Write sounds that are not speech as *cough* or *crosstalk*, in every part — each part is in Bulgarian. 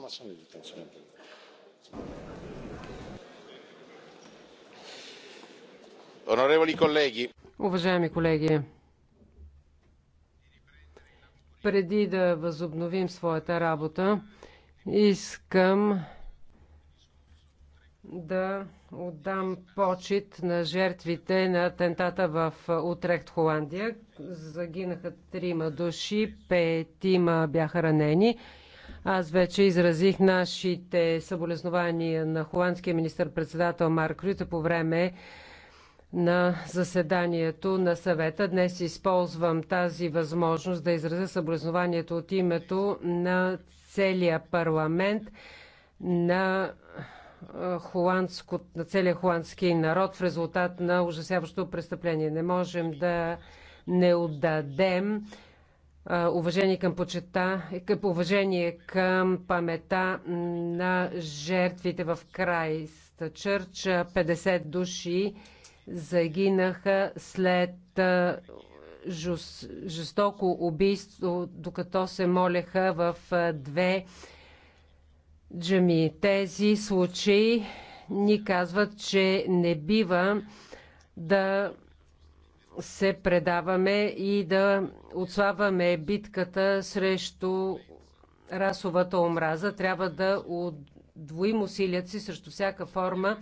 ama Onorevoli Уважаеми колеги, преди да възобновим своята работа, искам да отдам почет на жертвите на атентата в Утрехт, Холандия. Загинаха трима души, петима бяха ранени. Аз вече изразих нашите съболезнования на холандския министр-председател Марк Рюте по време на заседанието на съвета. Днес използвам тази възможност да изразя съболезнованието от името на целия парламент на холандско, на целия холандски народ в резултат на ужасяващо престъпление. Не можем да не отдадем уважение към почета, към уважение към памета на жертвите в крайста Чърч. 50 души загинаха след жестоко убийство, докато се молеха в две джами. Тези случаи ни казват, че не бива да се предаваме и да отслабваме битката срещу расовата омраза. Трябва да удвоим усилият си срещу всяка форма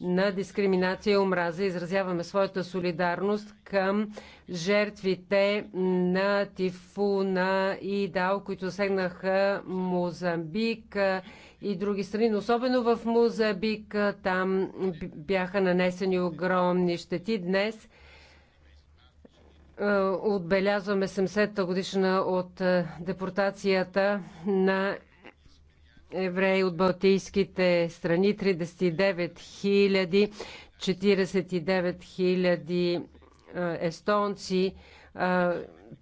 на дискриминация и омраза. Изразяваме своята солидарност към жертвите на тифуна и дал, които засегнаха Мозамбик и други страни. Но особено в Мозамбик там бяха нанесени огромни щети. Днес е, отбелязваме 70-та годишна от е, депортацията на евреи от Балтийските страни, 39 000, 49 000 естонци, е,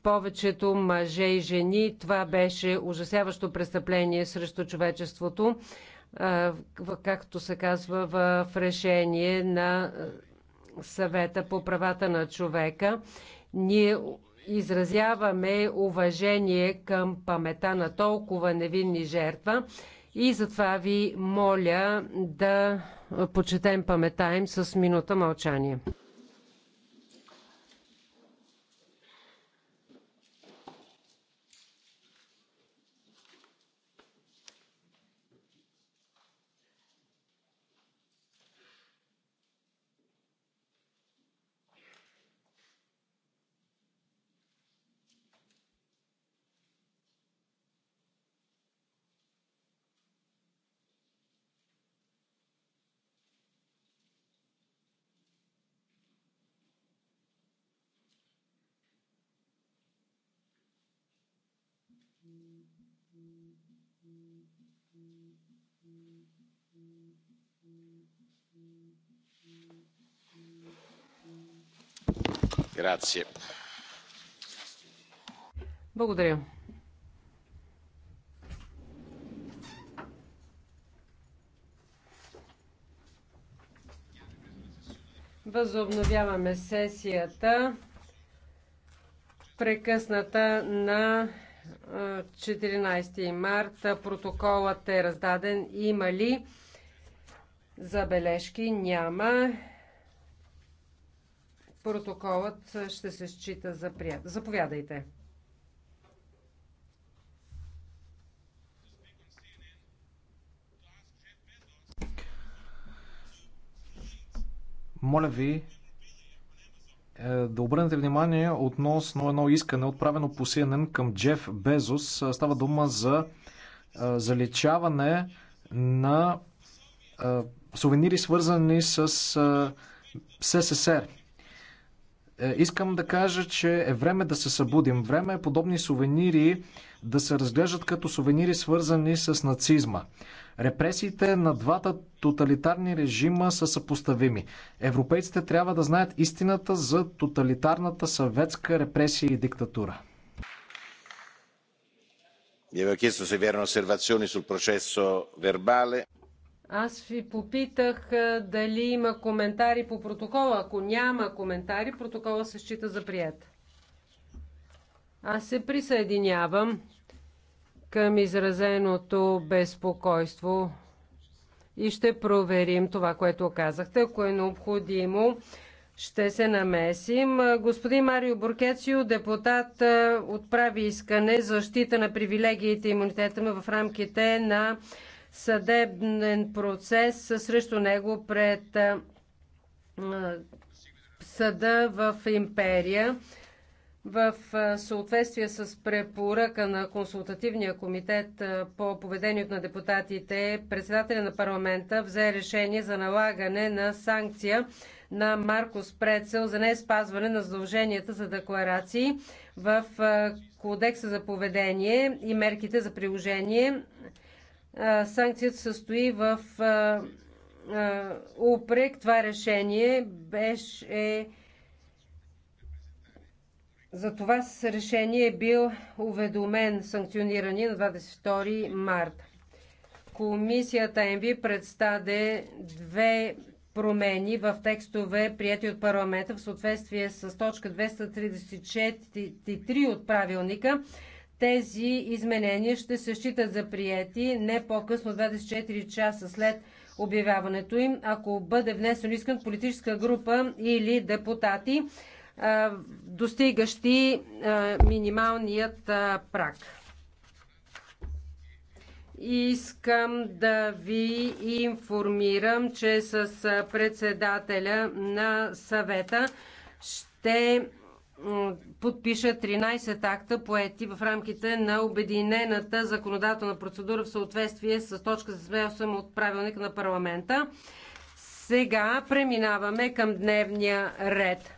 повечето мъже и жени. Това беше ужасяващо престъпление срещу човечеството, както се казва в решение на съвета по правата на човека ние изразяваме уважение към памета на толкова невинни жертва и затова ви моля да почетем памета им с минута мълчание. Благодаря. Възобновяваме сесията, прекъсната на 14 марта. Протоколът е раздаден. Има ли забележки? Няма. Протоколът ще се счита за прият. Заповядайте. Моля ви, е, да обърнете внимание относно едно искане, отправено по CNN към Джеф Безос. Е, става дума за е, заличаване на сувенири, свързани с СССР. Е, искам да кажа, че е време да се събудим. Време е подобни сувенири да се разглеждат като сувенири, свързани с нацизма. Репресиите на двата тоталитарни режима са съпоставими. Европейците трябва да знаят истината за тоталитарната съветска репресия и диктатура. Аз ви попитах дали има коментари по протокола. Ако няма коментари, протокола се счита за прият. Аз се присъединявам към изразеното безпокойство и ще проверим това, което казахте. Ако е необходимо, ще се намесим. Господин Марио Буркецио, депутат, отправи искане защита на привилегиите и имунитета ми в рамките на съдебен процес срещу него пред съда в империя. В съответствие с препоръка на Консултативния комитет по поведението на депутатите, председателя на парламента взе решение за налагане на санкция на Маркос Прецел за не спазване на задълженията за декларации в Кодекса за поведение и мерките за приложение Санкцията състои в упрек. Това решение беше е, за това с решение е бил уведомен санкционирани на 22 марта. Комисията МВ представи две промени в текстове, прияти от парламента в съответствие с точка 234 от правилника тези изменения ще се считат за приети не по-късно 24 часа след обявяването им, ако бъде внесен искан политическа група или депутати, достигащи минималният прак. Искам да ви информирам, че с председателя на съвета ще подпиша 13 акта поети в рамките на обединената законодателна процедура в съответствие с точка 8 от правилника на парламента. Сега преминаваме към дневния ред.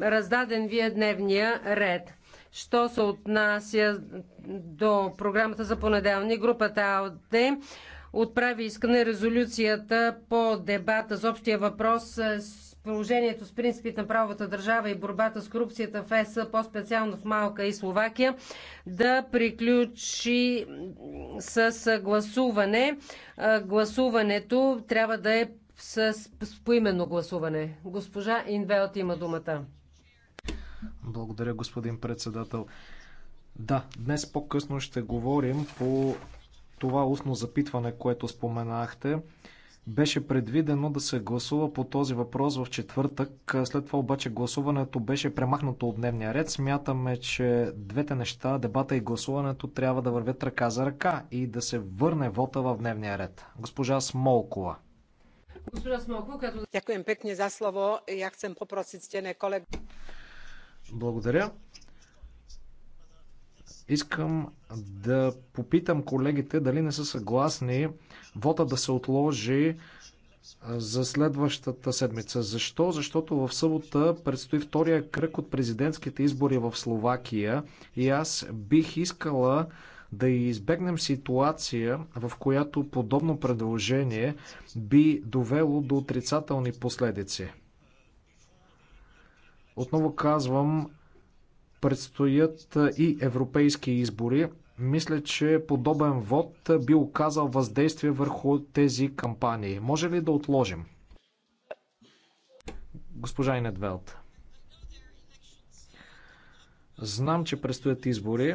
Раздаден ви е дневния ред. Що се отнася до програмата за понеделни, групата АОД отправи искане резолюцията по дебата за общия въпрос с положението с принципите на правовата държава и борбата с корупцията в ЕС, по-специално в Малка и Словакия, да приключи с гласуване. Гласуването трябва да е с поименно гласуване. Госпожа Инвелт има думата. Благодаря, господин председател. Да, днес по-късно ще говорим по това устно запитване, което споменахте. Беше предвидено да се гласува по този въпрос в четвъртък, след това обаче гласуването беше премахнато от дневния ред. Смятаме, че двете неща, дебата и гласуването трябва да вървят ръка за ръка и да се върне вота в дневния ред. Госпожа Смолкова. Госпожа Смолкова, като... Дякуем пекне за слово. Я хцем попросить стене колег. Благодаря. Искам да попитам колегите дали не са съгласни вода да се отложи за следващата седмица. Защо? Защото в събота предстои втория кръг от президентските избори в Словакия и аз бих искала да избегнем ситуация, в която подобно предложение би довело до отрицателни последици. Отново казвам, предстоят и европейски избори, мисля, че подобен вод би оказал въздействие върху тези кампании. Може ли да отложим? Госпожа Инедвелт. Знам, че предстоят избори.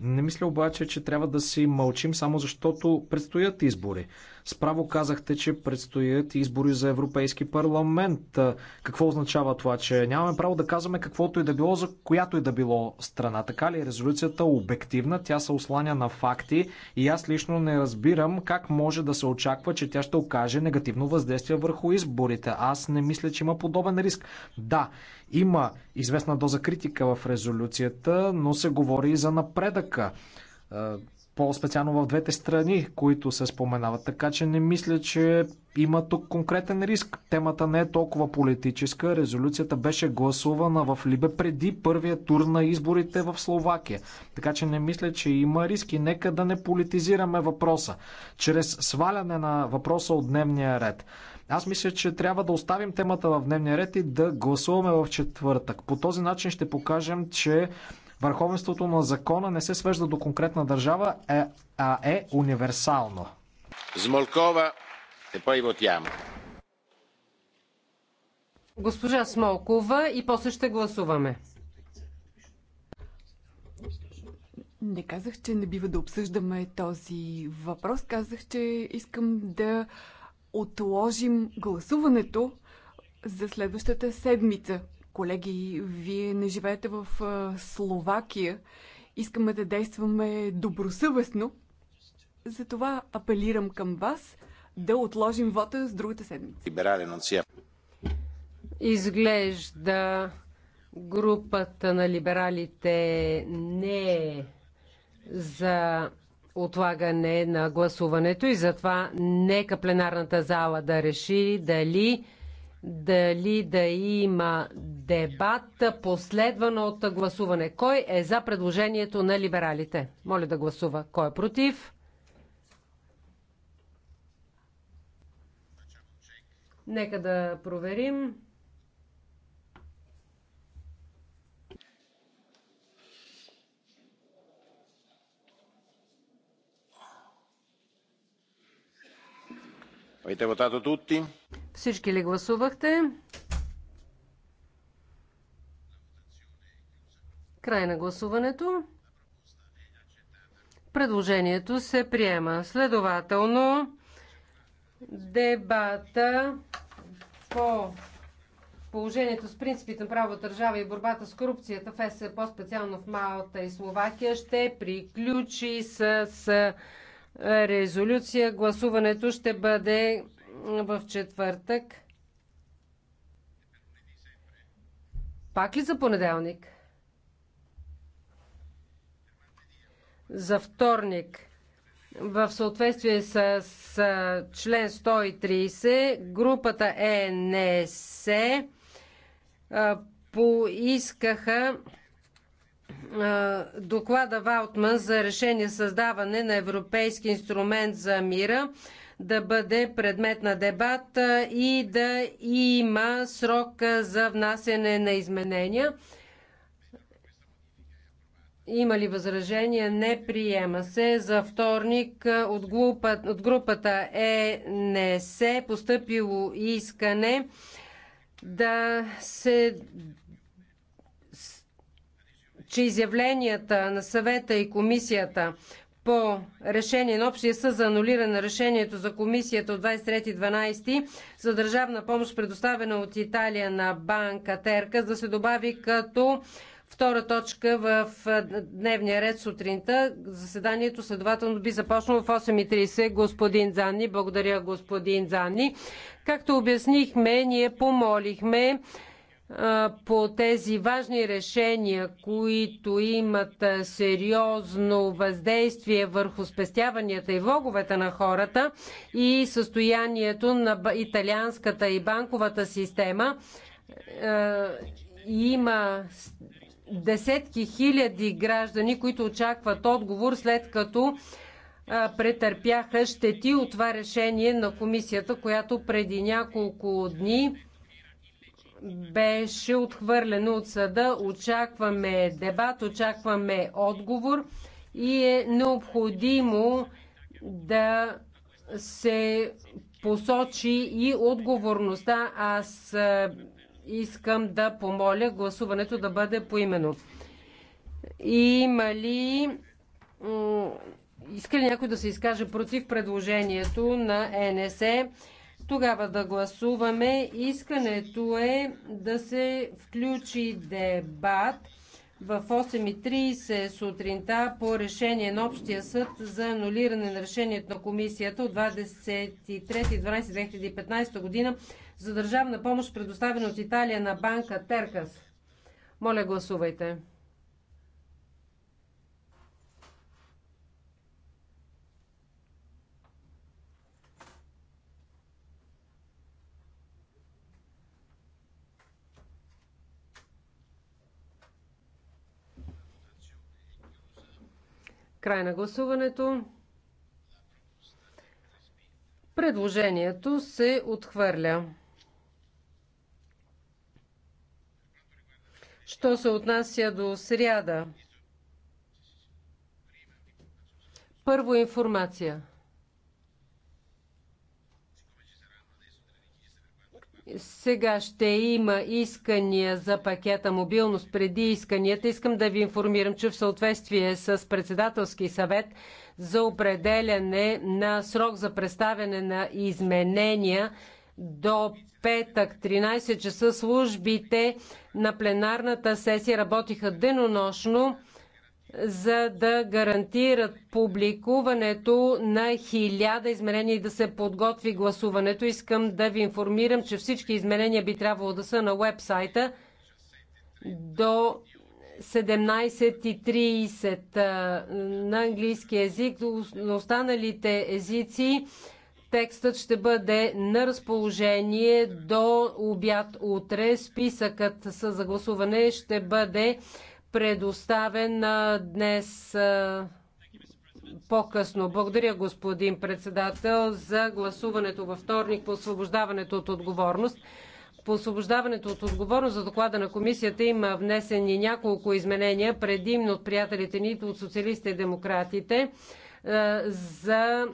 Не мисля обаче, че трябва да си мълчим само защото предстоят избори. Справо казахте, че предстоят избори за Европейски парламент. Какво означава това, че нямаме право да казваме каквото и да било за която и да било страна? Така ли е резолюцията обективна? Тя се осланя на факти и аз лично не разбирам как може да се очаква, че тя ще окаже негативно въздействие върху изборите. Аз не мисля, че има подобен риск. Да, има известна доза критика в резолюцията, но се говори и за напредъка е, по-специално в двете страни, които се споменават. Така че не мисля, че има тук конкретен риск. Темата не е толкова политическа. Резолюцията беше гласувана в Либе преди първия тур на изборите в Словакия. Така че не мисля, че има риск и нека да не политизираме въпроса. Чрез сваляне на въпроса от дневния ред. Аз мисля, че трябва да оставим темата в дневния ред и да гласуваме в четвъртък. По този начин ще покажем, че Върховенството на закона не се свежда до конкретна държава, е, а е универсално. Смолкова и poi votiamo. Госпожа Смолкова и после ще гласуваме. Не казах, че не бива да обсъждаме този въпрос. Казах, че искам да отложим гласуването за следващата седмица. Колеги, вие не живеете в Словакия. Искаме да действаме добросъвестно. Затова апелирам към вас да отложим вота с другата седмица. Изглежда групата на либералите не е за отлагане на гласуването и затова нека пленарната зала да реши дали дали да има дебат, последвано от гласуване. Кой е за предложението на либералите? Моля да гласува. Кой е против? Нека да проверим. Avete votato tutti? Всички ли гласувахте? Край на гласуването. Предложението се приема. Следователно, дебата по положението с принципите на право държава и борбата с корупцията в ЕС, по-специално в Малта и Словакия, ще приключи с резолюция. Гласуването ще бъде в четвъртък. Пак ли за понеделник? За вторник. В съответствие с, с член 130, групата ЕНС поискаха доклада Валтман за решение създаване на Европейски инструмент за мира да бъде предмет на дебат и да има срок за внасяне на изменения. Има ли възражение? Не приема се. За вторник от, глупа, от групата е не се поступило искане да се че изявленията на съвета и комисията по решение на общия съд за анулиране на решението за комисията от 23.12 за държавна помощ, предоставена от Италия на банка Терка, да се добави като втора точка в дневния ред сутринта. Заседанието следователно би започнало в 8.30. Господин Занни, благодаря господин Занни. Както обяснихме, ние помолихме по тези важни решения, които имат сериозно въздействие върху спестяванията и влоговете на хората и състоянието на италианската и банковата система. Има десетки хиляди граждани, които очакват отговор след като претърпяха щети от това решение на комисията, която преди няколко дни беше отхвърлено от съда. Очакваме дебат, очакваме отговор и е необходимо да се посочи и отговорността. Аз искам да помоля гласуването да бъде поимено. Има ли... Иска ли някой да се изкаже против предложението на НСЕ? Тогава да гласуваме. Искането е да се включи дебат в 8.30 сутринта по решение на Общия съд за анулиране на решението на комисията от 23.12.2015 година за държавна помощ, предоставена от Италия на банка Теркас. Моля, гласувайте. Край на гласуването. Предложението се отхвърля. Що се отнася до сряда? Първо информация. Сега ще има искания за пакета мобилност преди исканията. Искам да ви информирам, че в съответствие с председателски съвет за определяне на срок за представяне на изменения до петък 13 часа службите на пленарната сесия работиха денонощно за да гарантират публикуването на хиляда измерения и да се подготви гласуването. Искам да ви информирам, че всички измерения би трябвало да са на вебсайта до 17.30 на английски език. На останалите езици текстът ще бъде на разположение до обяд утре. Списъкът за гласуване ще бъде предоставен днес по-късно. Благодаря, господин председател, за гласуването във вторник по освобождаването от отговорност. По освобождаването от отговорност за доклада на комисията има внесени няколко изменения, предимно от приятелите ни, от социалистите и демократите, за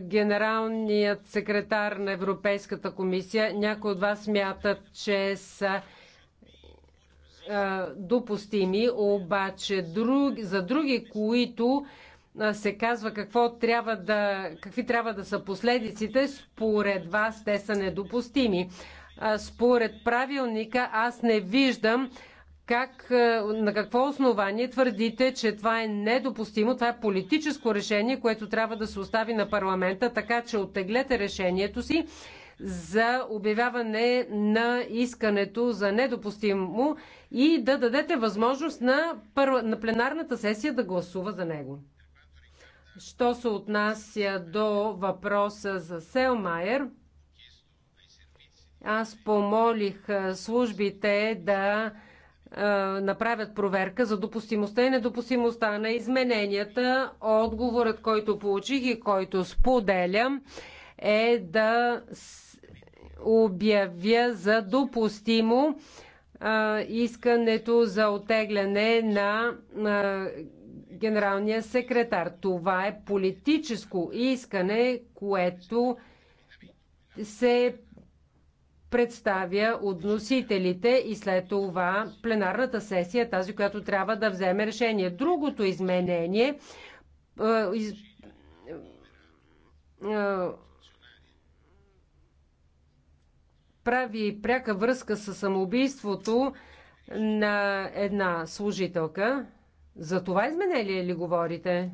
генералният секретар на Европейската комисия. Някои от вас смятат, че са е, допустими, обаче друг, за други, които е, се казва какво трябва да, какви трябва да са последиците, според вас те са недопустими. Е, според правилника аз не виждам как, на какво основание твърдите, че това е недопустимо. Това е политическо решение, което трябва да се остави на парламента, така че оттеглете решението си за обявяване на искането за недопустимо и да дадете възможност на, първа, на пленарната сесия да гласува за него. Що се отнася до въпроса за Селмайер, аз помолих службите да направят проверка за допустимостта и недопустимостта на измененията. Отговорът, който получих и който споделям, е да обявя за допустимо искането за отегляне на генералния секретар. Това е политическо искане, което се представя от носителите и след това пленарната сесия, е тази, която трябва да вземе решение. Другото изменение прави пряка връзка с самоубийството на една служителка. За това изменение ли говорите?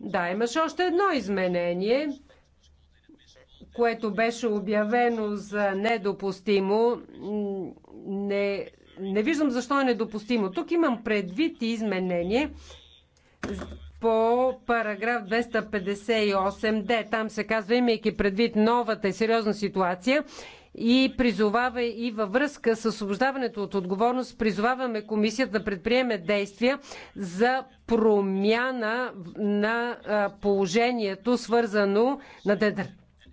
Да, имаше още едно изменение, което беше обявено за недопустимо. Не, не виждам защо е недопустимо. Тук имам предвид изменение по параграф 258д. Там се казва, имайки предвид новата и сериозна ситуация, и призовава и във връзка с освобождаването от отговорност, призоваваме комисията да предприеме действия за промяна на положението, свързано на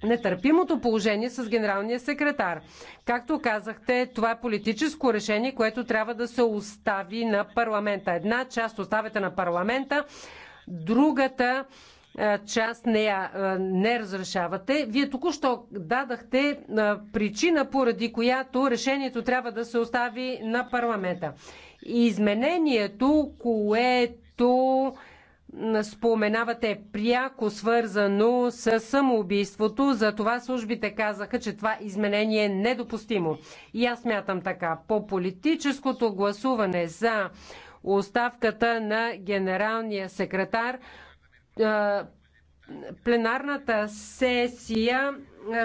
нетърпимото положение с генералния секретар. Както казахте, това е политическо решение, което трябва да се остави на парламента. Една част оставете на парламента, другата част не, я, не разрешавате. Вие току-що дадахте причина, поради която решението трябва да се остави на парламента. Изменението, което споменавате пряко свързано с самоубийството. За това службите казаха, че това изменение е недопустимо. И аз мятам така. По политическото гласуване за оставката на генералния секретар. Пленарната сесия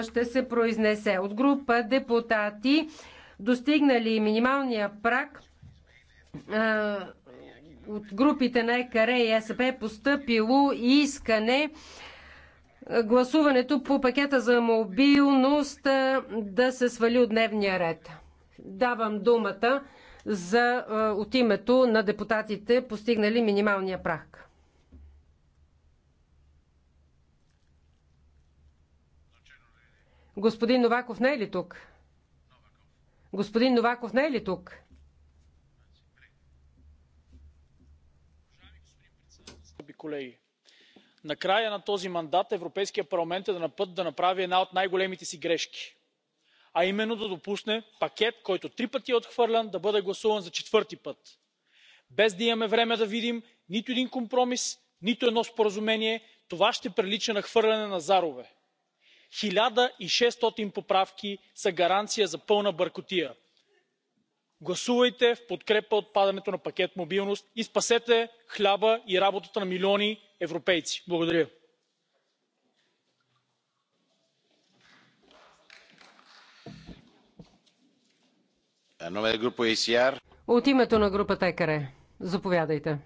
ще се произнесе от група депутати, достигнали минималния прак от групите на ЕКР и СП е поступило искане гласуването по пакета за мобилност да се свали от дневния ред. Давам думата за, е, от името на депутатите, постигнали минималния прак. Господин Новаков не е ли тук? Господин Новаков не е ли тук? колеги! Накрая на този мандат Европейския парламент е на път да направи една от най-големите си грешки а именно да допусне пакет който три пъти е отхвърлян да бъде гласуван за четвърти път без да имаме време да видим нито един компромис нито едно споразумение. това ще прилича на хвърляне на зарове. хиляда и шестстотин поправки са гаранция за пълна бъркотия. гласувайте в подкрепа отпадането на пакет мобилност и спасете хляба и работата на милиони европейци. благодаря. E От името на групата ЕКАРЕ. Заповядайте.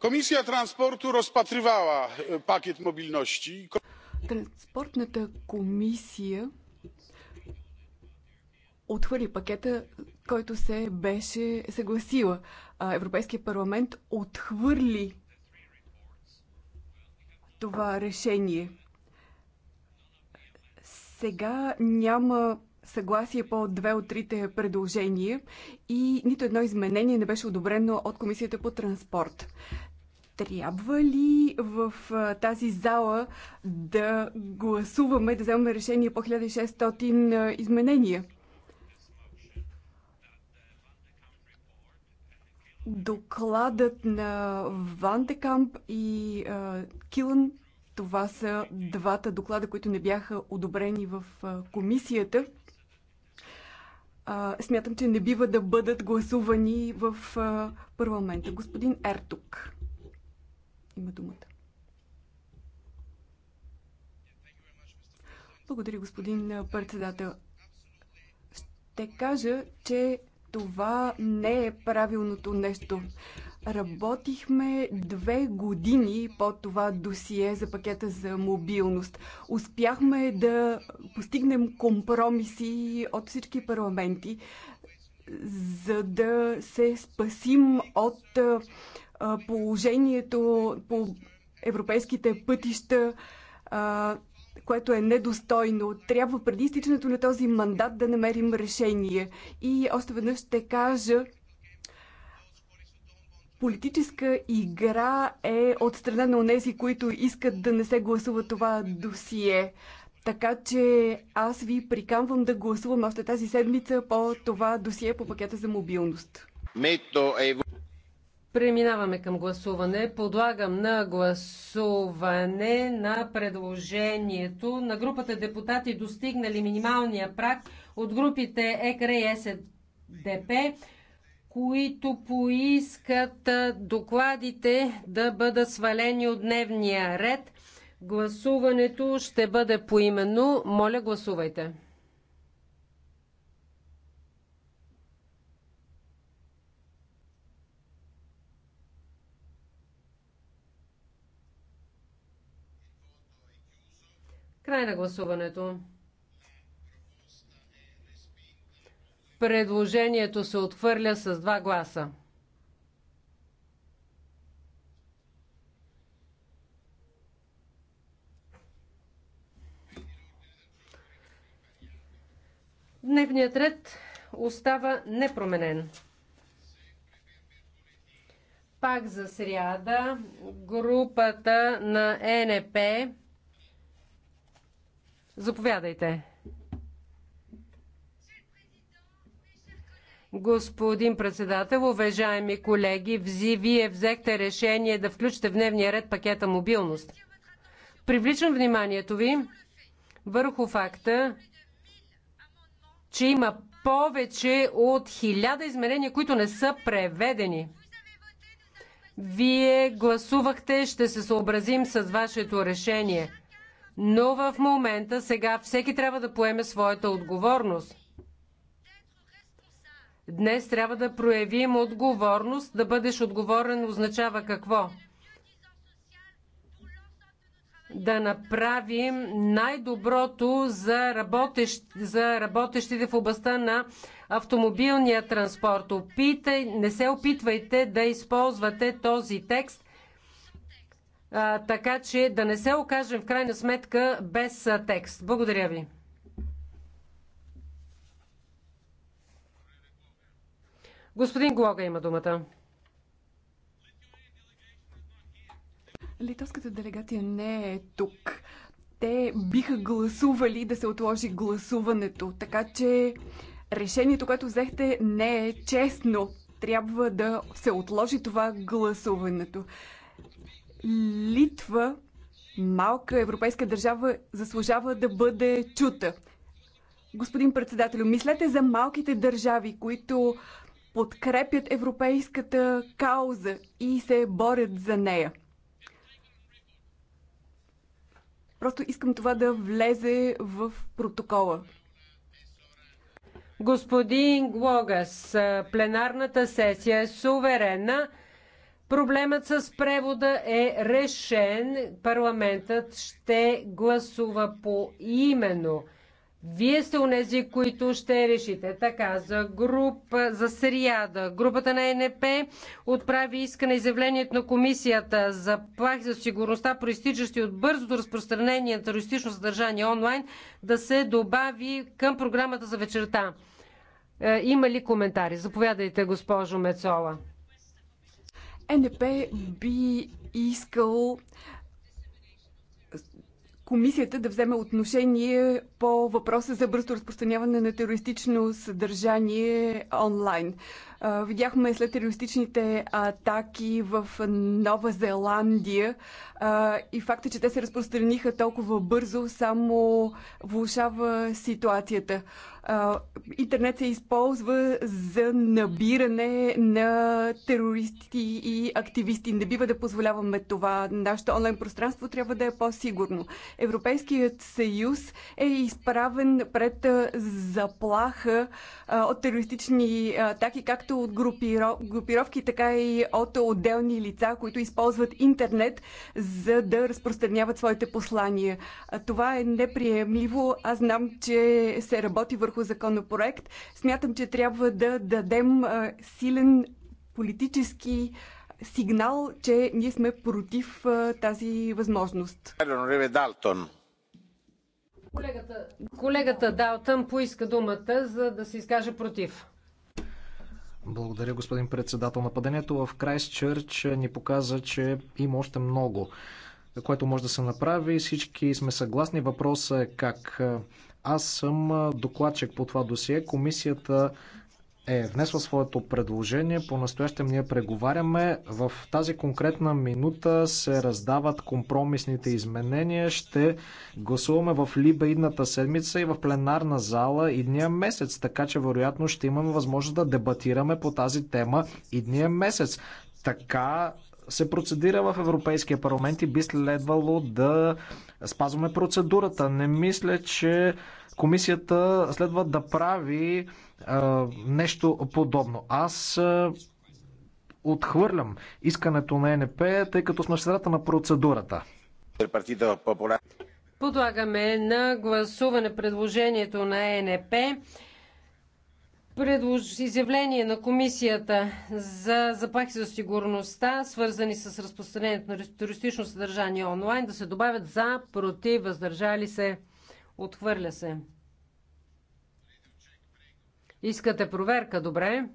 Комисия транспорту разпатривала е, пакет мобилности. Транспортната комисия отхвърли пакета, който се беше съгласила. Европейския парламент отхвърли това решение. Сега няма съгласие по две от трите предложения и нито едно изменение не беше одобрено от Комисията по транспорт. Трябва ли в тази зала да гласуваме, да вземем решение по 1600 изменения? Докладът на Вантекамп и а, Килън, това са двата доклада, които не бяха одобрени в а, комисията. А, смятам, че не бива да бъдат гласувани в а, парламента. Господин Ертук има думата. Благодаря, господин председател. Ще кажа, че това не е правилното нещо. Работихме две години по това досие за пакета за мобилност. Успяхме да постигнем компромиси от всички парламенти, за да се спасим от положението по европейските пътища, което е недостойно. Трябва преди изтичането на този мандат да намерим решение. И още веднъж ще кажа, политическа игра е от страна на тези, които искат да не се гласува това досие. Така че аз ви приканвам да гласувам още тази седмица по това досие по пакета за мобилност. Преминаваме към гласуване. Подлагам на гласуване на предложението на групата депутати, достигнали минималния прак от групите ЕКР и СДП, които поискат докладите да бъдат свалени от дневния ред. Гласуването ще бъде поименно. Моля, гласувайте. Край на гласуването. Предложението се отхвърля с два гласа. Дневният ред остава непроменен. Пак за сряда групата на НП. Заповядайте. Господин председател, уважаеми колеги, взи, вие взехте решение да включите в дневния ред пакета мобилност. Привличам вниманието ви върху факта, че има повече от хиляда измерения, които не са преведени. Вие гласувахте, ще се съобразим с вашето решение. Но в момента сега всеки трябва да поеме своята отговорност. Днес трябва да проявим отговорност. Да бъдеш отговорен означава какво? Да направим най-доброто за, работещ, за работещите в областта на автомобилния транспорт. Опитай, не се опитвайте да използвате този текст а, така че да не се окажем в крайна сметка без а, текст. Благодаря ви. Господин Глога има думата. Литовската делегация не е тук. Те биха гласували да се отложи гласуването, така че решението, което взехте, не е честно. Трябва да се отложи това гласуването. Литва, малка европейска държава, заслужава да бъде чута. Господин председател, мислете за малките държави, които подкрепят европейската кауза и се борят за нея. Просто искам това да влезе в протокола. Господин Глогас, пленарната сесия е суверена Проблемът с превода е решен. Парламентът ще гласува по именно. Вие сте унези, които ще решите. Така, за група, за сериада, групата на НП отправи искане изявлението на комисията за плахи за сигурността, проистичащи от бързото разпространение на терористично съдържание онлайн, да се добави към програмата за вечерта. Е, има ли коментари? Заповядайте, госпожо Мецола. НДП би искал комисията да вземе отношение по въпроса за бързо разпространяване на терористично съдържание онлайн. Видяхме след терористичните атаки в Нова Зеландия и факта, е, че те се разпространиха толкова бързо, само влушава ситуацията. Интернет се използва за набиране на терористи и активисти. Не бива да позволяваме това. Нашето онлайн пространство трябва да е по-сигурно. Европейският съюз е изправен пред заплаха от терористични атаки, както както от групировки, така и от отделни лица, които използват интернет, за да разпространяват своите послания. Това е неприемливо. Аз знам, че се работи върху законопроект. Смятам, че трябва да дадем силен политически сигнал, че ние сме против тази възможност. Колегата, колегата Далтън поиска думата, за да се изкаже против. Благодаря, господин председател. Нападението в Крайсчърч ни показа, че има още много, което може да се направи. Всички сме съгласни. Въпросът е как. Аз съм докладчик по това досие. Комисията е внесла своето предложение. По-настоящем ние преговаряме. В тази конкретна минута се раздават компромисните изменения. Ще гласуваме в либа идната седмица и в пленарна зала идния месец, така че вероятно ще имаме възможност да дебатираме по тази тема идния месец. Така се процедира в Европейския парламент и би следвало да спазваме процедурата. Не мисля, че комисията следва да прави нещо подобно. Аз отхвърлям искането на НП, тъй като сме в средата на процедурата. Подлагаме на гласуване предложението на НП. Предлож... Изявление на комисията за заплахи за сигурността, свързани с разпространението на туристично съдържание онлайн, да се добавят за, против, въздържали се, отхвърля се. Искате проверка, добре?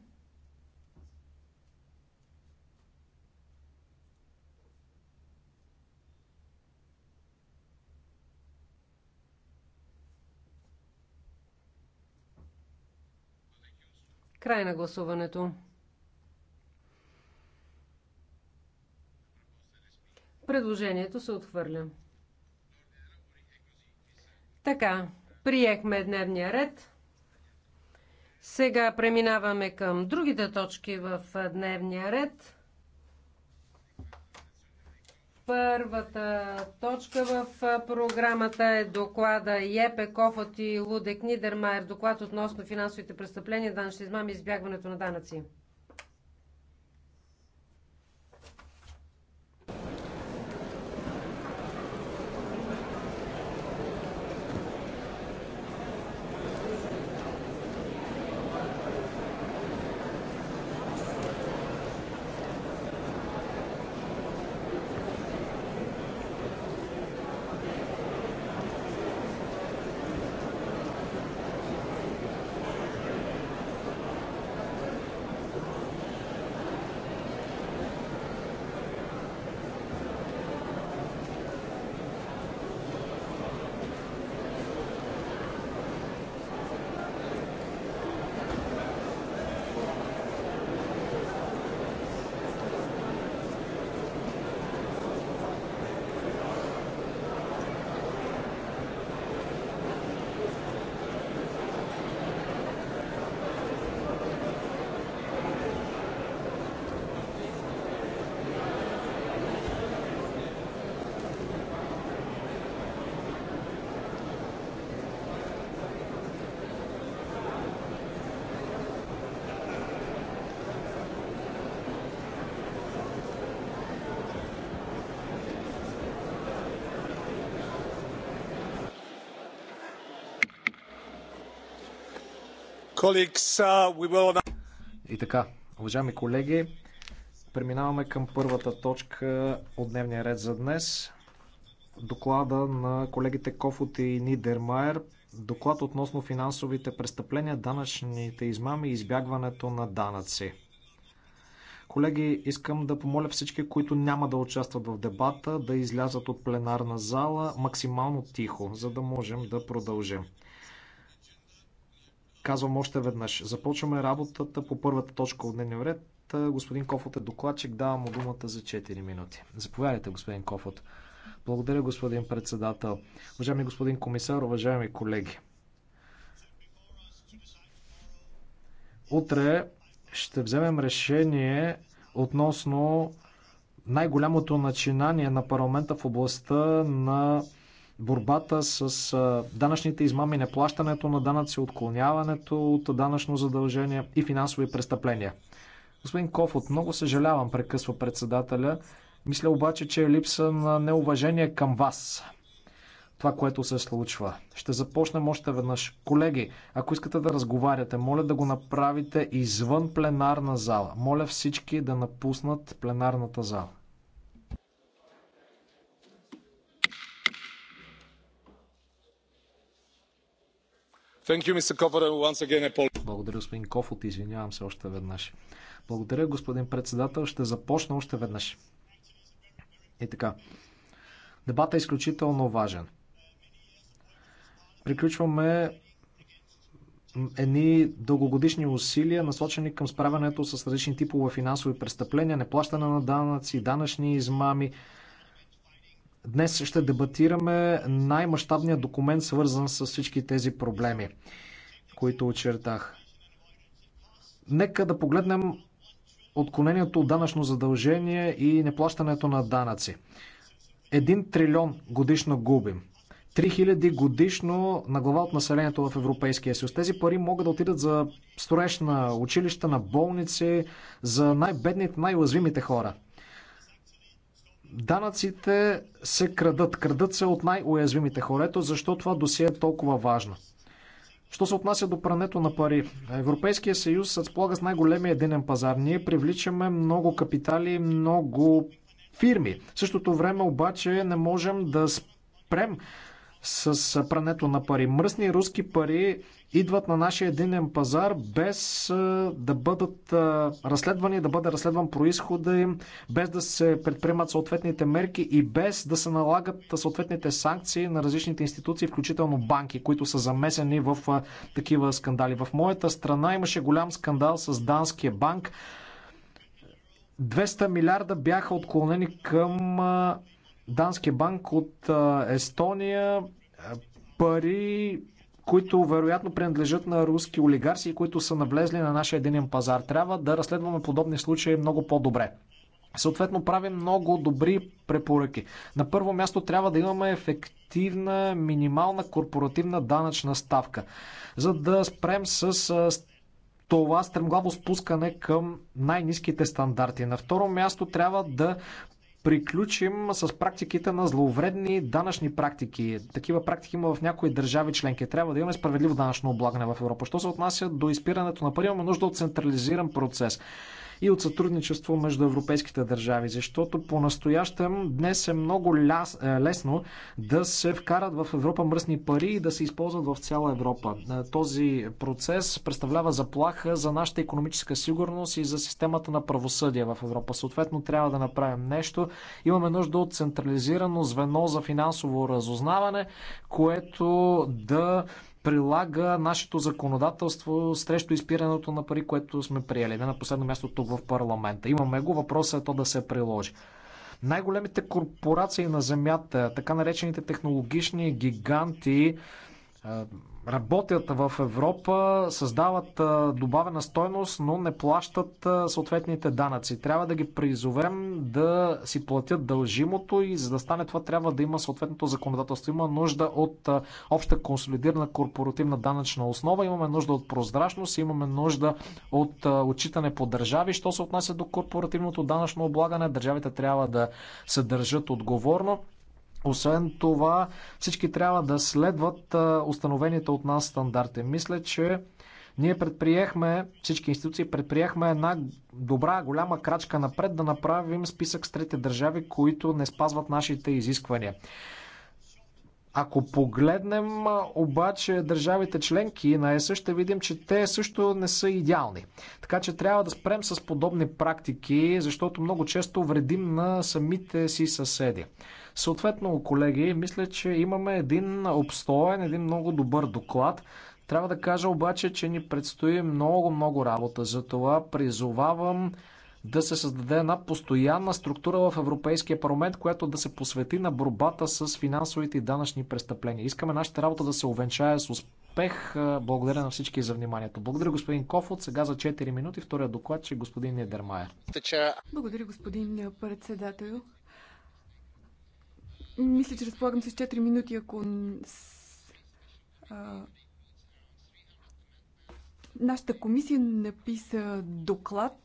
Край на гласуването. Предложението се отхвърля. Така, приехме дневния ред. Сега преминаваме към другите точки в дневния ред. Първата точка в програмата е доклада Епе Кофът и Лудек Нидермайер, доклад относно финансовите престъпления, данъчни измами и избягването на данъци. Uh, и така, уважаеми колеги, преминаваме към първата точка от дневния ред за днес. Доклада на колегите Кофут и Нидермайер. Доклад относно финансовите престъпления, данъчните измами и избягването на данъци. Колеги, искам да помоля всички, които няма да участват в дебата, да излязат от пленарна зала максимално тихо, за да можем да продължим. Казвам още веднъж. Започваме работата по първата точка от дневния ред. Господин Кофот е докладчик. Давам му думата за 4 минути. Заповядайте, господин Кофот. Благодаря, господин председател. Уважаеми господин комисар, уважаеми колеги. Утре ще вземем решение относно най-голямото начинание на парламента в областта на борбата с данъчните измами, неплащането на данъци, отклоняването от данъчно задължение и финансови престъпления. Господин Кофот, много съжалявам, прекъсва председателя. Мисля обаче, че е липса на неуважение към вас. Това, което се случва. Ще започнем още веднъж. Колеги, ако искате да разговаряте, моля да го направите извън пленарна зала. Моля всички да напуснат пленарната зала. Благодаря, господин Кофот. Извинявам се още веднъж. Благодаря, господин председател. Ще започна още веднъж. И така. Дебата е изключително важен. Приключваме едни дългогодишни усилия, насочени към справянето с различни типове финансови престъпления, неплащане на данъци, данъчни измами, Днес ще дебатираме най-мащабният документ, свързан с всички тези проблеми, които очертах. Нека да погледнем отклонението от данъчно задължение и неплащането на данъци. Един трилион годишно губим. 3000 годишно на глава от населението в Европейския съюз. Тези пари могат да отидат за строеж на училища, на болници, за най-бедните, най-уязвимите хора. Данъците се крадат. Крадат се от най-уязвимите хора. Ето защо това досие е толкова важно. Що се отнася до прането на пари? Европейския съюз разполага с най-големия единен пазар. Ние привличаме много капитали, много фирми. В същото време обаче не можем да спрем с прането на пари. Мръсни руски пари идват на нашия единен пазар без да бъдат разследвани, да бъде разследван происхода им, без да се предприемат съответните мерки и без да се налагат съответните санкции на различните институции, включително банки, които са замесени в такива скандали. В моята страна имаше голям скандал с Данския банк. 200 милиарда бяха отклонени към Данския банк от Естония пари които вероятно принадлежат на руски олигарси които са навлезли на нашия единен пазар. Трябва да разследваме подобни случаи много по-добре. Съответно, правим много добри препоръки. На първо място трябва да имаме ефективна минимална корпоративна данъчна ставка, за да спрем с това стремглаво спускане към най-низките стандарти. На второ място трябва да приключим с практиките на зловредни данъчни практики. Такива практики има в някои държави членки. Трябва да имаме справедливо данъчно облагане в Европа. Що се отнася до изпирането на пари, имаме нужда от централизиран процес и от сътрудничество между европейските държави, защото по-настоящем днес е много е, лесно да се вкарат в Европа мръсни пари и да се използват в цяла Европа. Е, този процес представлява заплаха за нашата економическа сигурност и за системата на правосъдие в Европа. Съответно, трябва да направим нещо. Имаме нужда от централизирано звено за финансово разузнаване, което да прилага нашето законодателство срещу изпирането на пари, което сме приели. Не на последно място тук в парламента. Имаме го, въпросът е то да се приложи. Най-големите корпорации на Земята, така наречените технологични гиганти, работят в Европа, създават добавена стойност, но не плащат съответните данъци. Трябва да ги призовем да си платят дължимото и за да стане това трябва да има съответното законодателство. Има нужда от обща консолидирана корпоративна данъчна основа, имаме нужда от прозрачност, имаме нужда от отчитане по държави. Що се отнася до корпоративното данъчно облагане, държавите трябва да се държат отговорно освен това, всички трябва да следват установените от нас стандарти. Мисля, че ние предприехме, всички институции предприехме една добра, голяма крачка напред да направим списък с трети държави, които не спазват нашите изисквания. Ако погледнем обаче държавите членки на ЕС, ще видим, че те също не са идеални. Така че трябва да спрем с подобни практики, защото много често вредим на самите си съседи. Съответно, колеги, мисля, че имаме един обстоен, един много добър доклад. Трябва да кажа обаче, че ни предстои много-много работа. Затова призовавам да се създаде една постоянна структура в Европейския парламент, която да се посвети на борбата с финансовите и данъчни престъпления. Искаме нашата работа да се увенчае с успех. Благодаря на всички за вниманието. Благодаря господин Кофот. Сега за 4 минути втория доклад, че господин Недермайер. Благодаря господин председател. Мисля, че разполагам с 4 минути, ако а, Нашата комисия написа доклад.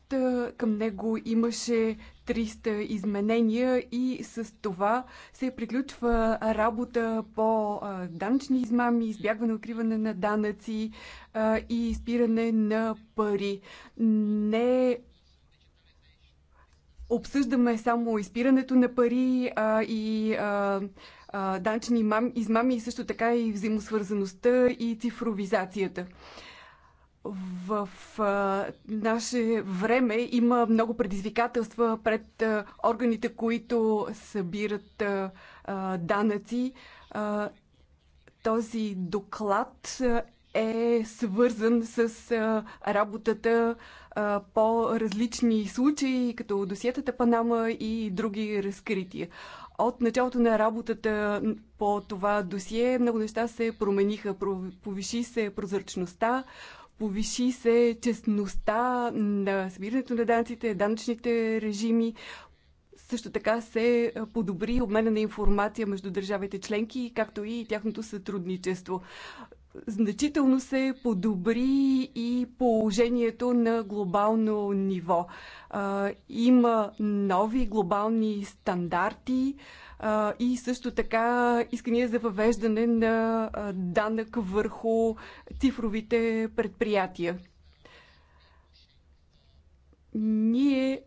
Към него имаше 300 изменения и с това се приключва работа по данъчни измами, избягване, укриване на данъци и изпиране на пари. Не обсъждаме само изпирането на пари а, и а, а, данчни мам, измами и също така и взаимосвързаността и цифровизацията. В а, наше време има много предизвикателства пред а, органите, които събират а, а, данъци. А, този доклад е свързан с а, работата по-различни случаи, като досиетата Панама и други разкрития. От началото на работата по това досие много неща се промениха. Повиши се прозрачността, повиши се честността на събирането на данците, данъчните режими. Също така се подобри обмена на информация между държавите членки, както и тяхното сътрудничество значително се подобри и положението на глобално ниво. Има нови глобални стандарти и също така искания за въвеждане на данък върху цифровите предприятия. Ние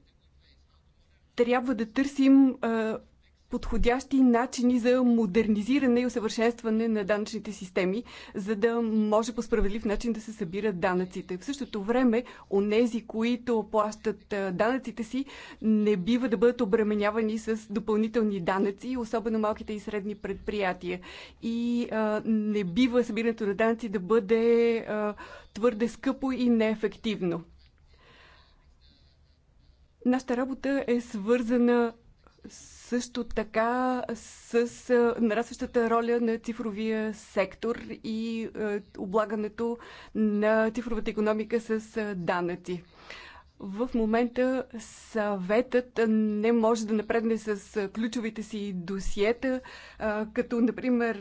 трябва да търсим подходящи начини за модернизиране и усъвършенстване на данъчните системи, за да може по справедлив начин да се събират данъците. В същото време, онези, които плащат данъците си, не бива да бъдат обременявани с допълнителни данъци, особено малките и средни предприятия. И а, не бива събирането на данъци да бъде а, твърде скъпо и неефективно. Нашата работа е свързана с също така с нарастващата роля на цифровия сектор и облагането на цифровата економика с данъци. В момента съветът не може да напредне с ключовите си досиета, като, например,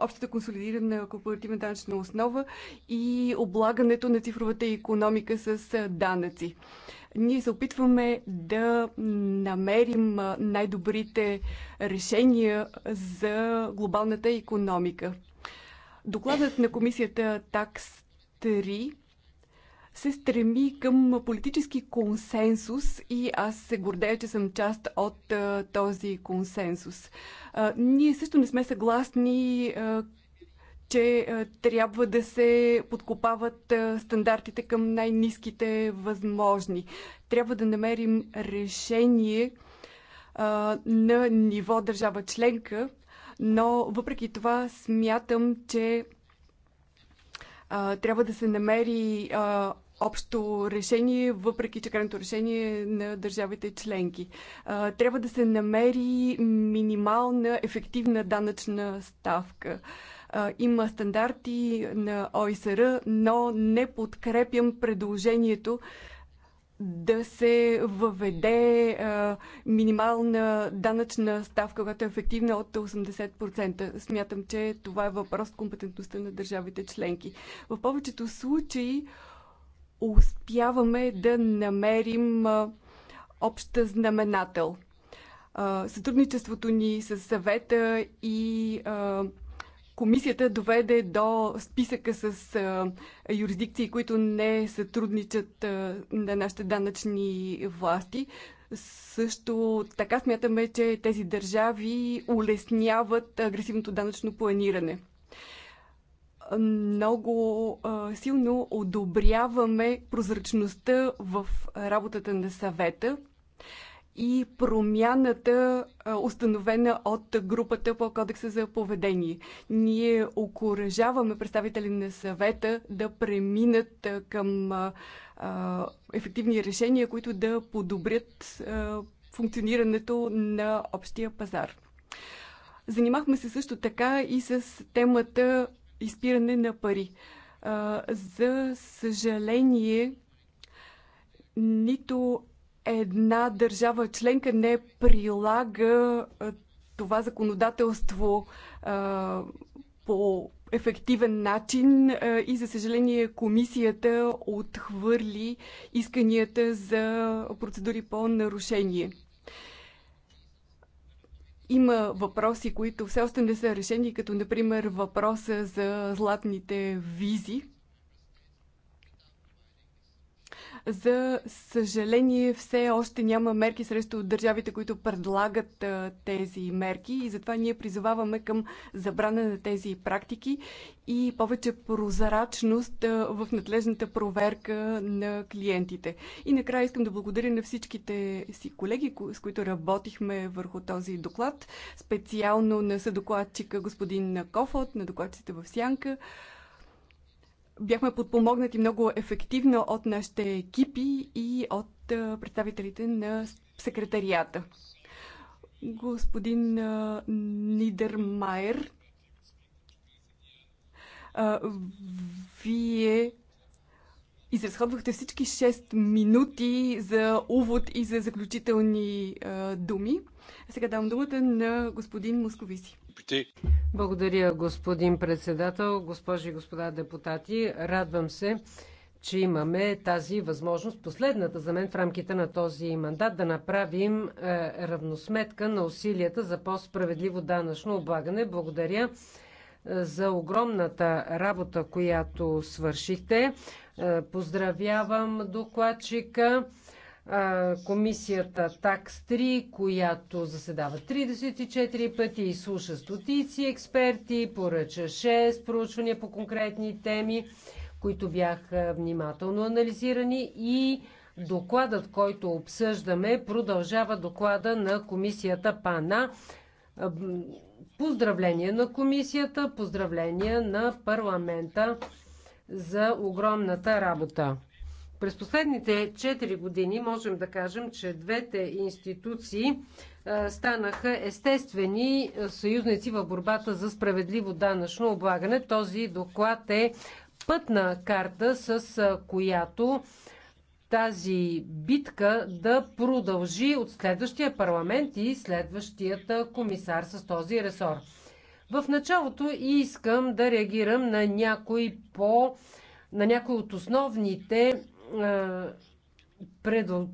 общата консолидирана корпоративна данъчна основа и облагането на цифровата економика с данъци. Ние се опитваме да намерим най-добрите решения за глобалната економика. Докладът на комисията ТАКС 3 се стреми към политически консенсус и аз се гордея, че съм част от а, този консенсус. А, ние също не сме съгласни а, че трябва да се подкопават стандартите към най-низките възможни. Трябва да намерим решение на ниво държава членка, но въпреки това смятам, че трябва да се намери общо решение, въпреки че крайното решение е на държавите членки. Трябва да се намери минимална ефективна данъчна ставка. Има стандарти на ОИСР, но не подкрепям предложението да се въведе а, минимална данъчна ставка, която е ефективна от 80%. Смятам, че това е въпрос компетентността на държавите членки. В повечето случаи успяваме да намерим а, обща знаменател. А, сътрудничеството ни с съвета и а, комисията доведе до списъка с а, юрисдикции, които не сътрудничат а, на нашите данъчни власти. Също така смятаме, че тези държави улесняват агресивното данъчно планиране. Много а, силно одобряваме прозрачността в работата на съвета и промяната, установена от групата по кодекса за поведение. Ние окоръжаваме представители на съвета да преминат към ефективни решения, които да подобрят функционирането на общия пазар. Занимахме се също така и с темата изпиране на пари. За съжаление, нито една държава членка не прилага това законодателство по ефективен начин и за съжаление комисията отхвърли исканията за процедури по нарушение. Има въпроси, които все още не са решени, като например въпроса за златните визи, за съжаление, все още няма мерки срещу държавите, които предлагат тези мерки и затова ние призоваваме към забрана на тези практики и повече прозрачност в надлежната проверка на клиентите. И накрая искам да благодаря на всичките си колеги, с които работихме върху този доклад, специално на съдокладчика господин Кофот, на докладчите в Сянка, бяхме подпомогнати много ефективно от нашите екипи и от представителите на секретарията. Господин Нидермайер, вие изразходвахте всички 6 минути за увод и за заключителни думи. Сега давам думата на господин Московиси. Благодаря, господин председател, госпожи и господа депутати. Радвам се, че имаме тази възможност, последната за мен в рамките на този мандат, да направим е, равносметка на усилията за по-справедливо данъчно облагане. Благодаря е, за огромната работа, която свършихте. Е, поздравявам докладчика комисията ТАКС-3, която заседава 34 пъти, и слуша стотици експерти, поръча 6 проучвания по конкретни теми, които бяха внимателно анализирани и докладът, който обсъждаме, продължава доклада на комисията ПАНА. Поздравление на комисията, поздравление на парламента за огромната работа. През последните 4 години можем да кажем, че двете институции станаха естествени съюзници в борбата за справедливо данъчно облагане. Този доклад е пътна карта, с която тази битка да продължи от следващия парламент и следващият комисар с този ресор. В началото искам да реагирам на някои по на някои от основните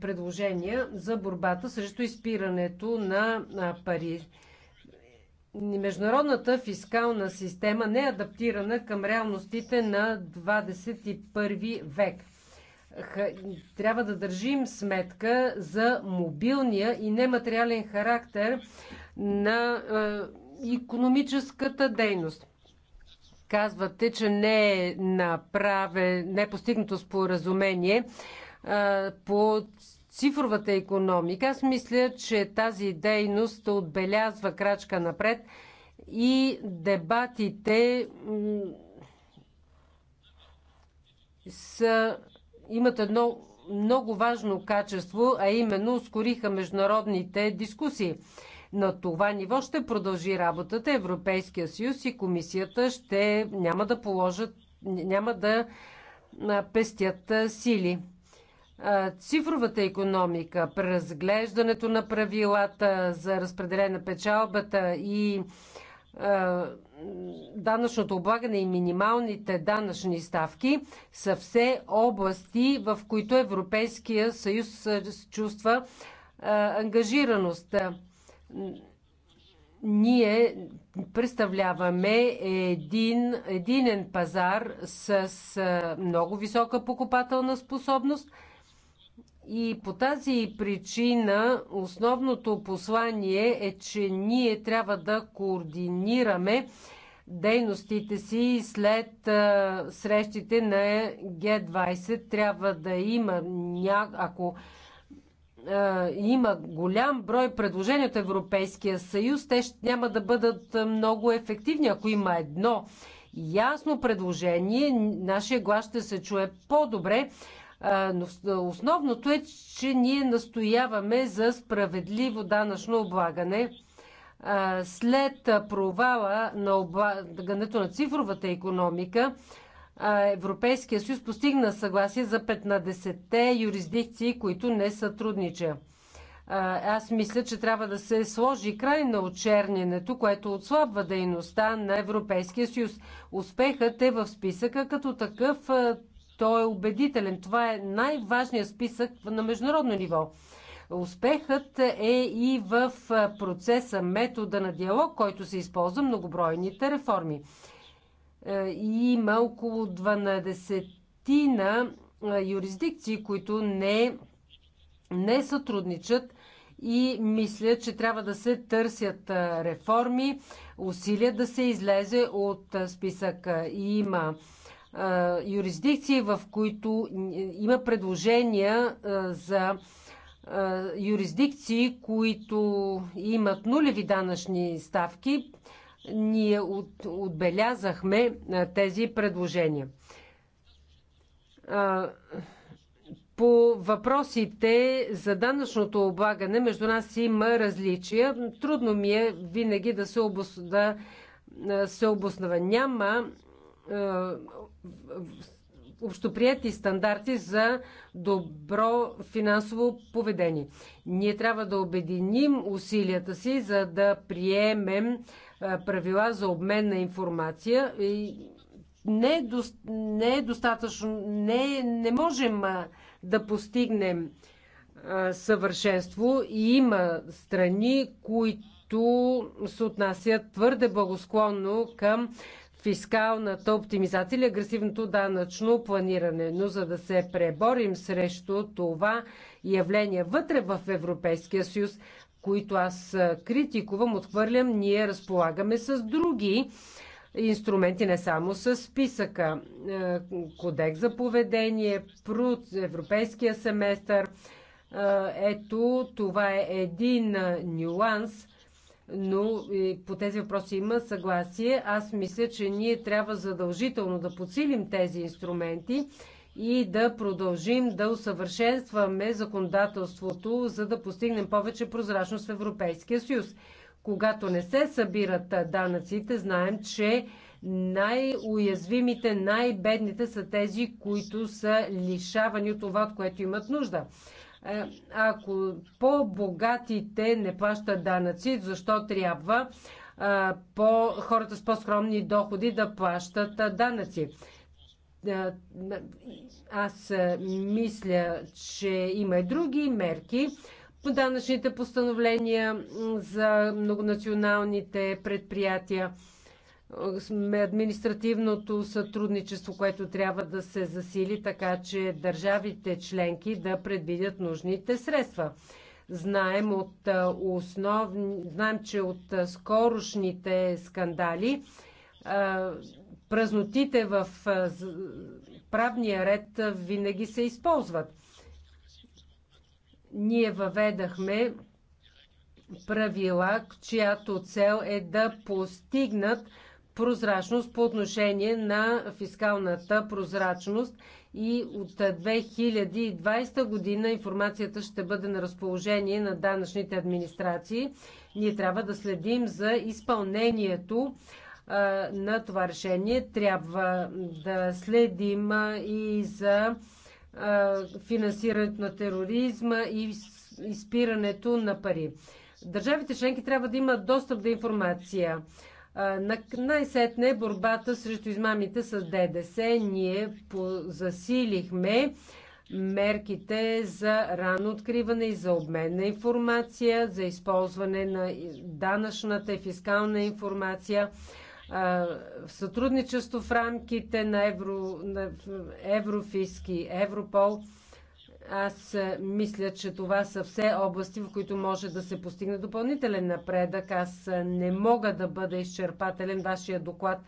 предложения за борбата срещу изпирането на пари. Международната фискална система не е адаптирана към реалностите на 21 век. Трябва да държим сметка за мобилния и нематериален характер на економическата дейност. Казвате, че не е направен, не е постигнато споразумение по цифровата економика. Аз мисля, че тази дейност отбелязва крачка напред и дебатите са, имат едно много важно качество, а именно ускориха международните дискусии. На това ниво ще продължи работата. Европейския съюз и комисията ще няма да положат, няма да пестят сили. Цифровата економика, преразглеждането на правилата за разпределение на печалбата и данъчното облагане и минималните данъчни ставки са все области, в които Европейския съюз чувства ангажираност ние представляваме един единен пазар с много висока покупателна способност и по тази причина основното послание е, че ние трябва да координираме дейностите си след срещите на Г20. Трябва да има, ня... ако е, има голям брой предложения от Европейския съюз, те няма да бъдат е, много ефективни. Ако има едно ясно предложение, нашия глас ще се чуе по-добре. Е, но основното е, че ние настояваме за справедливо данъчно облагане. След провала на облагането на цифровата економика, Европейския съюз постигна съгласие за 15-те юрисдикции, които не сътрудничат. Аз мисля, че трябва да се сложи край на очерненето, което отслабва дейността на Европейския съюз. Успехът е в списъка като такъв. Той е убедителен. Това е най-важният списък на международно ниво. Успехът е и в процеса, метода на диалог, който се използва многобройните реформи. Е, и има около 12 е, юрисдикции, които не, не сътрудничат и мисля, че трябва да се търсят е, реформи, усилия да се излезе от списък. И има юрисдикции, в които има предложения за юрисдикции, които имат нулеви данъчни ставки, ние от, отбелязахме тези предложения. По въпросите за данъчното облагане между нас има различия. Трудно ми е винаги да се, обос... да се обоснава. Няма общоприяти стандарти за добро финансово поведение. Ние трябва да обединим усилията си, за да приемем е, правила за обмен на информация и не е, до, не е достатъчно, не, е, не можем да постигнем съвършенство и има страни, които се отнасят твърде благосклонно към фискалната оптимизация или агресивното данъчно планиране. Но за да се преборим срещу това явление вътре в Европейския съюз, които аз критикувам, отхвърлям, ние разполагаме с други инструменти, не само с списъка. Кодекс за поведение, ПРУД, Европейския семестър. Ето, това е един нюанс, но по тези въпроси има съгласие. Аз мисля, че ние трябва задължително да подсилим тези инструменти и да продължим да усъвършенстваме законодателството, за да постигнем повече прозрачност в Европейския съюз. Когато не се събират данъците, знаем, че най-уязвимите, най-бедните са тези, които са лишавани от това, от което имат нужда. Е, ако по-богатите не плащат данъци, защо трябва по хората с по-скромни доходи да плащат данъци? Аз мисля, че има и други мерки по данъчните постановления за многонационалните предприятия административното сътрудничество, което трябва да се засили, така че държавите членки да предвидят нужните средства. Знаем, от основ... Знаем че от скорошните скандали празнотите в правния ред винаги се използват. Ние въведахме правила, чиято цел е да постигнат прозрачност по отношение на фискалната прозрачност и от 2020 година информацията ще бъде на разположение на данъчните администрации. Ние трябва да следим за изпълнението на това решение. Трябва да следим и за финансирането на тероризма и изпирането на пари. Държавите членки трябва да имат достъп до информация. Най-сетне борбата срещу измамите с ДДС. Ние засилихме мерките за рано откриване и за обмен на информация, за използване на данъчната и фискална информация в сътрудничество в рамките на, евро, на Еврофиски, Европол. Аз мисля, че това са все области, в които може да се постигне допълнителен напредък. Аз не мога да бъда изчерпателен. Вашия доклад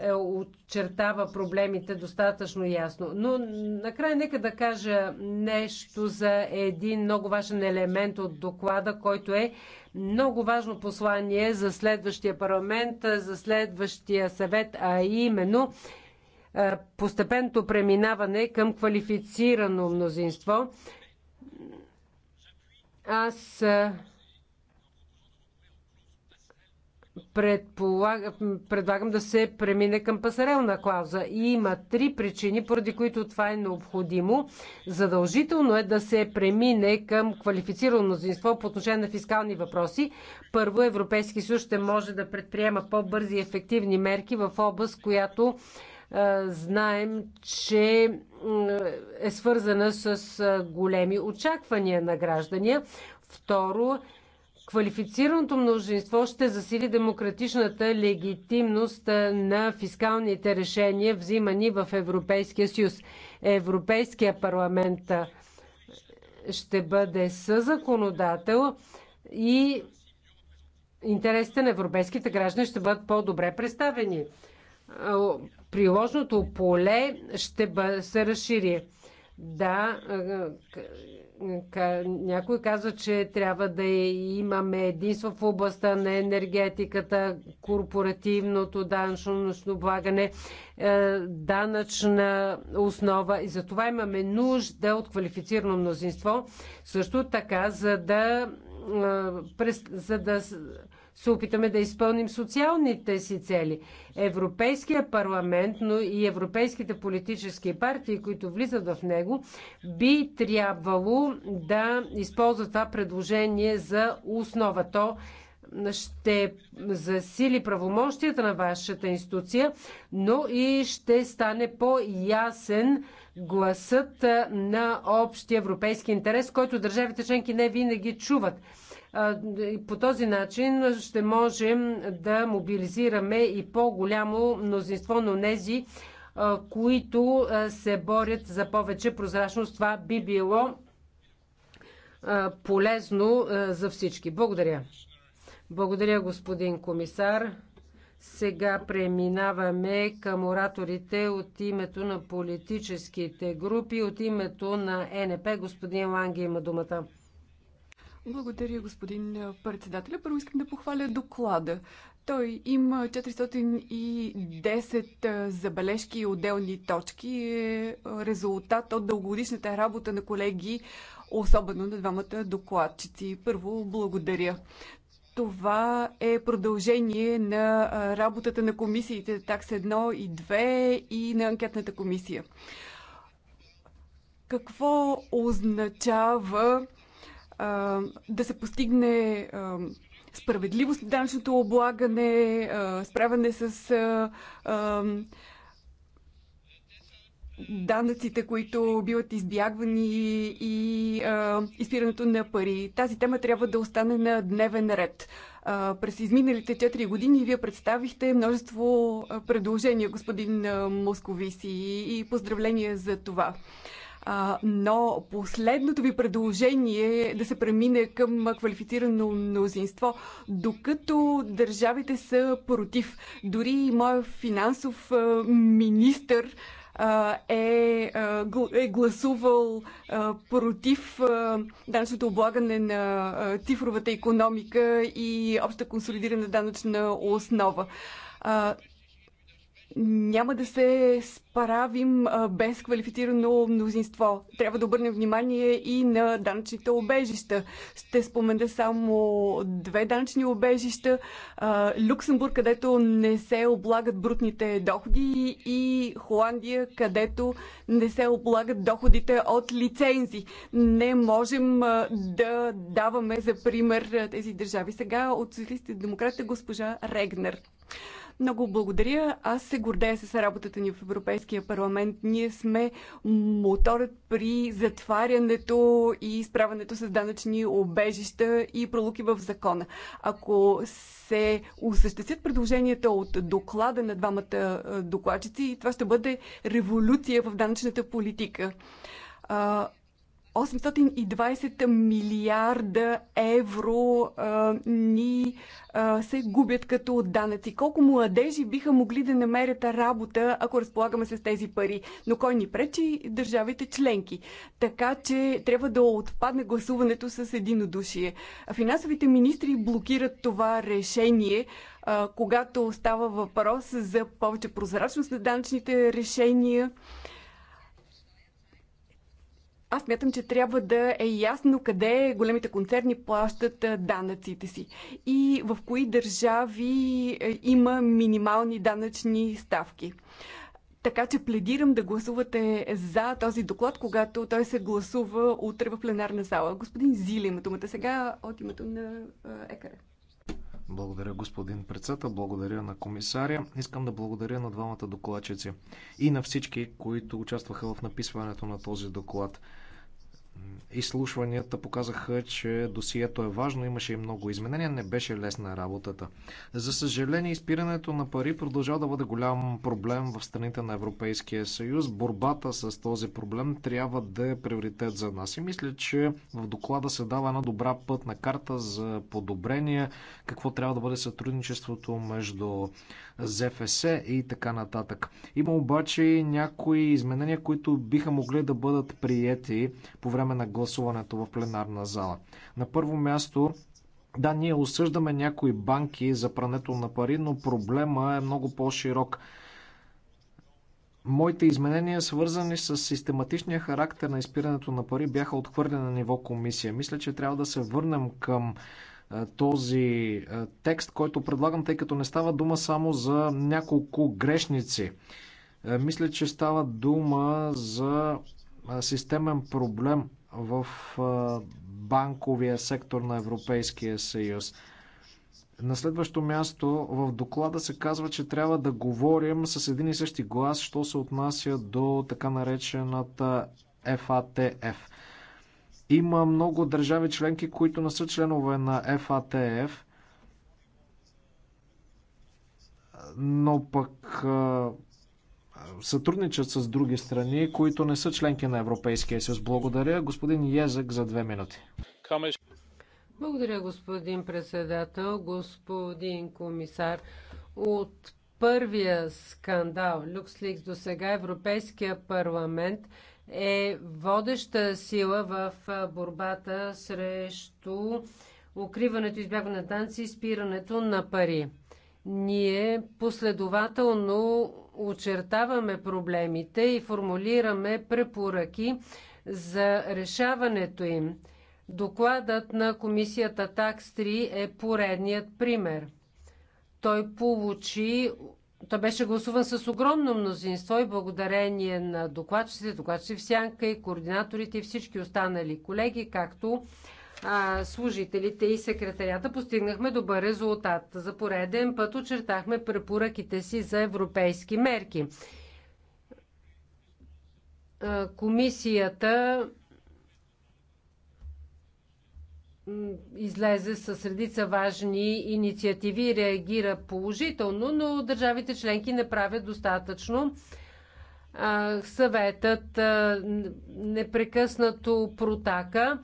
е, очертава проблемите достатъчно ясно. Но накрая нека да кажа нещо за един много важен елемент от доклада, който е много важно послание за следващия парламент, за следващия съвет, а именно е, постепенното преминаване към квалифицирано мнозинство. Аз е, предлагам да се премине към пасарелна клауза. И има три причини, поради които това е необходимо. Задължително е да се премине към квалифицирано мнозинство по отношение на фискални въпроси. Първо, Европейски съюз ще може да предприема по-бързи и ефективни мерки в област, която е, знаем, че е свързана с е, големи очаквания на граждания. Второ, Квалифицираното мнозинство ще засили демократичната легитимност на фискалните решения, взимани в Европейския съюз. Европейския парламент ще бъде съзаконодател и интересите на европейските граждани ще бъдат по-добре представени. Приложното поле ще се разшири. Да, някой казва, че трябва да имаме единство в областта на енергетиката, корпоративното данъчно облагане, е, данъчна основа и за това имаме нужда от квалифицирано мнозинство, също така за да, е, за да се опитаме да изпълним социалните си цели. Европейския парламент, но и европейските политически партии, които влизат в него, би трябвало да използват това предложение за основа. То ще засили правомощията на вашата институция, но и ще стане по-ясен гласът на общия европейски интерес, който държавите членки не винаги чуват. По този начин ще можем да мобилизираме и по-голямо мнозинство на тези, които се борят за повече прозрачност. Това би било полезно за всички. Благодаря. Благодаря, господин комисар. Сега преминаваме към ораторите от името на политическите групи, от името на НП. Господин Ланги има думата. Благодаря, господин председател. Първо искам да похваля доклада. Той има 410 забележки и отделни точки. Е резултат от дългогодишната работа на колеги, особено на двамата докладчици. Първо, благодаря. Това е продължение на работата на комисиите такс 1 и 2 и на анкетната комисия. Какво означава да се постигне справедливост в данъчното облагане, справяне с данъците, които биват избягвани и а, изпирането на пари. Тази тема трябва да остане на дневен ред. А, през изминалите 4 години вие представихте множество предложения, господин Московиси, и поздравления за това. А, но последното ви предложение е да се премине към квалифицирано мнозинство, докато държавите са против. Дори моят финансов а, министр е, е гласувал против данъчното облагане на цифровата економика и обща консолидирана данъчна основа няма да се справим без квалифицирано мнозинство. Трябва да обърнем внимание и на данъчните обежища. Ще спомена само две данъчни обежища. Люксембург, където не се облагат брутните доходи и Холандия, където не се облагат доходите от лицензи. Не можем да даваме за пример тези държави. Сега от социалистите демократите госпожа Регнер. Много благодаря. Аз се гордея с работата ни в Европейския парламент. Ние сме моторът при затварянето и справянето с данъчни обежища и пролуки в закона. Ако се осъществят предложенията от доклада на двамата докладчици, това ще бъде революция в данъчната политика. 820 милиарда евро а, ни се губят като данъци. Колко младежи биха могли да намерят работа, ако разполагаме с тези пари? Но кой ни пречи? Държавите членки. Така че трябва да отпадне гласуването с единодушие. Финансовите министри блокират това решение, когато става въпрос за повече прозрачност на данъчните решения. Аз мятам, че трябва да е ясно къде големите концерни плащат данъците си и в кои държави има минимални данъчни ставки. Така че пледирам да гласувате за този доклад, когато той се гласува утре в пленарна зала. Господин Зили има думата сега от името на ЕКАРЕ. Благодаря, господин председател. Благодаря на комисаря. Искам да благодаря на двамата докладчици и на всички, които участваха в написването на този доклад. Изслушванията показаха, че досието е важно, имаше и много изменения, не беше лесна работата. За съжаление, изпирането на пари продължава да бъде голям проблем в страните на Европейския съюз. Борбата с този проблем трябва да е приоритет за нас. И мисля, че в доклада се дава една добра пътна карта за подобрение, какво трябва да бъде сътрудничеството между ЗФС и така нататък. Има обаче и някои изменения, които биха могли да бъдат приети по време на гласуването в пленарна зала. На първо място да, ние осъждаме някои банки за прането на пари, но проблема е много по-широк. Моите изменения, свързани с систематичния характер на изпирането на пари, бяха отхвърлени на ниво комисия. Мисля, че трябва да се върнем към този текст, който предлагам, тъй като не става дума само за няколко грешници. Мисля, че става дума за системен проблем в банковия сектор на Европейския съюз. На следващо място в доклада се казва, че трябва да говорим с един и същи глас, що се отнася до така наречената FATF. Има много държави членки, които не са членове на ФАТФ, но пък сътрудничат с други страни, които не са членки на Европейския съюз. Благодаря, господин Язък, за две минути. Благодаря, господин председател, господин комисар. От първия скандал Люксликс до сега Европейския парламент – е водеща сила в борбата срещу укриването, избягване на танци и спирането на пари. Ние последователно очертаваме проблемите и формулираме препоръки за решаването им. Докладът на комисията ТАКС 3 е поредният пример. Той получи той беше гласуван с огромно мнозинство и благодарение на докладчиците, докладчици в сянка и координаторите и всички останали колеги, както а, служителите и секретарията постигнахме добър резултат. За пореден път очертахме препоръките си за европейски мерки. А, комисията излезе с редица важни инициативи и реагира положително, но държавите членки не правят достатъчно. Съветът непрекъснато протака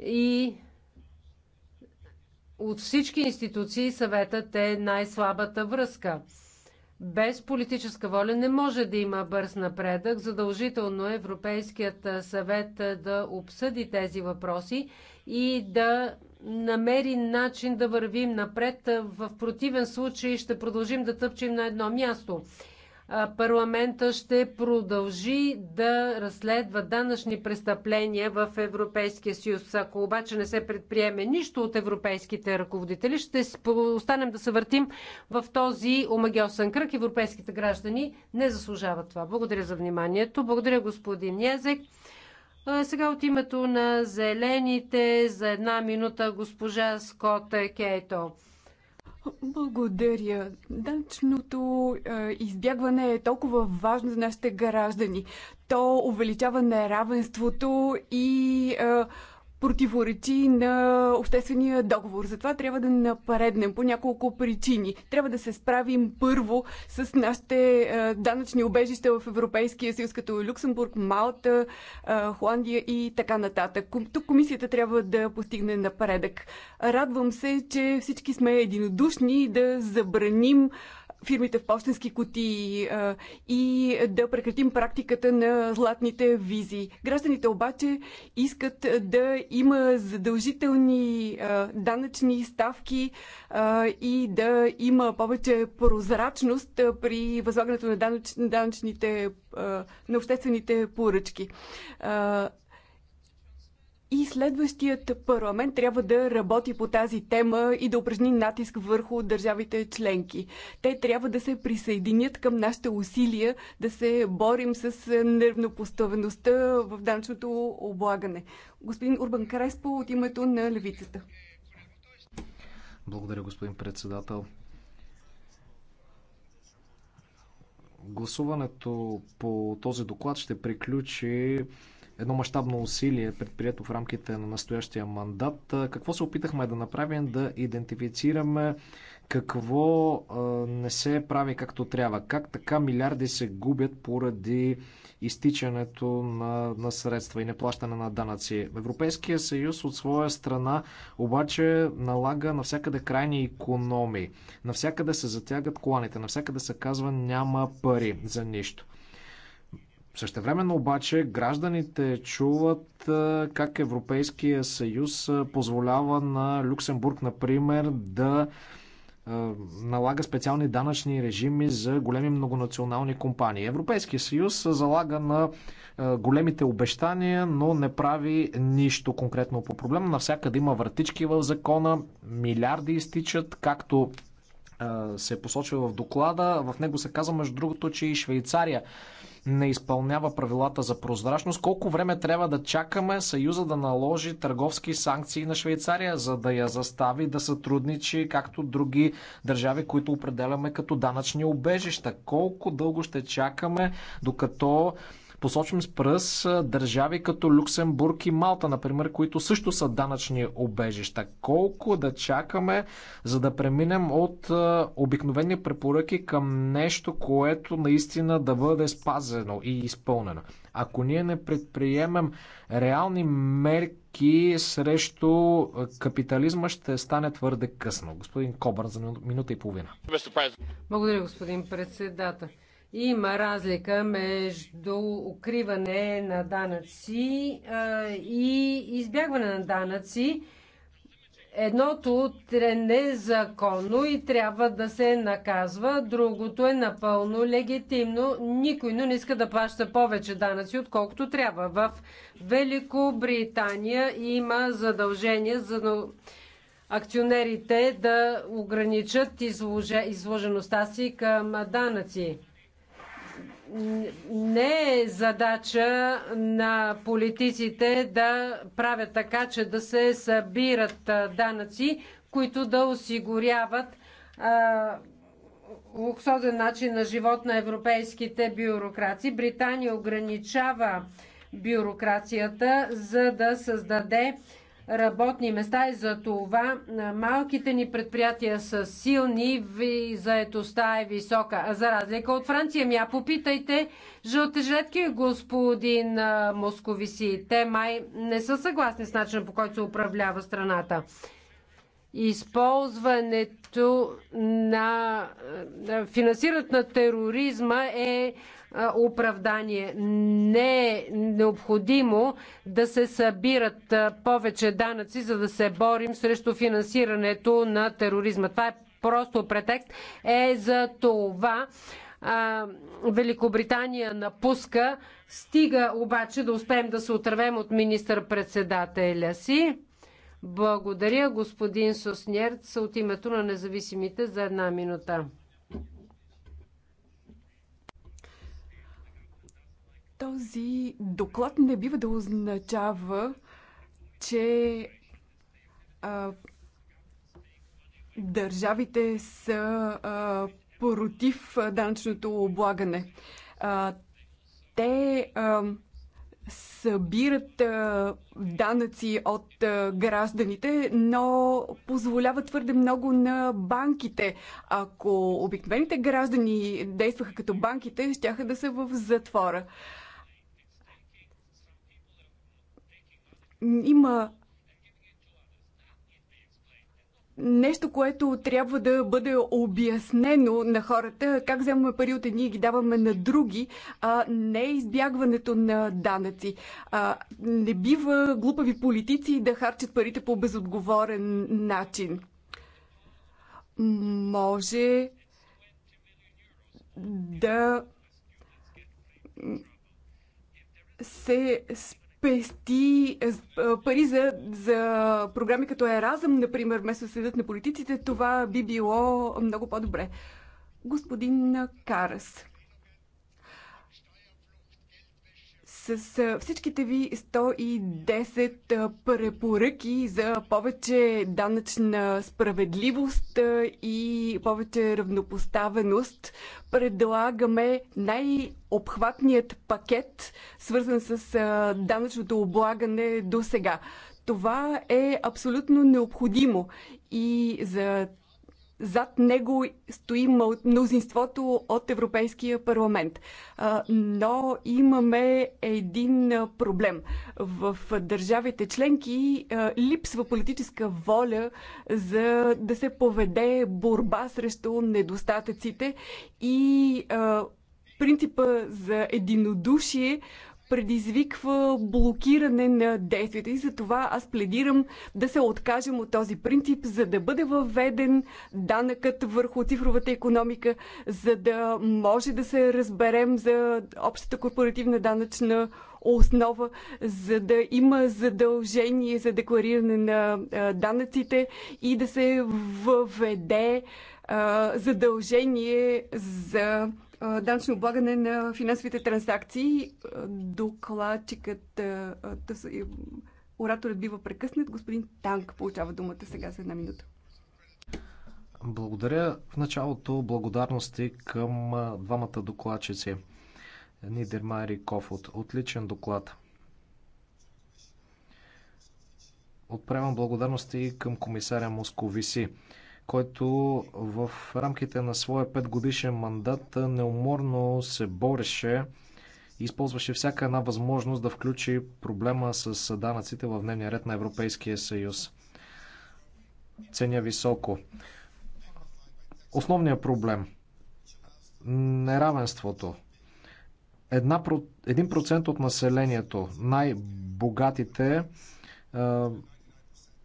и от всички институции съветът е най-слабата връзка. Без политическа воля не може да има бърз напредък. Задължително е Европейският съвет да обсъди тези въпроси и да намери начин да вървим напред. В противен случай ще продължим да тъпчем на едно място. Парламента ще продължи да разследва данъчни престъпления в Европейския съюз. Ако обаче не се предприеме нищо от европейските ръководители, ще останем да се въртим в този омагиосен кръг. Европейските граждани не заслужават това. Благодаря за вниманието. Благодаря господин Язек. Сега от името на зелените за една минута госпожа Скот Кейто. Благодаря. Данчното е, избягване е толкова важно за нашите граждани. То увеличава неравенството и е, противоречи на обществения договор. Затова трябва да напреднем по няколко причини. Трябва да се справим първо с нашите е, данъчни обежища в Европейския съюз, като Люксембург, Малта, е, Холандия и така нататък. Тук комисията трябва да постигне напредък. Радвам се, че всички сме единодушни да забраним е, фирмите в почтенски кутии и да прекратим практиката на златните визи. Гражданите обаче искат да има задължителни данъчни ставки и да има повече прозрачност при възлагането на данъчните на обществените поръчки. И следващият парламент трябва да работи по тази тема и да упражни натиск върху държавите членки. Те трябва да се присъединят към нашите усилия да се борим с нервнопоставеността в данчното облагане. Господин Урбан Креспо от името на левицата. Благодаря, господин председател. Гласуването по този доклад ще приключи едно мащабно усилие, предприето в рамките на настоящия мандат. Какво се опитахме да направим? Да идентифицираме какво не се прави както трябва. Как така милиарди се губят поради изтичането на, на средства и неплащане на данъци. Европейския съюз от своя страна обаче налага навсякъде крайни економии. Навсякъде се затягат коланите, навсякъде се казва няма пари за нищо. Същевременно обаче гражданите чуват как Европейския съюз позволява на Люксембург, например, да налага специални данъчни режими за големи многонационални компании. Европейския съюз залага на големите обещания, но не прави нищо конкретно по проблема. Навсякъде има вратички в закона, милиарди изтичат, както се посочва в доклада. В него се казва, между другото, че и Швейцария не изпълнява правилата за прозрачност. Колко време трябва да чакаме Съюза да наложи търговски санкции на Швейцария, за да я застави да сътрудничи, както други държави, които определяме като данъчни обежища? Колко дълго ще чакаме, докато посочим с пръст държави като Люксембург и Малта, например, които също са данъчни обежища. Колко да чакаме, за да преминем от обикновени препоръки към нещо, което наистина да бъде спазено и изпълнено? Ако ние не предприемем реални мерки срещу капитализма, ще стане твърде късно. Господин Кобър, за минута и половина. Благодаря, господин председател. Има разлика между укриване на данъци и избягване на данъци. Едното е незаконно и трябва да се наказва, другото е напълно легитимно. Никой не иска да плаща повече данъци, отколкото трябва. В Великобритания има задължение за акционерите да ограничат изложеността си към данъци не е задача на политиците да правят така, че да се събират данъци, които да осигуряват луксозен начин на живот на европейските бюрокрации. Британия ограничава бюрокрацията, за да създаде работни места и за това малките ни предприятия са силни, и заетостта е висока. А за разлика от Франция, мя попитайте жетки, господин Московиси. Те май не са съгласни с начина по който се управлява страната. Използването на финансирането на тероризма е оправдание. Не е необходимо да се събират повече данъци, за да се борим срещу финансирането на тероризма. Това е просто претекст. Е за това а, Великобритания напуска. Стига обаче да успеем да се отървем от министър-председателя си. Благодаря, господин Соснерц, от името на независимите за една минута. Този доклад не бива да означава, че а, държавите са а, против данъчното облагане. А, те а, събират а, данъци от а, гражданите, но позволяват твърде много на банките. Ако обикновените граждани действаха като банките, щяха да са в затвора. А, Има нещо, което трябва да бъде обяснено на хората, как вземаме пари от едни и ги даваме на други, а не избягването на данъци. А, не бива глупави политици да харчат парите по безотговорен начин. Може да се спи пести е, е, пари за, за програми като Еразъм, например, вместо да седят на политиците, това би било много по-добре. Господин Карас. с всичките ви 110 препоръки за повече данъчна справедливост и повече равнопоставеност предлагаме най-обхватният пакет, свързан с данъчното облагане до сега. Това е абсолютно необходимо и за зад него стои мнозинството от Европейския парламент. Но имаме един проблем. В държавите членки липсва политическа воля за да се поведе борба срещу недостатъците и принципа за единодушие предизвиква блокиране на действията и затова аз пледирам да се откажем от този принцип, за да бъде въведен данъкът върху цифровата економика, за да може да се разберем за общата корпоративна данъчна основа, за да има задължение за деклариране на данъците и да се въведе задължение за данъчно облагане на финансовите транзакции. Докладчикът, ораторът бива прекъснат. Господин Танк получава думата сега за една минута. Благодаря. В началото благодарности към двамата докладчици. Нидермайер и Кофот. Отличен доклад. Отправям благодарности към комисаря Московиси който в рамките на своя петгодишен мандат неуморно се бореше и използваше всяка една възможност да включи проблема с данъците в дневния ред на Европейския съюз. Ценя високо. Основният проблем неравенството. Една, процент от населението, най-богатите,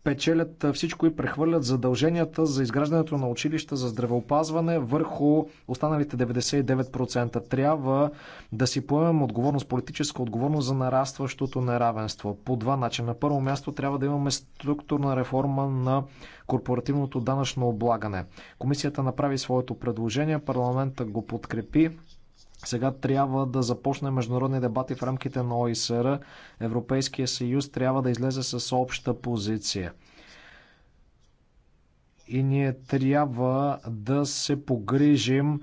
печелят всичко и прехвърлят задълженията за изграждането на училища за здравеопазване върху останалите 99%. Трябва да си поемем отговорност, политическа отговорност за нарастващото неравенство. По два начина. На първо място трябва да имаме структурна реформа на корпоративното данъчно облагане. Комисията направи своето предложение, парламента го подкрепи. Сега трябва да започне международни дебати в рамките на ОИСР. Европейския съюз трябва да излезе с обща позиция. И ние трябва да се погрижим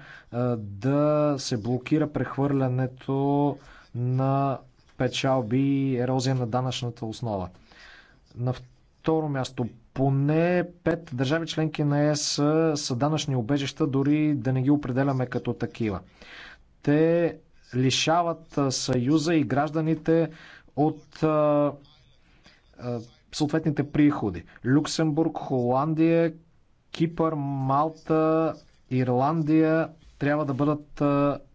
да се блокира прехвърлянето на печалби и ерозия на данъчната основа. На второ място, поне пет държави членки на ЕС са данъчни обежища, дори да не ги определяме като такива. Те лишават Съюза и гражданите от съответните приходи. Люксембург, Холандия, Кипър, Малта, Ирландия трябва да бъдат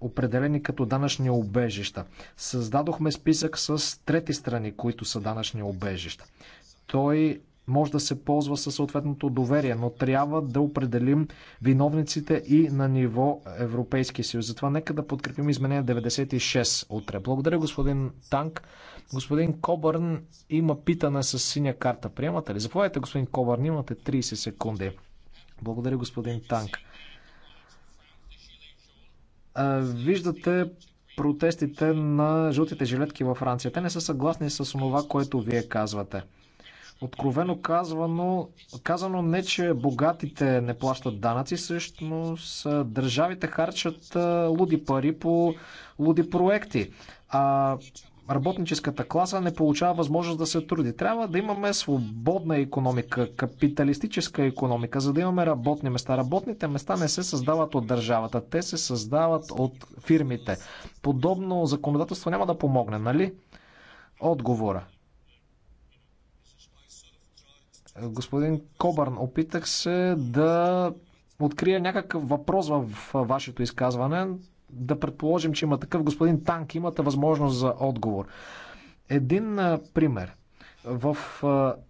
определени като данъчни обежища. Създадохме списък с трети страни, които са данъчни обежища. Той може да се ползва със съответното доверие, но трябва да определим виновниците и на ниво Европейски съюз. Затова нека да подкрепим изменение 96 утре. Благодаря, господин Танк. Господин Кобърн има питане с синя карта. Приемате ли? Заповядайте, господин Кобърн, имате 30 секунди. Благодаря, господин Танк. Виждате протестите на жълтите жилетки във Франция. Те не са съгласни с това, което вие казвате. Откровено казвано, казано не, че богатите не плащат данъци, всъщност държавите харчат луди пари по луди проекти, а работническата класа не получава възможност да се труди. Трябва да имаме свободна економика, капиталистическа економика, за да имаме работни места. Работните места не се създават от държавата, те се създават от фирмите. Подобно законодателство няма да помогне, нали? Отговора господин Кобърн, опитах се да открия някакъв въпрос в вашето изказване. Да предположим, че има такъв. Господин Танк, имате възможност за отговор. Един пример. В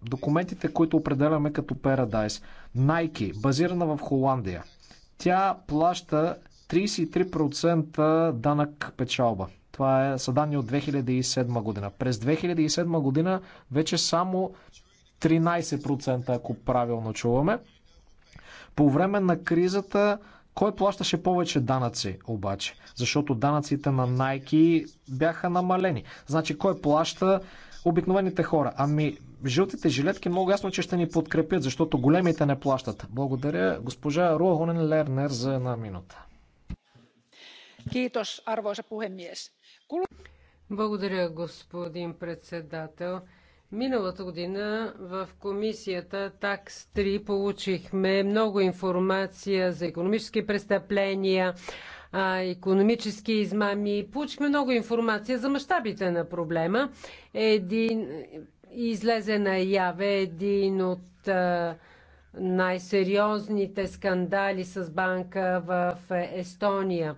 документите, които определяме като Paradise, Nike, базирана в Холандия, тя плаща 33% данък печалба. Това е са данни от 2007 година. През 2007 година вече само 13%, ако правилно чуваме. По време на кризата кой плащаше повече данъци обаче? Защото данъците на Nike бяха намалени. Значи кой плаща обикновените хора? Ами жълтите жилетки много ясно, че ще ни подкрепят, защото големите не плащат. Благодаря госпожа Руахонен Лернер за една минута. Благодаря, господин председател. Миналата година в комисията tax 3 получихме много информация за економически престъпления, економически измами. Получихме много информация за мащабите на проблема. Един, излезе наяве един от най-сериозните скандали с банка в Естония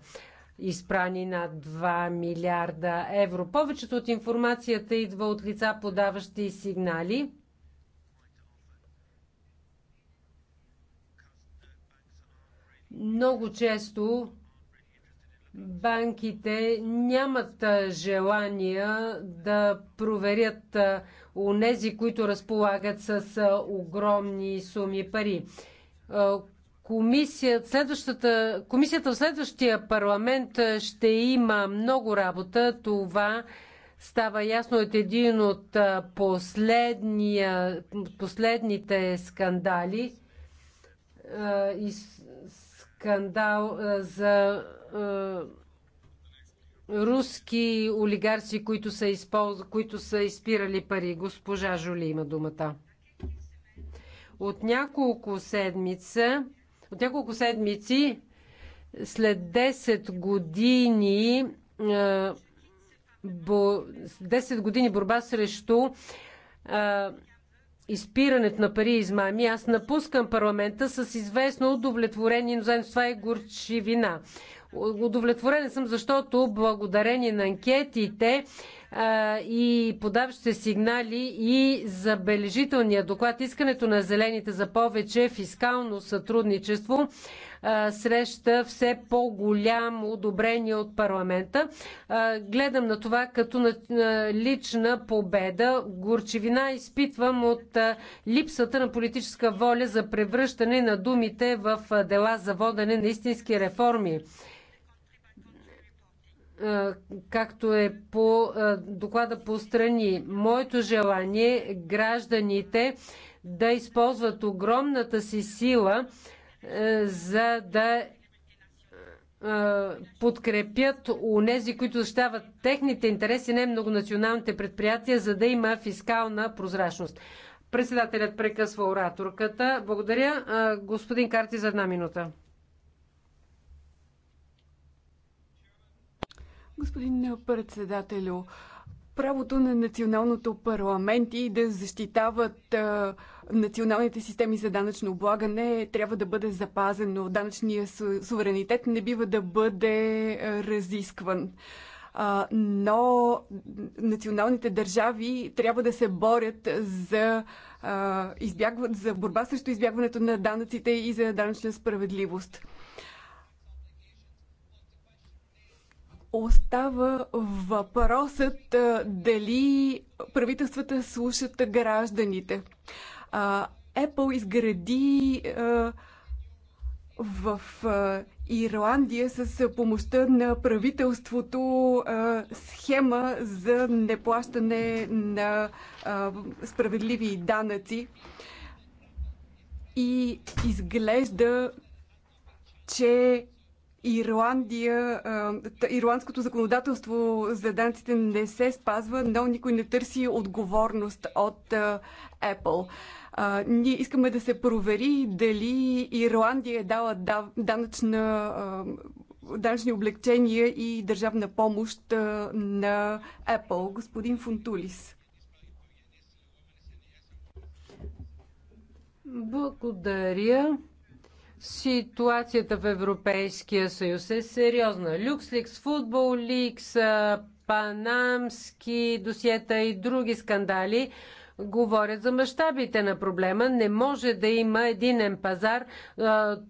изпрани над 2 милиарда евро. Повечето от информацията идва от лица, подаващи сигнали. Много често банките нямат желание да проверят онези, които разполагат с огромни суми пари комисията, следващата, комисията в следващия парламент е, ще има много работа. Това става ясно от един от е, последния, последните скандали. Е, и скандал за руски олигарси, които са, използ... които са изпирали пари. Госпожа Жули има думата. От няколко седмица от няколко седмици, след 10 години, 10 години борба срещу изпирането на пари и измами, аз напускам парламента с известно удовлетворение, но заедно с това и е горчивина. Удовлетворен съм, защото благодарение на анкетите и подаващите сигнали и забележителния доклад, искането на зелените за повече фискално сътрудничество среща все по-голямо одобрение от парламента. Гледам на това като на лична победа. Горчевина изпитвам от липсата на политическа воля за превръщане на думите в дела за водене на истински реформи. Е, както е по е, доклада по страни. Моето желание е гражданите да използват огромната си сила, е, за да подкрепят унези, които защитават техните интереси, не многонационалните предприятия, за да има фискална прозрачност. Председателят прекъсва ораторката. Благодаря. Господин Карти за една минута. Господин председателю, правото на националното парламент и да защитават а, националните системи за данъчно облагане трябва да бъде запазено. Данъчният суверенитет не бива да бъде разискван. А, но националните държави трябва да се борят за, а, избягват, за борба срещу избягването на данъците и за данъчна справедливост. Остава въпросът дали правителствата слушат гражданите. Apple изгради в Ирландия с помощта на правителството схема за неплащане на справедливи данъци и изглежда, че Ирландия, ирландското законодателство за данците не се спазва, но никой не търси отговорност от Apple. Ние искаме да се провери дали Ирландия е дала данъчна данъчни облегчения и държавна помощ на Apple. Господин Фунтулис. Благодаря. Ситуацията в Европейския съюз е сериозна. Люксликс, Футбол Ликс, панамски досиета и други скандали говорят за мащабите на проблема. Не може да има единен пазар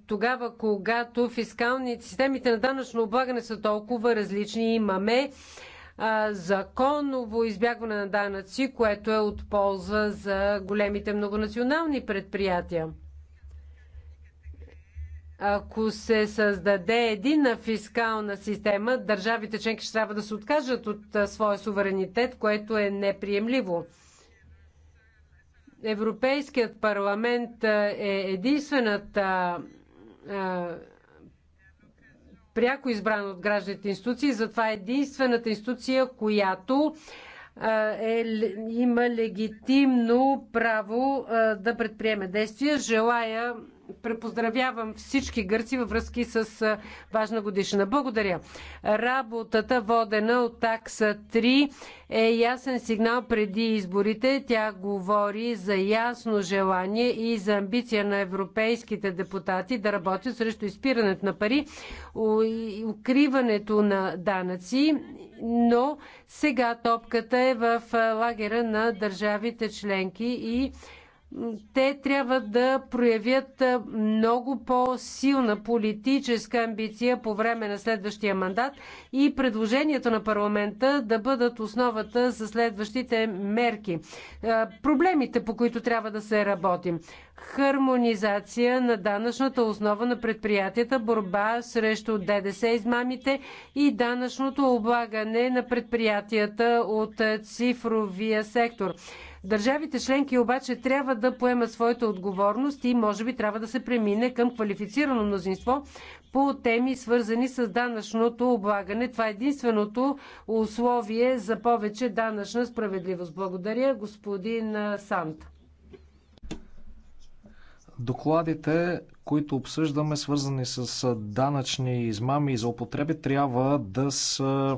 тогава, когато фискални системите на данъчно облагане са толкова различни. Имаме законово избягване на данъци, което е от полза за големите многонационални предприятия. Ако се създаде единна фискална система, държавите членки ще трябва да се откажат от своя суверенитет, което е неприемливо. Европейският парламент е единствената пряко избрана от гражданите институции, затова е единствената институция, която е, има легитимно право да предприеме действия. Желая Препоздравявам всички гърци във връзки с важна годишна. Благодаря. Работата, водена от такса 3, е ясен сигнал преди изборите. Тя говори за ясно желание и за амбиция на европейските депутати да работят срещу изпирането на пари, укриването на данъци, но сега топката е в лагера на държавите членки и те трябва да проявят много по-силна политическа амбиция по време на следващия мандат и предложението на парламента да бъдат основата за следващите мерки. Проблемите, по които трябва да се работим. Хармонизация на данъчната основа на предприятията, борба срещу ДДС измамите и данъчното облагане на предприятията от цифровия сектор Държавите членки обаче трябва да поемат своята отговорност и може би трябва да се премине към квалифицирано мнозинство по теми свързани с данъчното облагане. Това е единственото условие за повече данъчна справедливост. Благодаря, господин Сант. Докладите, които обсъждаме, свързани с данъчни измами и злоупотреби, трябва да са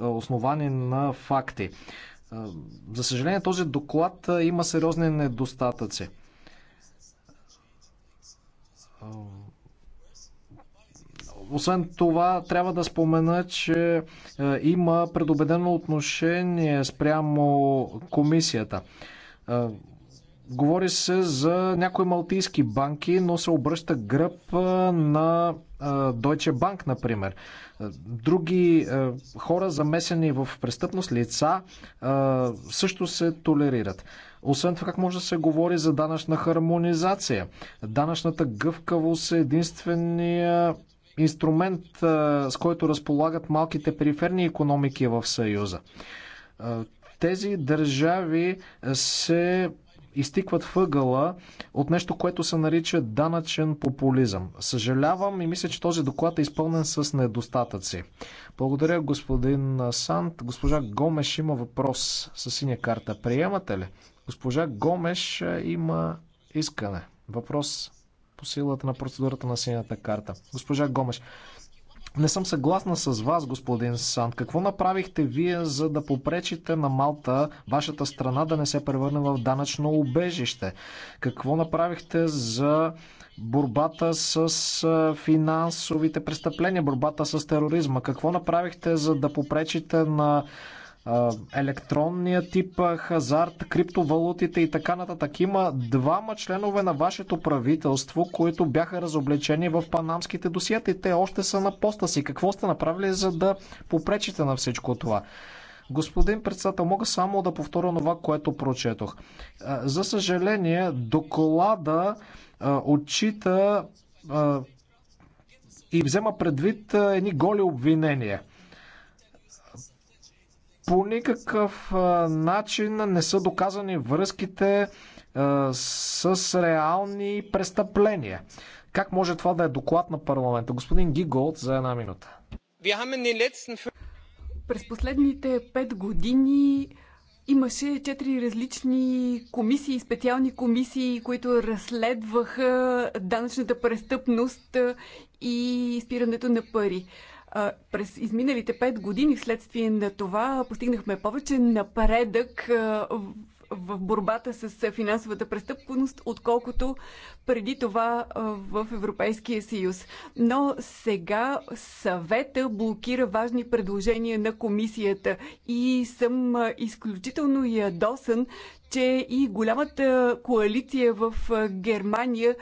основани на факти. За съжаление, този доклад има сериозни недостатъци. Освен това, трябва да спомена, че има предубедено отношение спрямо комисията. Говори се за някои малтийски банки, но се обръща гръб на Deutsche Bank, например. Други хора, замесени в престъпност, лица, също се толерират. Освен това, как може да се говори за данъчна хармонизация? Данъчната гъвкавост е единствения инструмент, с който разполагат малките периферни економики в Съюза. Тези държави се изтикват въгъла от нещо, което се нарича данъчен популизъм. Съжалявам и мисля, че този доклад е изпълнен с недостатъци. Благодаря, господин Сант. Госпожа Гомеш има въпрос с синя карта. Приемате ли? Госпожа Гомеш има искане. Въпрос по силата на процедурата на синята карта. Госпожа Гомеш, не съм съгласна с вас, господин Сант, Какво направихте вие, за да попречите на Малта, вашата страна, да не се превърне в данъчно убежище? Какво направихте за борбата с финансовите престъпления, борбата с тероризма? Какво направихте, за да попречите на електронния тип хазарт, криптовалутите и така нататък. Има двама членове на вашето правителство, които бяха разобличени в панамските досиета и те още са на поста си. Какво сте направили, за да попречите на всичко това? Господин председател, мога само да повторя това, което прочетох. За съжаление, доклада отчита и взема предвид едни голи обвинения по никакъв начин не са доказани връзките с реални престъпления. Как може това да е доклад на парламента? Господин Гиголд за една минута. През последните пет години имаше четири различни комисии, специални комисии, които разследваха данъчната престъпност и спирането на пари. През изминалите пет години вследствие на това постигнахме повече напредък в борбата с финансовата престъпност, отколкото преди това в Европейския съюз. Но сега съвета блокира важни предложения на комисията и съм изключително ядосан, че и голямата коалиция в Германия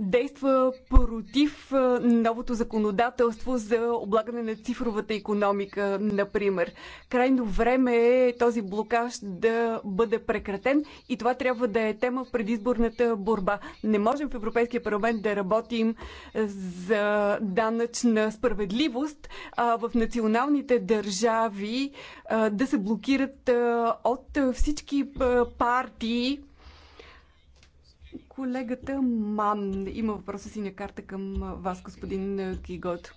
действа против новото законодателство за облагане на цифровата економика, например. Крайно време е този блокаж да бъде прекратен и това трябва да е тема в предизборната борба. Не можем в Европейския парламент да работим за данъчна справедливост, а в националните държави да се блокират от всички партии Колегата Ман има въпроса на карта към вас, господин Кигот.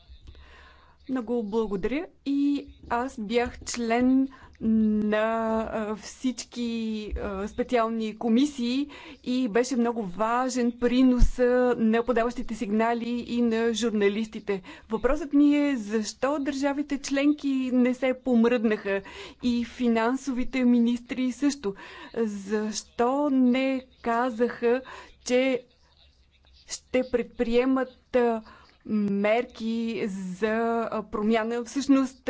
Много благодаря и аз бях член на всички специални комисии и беше много важен принос на подаващите сигнали и на журналистите. Въпросът ми е защо държавите членки не се помръднаха и финансовите министри също. Защо не казаха, че ще предприемат мерки за промяна. Всъщност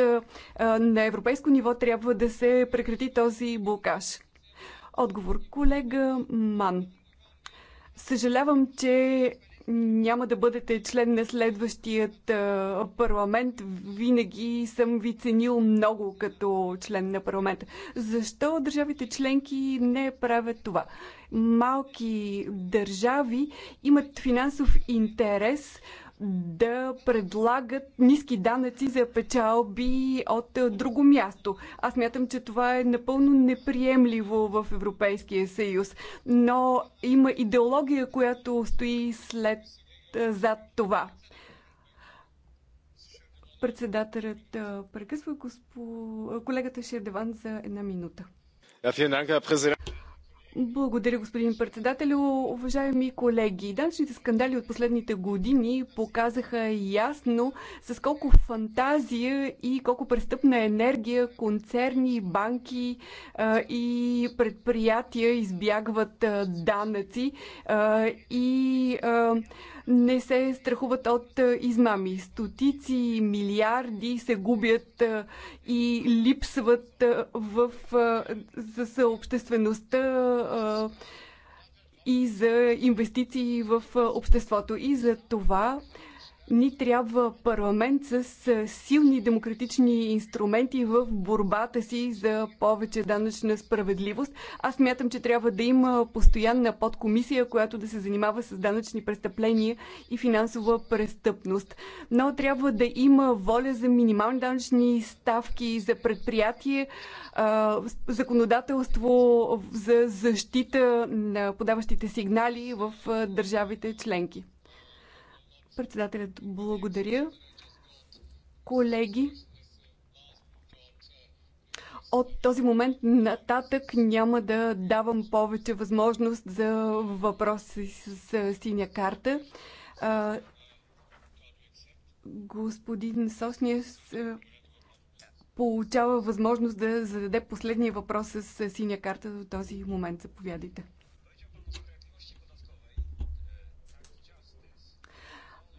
на европейско ниво трябва да се прекрати този блокаж. Отговор, колега Ман. Съжалявам, че няма да бъдете член на следващият парламент. Винаги съм ви ценил много като член на парламента. Защо държавите членки не правят това? Малки държави имат финансов интерес да предлагат ниски данъци за печалби от е, друго място. Аз мятам, че това е напълно неприемливо в Европейския съюз, но има идеология, която стои след е, зад това. Председателят е, прекъсва госпо... колегата Шердеван за една минута. Благодаря, господин председател, Уважаеми колеги, данъчните скандали от последните години показаха ясно с колко фантазия и колко престъпна енергия концерни, банки а, и предприятия избягват а, данъци а, и а, не се страхуват от е, измами. Стотици милиарди се губят е, и липсват е, в, за съобществеността и за инвестиции в обществото. И за това ни трябва парламент с силни демократични инструменти в борбата си за повече данъчна справедливост. Аз мятам, че трябва да има постоянна подкомисия, която да се занимава с данъчни престъпления и финансова престъпност. Но трябва да има воля за минимални данъчни ставки за предприятие, законодателство за защита на подаващите сигнали в държавите членки. Председателят, благодаря. Колеги, от този момент нататък няма да давам повече възможност за въпроси с синя карта. Господин Сосния получава възможност да зададе последния въпрос с синя карта до този момент. Заповядайте.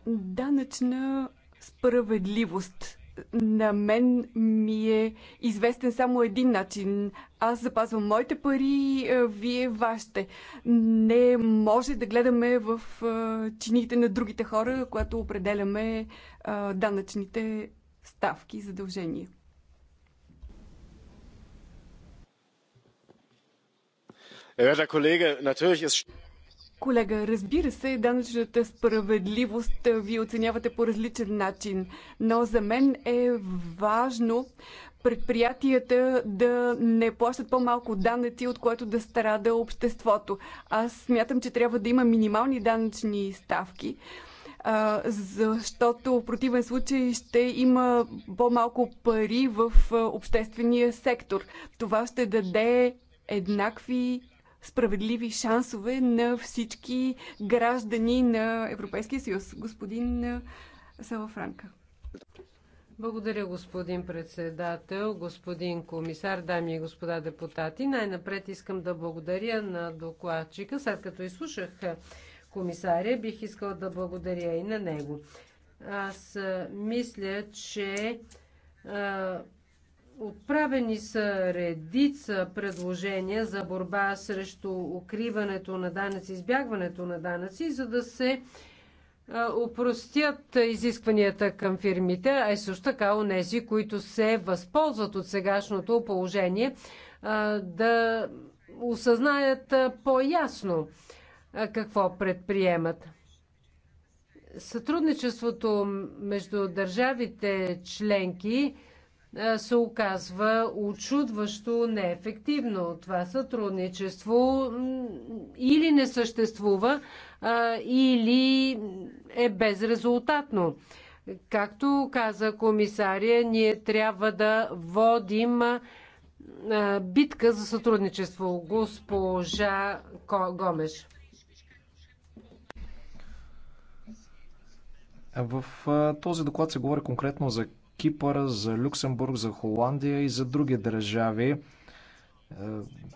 Данъчна справедливост. На мен ми е известен само един начин. Аз запазвам моите пари, вие вашите. Не може да гледаме в чините на другите хора, когато определяме данъчните ставки и задължения. Werter natürlich ist Колега, разбира се, данъчната справедливост Ви оценявате по различен начин, но за мен е важно предприятията да не плащат по-малко данъци, от което да страда обществото. Аз смятам, че трябва да има минимални данъчни ставки, защото в противен случай ще има по-малко пари в обществения сектор. Това ще даде еднакви справедливи шансове на всички граждани на Европейския съюз. Господин Салафранка. Благодаря, господин председател, господин комисар, дами и господа депутати. Най-напред искам да благодаря на докладчика. След като изслушах комисаря, бих искал да благодаря и на него. Аз мисля, че Отправени са редица предложения за борба срещу укриването на данъци, избягването на данъци, за да се упростят изискванията към фирмите, а и също така нези, които се възползват от сегашното положение, да осъзнаят по-ясно какво предприемат. Сътрудничеството между държавите членки – се оказва очудващо неефективно. Това сътрудничество или не съществува, или е безрезултатно. Както каза комисария, ние трябва да водим битка за сътрудничество. Госпожа Гомеш. В този доклад се говори конкретно за Кипър, за Люксембург, за Холандия и за други държави, е,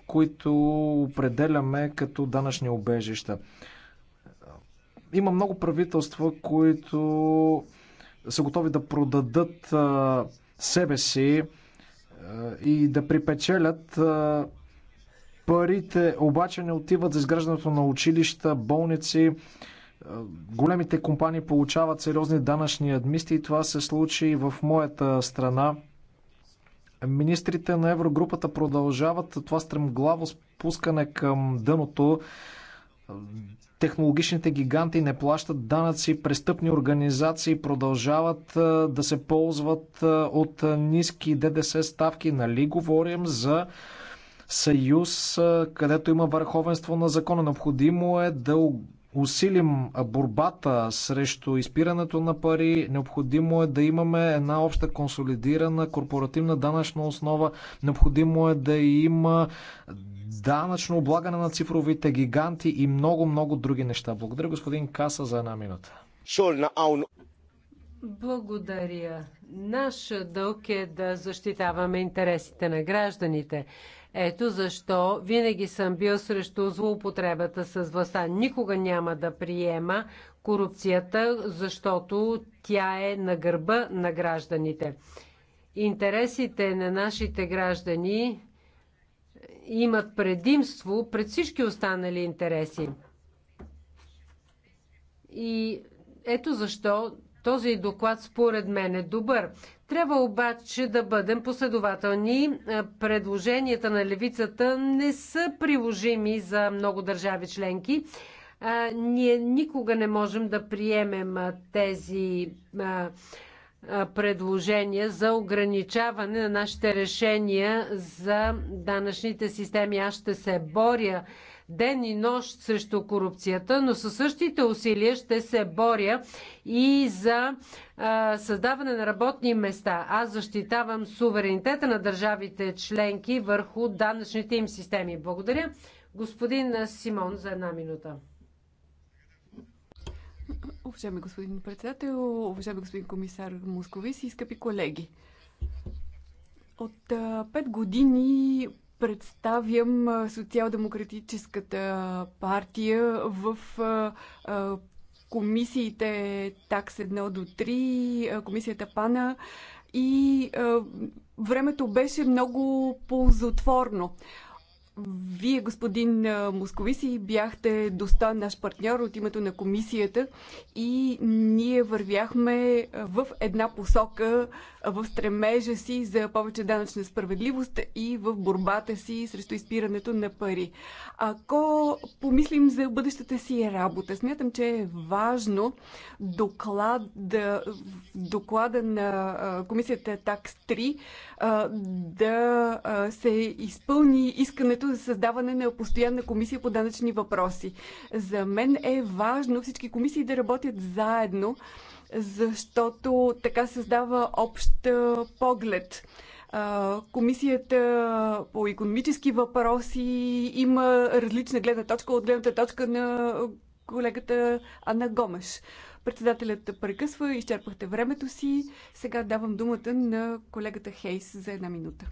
които определяме като данъчни обежища. Има много правителства, които са готови да продадат е, себе си е, и да припечелят парите, обаче не отиват за изграждането на училища, болници, Големите компании получават сериозни данъчни адмисти и това се случи и в моята страна. Министрите на Еврогрупата продължават това стремглаво спускане към дъното. Технологичните гиганти не плащат данъци, престъпни организации продължават да се ползват от ниски ДДС ставки. Нали говорим за съюз, където има върховенство на закона. Необходимо е да усилим борбата срещу изпирането на пари, необходимо е да имаме една обща консолидирана корпоративна данъчна основа, необходимо е да има данъчно облагане на цифровите гиганти и много-много други неща. Благодаря господин Каса за една минута. Благодаря. Наш дълг е да защитаваме интересите на гражданите. Ето защо винаги съм бил срещу злоупотребата с властта. Никога няма да приема корупцията, защото тя е на гърба на гражданите. Интересите на нашите граждани имат предимство пред всички останали интереси. И ето защо този доклад според мен е добър. Трябва обаче да бъдем последователни. Е, предложенията на левицата не са приложими за много държави членки. Е, ние никога не можем да приемем е, тези предложения за ограничаване на нашите решения за данъчните системи. Аз ще се боря ден и нощ срещу корупцията, но със същите усилия ще се боря и за а, създаване на работни места. Аз защитавам суверенитета на държавите членки върху данъчните им системи. Благодаря. Господин Симон за една минута. Уважаеми господин председател, уважаеми господин комисар и скъпи колеги. От пет години представям социал-демократическата партия в комисиите такс 1 до 3, комисията ПАНА и времето беше много ползотворно. Вие, господин Московиси, бяхте доста наш партньор от името на комисията и ние вървяхме в една посока в стремежа си за повече данъчна справедливост и в борбата си срещу изпирането на пари. Ако помислим за бъдещата си работа, смятам, че е важно доклад, доклада на комисията ТАКС 3 да се изпълни искането за създаване на постоянна комисия по данъчни въпроси. За мен е важно всички комисии да работят заедно, защото така създава общ поглед. Комисията по економически въпроси има различна гледна точка от гледната точка на колегата Анна Гомеш. Председателят прекъсва, изчерпахте времето си. Сега давам думата на колегата Хейс за една минута.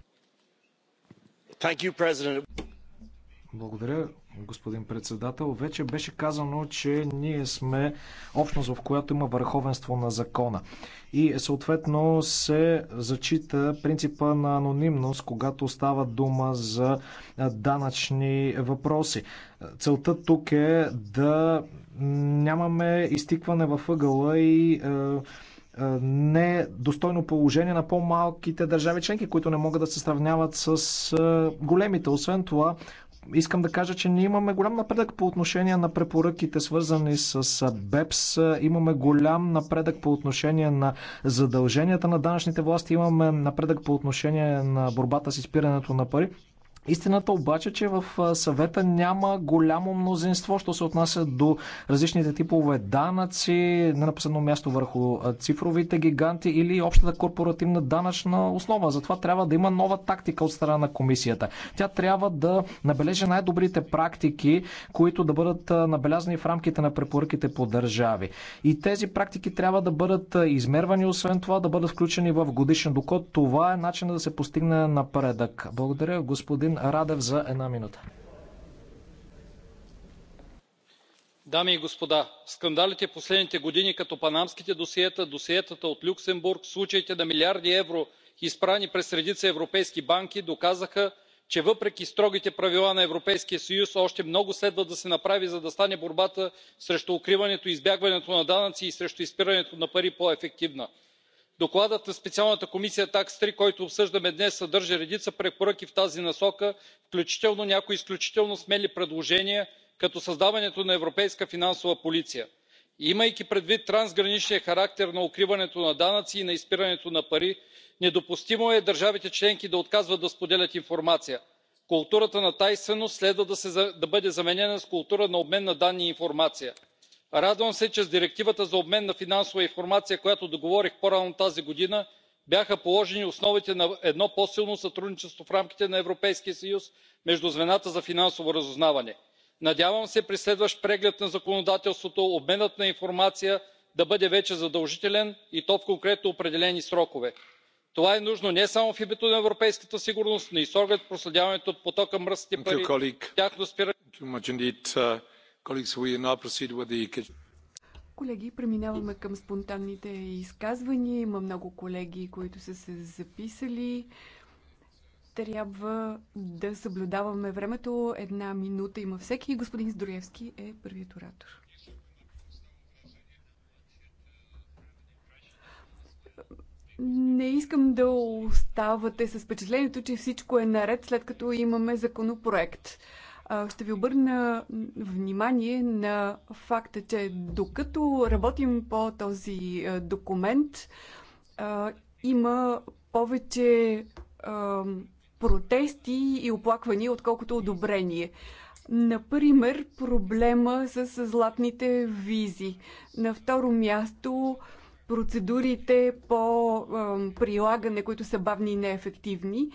Благодаря, господин председател. Вече беше казано, че ние сме общност, в която има върховенство на закона. И е, съответно се зачита принципа на анонимност, когато става дума за данъчни въпроси. Целта тук е да нямаме изтикване във ъгъла и е, недостойно положение на по-малките държави членки, които не могат да се сравняват с големите. Освен това, искам да кажа, че ние имаме голям напредък по отношение на препоръките, свързани с БЕПС. Имаме голям напредък по отношение на задълженията на данъчните власти. Имаме напредък по отношение на борбата с изпирането на пари. Истината обаче, че в съвета няма голямо мнозинство, що се отнася до различните типове данъци, не на последно място върху цифровите гиганти или общата корпоративна данъчна основа. Затова трябва да има нова тактика от страна на комисията. Тя трябва да набележи най-добрите практики, които да бъдат набелязани в рамките на препоръките по държави. И тези практики трябва да бъдат измервани, освен това да бъдат включени в годишен доклад. Това е начинът да се постигне напредък. Благодаря, господин Радев за една минута. Дами и господа, скандалите в последните години като панамските досиета, досиетата от Люксембург, случаите на милиарди евро, изпрани през редица европейски банки, доказаха, че въпреки строгите правила на европейския съюз още много следва да се направи за да стане борбата срещу укриването и избягването на данъци и срещу изпирането на пари по ефективна докладът на специалната комисия такс три който обсъждаме днес съдържа редица препоръки в тази насока включително някои изключително смели предложения като създаването на европейска финансова полиция. имайки предвид трансграничния характер на укриването на данъци и на изпирането на пари недопустимо е държавите членки да отказват да споделят информация. културата на тайнственост следва да бъде заменена с култура на обмен на данни и информация радвам се че с директивата за обмен на финансова информация която договорих по рано тази година бяха положени основите на едно по силно сътрудничество в рамките на европейския съюз между звената за финансово разузнаване. надявам се при следващ преглед на законодателството обменът на информация да бъде вече задължителен и то в конкретно определени срокове. това е нужно не само в името на европейската сигурност но и с оглед проследяването на потока мръсни пари тяхното спиране Колеги, преминаваме към спонтанните изказвания. Има много колеги, които са се записали. Трябва да съблюдаваме времето. Една минута има всеки. Господин Здроевски е първият оратор. Не искам да оставате с впечатлението, че всичко е наред, след като имаме законопроект. Ще ви обърна внимание на факта, че докато работим по този документ, има повече протести и оплаквания, отколкото одобрение. Например, проблема с златните визи. На второ място процедурите по прилагане, които са бавни и неефективни.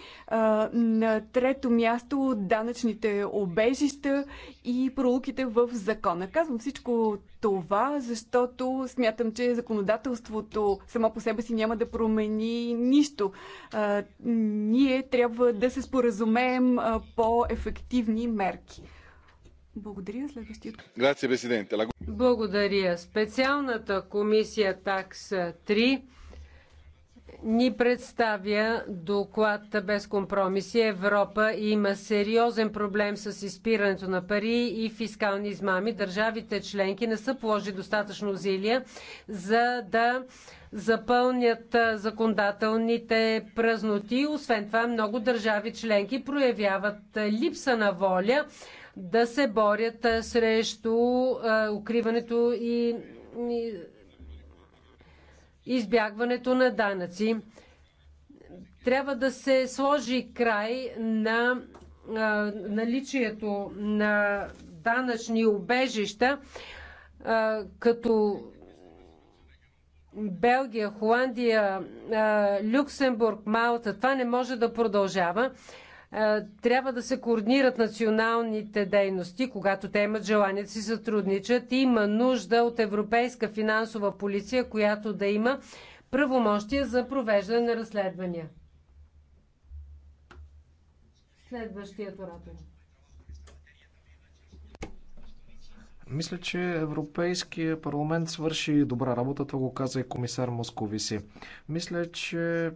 На трето място данъчните обежища и пролуките в закона. Казвам всичко това, защото смятам, че законодателството само по себе си няма да промени нищо. Ние трябва да се споразумеем по ефективни мерки. Благодаря. Следващият. Грация, президенте. Благодаря. Специалната комисия такса 3 ни представя доклад без компромиси. Европа има сериозен проблем с изпирането на пари и фискални измами. Държавите членки не са положили достатъчно усилия за да запълнят законодателните празноти. Освен това, много държави членки проявяват липса на воля да се борят срещу укриването и избягването на данъци. Трябва да се сложи край на наличието на данъчни убежища, като Белгия, Холандия, Люксембург, Малта. Това не може да продължава. Е, трябва да се координират националните дейности, когато те имат желание да си сътрудничат. Има нужда от европейска финансова полиция, която да има правомощия за провеждане на разследвания. Следващият оратор. Мисля, че Европейския парламент свърши добра работа, това го каза и комисар Московиси. Мисля, че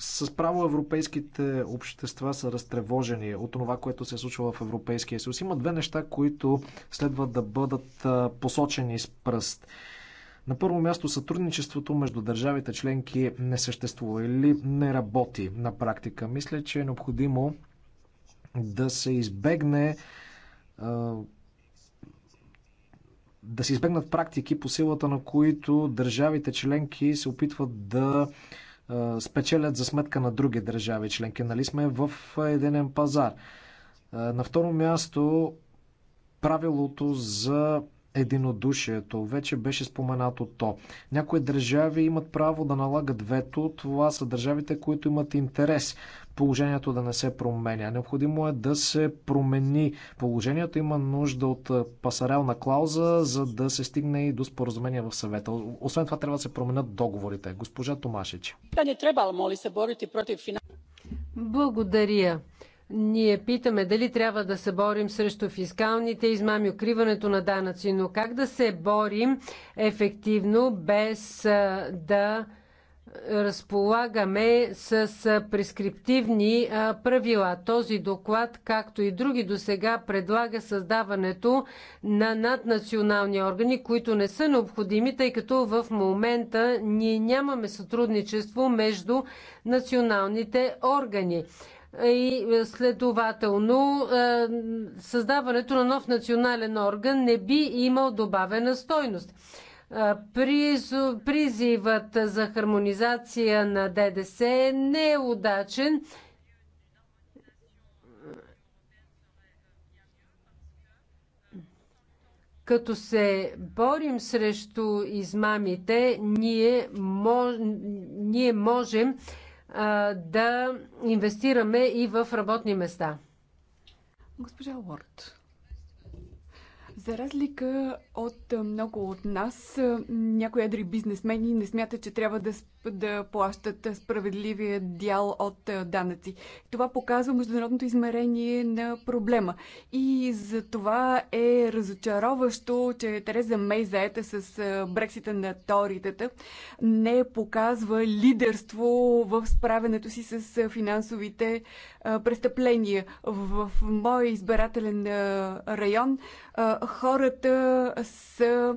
с право европейските общества са разтревожени от това, което се случва в Европейския съюз. Има две неща, които следва да бъдат посочени с пръст. На първо място сътрудничеството между държавите членки не съществува или не работи на практика. Мисля, че е необходимо да се избегне да се избегнат практики, по силата на които държавите членки се опитват да спечелят за сметка на други държави членки. Нали сме в единен пазар. На второ място, правилото за единодушието. Вече беше споменато то. Някои държави имат право да налагат вето. Това са държавите, които имат интерес положението да не се променя. Необходимо е да се промени положението. Има нужда от пасарелна клауза, за да се стигне и до споразумение в съвета. Освен това, трябва да се променят договорите. Госпожа Томашич. Благодаря. Ние питаме дали трябва да се борим срещу фискалните измами, укриването на данъци, но как да се борим ефективно без да разполагаме с прескриптивни правила. Този доклад, както и други до сега, предлага създаването на наднационални органи, които не са необходими, тъй като в момента ние нямаме сътрудничество между националните органи. И следователно създаването на нов национален орган не би имал добавена стойност призивът за хармонизация на ДДС не е удачен. Като се борим срещу измамите, ние, мож, ние можем а, да инвестираме и в работни места. Госпожа Уорд. За разлика от много от нас, някои едри бизнесмени не смятат, че трябва да да плащат справедливия дял от е, данъци. Това показва международното измерение на проблема. И за това е разочароващо, че Тереза Мей заета с е, Брексита на торитата не показва лидерство в справенето си с е, финансовите престъпления. В моя избирателен район хората са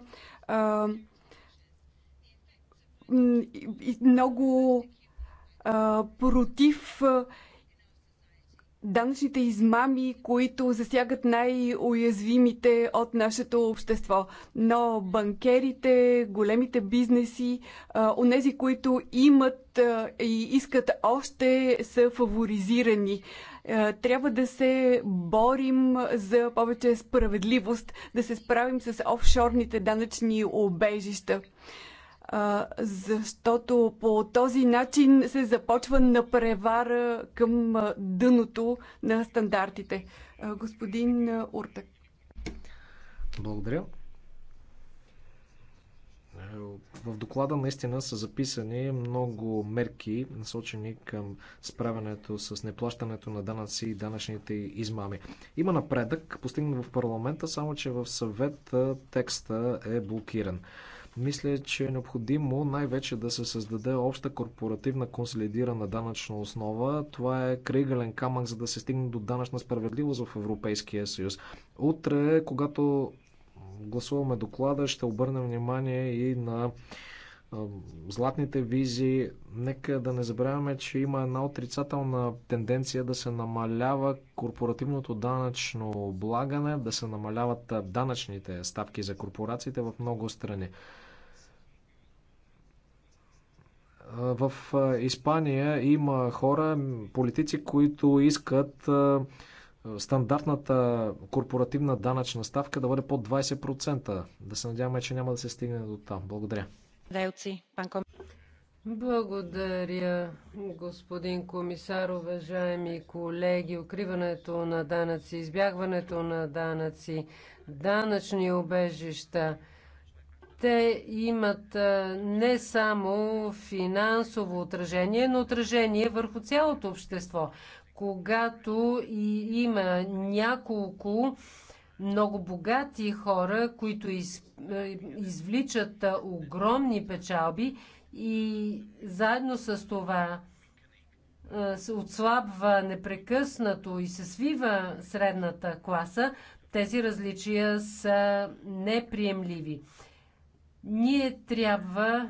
много а, против данъчните измами, които засягат най-уязвимите от нашето общество. Но банкерите, големите бизнеси, онези, които имат и искат още, са фаворизирани. Трябва да се борим за повече справедливост, да се справим с офшорните данъчни обежища защото по този начин се започва на превара към дъното на стандартите. Господин Уртък. Благодаря. Е, в доклада наистина са записани много мерки, насочени към справянето с неплащането на данъци и данъчните измами. Има напредък, постигнат в парламента, само че в съвет текста е блокиран. Мисля, че е необходимо най-вече да се създаде обща корпоративна консолидирана данъчна основа. Това е кригален камък, за да се стигне до данъчна справедливост в Европейския съюз. Утре, когато гласуваме доклада, ще обърнем внимание и на златните визи. Нека да не забравяме, че има една отрицателна тенденция да се намалява корпоративното данъчно облагане, да се намаляват данъчните ставки за корпорациите в много страни. В Испания има хора, политици, които искат стандартната корпоративна данъчна ставка да бъде под 20%. Да се надяваме, че няма да се стигне до там. Благодаря. Благодаря, господин комисар, уважаеми колеги. Укриването на данъци, избягването на данъци, данъчни обежища – те имат не само финансово отражение, но отражение върху цялото общество. Когато и има няколко много богати хора, които из, извличат огромни печалби и заедно с това се отслабва непрекъснато и се свива средната класа, тези различия са неприемливи. Ние трябва,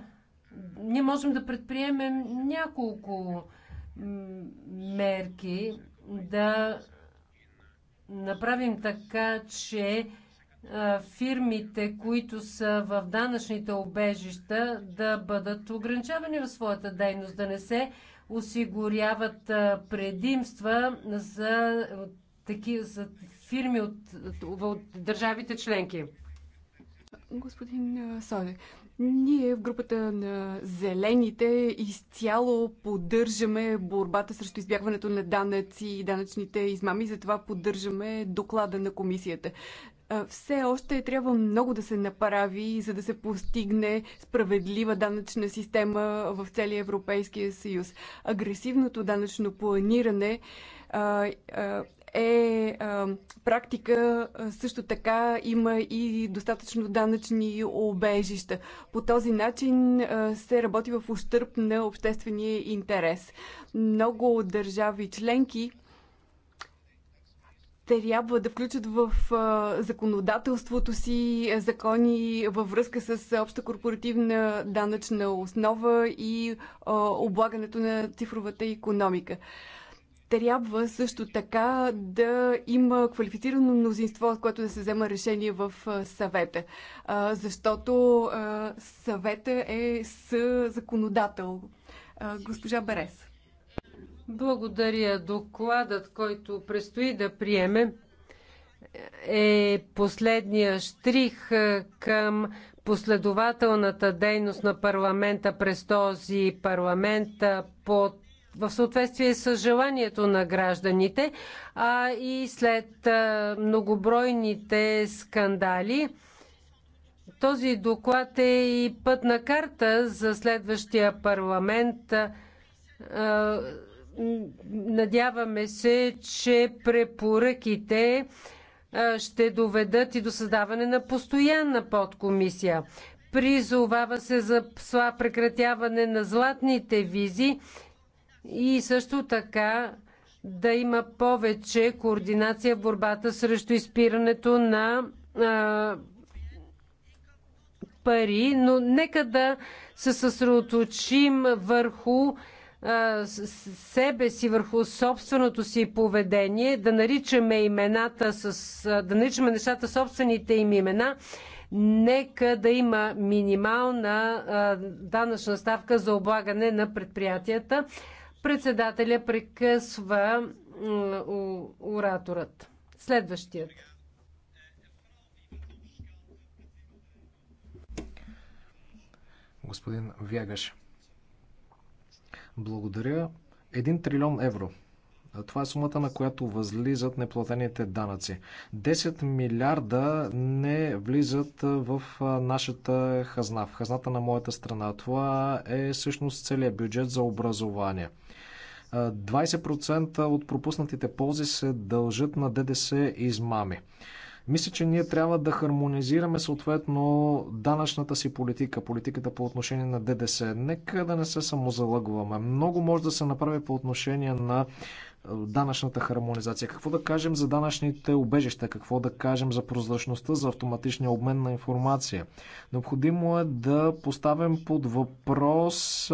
ние можем да предприемем няколко мерки да направим така, че фирмите, които са в данъчните обежища, да бъдат ограничавани в своята дейност, да не се осигуряват предимства за, за фирми от, от държавите членки. Господин Соне, ние в групата на зелените изцяло поддържаме борбата срещу избягването на данъци и данъчните измами, затова поддържаме доклада на комисията. Все още трябва много да се направи, за да се постигне справедлива данъчна система в целия Европейския съюз. Агресивното данъчно планиране е а, практика. Също така има и достатъчно данъчни обежища. По този начин а, се работи в ущърп на обществения интерес. Много държави членки трябва да включат в законодателството си закони във връзка с обща корпоративна данъчна основа и облагането на цифровата економика. Трябва също така да има квалифицирано мнозинство, от което да се взема решение в съвета. Защото съвета е с законодател. Госпожа Берес. Благодаря. Докладът, който предстои да приеме, е последния штрих към последователната дейност на парламента през този парламент под в съответствие с желанието на гражданите, а и след многобройните скандали. Този доклад е и пътна карта за следващия парламент. Надяваме се, че препоръките ще доведат и до създаване на постоянна подкомисия. Призовава се за прекратяване на златните визи и също така да има повече координация в борбата срещу изпирането на а, пари, но нека да се съсредоточим върху а, себе си, върху собственото си поведение, да наричаме имената с, а, да наричаме нещата собствените им имена. Нека да има минимална а, данъчна ставка за облагане на предприятията. Председателя прекъсва ораторът. Следващият. Господин Вягаш. Благодаря. Един трилион евро. Това е сумата, на която възлизат неплатените данъци. 10 милиарда не влизат в нашата хазна, в хазната на моята страна. Това е всъщност целият бюджет за образование – 20% от пропуснатите ползи се дължат на ДДС измами. Мисля, че ние трябва да хармонизираме съответно данъчната си политика, политиката по отношение на ДДС. Нека да не се самозалъгваме. Много може да се направи по отношение на данъчната хармонизация. Какво да кажем за данъчните убежища? Какво да кажем за прозрачността, за автоматичния обмен на информация? Необходимо е да поставим под въпрос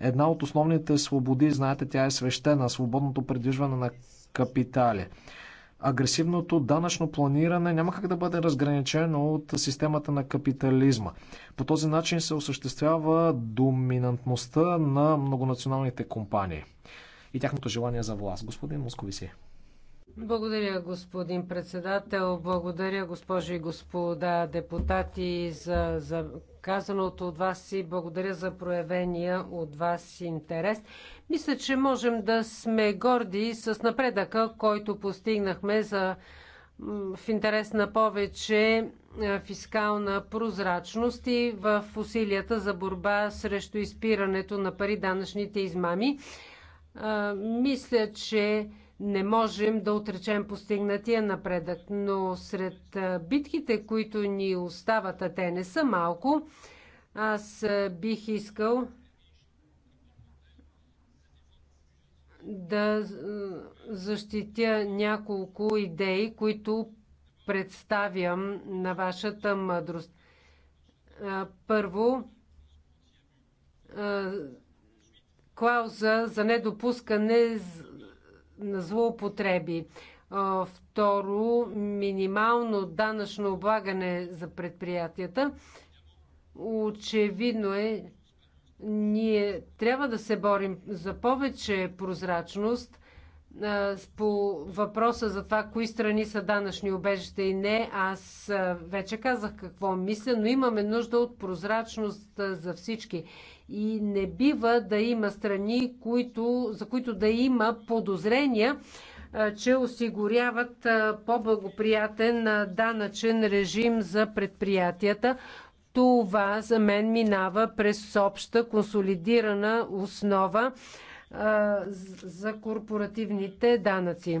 Една от основните свободи, знаете, тя е свещена, свободното придвижване на капитали. Агресивното данъчно планиране няма как да бъде разграничено от системата на капитализма. По този начин се осъществява доминантността на многонационалните компании и тяхното желание за власт. Господин Московиси. Благодаря, господин председател. Благодаря, госпожи и господа депутати, за, за казаното от вас и благодаря за проявения от вас интерес. Мисля, че можем да сме горди с напредъка, който постигнахме за, в интерес на повече е, фискална прозрачност и в усилията за борба срещу изпирането на пари данъчните измами. Е, мисля, че не можем да отречем постигнатия напредък, но сред битките, които ни остават, а те не са малко, аз бих искал да защитя няколко идеи, които представям на вашата мъдрост. Първо, клауза за недопускане за на злоупотреби. Второ, минимално данъчно облагане за предприятията. Очевидно е, ние трябва да се борим за повече прозрачност по въпроса за това, кои страни са данъчни обежища и не. Аз вече казах какво мисля, но имаме нужда от прозрачност за всички и не бива да има страни, които, за които да има подозрения, че осигуряват по-благоприятен данъчен режим за предприятията. Това за мен минава през обща консолидирана основа за корпоративните данъци.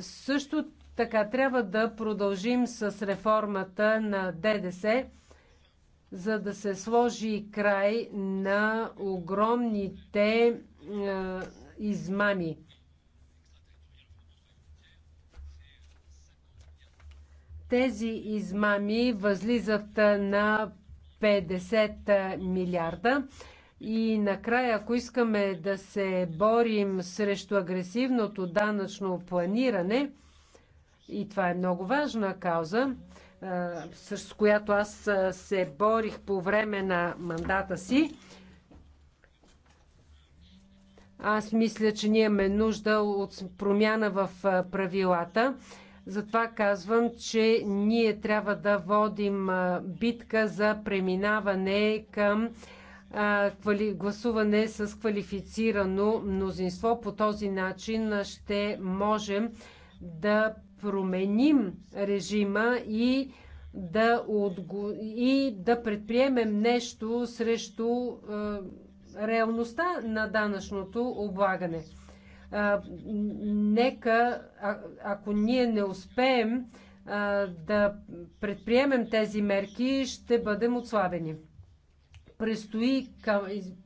Също така трябва да продължим с реформата на ДДС за да се сложи край на огромните е, измами. Тези измами възлизат е, на 50 е, милиарда. И накрая, ако искаме да се борим срещу агресивното данъчно планиране, и това е много важна кауза, с която аз се борих по време на мандата си. Аз мисля, че ние имаме нужда от промяна в правилата. Затова казвам, че ние трябва да водим битка за преминаване към гласуване с квалифицирано мнозинство. По този начин ще можем да променим режима и да, отго... и да предприемем нещо срещу е, реалността на данъчното облагане. А, нека, а, ако ние не успеем а, да предприемем тези мерки, ще бъдем отслабени. Предстои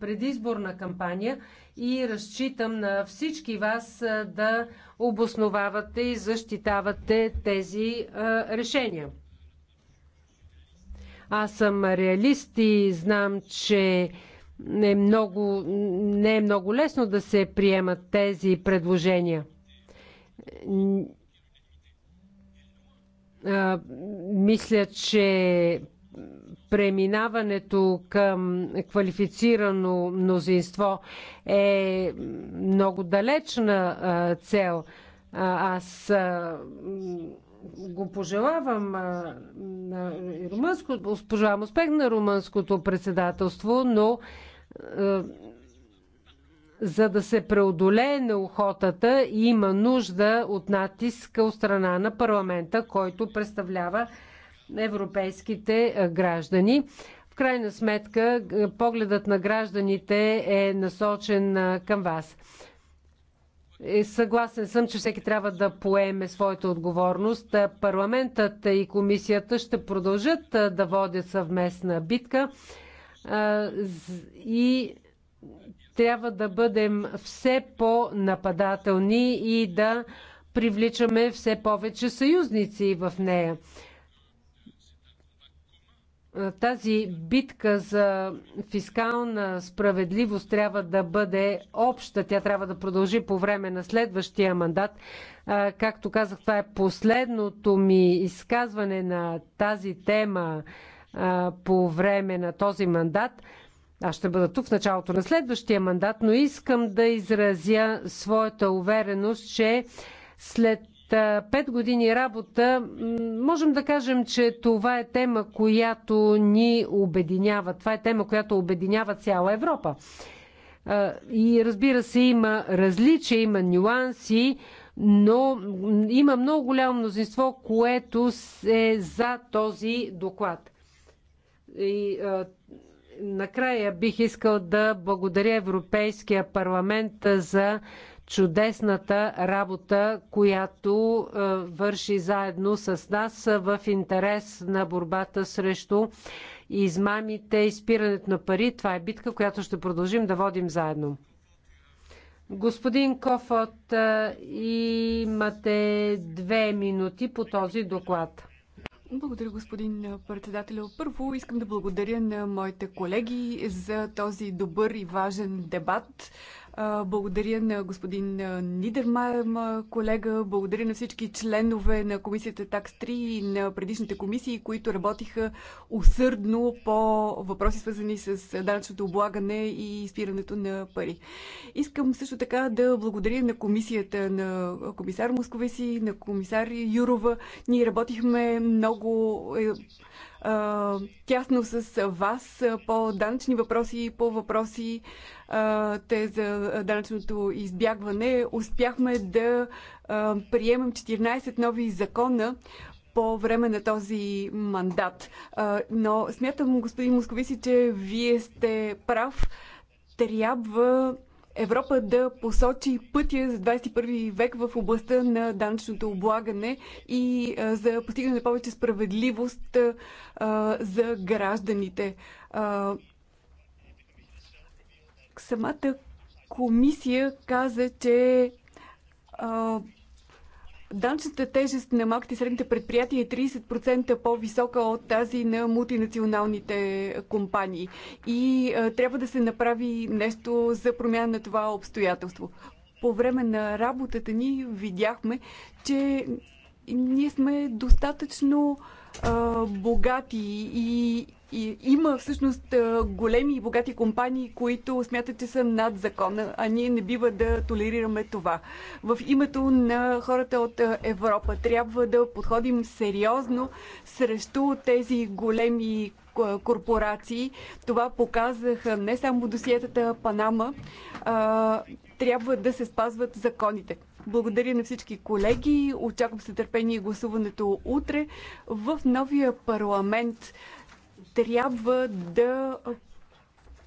предизборна кампания и разчитам на всички вас да обосновавате и защитавате тези решения. Аз съм реалист и знам, че не е много, не е много лесно да се приемат тези предложения. Мисля, че преминаването към квалифицирано мнозинство е много далечна цел. Аз го пожелавам на румънското, пожелавам успех на румънското председателство, но за да се преодолее неохотата, има нужда от натиска от страна на парламента, който представлява европейските граждани. В крайна сметка, погледът на гражданите е насочен към вас. Съгласен съм, че всеки трябва да поеме своята отговорност. Парламентът и комисията ще продължат да водят съвместна битка и трябва да бъдем все по-нападателни и да привличаме все повече съюзници в нея. Е, тази битка за фискална справедливост трябва да бъде обща. Тя трябва да продължи по време на следващия мандат. Е, както казах, това е последното ми изказване на тази тема е, по време на този мандат. Аз ще бъда тук в началото на следващия мандат, но искам да изразя своята увереност, че след пет години работа можем да кажем, че това е тема, която ни обединява. Това е тема, която обединява цяла Европа. И разбира се, има различия, има нюанси, но има много голямо мнозинство, което е за този доклад. И накрая бих искал да благодаря Европейския парламент за чудесната работа, която е, върши заедно с нас в интерес на борбата срещу измамите и спирането на пари. Това е битка, която ще продължим да водим заедно. Господин Кофот, е, имате две минути по този доклад. Благодаря, господин председател. Първо искам да благодаря на моите колеги за този добър и важен дебат. Благодаря на господин Нидермайер, колега. Благодаря на всички членове на комисията ТАКС-3 и на предишните комисии, които работиха усърдно по въпроси свързани с данъчното облагане и спирането на пари. Искам също така да благодаря на комисията на комисар Московеси, на комисар Юрова. Ние работихме много е, тясно с вас по данъчни въпроси и по въпроси те за данъчното избягване. Успяхме да приемем 14 нови закона по време на този мандат. Но смятам, господин Московиси, че вие сте прав. Трябва Европа да посочи пътя за 21 век в областта на данъчното облагане и за постигане на повече справедливост за гражданите. Самата комисия каза, че Данчната тежест на малките и средните предприятия е 30% по-висока от тази на мултинационалните компании. И а, трябва да се направи нещо за промяна на това обстоятелство. По време на работата ни видяхме, че ние сме достатъчно а, богати и, и има всъщност големи и богати компании, които смятат, че са над закона, а ние не бива да толерираме това. В името на хората от Европа трябва да подходим сериозно срещу тези големи корпорации. Това показаха не само досиетата Панама, а, трябва да се спазват законите. Благодаря на всички колеги. Очаквам с търпение гласуването утре. В новия парламент трябва да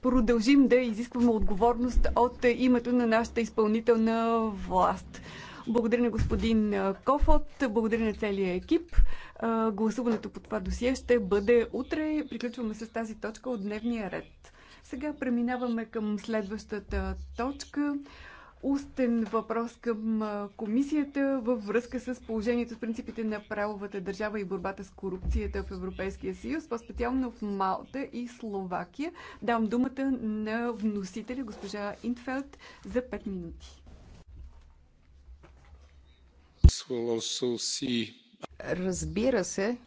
продължим да изискваме отговорност от името на нашата изпълнителна власт. Благодаря на господин Кофот, благодаря на целия екип. Гласуването по това досие ще бъде утре. Приключваме с тази точка от дневния ред. Сега преминаваме към следващата точка устен въпрос към комисията във връзка с положението с принципите на правовата държава и борбата с корупцията в Европейския съюз, по-специално в Малта и Словакия. Дам думата на вносителя госпожа Интфелд за 5 минути. Разбира се,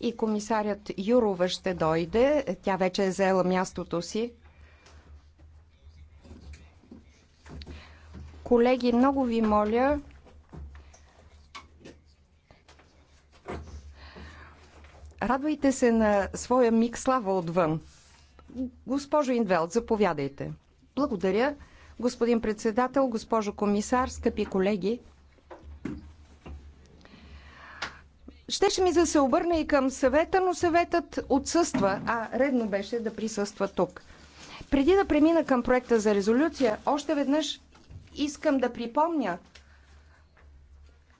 и комисарят Юрова ще дойде. Тя вече е заела мястото си. Колеги, много ви моля, радвайте се на своя миг слава отвън. Госпожо Индвелт, заповядайте. Благодаря, господин председател, госпожо комисар, скъпи колеги. Щеше ми да се обърна и към съвета, но съветът отсъства, а редно беше да присъства тук. Преди да премина към проекта за резолюция, още веднъж искам да припомня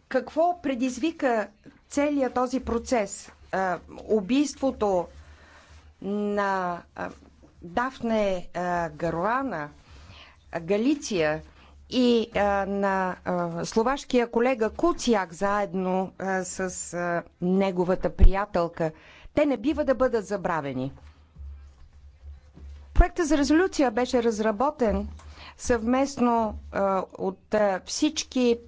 какво предизвика целият този процес. Убийството на Дафне Гаруана, Галиция и на словашкия колега Куцяк заедно с неговата приятелка. Те не бива да бъдат забравени. Проектът за резолюция беше разработен съвместно от всички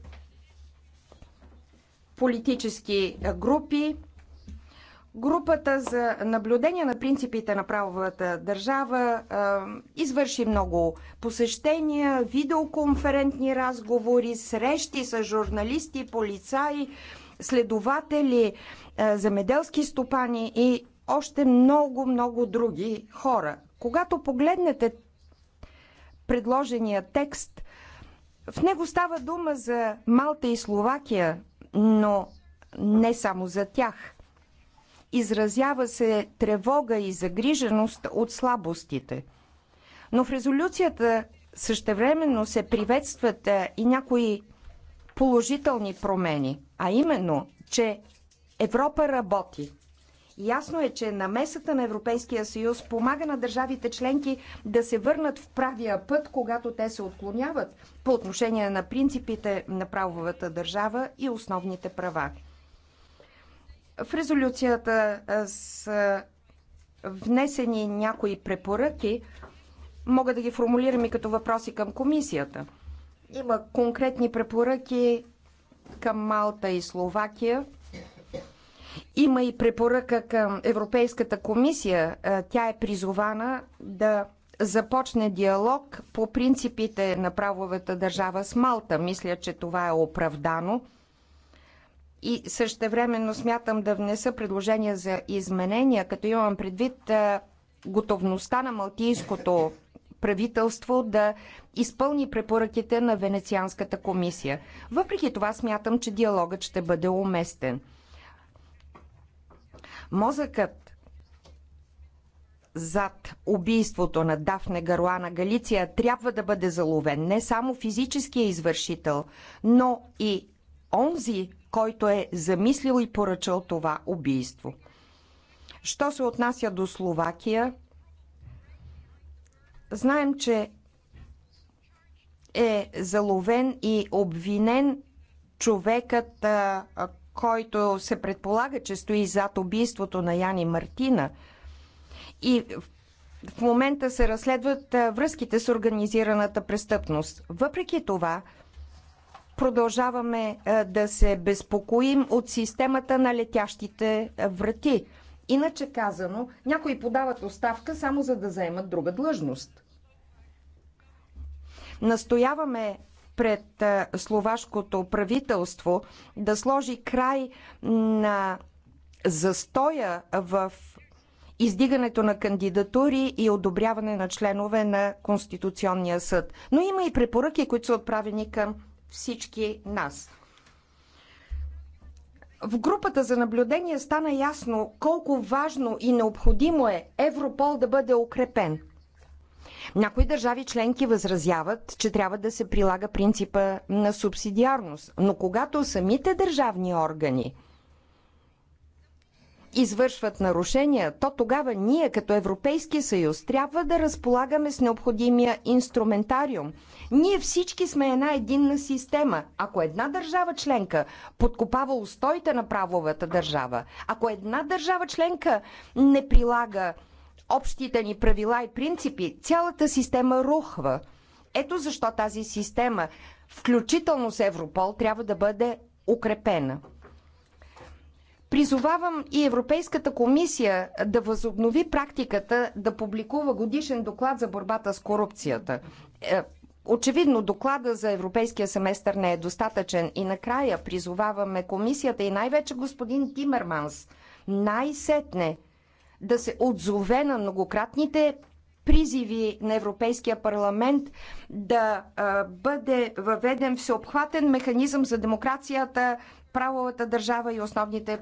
политически групи. Групата за наблюдение на принципите на правовата държава извърши много посещения, видеоконферентни разговори, срещи с журналисти, полицаи, следователи, е, замеделски стопани и още много, много други хора. Когато погледнете предложения текст. В него става дума за Малта и Словакия, но не само за тях. Изразява се тревога и загриженост от слабостите. Но в резолюцията същевременно се приветстват и някои положителни промени, а именно, че Европа работи. Ясно е, че намесата на Европейския съюз помага на държавите членки да се върнат в правия път, когато те се отклоняват по отношение на принципите на правовата държава и основните права. В резолюцията са внесени някои препоръки, мога да ги формулирам и като въпроси към комисията. Има конкретни препоръки към Малта и Словакия – има и препоръка към Европейската комисия. Е, тя е призована да започне диалог по принципите на правовата държава с Малта. Мисля, че това е оправдано. И същевременно смятам да внеса предложения за изменения, като имам предвид е, готовността на малтийското правителство да изпълни препоръките на Венецианската комисия. Въпреки това смятам, че диалогът ще бъде уместен. Мозъкът зад убийството на Дафне Гаруана Галиция трябва да бъде заловен не само физическия извършител, но и онзи, който е замислил и поръчал това убийство. Що се отнася до Словакия, знаем, че е заловен и обвинен човекът, който се предполага, че стои зад убийството на Яни Мартина. И в момента се разследват връзките с организираната престъпност. Въпреки това, продължаваме да се безпокоим от системата на летящите врати. Иначе казано, някои подават оставка само за да заемат друга длъжност. Настояваме пред словашкото правителство да сложи край на застоя в издигането на кандидатури и одобряване на членове на Конституционния съд. Но има и препоръки, които са отправени към всички нас. В групата за наблюдение стана ясно колко важно и необходимо е Европол да бъде укрепен – някои държави членки възразяват, че трябва да се прилага принципа на субсидиарност, но когато самите държавни органи извършват нарушения, то тогава ние като Европейски съюз трябва да разполагаме с необходимия инструментариум. Ние всички сме една единна система. Ако една държава членка подкопава устоите на правовата държава, ако една държава членка не прилага общите ни правила и принципи, цялата система рухва. Ето защо тази система, включително с Европол, трябва да бъде укрепена. Призовавам и Европейската комисия да възобнови практиката да публикува годишен доклад за борбата с корупцията. Е, очевидно, доклада за европейския семестър не е достатъчен и накрая призоваваме комисията и най-вече господин Тимерманс най-сетне – да се отзове на многократните призиви на Европейския парламент да бъде въведен всеобхватен механизъм за демокрацията, правовата държава и основните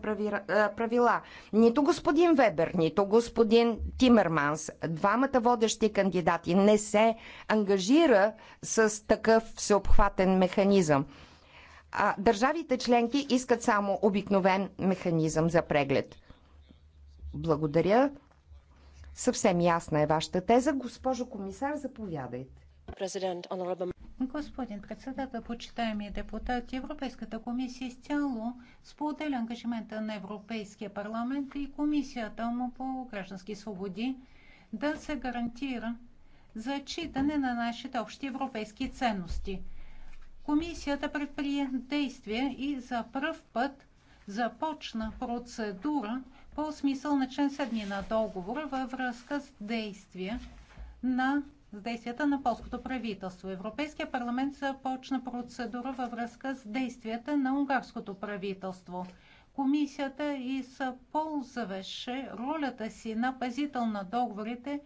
правила. Нито господин Вебер, нито господин Тимерманс, двамата водещи кандидати, не се ангажира с такъв всеобхватен механизъм. А държавите членки искат само обикновен механизъм за преглед. Благодаря. Съвсем ясна е вашата теза. Госпожо комисар, заповядайте. Господин председател, почитаеми депутати, Европейската комисия изцяло споделя ангажимента на Европейския парламент и комисията му по граждански свободи да се гарантира зачитане на нашите общи европейски ценности. Комисията предприе действия и за пръв път започна процедура по смисъл на член 7 на договора във връзка с действия на с действията на полското правителство. Европейския парламент започна процедура във връзка с действията на унгарското правителство. Комисията използваше ролята си на пазител на договорите,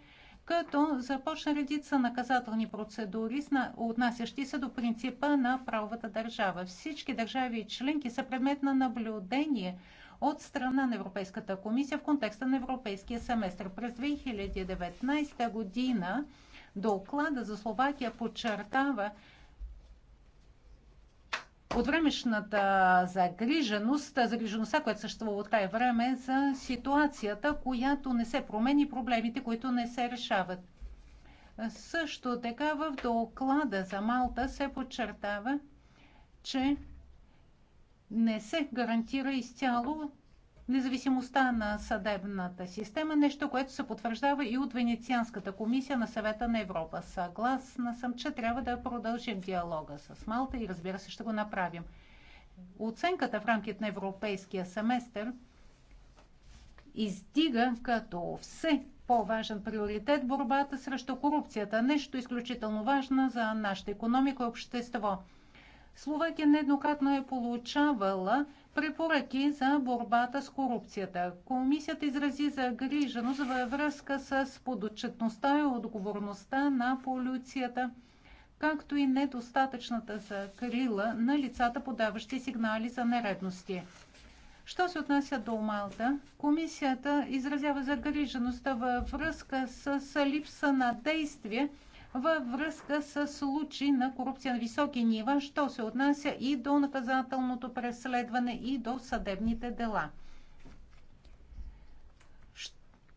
като започна редица наказателни процедури, отнасящи се до принципа на правовата държава. Всички държави и членки са предмет на наблюдение – от страна на Европейската комисия в контекста на Европейския семестър. През 2019 година доклада за Словакия подчертава, от времешната загриженост, загрижеността, която съществува от край време, за ситуацията, която не се промени, проблемите, които не се решават. Също така в доклада за Малта се подчертава, че не се гарантира изцяло независимостта на съдебната система, нещо, което се потвърждава и от Венецианската комисия на съвета на Европа. Съгласна съм, че трябва да продължим диалога с Малта и разбира се ще го направим. Оценката в рамките на европейския семестър издига като все по-важен приоритет борбата срещу корупцията, нещо изключително важно за нашата економика и общество – Словакия нееднократно е получавала препоръки за борбата с корупцията. Комисията изрази загриженост във връзка с подотчетността и отговорността на полицията, както и недостатъчната закрила на лицата, подаващи сигнали за нередности. Що се отнася до Малта, комисията изразява загрижеността във връзка с липса на действие – във връзка с случаи на корупция на високи нива, що се отнася и до наказателното преследване и до съдебните дела.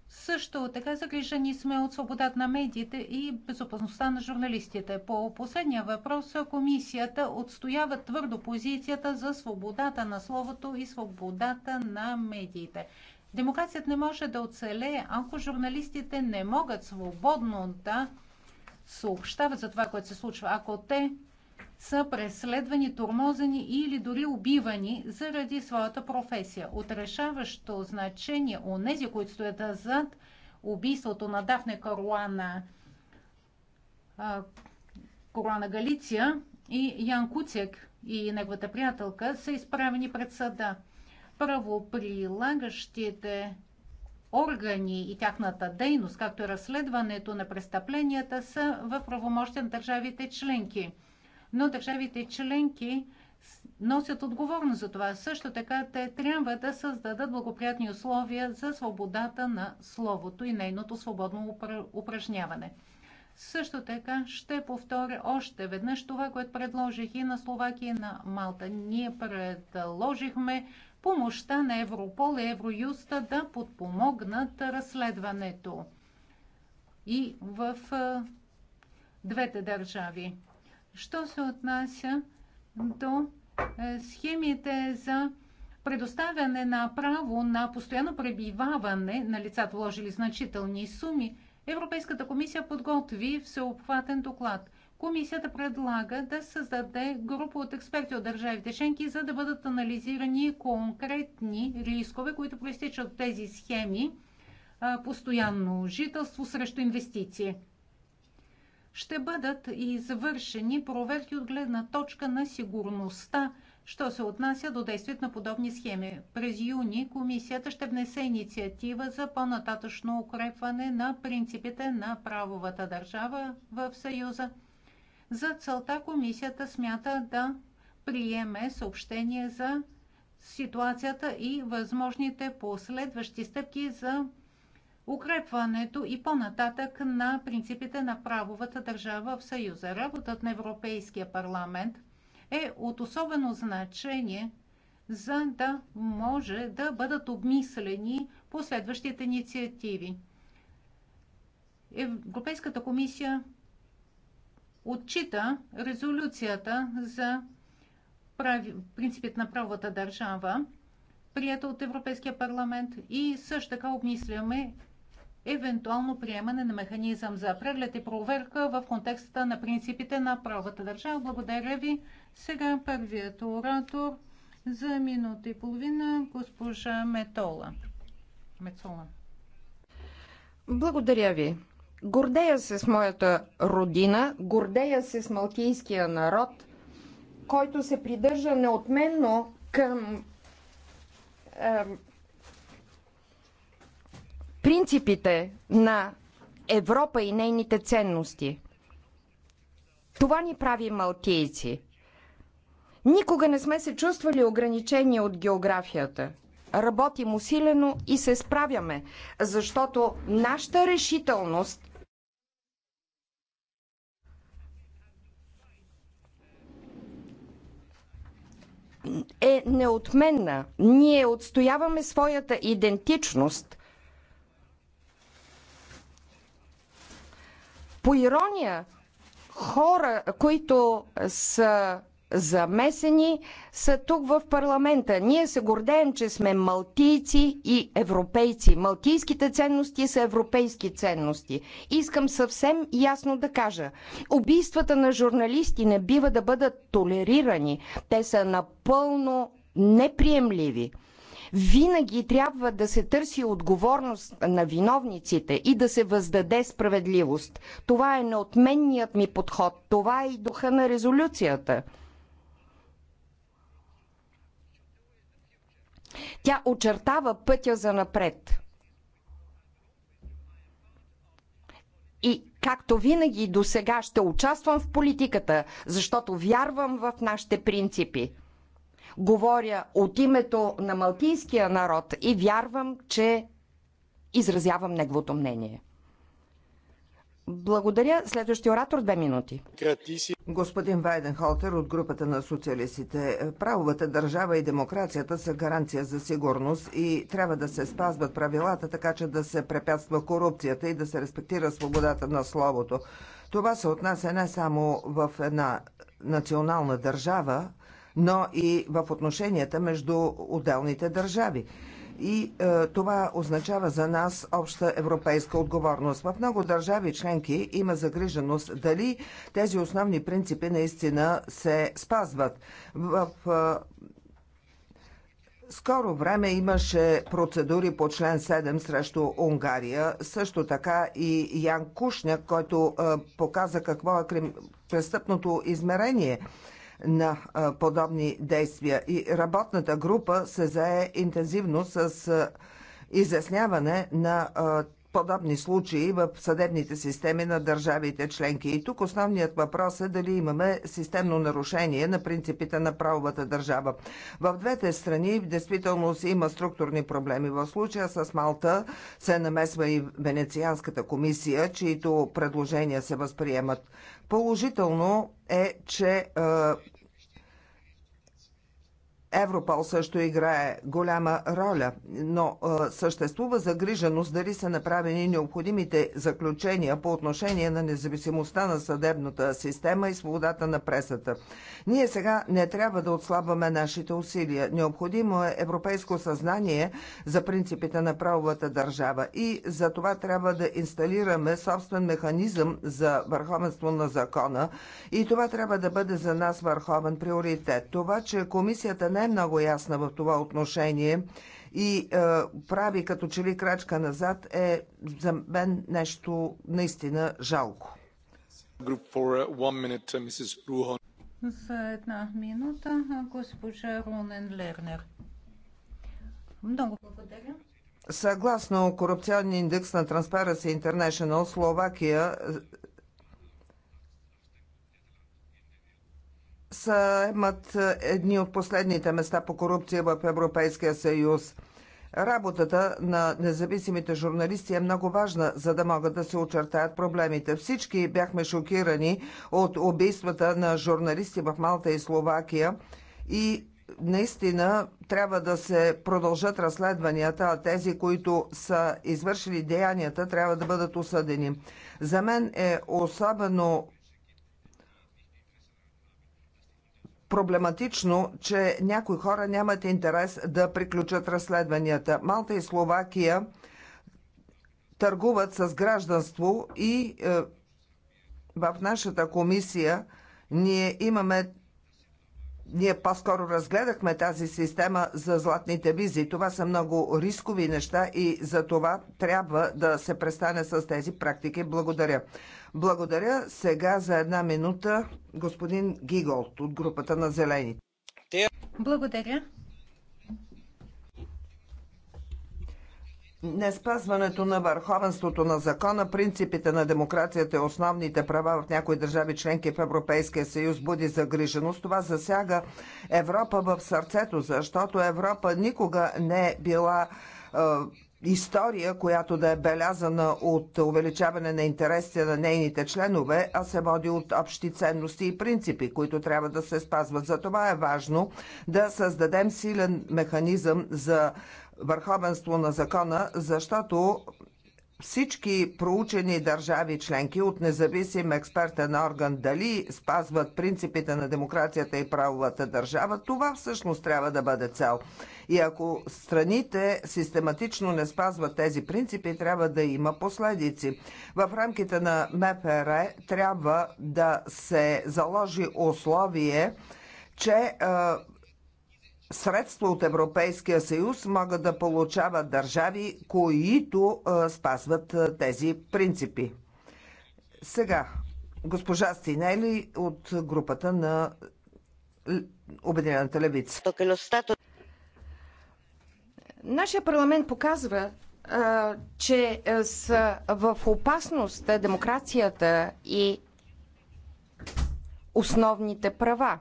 Също така загрижени сме от свободата на медиите и безопасността на журналистите. По последния въпрос комисията отстоява твърдо позицията за свободата на словото и свободата на медиите. Демокрацията не може да оцелее, ако журналистите не могат свободно да съобщават за това, което се случва, ако те са преследвани, тормозени или дори убивани заради своята професия. Отрешаващо значение у нези, които стоят зад убийството на Дафне Каруана, Коруана Галиция и Ян Куцек и неговата приятелка са изправени пред съда. Правоприлагащите органи и тяхната дейност, както и разследването на престъпленията, са в правомощия на държавите членки. Но държавите членки носят отговорност за това. Също така те трябва да създадат благоприятни условия за свободата на словото и нейното свободно упражняване. Също така ще повторя още веднъж това, което предложих и на Словакия и на Малта. Ние предложихме помощта на Европол и Евроюста да подпомогнат разследването и в двете държави. Що се отнася до е, схемите за предоставяне на право на постоянно пребиваване на лицата, вложили значителни суми, Европейската комисия подготви всеобхватен доклад. Комисията предлага да създаде група от експерти от държавите членки, за да бъдат анализирани конкретни рискове, които проистичат от тези схеми постоянно жителство срещу инвестиции. Ще бъдат извършени проверки от гледна точка на сигурността, що се отнася до действието на подобни схеми. През юни комисията ще внесе инициатива за по-нататъчно укрепване на принципите на правовата държава в Съюза – за целта комисията смята да приеме съобщение за ситуацията и възможните последващи стъпки за укрепването и по-нататък на принципите на правовата държава в Съюза. Работът на Европейския парламент е от особено значение, за да може да бъдат обмислени последващите инициативи. Европейската комисия отчита резолюцията за прави, принципите на правовата държава, прията от Европейския парламент и също така обмисляме евентуално приемане на механизъм за преглед и проверка в контекста на принципите на правата държава. Благодаря ви. Сега първият оратор за минута и половина госпожа Метола. Мецола. Благодаря ви. Гордея се с моята родина, гордея се с малтийския народ, който се придържа неотменно към е, принципите на Европа и нейните ценности. Това ни прави малтийци. Никога не сме се чувствали ограничени от географията. Работим усилено и се справяме, защото нашата решителност е неотменна. Ние отстояваме своята идентичност. По ирония, хора, които са замесени, са тук в парламента. Ние се гордеем, че сме малтийци и европейци. Малтийските ценности са европейски ценности. Искам съвсем ясно да кажа. Убийствата на журналисти не бива да бъдат толерирани. Те са напълно неприемливи. Винаги трябва да се търси отговорност на виновниците и да се въздаде справедливост. Това е неотменният ми подход. Това е и духа на резолюцията. Тя очертава пътя за напред. И както винаги до сега ще участвам в политиката, защото вярвам в нашите принципи. Говоря от името на малтийския народ и вярвам, че изразявам неговото мнение. Благодаря. Следващия оратор две минути. Господин Вайденхолтер от групата на социалистите. Правовата държава и демокрацията са гаранция за сигурност и трябва да се спазват правилата, така че да се препятства корупцията и да се респектира свободата на словото. Това се отнася не само в една национална държава, но и в отношенията между отделните държави и е, това означава за нас обща европейска отговорност. В много държави членки има загриженост дали тези основни принципи наистина се спазват. В е, Скоро време имаше процедури по член 7 срещу Унгария, също така и Ян Кушняк, който е, показа какво е престъпното измерение на подобни действия. И работната група се зае интензивно с изясняване на подобни случаи в съдебните системи на държавите членки. И тук основният въпрос е дали имаме системно нарушение на принципите на правовата държава. В двете страни в действителност има структурни проблеми. В случая с Малта се намесва и Венецианската комисия, чието предложения се възприемат. Положително е, че Европол също играе голяма роля, но съществува загриженост дали са направени необходимите заключения по отношение на независимостта на съдебната система и свободата на пресата. Ние сега не трябва да отслабваме нашите усилия. Необходимо е европейско съзнание за принципите на правовата държава и за това трябва да инсталираме собствен механизъм за върховенство на закона и това трябва да бъде за нас върховен приоритет. Това, че комисията не е е много ясна в това отношение и е, прави като че ли крачка назад е за мен нещо наистина жалко. Uh, uh, за една минута госпожа Рунен Лернер. Много благодаря. Съгласно корупционния индекс на Transparency International, Словакия са имат едни от последните места по корупция в Европейския съюз. Работата на независимите журналисти е много важна, за да могат да се очертаят проблемите. Всички бяхме шокирани от убийствата на журналисти в Малта и Словакия и наистина трябва да се продължат разследванията, а тези, които са извършили деянията, трябва да бъдат осъдени. За мен е особено проблематично, че някои хора нямат интерес да приключат разследванията. Малта и Словакия търгуват с гражданство и е, в нашата комисия ние имаме ние по-скоро разгледахме тази система за златните визи. Това са много рискови неща и за това трябва да се престане с тези практики. Благодаря. Благодаря. Сега за една минута господин Гиголт от групата на Зелените. Благодаря. не спазването на върховенството на закона, принципите на демокрацията и основните права в някои държави членки в Европейския съюз буди загриженост. Това засяга Европа в сърцето, защото Европа никога не е била е, история, която да е белязана от увеличаване на интересите на нейните членове, а се води от общи ценности и принципи, които трябва да се спазват. За това е важно да създадем силен механизъм за върховенство на закона, защото всички проучени държави членки от независим експертен орган дали спазват принципите на демокрацията и правовата държава, това всъщност трябва да бъде цел. И ако страните систематично не спазват тези принципи, трябва да има последици. В рамките на МФР трябва да се заложи условие, че средства от Европейския съюз могат да получават държави, които спазват тези принципи. Сега, госпожа Стинели от групата на Обединената левица. Е Нашия парламент показва, че са в опасност демокрацията и основните права.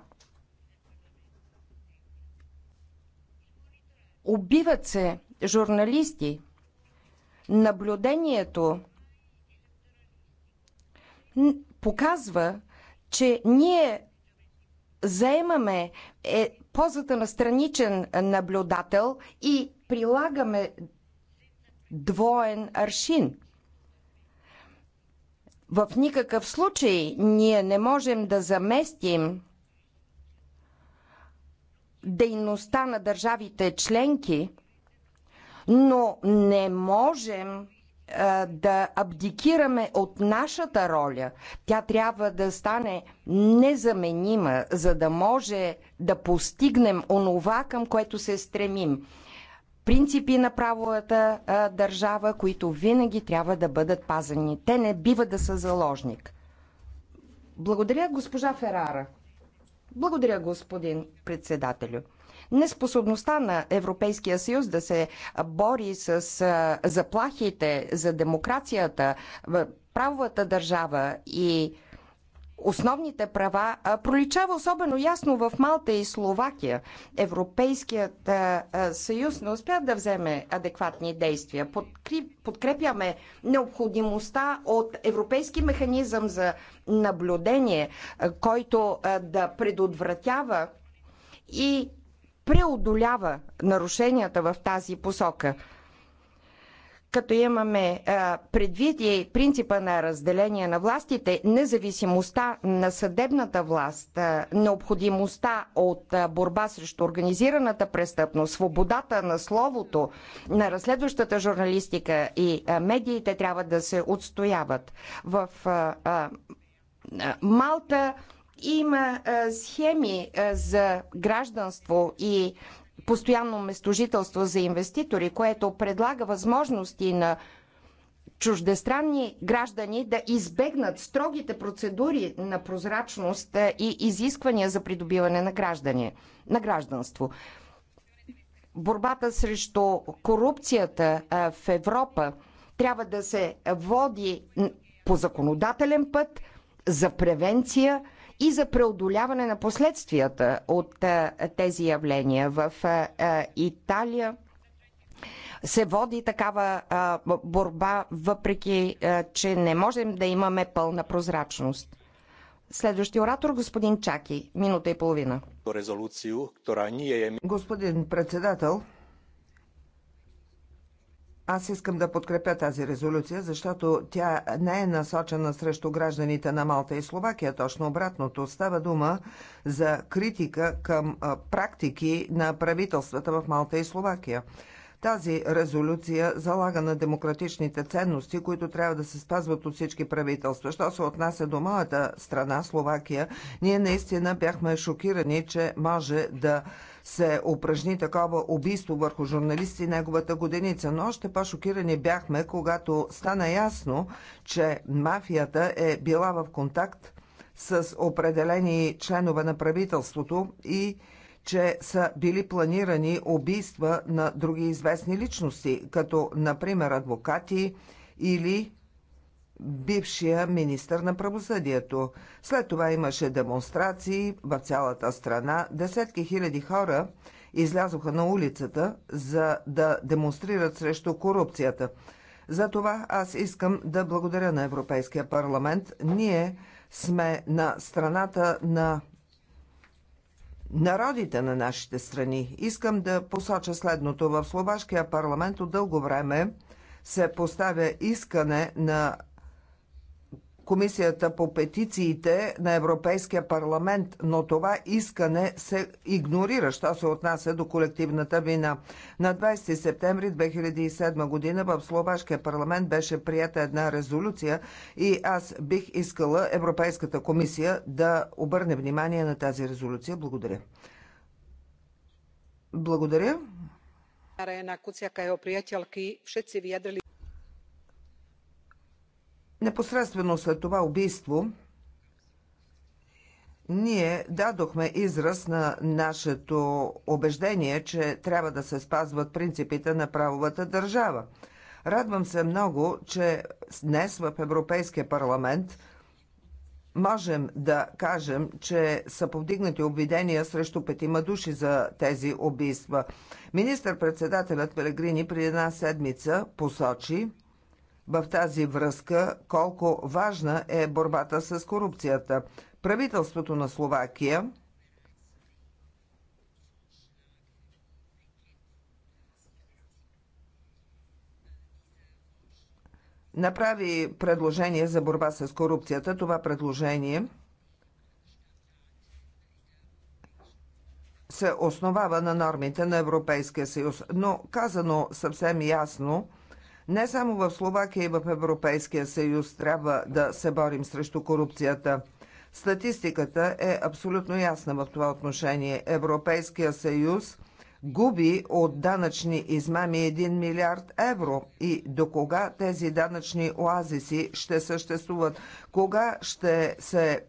Убиват се журналисти. Наблюдението показва, че ние заемаме е, позата на страничен наблюдател и прилагаме двоен аршин. В никакъв случай ние не можем да заместим дейността на държавите членки, но не можем да абдикираме от нашата роля. Тя трябва да стане незаменима, за да може да постигнем онова, към което се стремим. Принципи на правовата държава, които винаги трябва да бъдат пазени. Те не бива да са заложник. Благодаря, госпожа Ферара. Благодаря, господин председателю. Неспособността на Европейския съюз да се бори с заплахите за демокрацията, правовата държава и основните права проличава особено ясно в Малта и Словакия. Европейският съюз не успя да вземе адекватни действия. Подкрепяме необходимостта от европейски механизъм за наблюдение, който да предотвратява и преодолява нарушенията в тази посока като имаме предвид и принципа на разделение на властите, независимостта на съдебната власт, необходимостта от борба срещу организираната престъпност, свободата на словото, на разследващата журналистика и медиите трябва да се отстояват. В Малта има схеми за гражданство и постоянно местожителство за инвеститори, което предлага възможности на чуждестранни граждани да избегнат строгите процедури на прозрачност е, и изисквания за придобиване на, граждани, на гражданство. Борбата срещу корупцията е, в Европа трябва да се води по законодателен път за превенция – и за преодоляване на последствията от тези явления. В Италия се води такава борба, въпреки че не можем да имаме пълна прозрачност. Следващия оратор, господин Чаки, минута и половина. Е- господин председател, аз искам да подкрепя тази резолюция, защото тя не е насочена срещу гражданите на Малта и Словакия. Точно обратното. Става дума за критика към практики на правителствата в Малта и Словакия. Тази резолюция залага на демократичните ценности, които трябва да се спазват от всички правителства. Що се отнася до моята страна, Словакия, ние наистина бяхме шокирани, че може да се упражни такова убийство върху журналисти неговата годеница. Но още по-шокирани бяхме, когато стана ясно, че мафията е била в контакт с определени членове на правителството и че са били планирани убийства на други известни личности, като например адвокати или бившия министр на правосъдието. След това имаше демонстрации в цялата страна. Десетки хиляди хора излязоха на улицата, за да демонстрират срещу корупцията. Затова аз искам да благодаря на Европейския парламент. Ние сме на страната на народите на нашите страни. Искам да посоча следното. В Словашкия парламент от дълго време се поставя искане на Комисията по петициите на Европейския парламент, но това искане се игнорира, що се отнася до колективната вина. На 20 септември 2007 година в Словашкия парламент беше прията една резолюция и аз бих искала Европейската комисия да обърне внимание на тази резолюция. Благодаря. Благодаря. Непосредствено след това убийство ние дадохме израз на нашето убеждение, че трябва да се спазват принципите на правовата държава. Радвам се много, че днес в Европейския парламент можем да кажем, че са повдигнати обвидения срещу петима души за тези убийства. Министър-председателят Пелегрини при една седмица посочи, в тази връзка колко важна е борбата с корупцията. Правителството на Словакия направи предложение за борба с корупцията. Това предложение се основава на нормите на Европейския съюз. Но казано съвсем ясно, не само в Словакия и в Европейския съюз трябва да се борим срещу корупцията. Статистиката е абсолютно ясна в това отношение. Европейския съюз губи от данъчни измами 1 милиард евро и до кога тези данъчни оазиси ще съществуват? Кога ще се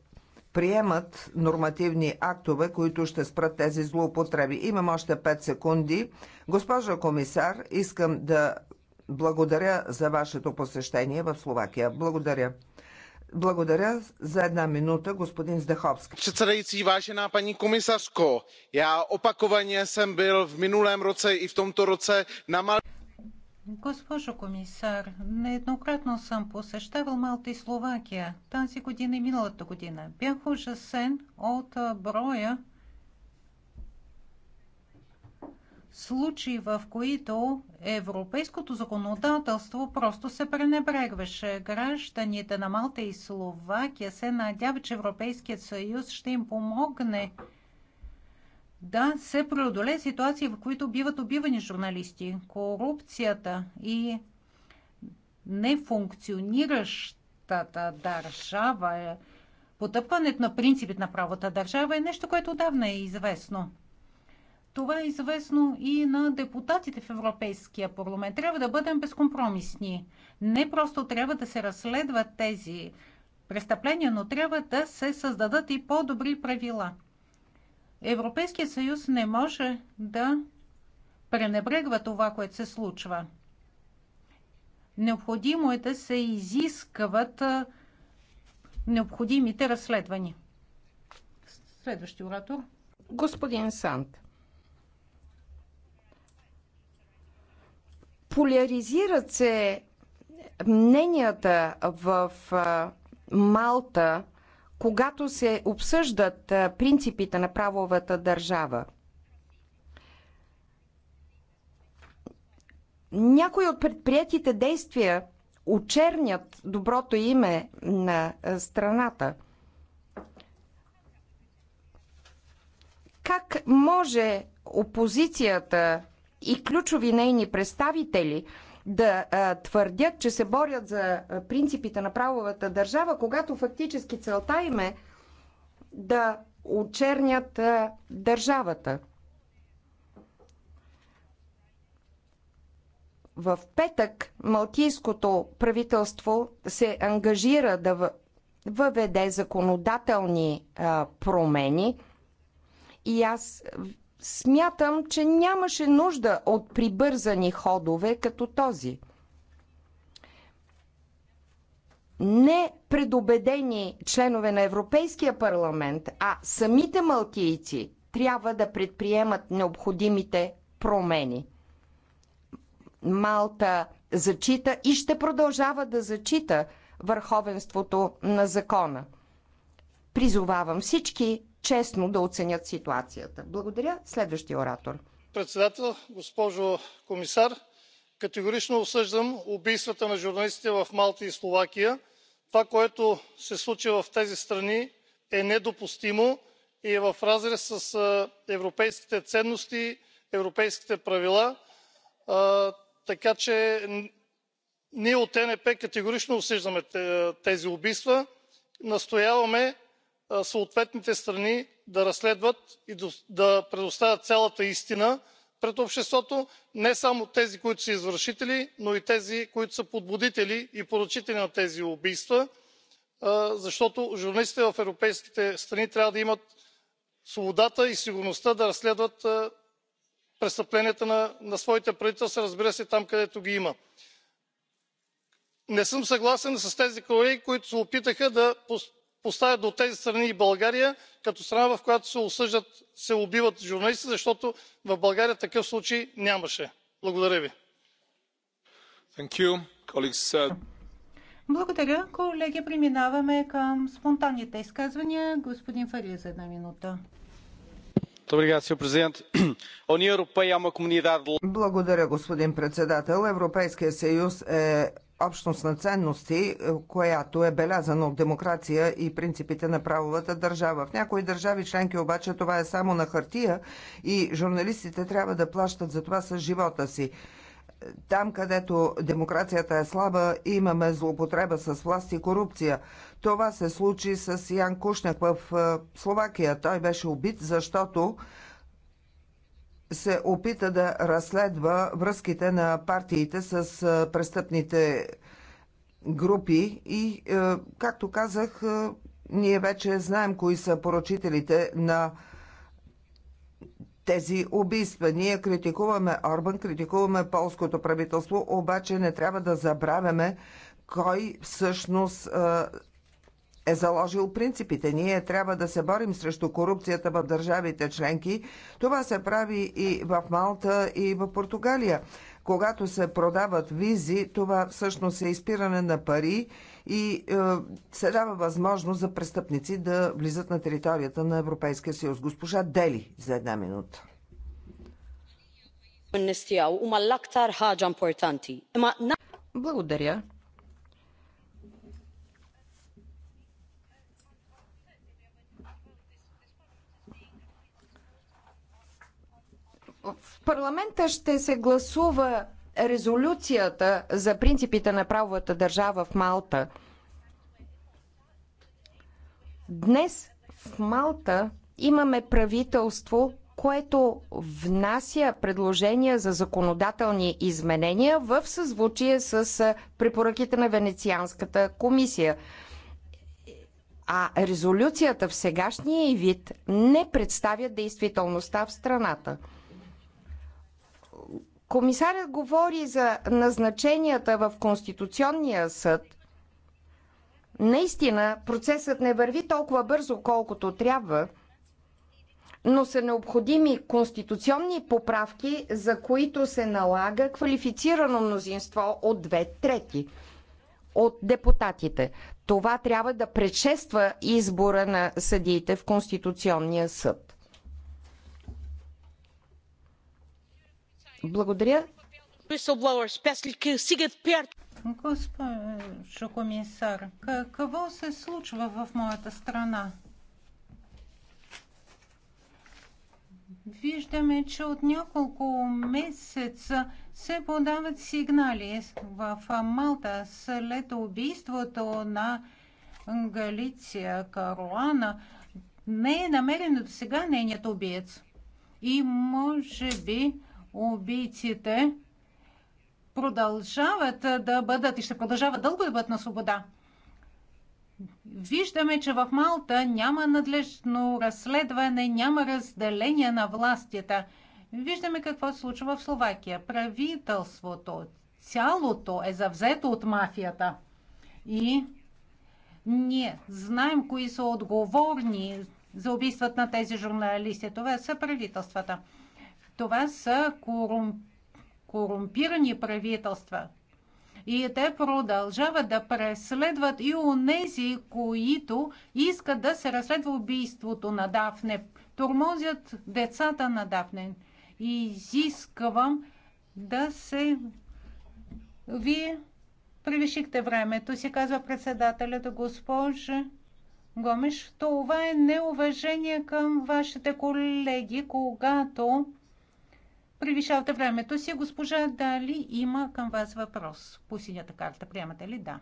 приемат нормативни актове, които ще спрат тези злоупотреби. Имам още 5 секунди. Госпожа комисар, искам да благодаря за вашето посещение в Словакия. Благодаря. Благодаря за една минута, господин Здаховски. Předsedající, vážená paní комисарско, я opakovaně jsem byl в minulém roce и в tomto roce на Мал... Госпожо комисар, нееднократно съм посещавал Малта и Словакия. Тази година и миналата година бях ужасен от броя случаи, в които европейското законодателство просто се пренебрегваше. Гражданите на Малта и Словакия се надяват, че Европейският съюз ще им помогне да се преодолее ситуации, в които биват убивани журналисти. Корупцията и нефункциониращата държава, е- потъпването на принципите на правата държава е нещо, което отдавна е известно. Това е известно и на депутатите в Европейския парламент. Трябва да бъдем безкомпромисни. Не просто трябва да се разследват тези престъпления, но трябва да се създадат и по-добри правила. Европейския съюз не може да пренебрегва това, което се случва. Необходимо е да се изискват необходимите разследвания. Следващи оратор. Господин Сант. Поляризират се мненията в Малта, когато се обсъждат принципите на правовата държава. Някои от предприятите действия очернят доброто име на страната. Как може опозицията и ключови нейни представители да а, твърдят, че се борят за принципите на правовата държава, когато фактически целта им е да очернят а, държавата. В петък Малтийското правителство се ангажира да въведе законодателни а, промени и аз смятам, че нямаше нужда от прибързани ходове като този. Не предубедени членове на Европейския парламент, а самите малтийци трябва да предприемат необходимите промени. Малта зачита и ще продължава да зачита върховенството на закона. Призовавам всички честно да оценят ситуацията. Благодаря. Следващия оратор. Председател, госпожо комисар, категорично осъждам убийствата на журналистите в малта и словакия. това което се случи в тези страни е недопустимо и е в разрез с европейските ценности европейските правила така че ние от енп категорично осъждаме тези убийства. настояваме съответните страни да разследват и да предоставят цялата истина пред обществото не само тези които са извършители но и тези които са подбудители и поръчители на тези убийства защото журналистите в европейските страни трябва да имат свободата и сигурността да разследват престъпленията на своите правителства разбира се там където ги има. не съм съгласен с тези колеги които се опитаха да поставят до тези страни и българия като страна в която се осъждат се убиват журналисти защото в българия такъв случай нямаше. благодаря ви. Uh, благодаря. Колеги, преминаваме към спонтанните изказвания. Господин Фарил за една минута. *clears throat* Благодаря, господин председател. Европейския съюз е общност на ценности, е, която е белязана от демокрация и принципите на правовата държава. В някои държави членки обаче това е само на хартия и журналистите трябва да плащат за това с живота си. Там, където демокрацията е слаба, имаме злоупотреба с власт и корупция. Това се случи с Ян Кушняк в е, Словакия. Той беше убит, защото се опита да разследва връзките на партиите с престъпните групи и, както казах, ние вече знаем кои са поручителите на тези убийства. Ние критикуваме Орбан, критикуваме полското правителство, обаче не трябва да забравяме кой всъщност е заложил принципите. Ние трябва да се борим срещу корупцията в държавите членки. Това се прави и в Малта, и в Португалия. Когато се продават визи, това всъщност е изпиране на пари и е, се дава възможност за престъпници да влизат на територията на Европейския съюз. Госпожа Дели за една минута. Благодаря. В парламента ще се гласува резолюцията за принципите на правовата държава в Малта. Днес в Малта имаме правителство, което внася предложения за законодателни изменения в съзвучие с препоръките на Венецианската комисия. А резолюцията в сегашния вид не представя действителността в страната комисарят говори за назначенията в Конституционния съд. Наистина процесът не върви толкова бързо, колкото трябва, но са необходими конституционни поправки, за които се налага квалифицирано мнозинство от две трети от депутатите. Това трябва да предшества избора на съдиите в Конституционния съд. Благодаря. Госпожо комисар, какво се случва в моята страна? Виждаме, че от няколко месеца се подават сигнали в Малта след убийството на Галиция Каруана. Не е намерен до сега нейният убиец. И може би убийците продължават да бъдат и ще продължават дълго да бъдат на свобода. Виждаме, че в Малта няма надлежно разследване, няма разделение на властите. Виждаме какво се случва в Словакия. Правителството, цялото е завзето от мафията. И ние знаем кои са отговорни за убийствата на тези журналисти. Това са правителствата. Това са корум... корумпирани правителства. И те продължават да преследват и онези, които искат да се разследва убийството на Дафне. Тормозят децата на Дафне. И изисквам да се... Вие превишихте времето, си казва председателят госпожа. Гомеш, това е неуважение към вашите колеги, когато превишавате времето си. Госпожа Дали има към вас въпрос по синята карта. Приемате ли? Да.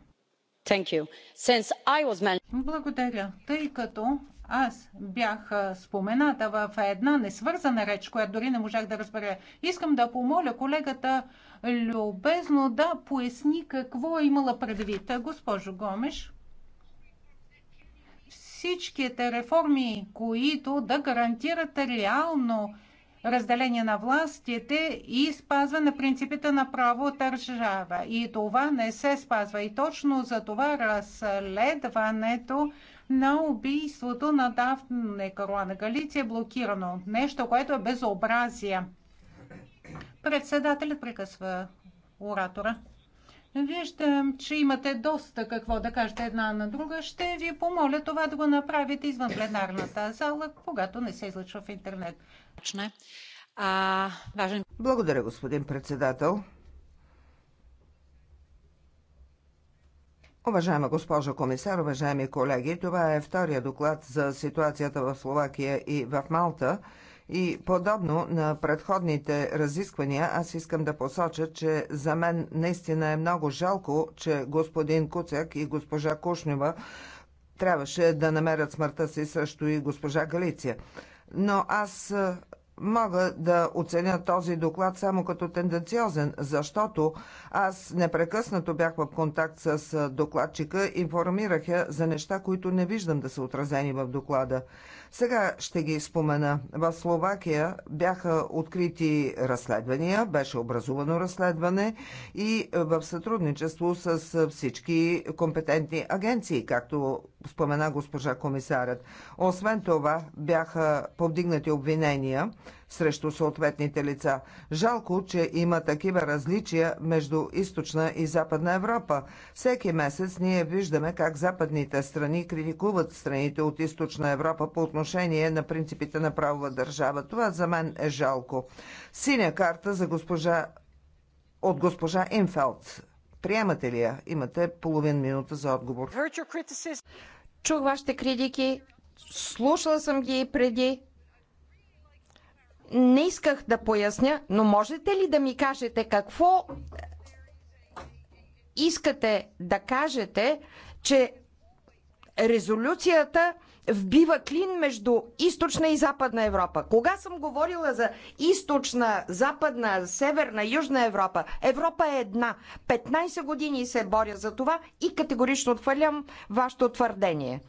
Thank you. Since I Was... man... Благодаря. Тъй като аз бях спомената в една несвързана реч, която дори не можах да разбера, искам да помоля колегата любезно да поясни какво е имала предвид. Госпожо Гомеш, всичките реформи, които да гарантират реално разделение на властите и спазва на принципите на право държава. И това не се спазва. И точно за това разследването на убийството на Дафне Каруана Галиция е блокирано. Нещо, което е безобразие. Председателят прекъсва оратора. Виждам, че имате доста какво да кажете една на друга. Ще ви помоля това да го направите извън пленарната зала, когато не се излъчва в интернет. Благодаря, господин председател. Уважаема госпожа комисар, уважаеми колеги, това е втория доклад за ситуацията в Словакия и в Малта. И подобно на предходните разисквания, аз искам да посоча, че за мен наистина е много жалко, че господин Куцек и госпожа Кушнева трябваше да намерят смъртта си също и госпожа Галиция но аз мога да оценя този доклад само като тенденциозен, защото аз непрекъснато бях в контакт с докладчика, информирах я за неща, които не виждам да са отразени в доклада. Сега ще ги спомена. В Словакия бяха открити разследвания, беше образувано разследване и в сътрудничество с всички компетентни агенции, както спомена госпожа комисарят. Освен това бяха повдигнати обвинения срещу съответните лица. Жалко, че има такива различия между източна и западна Европа. Всеки месец ние виждаме как западните страни критикуват страните от източна Европа по отношение на принципите на правова държава. Това за мен е жалко. Синя карта за госпожа... от госпожа Инфелд. Приемате ли я? Имате половин минута за отговор. Чух вашите критики, слушала съм ги и преди. Не исках да поясня, но можете ли да ми кажете какво искате да кажете, че резолюцията вбива клин между източна и западна Европа. Кога съм говорила за източна, западна, северна, южна Европа, Европа е една. 15 години се боря за това и категорично отхвърлям вашето твърдение.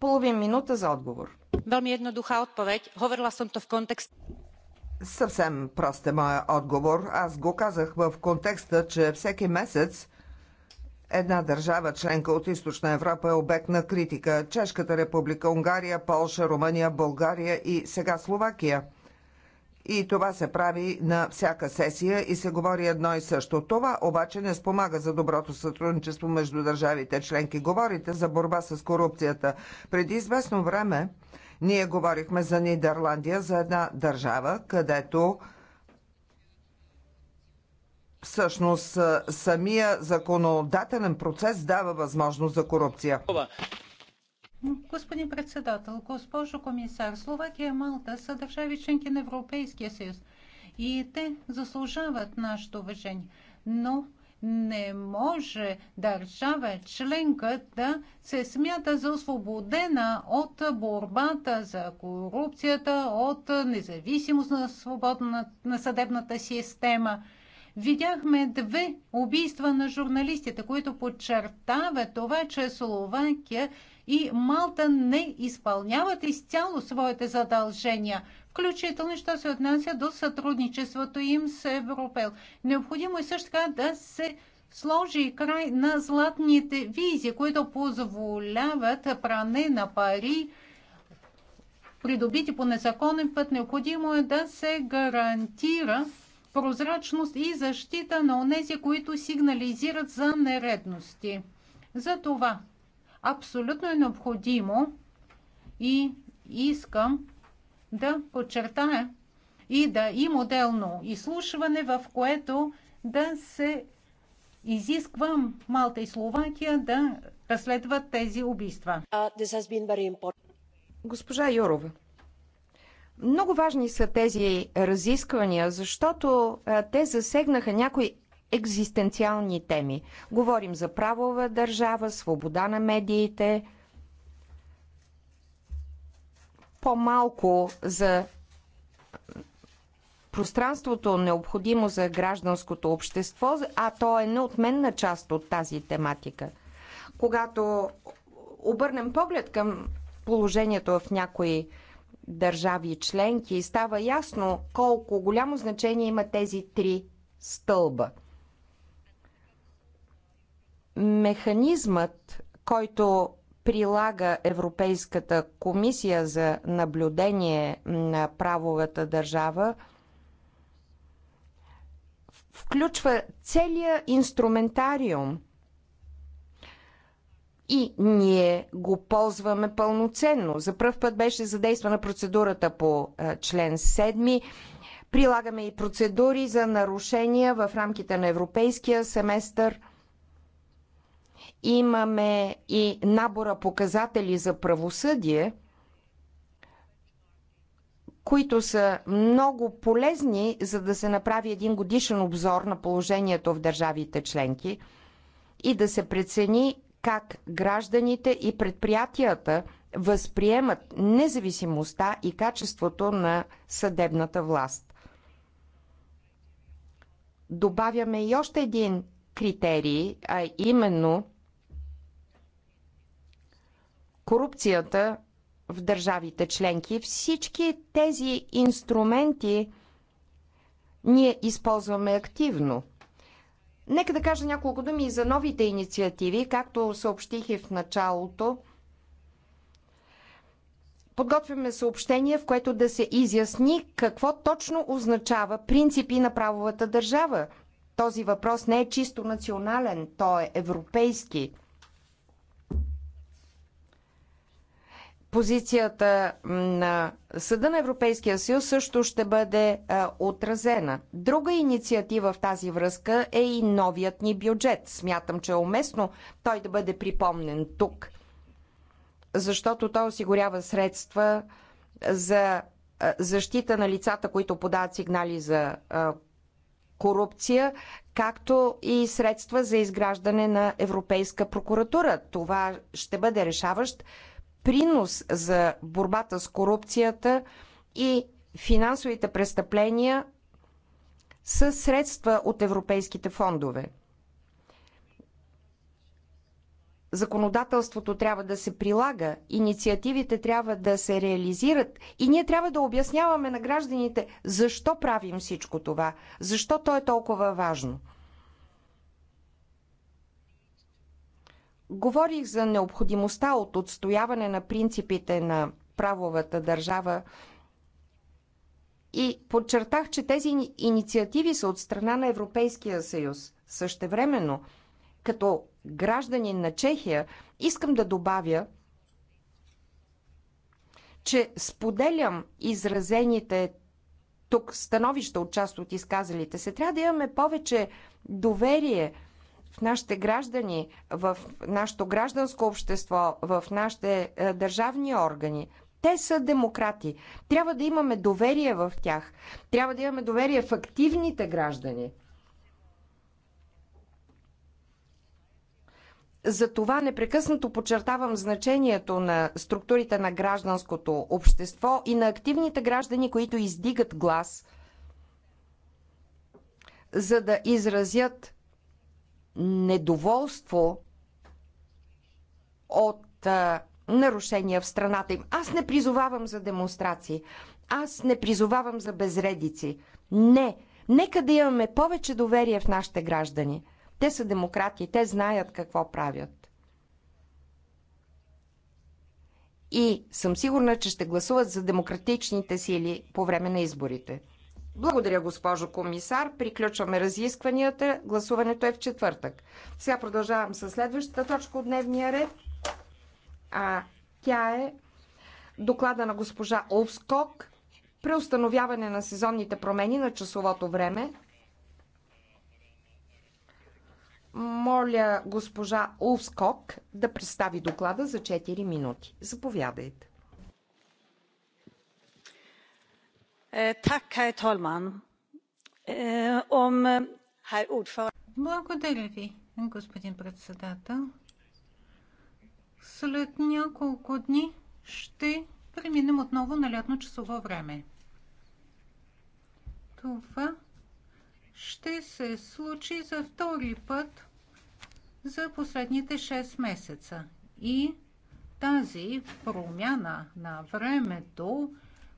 Половин минута за отговор. Veľmi духа odpoveď. Говорила съм то в контекст. Съвсем прост е моя отговор. Аз го казах в контекста, че всеки месец една държава членка от Източна Европа е обект на критика. Чешката република, Унгария, Полша, Румъния, България и сега Словакия. И това се прави на всяка сесия и се говори едно и също. Това обаче не спомага за доброто сътрудничество между държавите членки. Говорите за борба с корупцията. Преди известно време ние говорихме за Нидерландия, за една държава, където всъщност самия законодателен процес дава възможност за корупция. Господин председател, госпожо комисар, Словакия и Малта са държави членки на Европейския съюз и те заслужават нашето уважение. Но не може държава членка да се смята за освободена от борбата за корупцията, от независимост на, свободна, на съдебната система. Видяхме две убийства на журналистите, които подчертават това, че Словакия и Малта не изпълняват изцяло своите задължения включително що се отнася до сътрудничеството им с Европел. Необходимо е също така да се сложи край на златните визи, които позволяват пране на пари, придобити по незаконен път. Необходимо е да се гарантира прозрачност и защита на онези, които сигнализират за нередности. Затова абсолютно е необходимо и искам да подчертая и да и моделно изслушване, в което да се изисква Малта и Словакия да разследват тези убийства. Госпожа Юрова, много важни са тези разисквания, защото те засегнаха някои екзистенциални теми. Говорим за правова държава, свобода на медиите – по-малко за пространството необходимо за гражданското общество, а то е неотменна част от тази тематика. Когато обърнем поглед към положението в някои държави и членки, става ясно колко голямо значение има тези три стълба. Механизмът, който прилага Европейската комисия за наблюдение на правовата държава, включва целия инструментариум и ние го ползваме пълноценно. За първ път беше задействана процедурата по е, член 7. Прилагаме и процедури за нарушения в рамките на европейския семестър – Имаме и набора показатели за правосъдие, които са много полезни, за да се направи един годишен обзор на положението в държавите членки и да се прецени как гражданите и предприятията възприемат независимостта и качеството на съдебната власт. Добавяме и още един критерий, а именно – корупцията в държавите членки. Всички тези инструменти ние използваме активно. Нека да кажа няколко думи и за новите инициативи, както съобщих и в началото. Подготвяме съобщение, в което да се изясни какво точно означава принципи на правовата държава. Този въпрос не е чисто национален, той е европейски. Позицията на Съда на Европейския съюз също ще бъде а, отразена. Друга инициатива в тази връзка е и новият ни бюджет. Смятам, че е уместно той да бъде припомнен тук, защото той осигурява средства за защита на лицата, които подават сигнали за а, корупция, както и средства за изграждане на Европейска прокуратура. Това ще бъде решаващ принос за борбата с корупцията и финансовите престъпления с средства от европейските фондове. Законодателството трябва да се прилага, инициативите трябва да се реализират и ние трябва да обясняваме на гражданите защо правим всичко това, защо то е толкова важно. Говорих за необходимостта от отстояване на принципите на правовата държава и подчертах, че тези инициативи са от страна на Европейския съюз. Същевременно, като гражданин на Чехия, искам да добавя, че споделям изразените тук становища от част от изказалите се. Трябва да имаме повече доверие – в нашите граждани, в нашето гражданско общество, в нашите е, държавни органи. Те са демократи. Трябва да имаме доверие в тях. Трябва да имаме доверие в активните граждани. Затова непрекъснато подчертавам значението на структурите на гражданското общество и на активните граждани, които издигат глас, за да изразят недоволство от а, нарушения в страната им. Аз не призовавам за демонстрации. Аз не призовавам за безредици. Не. Нека да имаме повече доверие в нашите граждани. Те са демократи, те знаят какво правят. И съм сигурна, че ще гласуват за демократичните сили по време на изборите. Благодаря, госпожо комисар. Приключваме разискванията. Гласуването е в четвъртък. Сега продължавам с следващата точка от дневния ред. А тя е доклада на госпожа Олскок. Преустановяване на сезонните промени на часовото време. Моля госпожа Улскок да представи доклада за 4 минути. Заповядайте. Eh, herr talman! Eh, eh, Благодаря ви, господин председател. След няколко дни ще преминем отново на лятно часово време. Това ще се случи за втори път за последните 6 месеца. И тази промяна на времето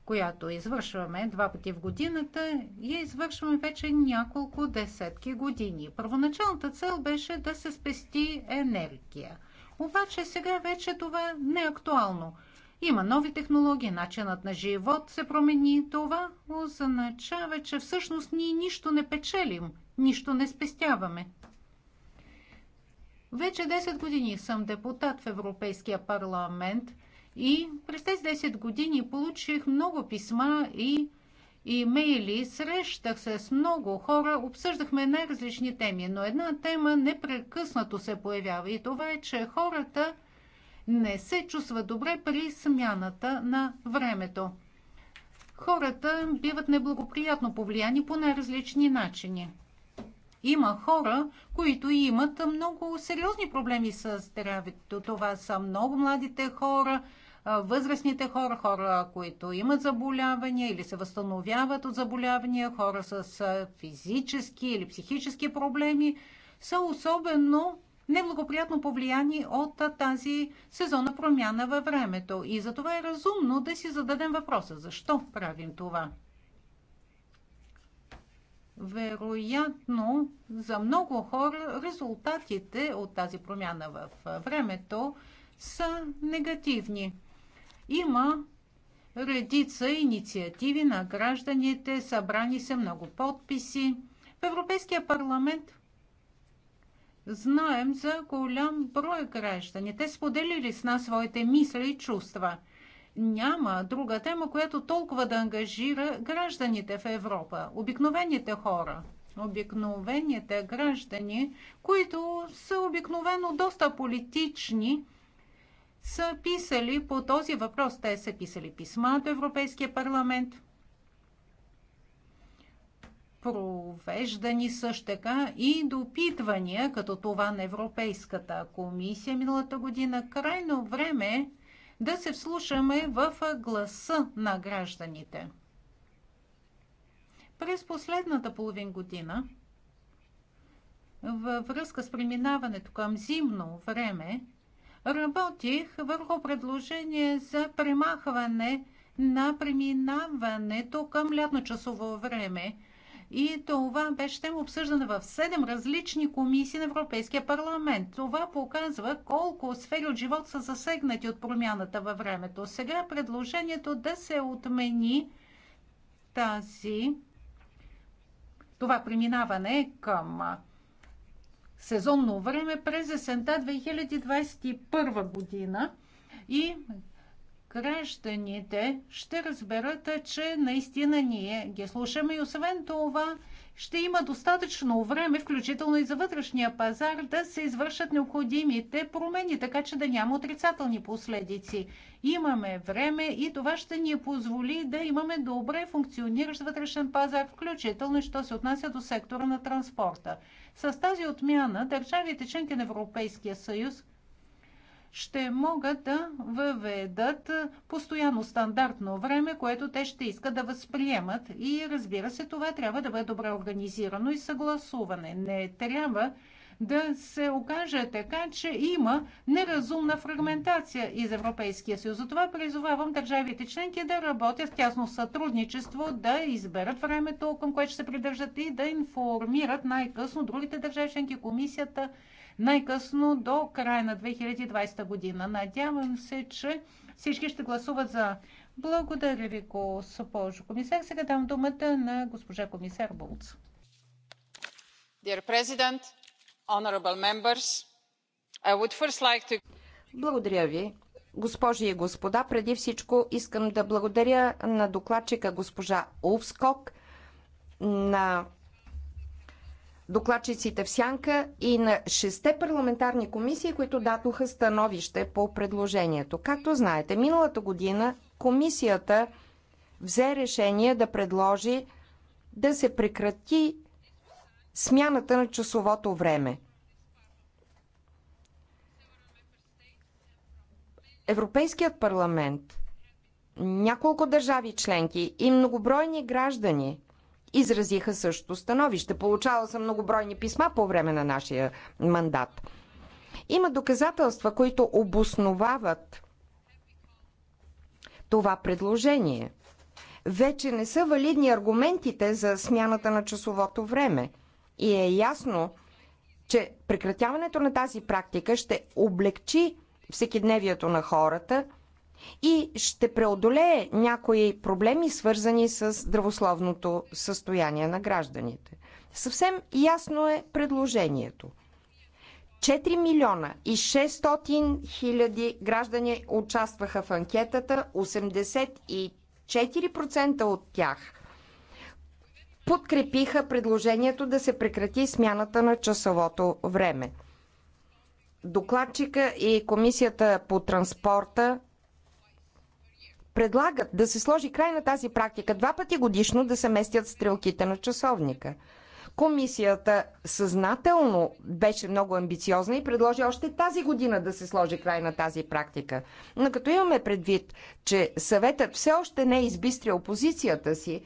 която извършваме два пъти в годината, я извършваме вече няколко десетки години. Първоначалната цел беше да се спести енергия. Обаче сега вече това не е актуално. Има нови технологии, начинът на живот се промени. Това означава, че всъщност ние нищо не печелим, нищо не спестяваме. Вече 10 години съм депутат в Европейския парламент – и през тези 10 години получих много писма и имейли, срещах се с много хора, обсъждахме най-различни теми, но една тема непрекъснато се появява и това е, че хората не се чувстват добре при смяната на времето. Хората биват неблагоприятно повлияни по най-различни начини. Има хора, които имат много сериозни проблеми с здравето. Това са много младите хора, възрастните хора, хора, които имат заболявания или се възстановяват от заболявания, хора с физически или психически проблеми, са особено неблагоприятно повлияни от тази сезонна промяна във времето. И затова е разумно да си зададем въпроса, защо правим това? Вероятно, за много хора резултатите от тази промяна в времето са негативни. Има редица инициативи на гражданите, събрани са много подписи. В Европейския парламент знаем за голям брой граждани. Те споделили с нас своите мисли и чувства. Няма друга тема, която толкова да ангажира гражданите в Европа, обикновените хора, обикновените граждани, които са обикновено доста политични, са писали по този въпрос. Те са писали писма до Европейския парламент. Провеждани също така и допитвания, като това на Европейската комисия миналата година. Крайно време е да се вслушаме в гласа на гражданите. През последната половин година, във връзка с преминаването към зимно време, работих върху предложение за премахване на преминаването към лятно-часово време. И това беше тема обсъждана в 7 различни комисии на Европейския парламент. Това показва колко сфери от живот са засегнати от промяната във времето. Сега предложението да се отмени тази това преминаване към сезонно време през есента 2021 година и гражданите ще разберат, че наистина ние ги слушаме и освен това ще има достатъчно време, включително и за вътрешния пазар, да се извършат необходимите промени, така че да няма отрицателни последици. Имаме време и това ще ни позволи да имаме добре функциониращ вътрешен пазар, включително и що се отнася до сектора на транспорта. С тази отмяна държавите членки на Европейския съюз ще могат да въведат постоянно стандартно време, което те ще искат да възприемат. И разбира се, това трябва да бъде добре организирано и съгласуване. Не трябва да се окаже така, че има неразумна фрагментация из Европейския съюз. Затова призовавам държавите членки да работят в тясно сътрудничество, да изберат времето, към което ще се придържат и да информират най-късно другите държави членки, комисията, най-късно до края на 2020 година. Надявам се, че всички ще гласуват за. Благодаря ви, госпожо комисар. Сега дам думата на госпожа комисар Болц. Dear President, благодаря ви. Госпожи и господа, преди всичко искам да благодаря на докладчика госпожа Улфскок, на докладчиците в Сянка и на шесте парламентарни комисии, които дадоха становище по предложението. Както знаете, миналата година комисията взе решение да предложи да се прекрати смяната на часовото време. Европейският парламент, няколко държави членки и многобройни граждани изразиха също становище. Получава съм многобройни писма по време на нашия мандат. Има доказателства, които обосновават това предложение. Вече не са валидни аргументите за смяната на часовото време – и е ясно, че прекратяването на тази практика ще облегчи всекидневието на хората и ще преодолее някои проблеми, свързани с здравословното състояние на гражданите. Съвсем ясно е предложението. 4 милиона и 600 хиляди граждани участваха в анкетата. 84% от тях подкрепиха предложението да се прекрати смяната на часовото време. Докладчика и Комисията по транспорта предлагат да се сложи край на тази практика два пъти годишно да се местят стрелките на часовника. Комисията съзнателно беше много амбициозна и предложи още тази година да се сложи край на тази практика. Но като имаме предвид, че съветът все още не е избистрил позицията си,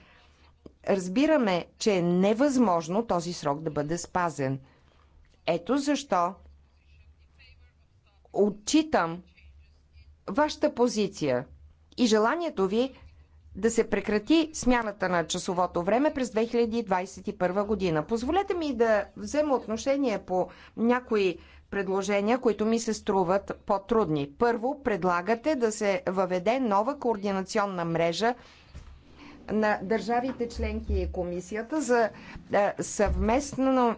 разбираме, че е невъзможно този срок да бъде спазен. Ето защо отчитам вашата позиция и желанието ви да се прекрати смяната на часовото време през 2021 година. Позволете ми да взема отношение по някои предложения, които ми се струват по-трудни. Първо, предлагате да се въведе нова координационна мрежа на държавите членки и комисията за е, съвместна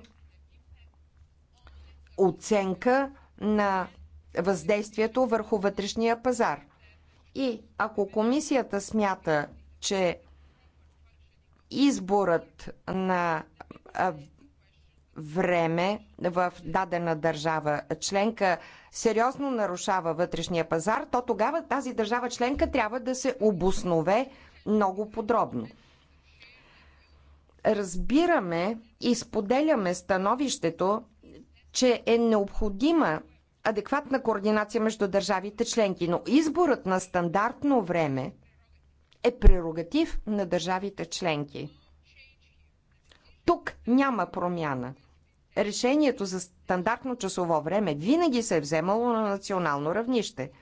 оценка на въздействието върху вътрешния пазар. И ако комисията смята, че изборът на време в дадена държава членка сериозно нарушава вътрешния пазар, то тогава тази държава членка трябва да се обоснове много подробно. Разбираме и споделяме становището, че е необходима адекватна координация между държавите членки, но изборът на стандартно време е прерогатив на държавите членки. Тук няма промяна. Решението за стандартно часово време винаги се е вземало на национално равнище –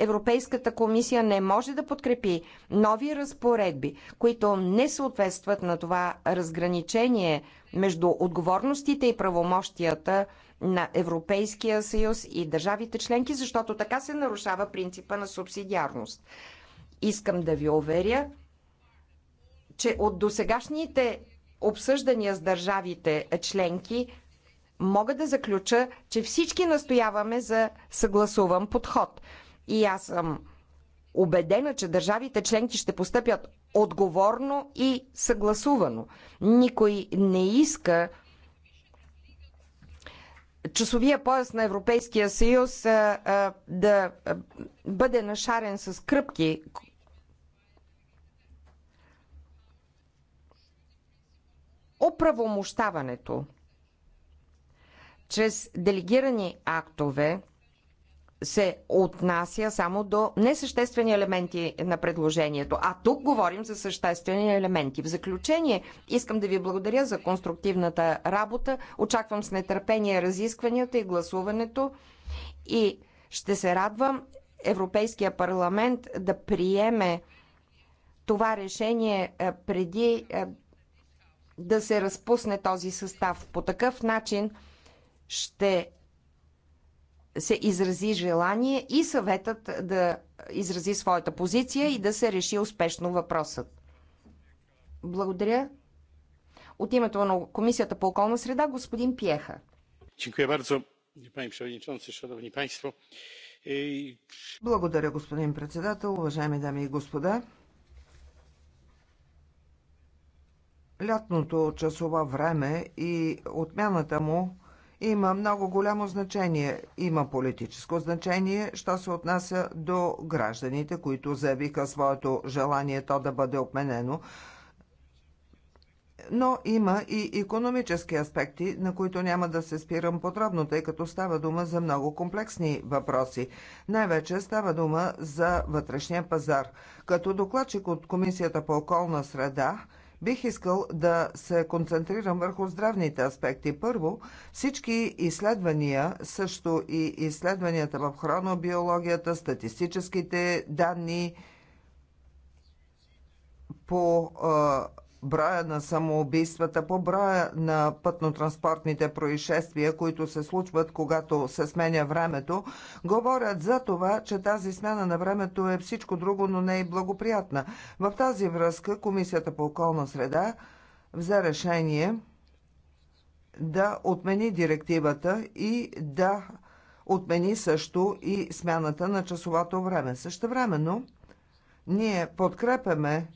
Европейската комисия не може да подкрепи нови разпоредби, които не съответстват на това разграничение между отговорностите и правомощията на Европейския съюз и държавите членки, защото така се нарушава принципа на субсидиарност. Искам да ви уверя, че от досегашните обсъждания с държавите членки мога да заключа, че всички настояваме за съгласуван подход. И аз съм убедена, че държавите членки ще постъпят отговорно и съгласувано. Никой не иска часовия пояс на Европейския съюз а, а, да а, бъде нашарен с кръпки. Оправомощаването чрез делегирани актове се отнася само до несъществени елементи на предложението. А тук говорим за съществени елементи. В заключение, искам да ви благодаря за конструктивната работа. Очаквам с нетърпение разискванията и гласуването. И ще се радвам Европейския парламент да приеме това решение е, преди е, да се разпусне този състав. По такъв начин ще се изрази желание и съветът да изрази своята позиция и да се реши успешно въпросът. Благодаря. От името на Комисията по околна среда, господин Пьеха. Благодаря, господин председател, уважаеми дами и господа. Лятното часова време и отмяната му има много голямо значение. Има политическо значение, що се отнася до гражданите, които заявиха своето желание то да бъде обменено но има и економически аспекти, на които няма да се спирам подробно, тъй като става дума за много комплексни въпроси. Най-вече става дума за вътрешния пазар. Като докладчик от Комисията по околна среда, Бих искал да се концентрирам върху здравните аспекти. Първо, всички изследвания, също и изследванията в хронобиологията, статистическите данни по броя на самоубийствата, по броя на пътно-транспортните происшествия, които се случват, когато се сменя времето, говорят за това, че тази смяна на времето е всичко друго, но не и благоприятна. В тази връзка Комисията по околна среда взе решение да отмени директивата и да отмени също и смяната на часовото време. времено, ние подкрепяме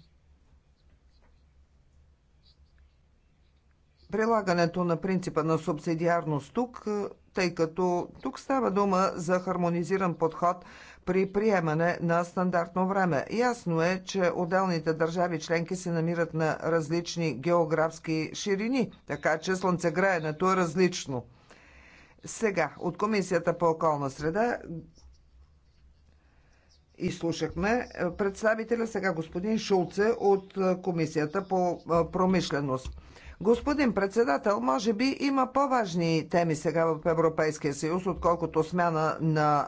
прилагането на принципа на субсидиарност тук, е, тъй като тук става дума за хармонизиран подход при приемане на стандартно време. Ясно е, че отделните държави членки се намират на различни географски ширини, така че слънцегреенето е различно. Сега, от Комисията по околна среда изслушахме е, представителя, сега господин Шулце от е, Комисията по промишленост. Господин председател, може би има по-важни теми сега в Европейския съюз, отколкото смяна на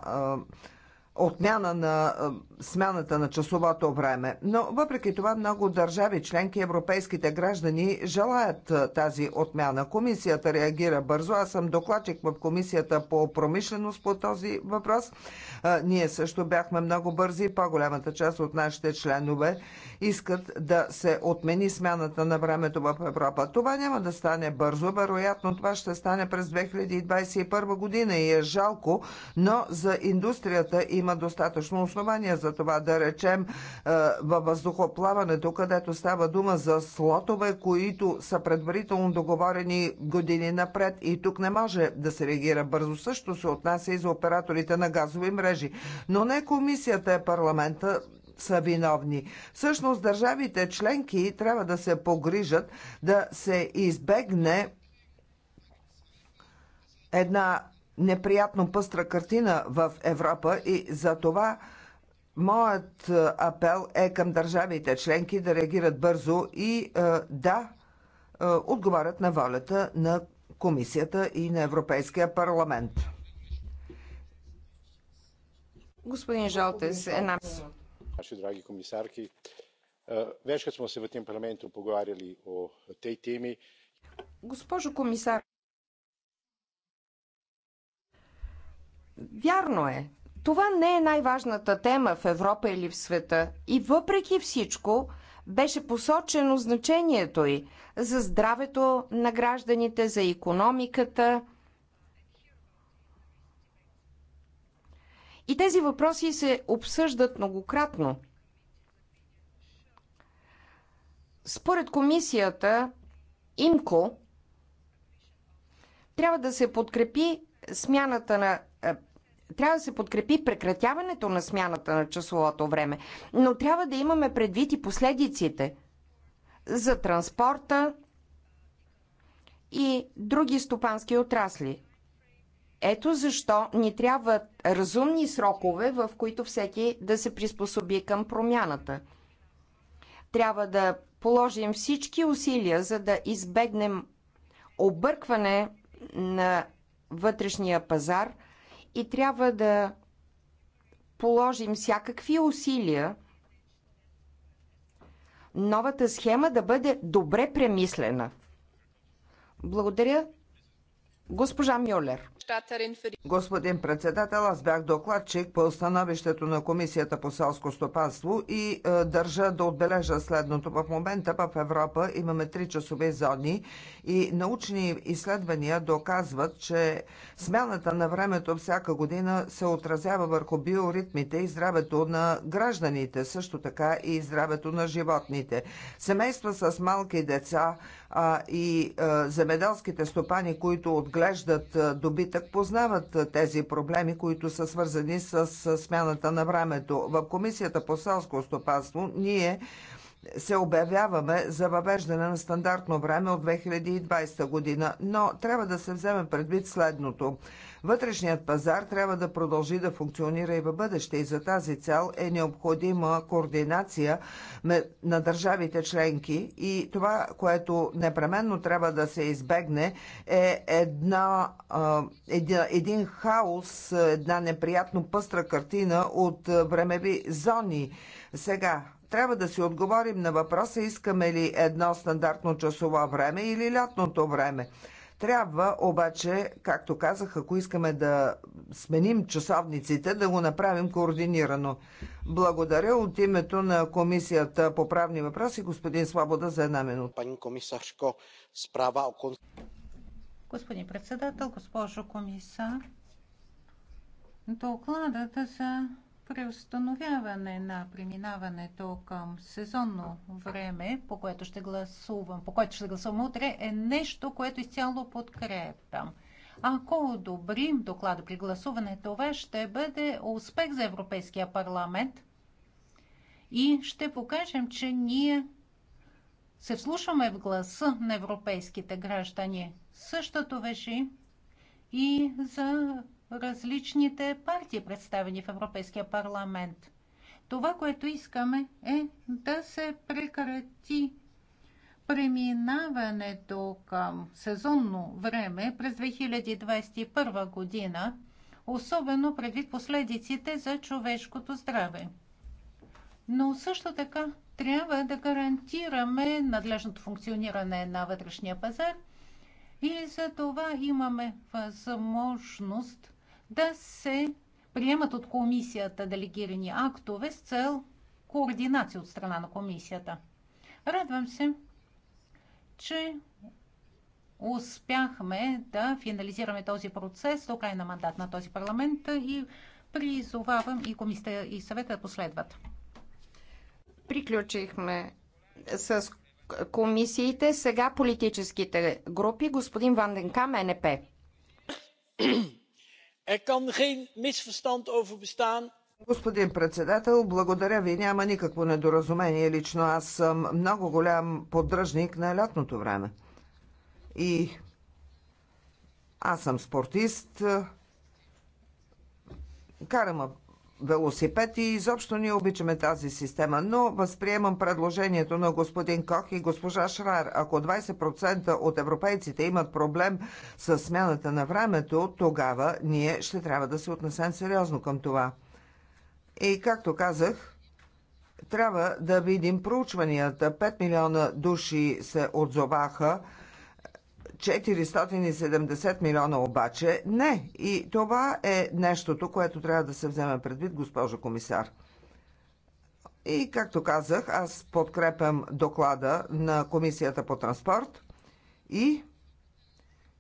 отмяна на смяната на часовото време. Но въпреки това много държави, членки, европейските граждани желаят тази отмяна. Комисията реагира бързо. Аз съм докладчик в Комисията по промишленост по този въпрос. ние също бяхме много бързи. По-голямата част от нашите членове искат да се отмени смяната на времето в Европа. Това няма да стане бързо, вероятно това ще стане през 2021 година и е жалко, но за индустрията има достатъчно основания за това. Да речем е, във въздухоплаването, където става дума за слотове, които са предварително договорени години напред и тук не може да се реагира бързо. Също се отнася и за операторите на газови мрежи. Но не комисията е парламента, са виновни. Всъщност държавите членки трябва да се погрижат да се избегне една неприятно пъстра картина в Европа и за това моят апел е към държавите членки да реагират бързо и да отговарят на волята на комисията и на Европейския парламент. Господин Жалтес, една naši dragi komisarki. Večkrat smo se v tem parlamentu pogovarjali o tej temi. Госпожо комисар, вярно е, това не е най-важната тема в Европа или в света и въпреки всичко беше посочено значението й за здравето на гражданите, за економиката – И тези въпроси се обсъждат многократно. Според комисията ИМКО трябва да се подкрепи смяната на е, трябва да се подкрепи прекратяването на смяната на часовото време, но трябва да имаме предвид и последиците за транспорта и други стопански отрасли. Ето защо ни трябват разумни срокове, в които всеки да се приспособи към промяната. Трябва да положим всички усилия, за да избегнем объркване на вътрешния пазар и трябва да положим всякакви усилия новата схема да бъде добре премислена. Благодаря. Госпожа Мюллер. Господин председател, аз бях докладчик по становището на Комисията по селско стопанство и е, държа да отбележа следното. В момента в Европа имаме три часови зони и научни изследвания доказват, че смяната на времето всяка година се отразява върху биоритмите и здравето на гражданите, също така и здравето на животните. Семейства с малки деца а и земеделските стопани, които отглеждат добитък, познават тези проблеми, които са свързани с смяната на времето. В Комисията по селско стопанство ние се обявяваме за въвеждане на стандартно време от 2020 година, но трябва да се вземе предвид следното. Вътрешният пазар трябва да продължи да функционира и в бъдеще и за тази цел е необходима координация на държавите членки и това, което непременно трябва да се избегне е една, един, един хаос, една неприятно пъстра картина от времеви зони. Сега, трябва да си отговорим на въпроса искаме ли едно стандартно часово време или лятното време. Трябва обаче, както казах, ако искаме да сменим часовниците, да го направим координирано. Благодаря от името на Комисията по правни въпроси, господин Слабода, за една минута. Пани комисаршко, справа о Господин председател, госпожо комисар, докладата за преустановяване на преминаването към сезонно време, по което ще гласувам, по което ще гласувам утре, е нещо, което изцяло подкрепям. Ако одобрим доклада при гласуване, това ще бъде успех за Европейския парламент и ще покажем, че ние се вслушваме в гласа на европейските граждани. Същото вежи и за различните партии, представени в Европейския парламент. Това, което искаме е да се прекрати преминаването към сезонно време през 2021 година, особено предвид последиците за човешкото здраве. Но също така трябва да гарантираме надлежното функциониране на вътрешния пазар и за това имаме възможност да се приемат от комисията делегирани актове с цел координация от страна на комисията. Радвам се, че успяхме да финализираме този процес до край на мандат на този парламент и призовавам и комисията и съвета да последват. Приключихме с комисиите. Сега политическите групи. Господин Ванденка, НП. Er Господин председател, благодаря ви. Няма никакво недоразумение. Лично аз съм много голям поддръжник на лятното време. И аз съм спортист. Карам велосипед и изобщо ние обичаме тази система, но възприемам предложението на господин Кох и госпожа Шрайер. Ако 20% от европейците имат проблем с смяната на времето, тогава ние ще трябва да се отнесем сериозно към това. И както казах, трябва да видим проучванията. 5 милиона души се отзоваха 470 милиона обаче не. И това е нещото, което трябва да се вземе предвид, госпожо комисар. И както казах, аз подкрепям доклада на Комисията по транспорт и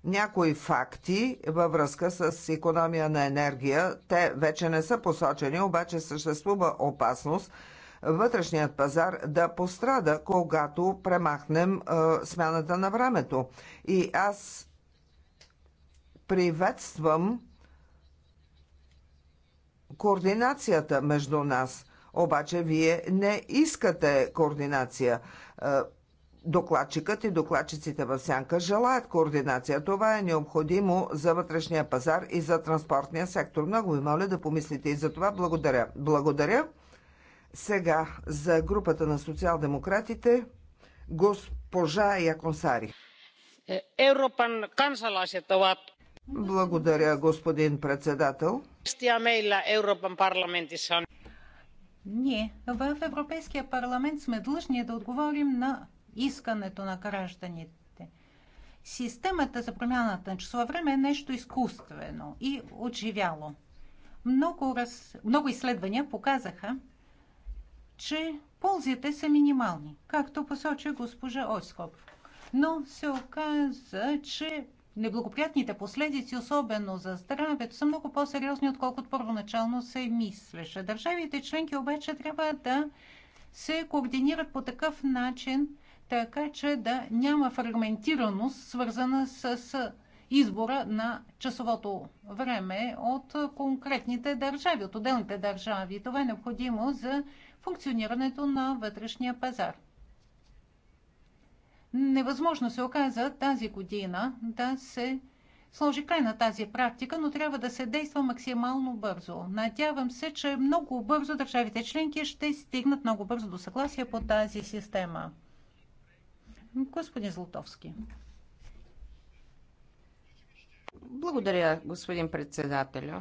някои факти във връзка с економия на енергия. Те вече не са посочени, обаче съществува опасност – вътрешният пазар да пострада, когато премахнем е, смяната на времето. И аз приветствам координацията между нас. Обаче вие не искате координация. Е, докладчикът и докладчиците в Сянка желаят координация. Това е необходимо за вътрешния пазар и за транспортния сектор. Много ви моля да помислите и за това. Благодаря. Благодаря. Сега за групата на социал-демократите госпожа Яконсари. Е, Европан kansalaisет ovat... Благодаря, господин председател. Meillä Европан parlamentissa Ние в Европейския парламент сме длъжни да отговорим на искането на гражданите. Системата за промяната на число време е нещо изкуствено и отживяло. Много, раз... много изследвания показаха, че ползите са минимални, както посочи госпожа Ойскоп. Но се оказа, че неблагоприятните последици, особено за здравето, са много по-сериозни, отколкото първоначално се мислеше. Държавите членки обаче трябва да се координират по такъв начин, така че да няма фрагментираност, свързана с, с избора на часовото време от конкретните държави, от отделните държави. Това е необходимо за функционирането на вътрешния пазар. Невъзможно се оказа тази година да се сложи край на тази практика, но трябва да се действа максимално бързо. Надявам се, че много бързо държавите членки ще стигнат много бързо до съгласие по тази система. Господин Златовски. Благодаря, господин председателю.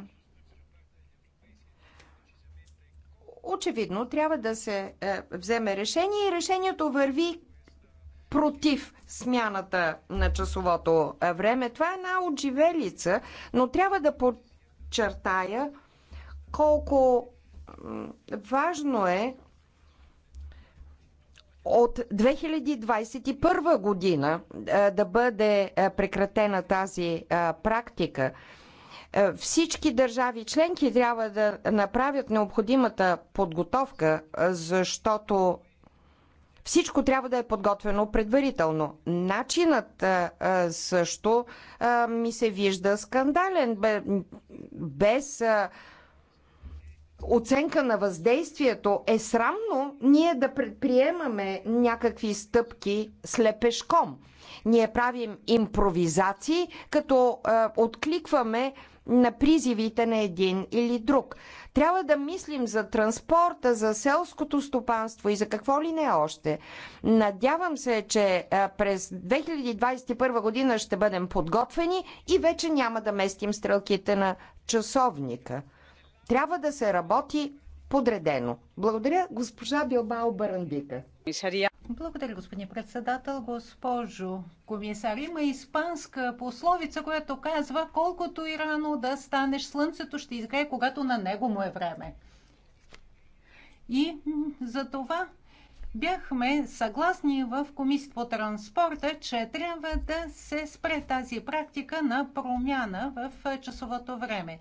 очевидно трябва да се е, вземе решение и решението върви против смяната на часовото време. Това е една отживелица, но трябва да подчертая колко важно е от 2021 година е, да бъде е, прекратена тази е, практика. Е, всички държави членки трябва да направят необходимата подготовка, защото всичко трябва да е подготвено предварително. Начинът а, е, е, също а, ми се вижда скандален. Без а, оценка на въздействието е срамно ние да предприемаме някакви стъпки слепешком. Ние правим импровизации, като а, откликваме на призивите на един или друг. Трябва да мислим за транспорта, за селското стопанство и за какво ли не още. Надявам се, че през 2021 година ще бъдем подготвени и вече няма да местим стрелките на часовника. Трябва да се работи подредено. Благодаря, госпожа Билбао Барандика. Благодаря, господин председател. Госпожо комисар, има испанска пословица, която казва, колкото и рано да станеш, слънцето ще изгрее, когато на него му е време. И за това бяхме съгласни в Комисията по транспорта, че трябва да се спре тази практика на промяна в часовото време.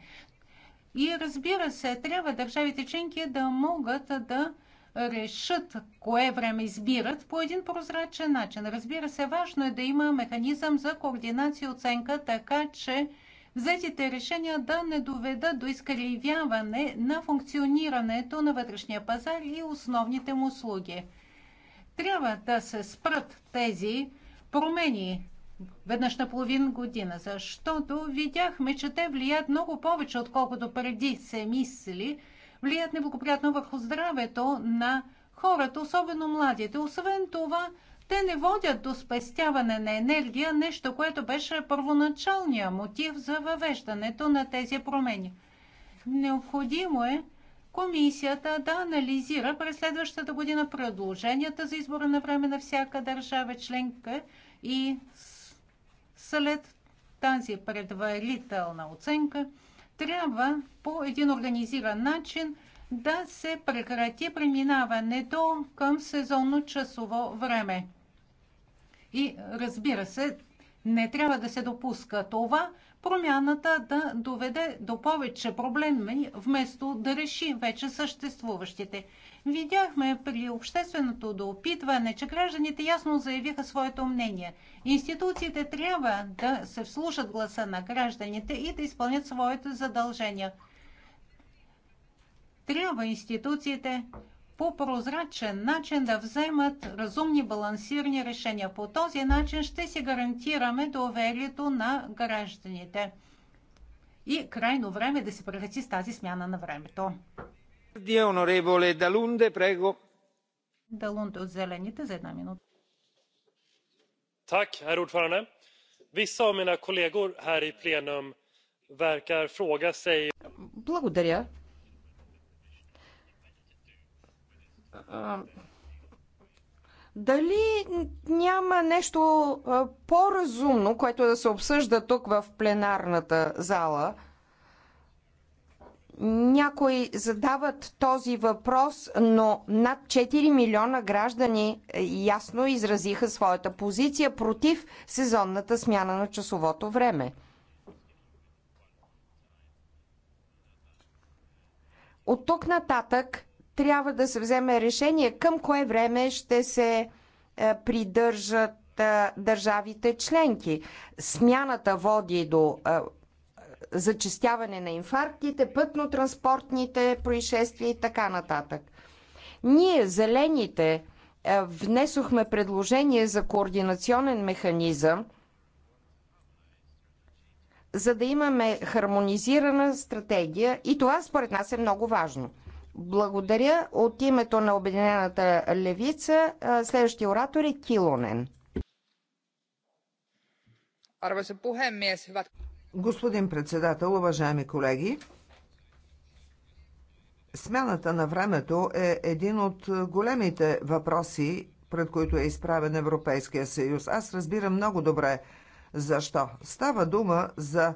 И разбира се, трябва държавите членки да могат да решат кое време избират по един прозрачен начин. Разбира се, важно е да има механизъм за координация и оценка, така че взетите решения да не доведат до изкривяване на функционирането на вътрешния пазар и основните му услуги. Трябва да се спрат тези промени веднъж на половин година, защото видяхме, че те влияят много повече, отколкото преди се мисли – влияят неблагоприятно върху здравето на хората, особено младите. Освен това, те не водят до спестяване на енергия, нещо, което беше първоначалният мотив за въвеждането на тези промени. Необходимо е комисията да анализира през следващата година предложенията за избора на време на всяка държава членка и след тази предварителна оценка – трябва по един организиран начин да се прекрати преминаването към сезонно часово време. И разбира се, не трябва да се допуска това промяната да доведе до повече проблеми, вместо да реши вече съществуващите. Видяхме при общественото допитване, че гражданите ясно заявиха своето мнение. Институциите трябва да се вслушат гласа на гражданите и да изпълнят своите задължения. Трябва институциите по прозрачен начин да вземат разумни балансирани решения. По този начин ще си гарантираме доверието на гражданите. И крайно време е да се прекрати с тази смяна на времето. Далунде, прего. Далунде от Зелените за една минута. Tack, herr ordförande. Vissa av mina kollegor här i plenum verkar fråga sig... Благодаря, Дали няма нещо по-разумно, което да се обсъжда тук в пленарната зала? Някои задават този въпрос, но над 4 милиона граждани е, ясно изразиха своята позиция против сезонната смяна на часовото време. От тук нататък трябва да се вземе решение към кое време ще се е, придържат е, държавите членки. Смяната води до е, зачестяване на инфарктите, пътно-транспортните происшествия и така нататък. Ние, зелените, внесохме предложение за координационен механизъм, за да имаме хармонизирана стратегия и това според нас е много важно. Благодаря. От името на Обединената левица, следващия оратор е Килонен. Господин председател, уважаеми колеги, смяната на времето е един от големите въпроси, пред които е изправен Европейския съюз. Аз разбирам много добре защо. Става дума за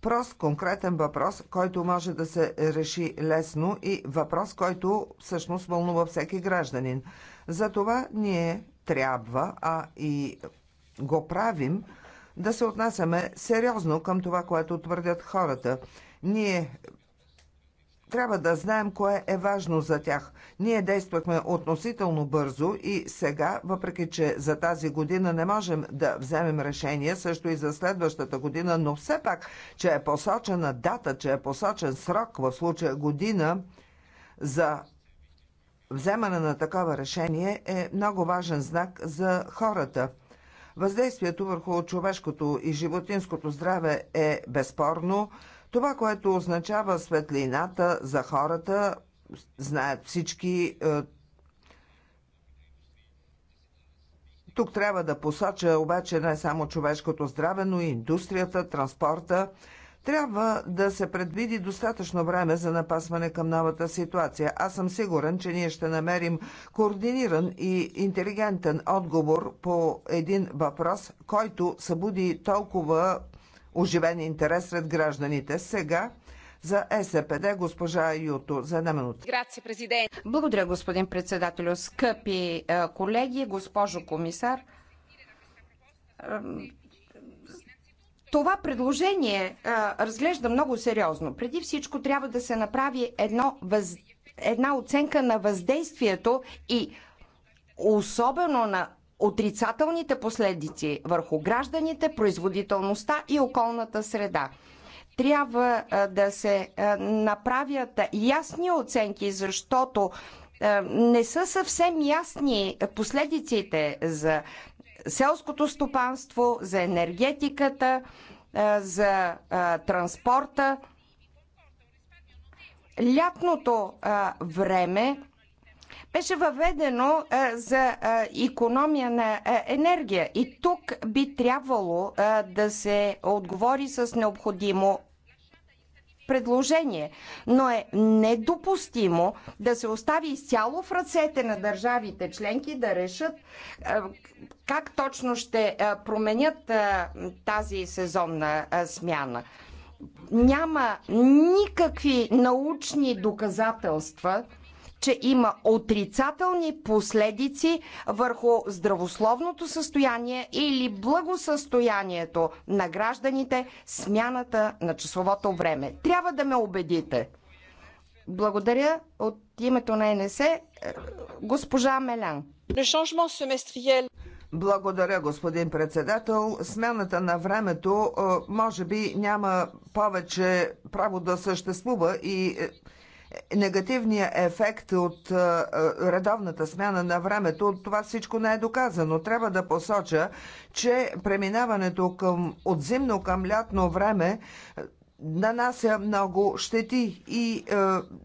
прост, конкретен въпрос, който може да се реши лесно и въпрос, който всъщност вълнува всеки гражданин. Затова ние трябва, а и го правим, да се отнасяме сериозно към това, което твърдят хората. Ние трябва да знаем кое е важно за тях. Ние действахме относително бързо и сега, въпреки че за тази година не можем да вземем решение, също и за следващата година, но все пак, че е посочена дата, че е посочен срок, в случая година, за вземане на такова решение е много важен знак за хората. Въздействието върху човешкото и животинското здраве е безспорно. Това, което означава светлината за хората, знаят всички. Е, тук трябва да посоча обаче не само човешкото здраве, но и индустрията, транспорта. Трябва да се предвиди достатъчно време за напасване към новата ситуация. Аз съм сигурен, че ние ще намерим координиран и интелигентен отговор по един въпрос, който събуди толкова оживен интерес сред гражданите. Сега за СПД госпожа Юто за една минута. Благодаря, господин председателю. Скъпи е, колеги, госпожо комисар, е, това предложение е, разглежда много сериозно. Преди всичко трябва да се направи едно въз... една оценка на въздействието и особено на отрицателните последици върху гражданите, производителността и околната среда. Трябва да се направят ясни оценки, защото не са съвсем ясни последиците за селското стопанство, за енергетиката, за транспорта. Лятното време беше въведено за економия на енергия. И тук би трябвало да се отговори с необходимо предложение, но е недопустимо да се остави изцяло в ръцете на държавите членки да решат как точно ще променят тази сезонна смяна. Няма никакви научни доказателства че има отрицателни последици върху здравословното състояние или благосъстоянието на гражданите, смяната на часовото време. Трябва да ме убедите. Благодаря от името на НС е, госпожа Мелян. Благодаря, господин председател. Смяната на времето е, може би няма повече право да съществува и е, негативния ефект от е, е, редовната смяна на времето, от това всичко не е доказано. Трябва да посоча, че преминаването към, от зимно към лятно време нанася много щети и е,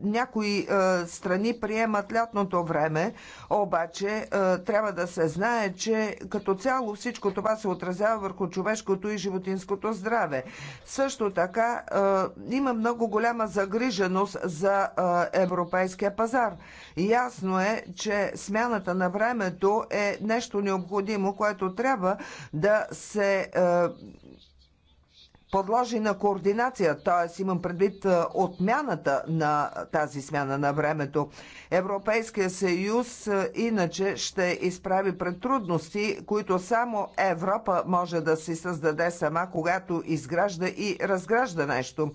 някои е, страни приемат лятното време, обаче е, трябва да се знае, че като цяло всичко това се отразява върху човешкото и животинското здраве. Също така е, има много голяма загриженост за е, европейския пазар. Ясно е, че смяната на времето е нещо необходимо, което трябва да се е, подложи на координация, т.е. имам предвид е, отмяната на тази смяна на времето. Европейския съюз е, иначе ще изправи пред трудности, които само Европа може да си създаде сама, когато изгражда и разгражда нещо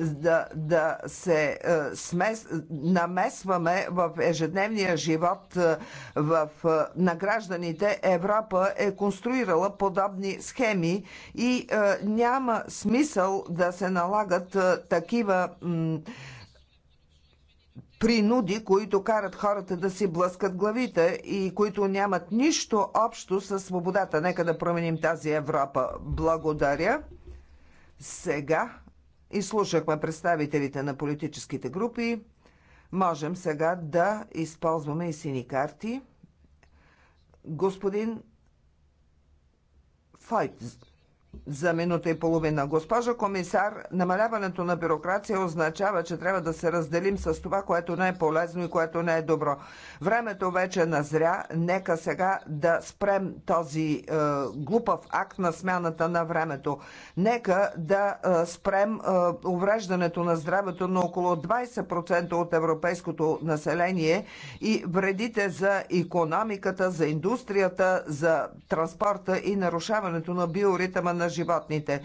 да, да се е, смес, намесваме в ежедневния живот е, в, е, на гражданите. Европа е конструирала подобни схеми и няма смисъл да се налагат такива принуди, които карат хората да си блъскат главите и които нямат нищо общо с свободата. Нека да променим тази Европа. Благодаря. Сега Изслушахме представителите на политическите групи. Можем сега да използваме и сини карти. Господин Файтс за минута и половина. Госпожо комисар, намаляването на бюрокрация означава, че трябва да се разделим с това, което не е полезно и което не е добро. Времето вече назря. Нека сега да спрем този е, глупав акт на смяната на времето. Нека да е, спрем е, увреждането на здравето на около 20% от европейското население и вредите за економиката, за индустрията, за транспорта и нарушаването на биоритъма на животните.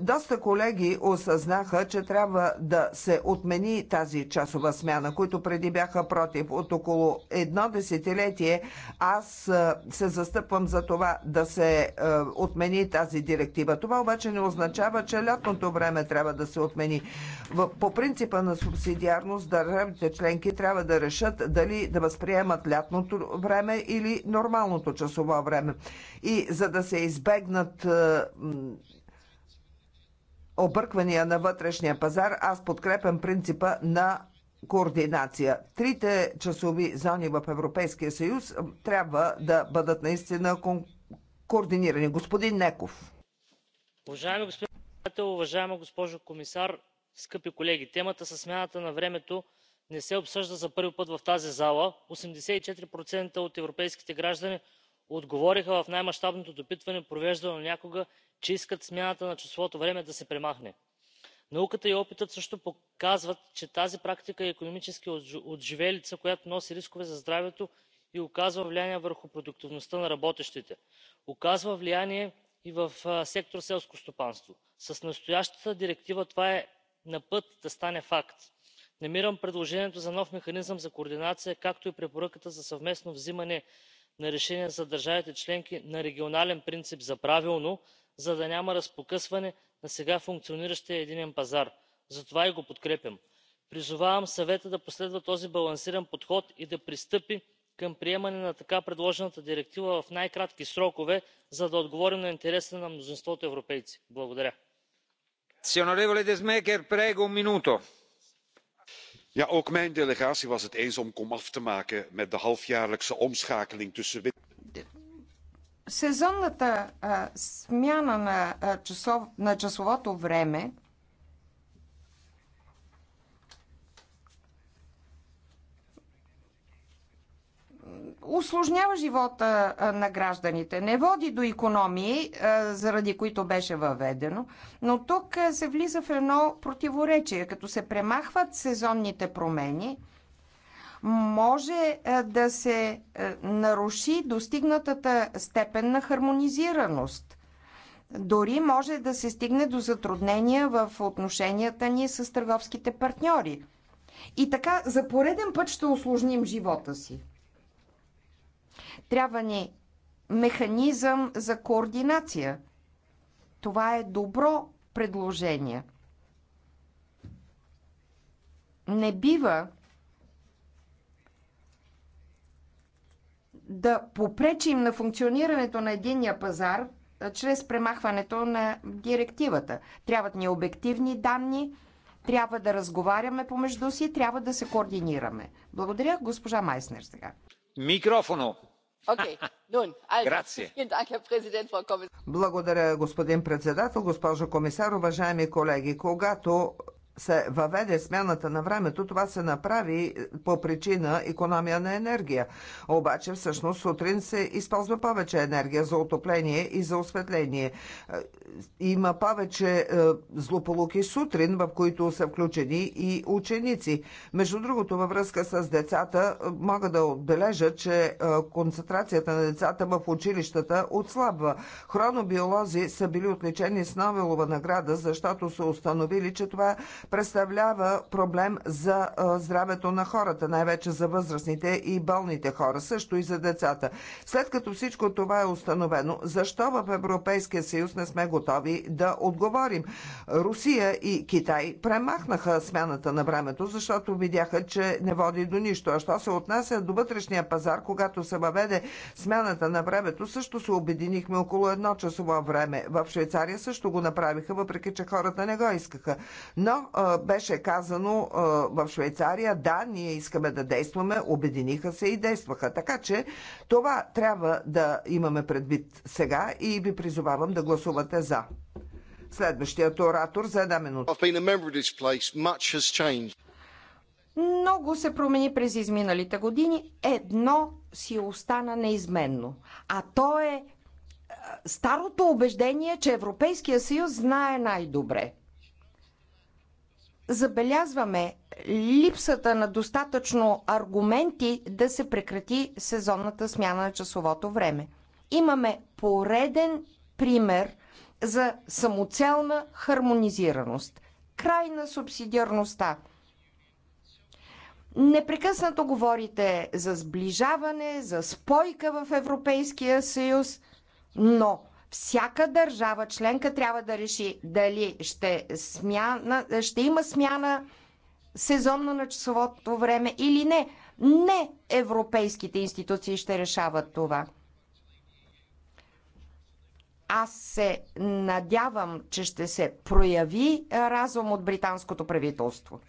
Доста колеги осъзнаха, че трябва да се отмени тази часова смяна, които преди бяха против. От около едно десетилетие аз се застъпвам за това да се отмени тази директива. Това обаче не означава, че лятното време трябва да се отмени. По принципа на субсидиарност, държавите членки трябва да решат дали да възприемат лятното време или нормалното часово време. И за да се избегнат обърквания на вътрешния пазар, аз подкрепям принципа на координация. Трите часови зони в Европейския съюз трябва да бъдат наистина координирани. Господин Неков. Уважаеми господин председател, уважаема госпожо комисар, скъпи колеги! Темата със смяната на времето не се обсъжда за първи път в тази зала. 84% от европейските граждани отговориха в най мащабното допитване провеждано някога че искат смяната на часовото време да се премахне. науката и опитът също показват че тази практика е икономически отживелица която носи рискове за здравето и оказва влияние върху продуктивността на работещите. оказва влияние и в сектор селско стопанство. с настоящата директива това е на път да стане факт. намирам предложението за нов механизъм за координация както и препоръката за съвместно взимане на решения за държавите членки на регионален принцип за правилно за да няма разпокъсване на сега функциониращия единен пазар. затова и го подкрепям. призовавам съвета да последва този балансиран подход и да пристъпи към приемане на така предложената директива в най кратки срокове за да отговорим на интересите на мнозинството европейци. благодаря ja ook mijn delegatie was het eens om komaf te maken met de halfjaarlijkse omschakeling tussen. Сезонната а, смяна на, а, часов, на часовото време усложнява живота на гражданите, не води до економии, заради които беше въведено, но тук се влиза в едно противоречие. Като се премахват сезонните промени, може да се наруши достигнатата степен на хармонизираност. Дори може да се стигне до затруднения в отношенията ни с търговските партньори. И така, за пореден път ще осложним живота си. Трябва ни механизъм за координация. Това е добро предложение. Не бива да попречим на функционирането на единния пазар чрез премахването на директивата. Трябват ни обективни данни, трябва да разговаряме помежду си, трябва да се координираме. Благодаря, госпожа Майснер сега. Микрофоно. Благодаря, господин председател, госпожо комисар, уважаеми колеги. Когато се въведе смяната на времето, това се направи по причина економия на енергия. Обаче всъщност сутрин се използва повече енергия за отопление и за осветление. Е, има повече е, злополуки сутрин, в които са включени и ученици. Между другото, във връзка с децата, е, мога да отбележа, че концентрацията на децата в училищата отслабва. Хронобиолози са били отличени с Новелова награда, защото са установили, че това представлява проблем за здравето на хората, най-вече за възрастните и болните хора, също и за децата. След като всичко това е установено, защо в Европейския съюз не сме готови да отговорим? Русия и Китай премахнаха смяната на времето, защото видяха, че не води до нищо. А що се отнася до вътрешния пазар, когато се въведе смяната на времето, също се обединихме около едно часово време. В Швейцария също го направиха, въпреки че хората не го искаха. Но беше казано в Швейцария, да, ние искаме да действаме, обединиха се и действаха. Така че това трябва да имаме предвид сега и ви призовавам да гласувате за. Следващият оратор за една минута. Много се промени през изминалите години. Едно си остана неизменно. А то е старото убеждение, че Европейския съюз знае най-добре забелязваме липсата на достатъчно аргументи да се прекрати сезонната смяна на часовото време. Имаме пореден пример за самоцелна хармонизираност, край на субсидиарността. Непрекъснато говорите за сближаване, за спойка в Европейския съюз, но всяка държава членка трябва да реши дали ще, смяна, ще има смяна сезонно на часовото време или не. Не европейските институции ще решават това. Аз се надявам, че ще се прояви разум от британското правителство.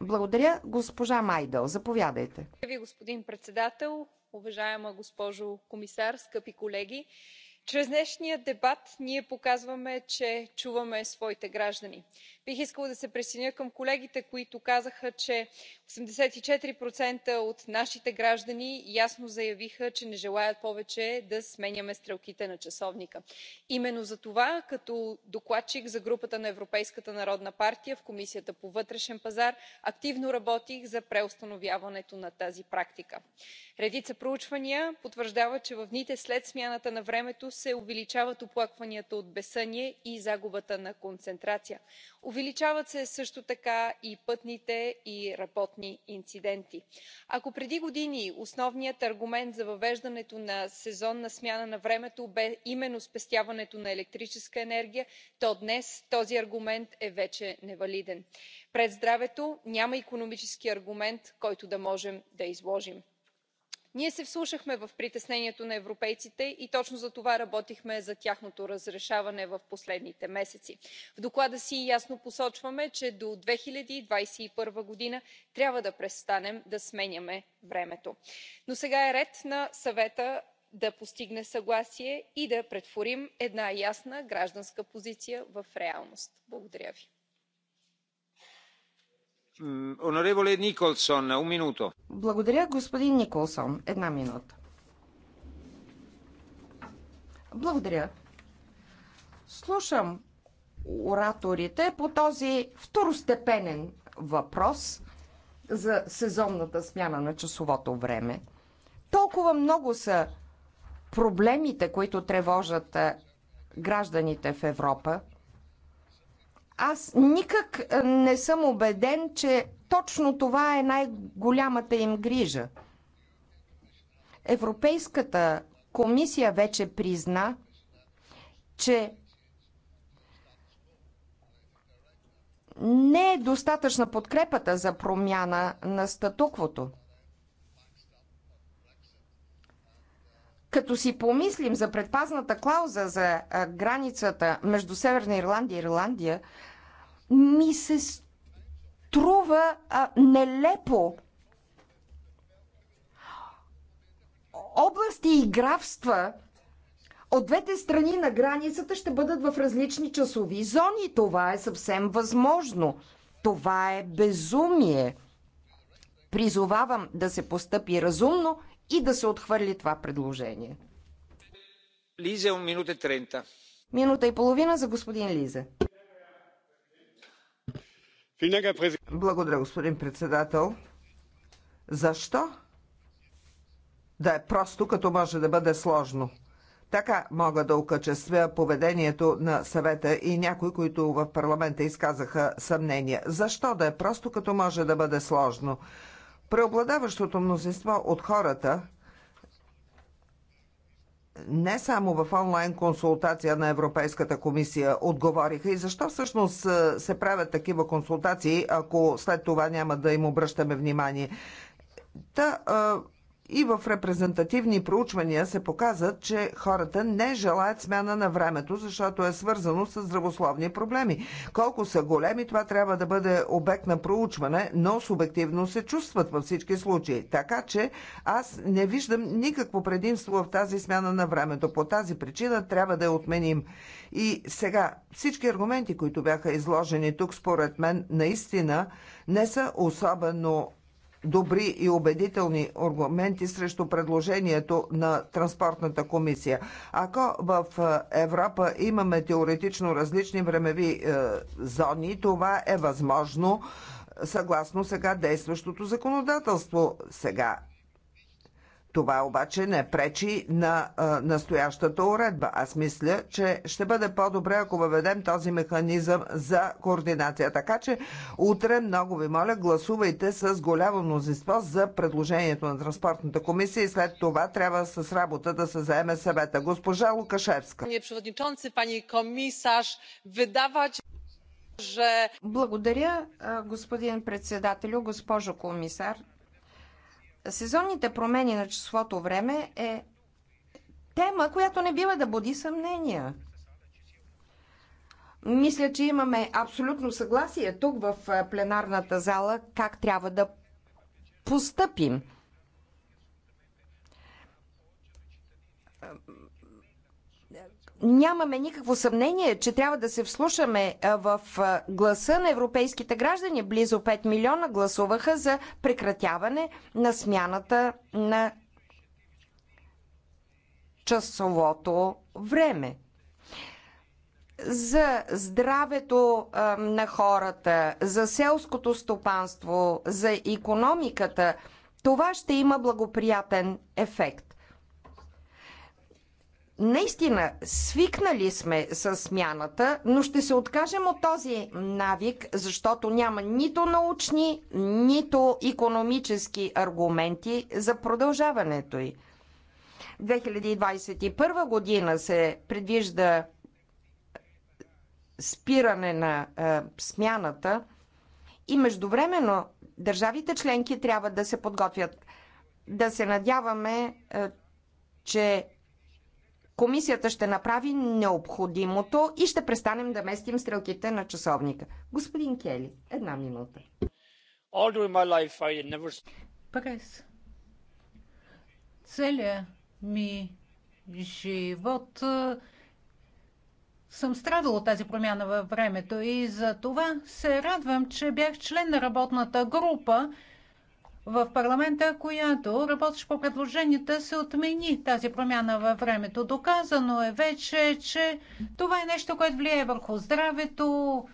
Благодаря, госпожа Майдъл. Заповядайте. Благодаря ви, господин председател, уважаема госпожо комисар, скъпи колеги чрез днешния дебат ние показваме че чуваме своите граждани бих искала да се присъединя към колегите които казаха че осемдесет и четири от нашите граждани ясно заявиха че не желаят повече да сменяме стрелките на часовника. именно затова като докладчик за групата на европейската народна партия в комисията по вътрешен пазар активно работих за преустановяването на тази практика. редица проучвания потвърждават че в дните след смяната на времето се увеличават оплакванията от безсъние и загубата на концентрация увеличават се също така и пътните и работни инциденти. ако преди години основният аргумент за въвеждането на сезонна смяна на времето бе именно спестяването на електрическа енергия то днес този аргумент е вече невалиден. пред здравето няма икономически аргумент който да можем да изложим ние се вслушахме в притеснението на европейците и точно затова работихме за тяхното разрешаване в последните месеци. в доклада си ясно посочваме че до две хиляди двадесет и първа година трябва да престанем да сменяме времето. но сега е ред на съвета да постигне съгласие и да претворим една ясна гражданска позиция в реалност. благодаря ви. Благодаря, господин Николсон. Една минута. Благодаря. Слушам ораторите по този второстепенен въпрос за сезонната смяна на часовото време. Толкова много са проблемите, които тревожат гражданите в Европа. Аз никак е, не съм убеден, че точно това е най-голямата им грижа. Европейската комисия вече призна, че не е достатъчна подкрепата за промяна на статуквото. Като си помислим за предпазната клауза за границата между Северна Ирландия и Ирландия, ми се струва а, нелепо. Области и графства от двете страни на границата ще бъдат в различни часови зони. Това е съвсем възможно. Това е безумие. Призовавам да се постъпи разумно и да се отхвърли това предложение. Лиза, минута и половина за господин Лиза. Благодаря, господин председател. Защо? Да е просто, като може да бъде сложно. Така мога да окачествя поведението на съвета и някои, които в парламента изказаха съмнения. Защо да е просто, като може да бъде сложно? Преобладаващото мнозинство от хората не само в онлайн консултация на Европейската комисия отговориха и защо всъщност е, се правят такива консултации, ако след това няма да им обръщаме внимание. Та, е, и в репрезентативни проучвания се показват, че хората не желаят смяна на времето, защото е свързано с здравословни проблеми. Колко са големи, това трябва да бъде обект на проучване, но субективно се чувстват във всички случаи. Така че аз не виждам никакво предимство в тази смяна на времето. По тази причина трябва да я отменим. И сега всички аргументи, които бяха изложени тук, според мен, наистина не са особено добри и убедителни аргументи срещу предложението на Транспортната комисия. Ако в е, Европа имаме теоретично различни времеви е, зони, това е възможно съгласно сега действащото законодателство. Сега това обаче не пречи на а, настоящата уредба. Аз мисля, че ще бъде по-добре, ако въведем този механизъм за координация. Така че утре, много ви моля, гласувайте с голямо мнозинство за предложението на Транспортната комисия и след това трябва с работа да се заеме съвета. Госпожа Лукашевска. Благодаря, господин председателю, госпожо комисар. Сезонните промени на числото време е тема, която не бива да буди съмнения. Мисля, че имаме абсолютно съгласие тук в пленарната зала как трябва да постъпим нямаме никакво съмнение, че трябва да се вслушаме в гласа на европейските граждани. Близо 5 милиона гласуваха за прекратяване на смяната на часовото време. За здравето на хората, за селското стопанство, за економиката, това ще има благоприятен ефект. Наистина, свикнали сме с смяната, но ще се откажем от този навик, защото няма нито научни, нито економически аргументи за продължаването й. 2021 година се предвижда спиране на е, смяната и междувременно държавите членки трябва да се подготвят. Да се надяваме, е, че Комисията ще направи необходимото и ще престанем да местим стрелките на часовника. Господин Кели, една минута. През целия ми живот съм страдал от тази промяна във времето и за това се радвам, че бях член на работната група, в парламента, която работиш по предложенията, се отмени тази промяна във времето. Доказано е вече, че това е нещо, което влияе върху здравето,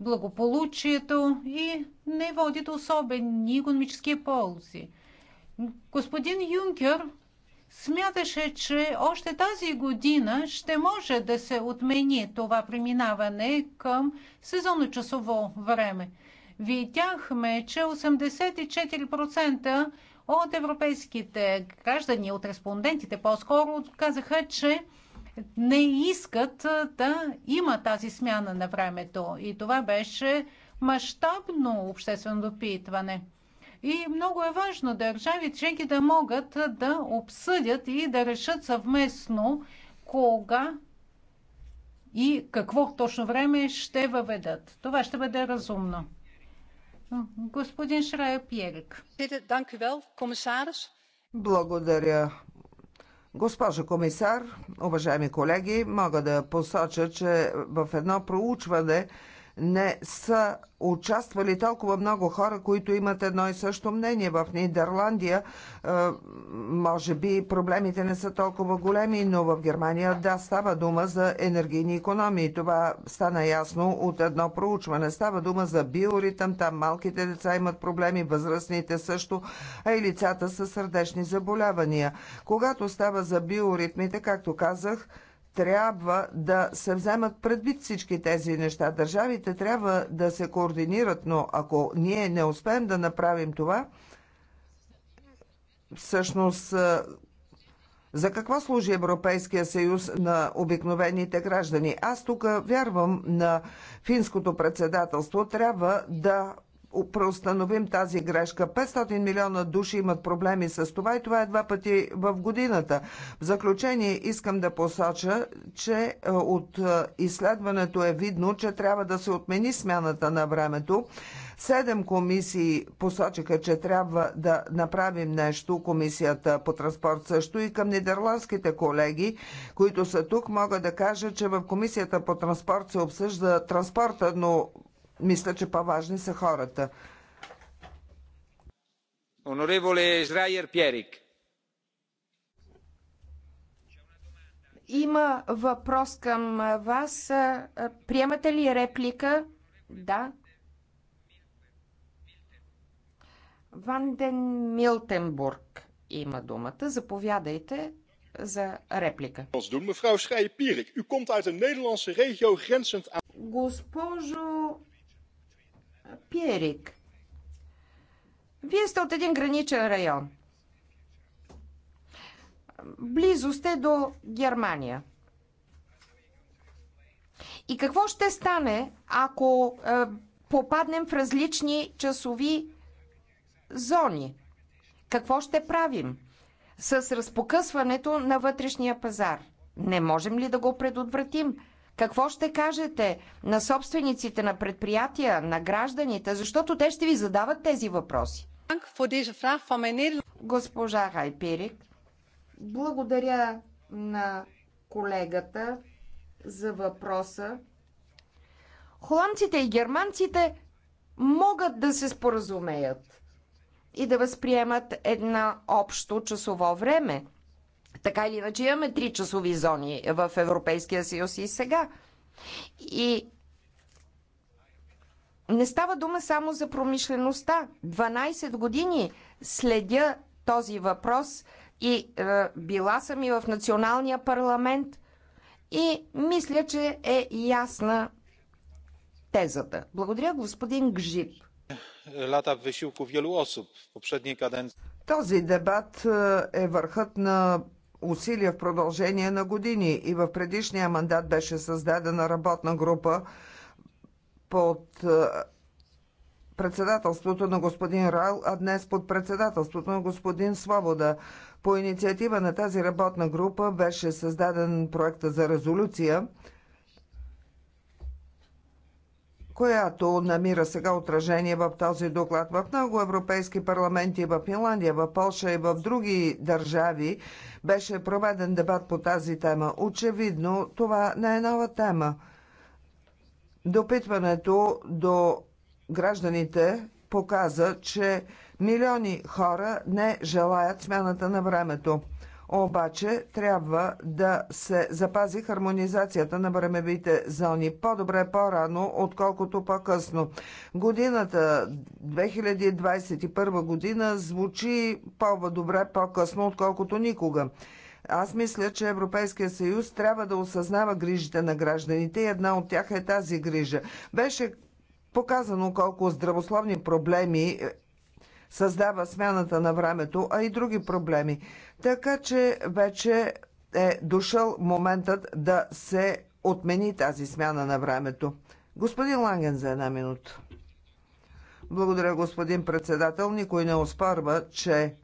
благополучието и не води до особени економически ползи. Господин Юнкер смяташе, че още тази година ще може да се отмени това преминаване към сезонно часово време видяхме, че 84% от европейските граждани, от респондентите по-скоро, казаха, че не искат да има тази смяна на времето. И това беше мащабно обществено допитване. И много е важно държави членки да могат да обсъдят и да решат съвместно кога и какво точно време ще въведат. Това ще бъде разумно. Господин Пиерик. Благодаря, Госпожо комисар, уважаеми колеги, мога да посоча, че в едно проучване не са участвали толкова много хора, които имат едно и също мнение. В Нидерландия е, може би проблемите не са толкова големи, но в Германия да, става дума за енергийни економии. Това стана ясно от едно проучване. Става дума за биоритъм, там малките деца имат проблеми, възрастните също, а и лицата са сърдечни заболявания. Когато става за биоритмите, както казах, трябва да се вземат предвид всички тези неща. Държавите трябва да се координират, но ако ние не успеем да направим това, всъщност за какво служи Европейския съюз на обикновените граждани? Аз тук вярвам на финското председателство. Трябва да преустановим тази грешка. 500 милиона души имат проблеми с това и това е два пъти в годината. В заключение искам да посоча, че е, от е, изследването е видно, че трябва да се отмени смяната на времето. Седем комисии посочиха, че трябва да направим нещо, комисията по транспорт също и към нидерландските колеги, които са тук, мога да кажа, че в комисията по транспорт се обсъжда транспорта, но мисля, че по-важни са хората. Онореволе Израер Пьерик. Има въпрос към вас. Приемате ли реплика? Да. Ванден Милтенбург има думата. Заповядайте за реплика. Госпожо Пиерик. Вие сте от един граничен район. Близо сте до Германия. И какво ще стане, ако е, попаднем в различни часови зони? Какво ще правим с разпокъсването на вътрешния пазар? Не можем ли да го предотвратим? Какво ще кажете на собствениците на предприятия, на гражданите, защото те ще ви задават тези въпроси? Госпожа Хайпирик, благодаря на колегата за въпроса. Холандците и германците могат да се споразумеят и да възприемат едно общо часово време. Така или иначе имаме три часови зони в Европейския съюз и сега. И не става дума само за промишлеността. 12 години следя този въпрос и е, била съм и в националния парламент и мисля, че е ясна тезата. Благодаря, господин Гжип. Лата висилку wielu osób w poprzedniej Този дебат е, е върхът на усилия в продължение на години и в предишния мандат беше създадена работна група под е, председателството на господин Райл, а днес под председателството на господин Свобода. По инициатива на тази работна група беше създаден проекта за резолюция, която намира сега отражение в този доклад. В много европейски парламенти, в Финландия, в Польша и в други държави беше проведен дебат по тази тема. Очевидно, това не е нова тема. Допитването до гражданите показа, че милиони хора не желаят смяната на времето обаче трябва да се запази хармонизацията на времевите зони по-добре по-рано, отколкото по-късно. Годината 2021 година звучи по-добре по-късно, отколкото никога. Аз мисля, че Европейския съюз трябва да осъзнава грижите на гражданите и една от тях е тази грижа. Беше показано колко здравословни проблеми е, създава смяната на времето, а и други проблеми. Така че вече е дошъл моментът да се отмени тази смяна на времето. Господин Ланген за една минута. Благодаря, господин председател. Никой не оспарва, че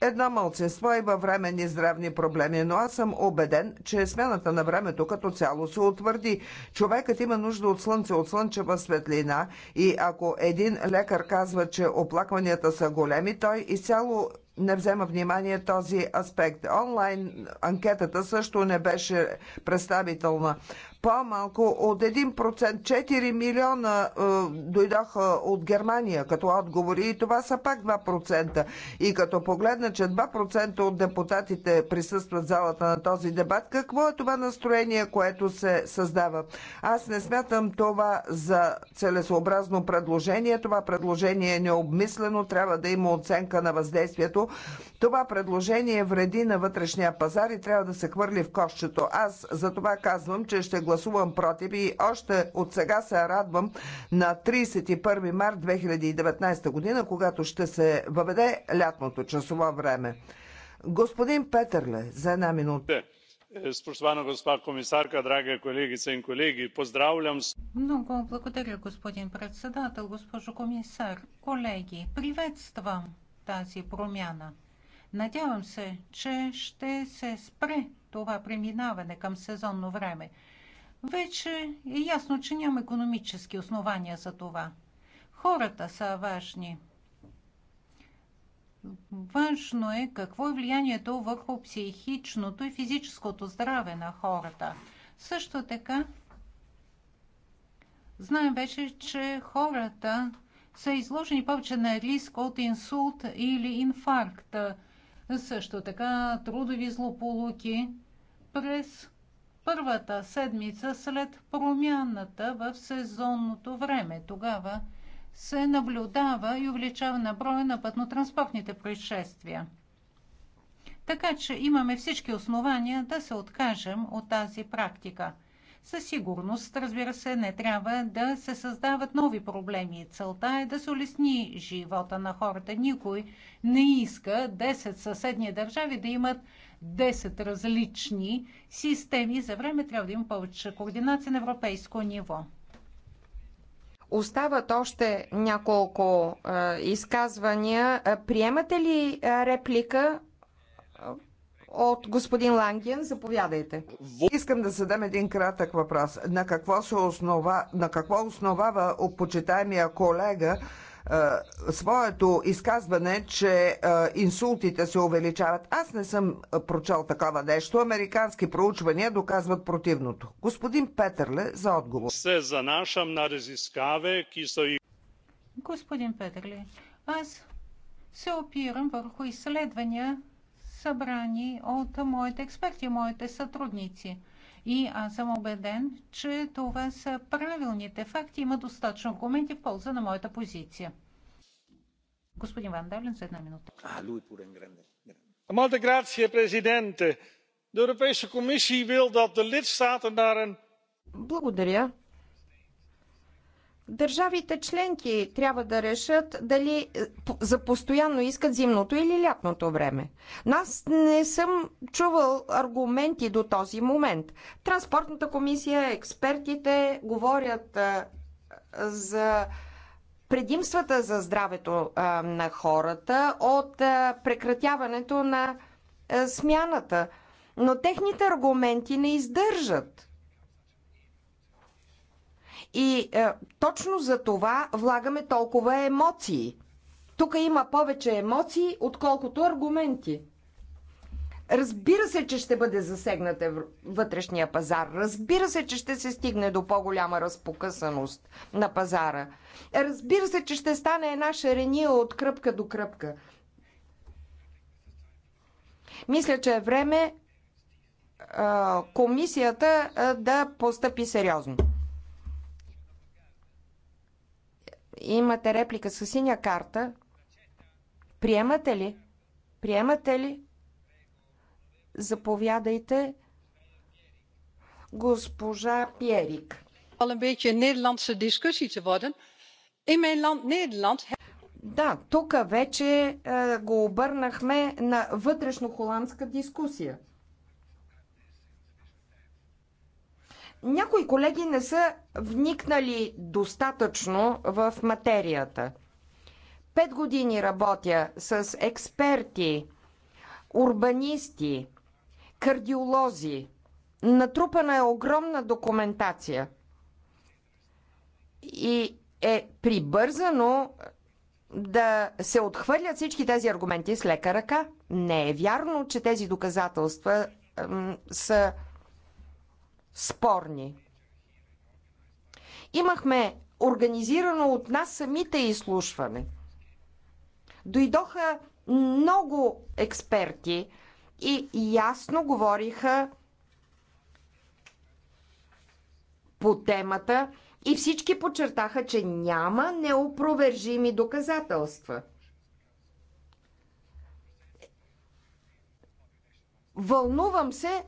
едно мълцинство има временни здравни проблеми, но аз съм убеден, че смяната на времето като цяло се утвърди. Човекът има нужда от слънце, от слънчева светлина и ако един лекар казва, че оплакванията са големи, той изцяло не взема внимание този аспект. Онлайн анкетата също не беше представителна по-малко от 1%, 4 милиона е, дойдоха от Германия като отговори и това са пак 2%. И като погледна, че 2% от депутатите присъстват в залата на този дебат, какво е това настроение, което се създава? Аз не смятам това за целесообразно предложение. Това предложение е необмислено, трябва да има оценка на въздействието. Това предложение вреди на вътрешния пазар и трябва да се хвърли в кошчето. Аз за това казвам, че ще гласувам против и още от сега се радвам на 31 март 2019 година, когато ще се въведе лятното часово време. Господин Петърле, за една минута. Е, госпа комисарка, komisarka, колеги kolegice колеги, поздравлям с... Много благодаря, господин председател, госпожо комисар, колеги. Приветствам тази промяна. Надявам се, че ще се спре това преминаване към сезонно време. Вече е ясно, че няма економически основания за това. Хората са важни. Важно е какво е влиянието върху психичното и физическото здраве на хората. Също така, знаем вече, че хората са изложени повече на риск от инсулт или инфаркт. Също така трудови злополуки през първата седмица след промяната в сезонното време. Тогава се наблюдава и увеличава на броя на пътнотранспортните происшествия. Така че имаме всички основания да се откажем от тази практика. Със сигурност, разбира се, не трябва да се създават нови проблеми. Целта е да се улесни живота на хората. Никой не иска 10 съседни държави да имат 10 различни системи за време, трябва да има повече координация на европейско ниво. Остават още няколко а, изказвания. Приемате ли а, реплика от господин Ланген? Заповядайте. Искам да задам един кратък въпрос. На какво, се основа, на какво основава почитаемия колега е, своето изказване, че е, инсултите се увеличават. Аз не съм прочел такова нещо. Американски проучвания доказват противното. Господин Петърле за отговор. Се занашам на разискаве, ки са и... Господин Петърле, аз се опирам върху изследвания, събрани от моите експерти, моите сътрудници. И аз съм убеден, че това са правилните факти. Има достатъчно аргументи в полза на моята позиция. Господин Ван Дален, за една минута. А, Луи pure in grande. Malte grazie, presidente. De Europese Commissie wil dat de lidstaten naar een... Благодаря. Държавите членки трябва да решат дали е, за постоянно искат зимното или лятното време. Аз не съм чувал аргументи до този момент. Транспортната комисия, експертите говорят а, е, за предимствата за здравето а, е, на хората от а, прекратяването на а, смяната. Но техните аргументи не издържат. И е, точно за това влагаме толкова емоции. Тук има повече емоции, отколкото аргументи. Разбира се, че ще бъде засегнат вътрешния пазар. Разбира се, че ще се стигне до по-голяма разпокъсаност на пазара. Разбира се, че ще стане една шарения от кръпка до кръпка. Мисля, че е време комисията да постъпи сериозно. Имате реплика с синя карта. Приемате ли? Приемате ли? Заповядайте, госпожа Пьерик. Al een beetje een Nederlandse discussie te worden. In mijn land Nederland. Да, тук вече е, го обърнахме на вътрешно-холандска дискусия. Някои колеги не са вникнали достатъчно в материята. Пет години работя с експерти, урбанисти, кардиолози. Натрупана е огромна документация. И е прибързано да се отхвърлят всички тези аргументи с лека ръка. Не е вярно, че тези доказателства са спорни. Имахме организирано от нас самите изслушване. Дойдоха много експерти и ясно говориха по темата и всички подчертаха, че няма неопровержими доказателства. Вълнувам се,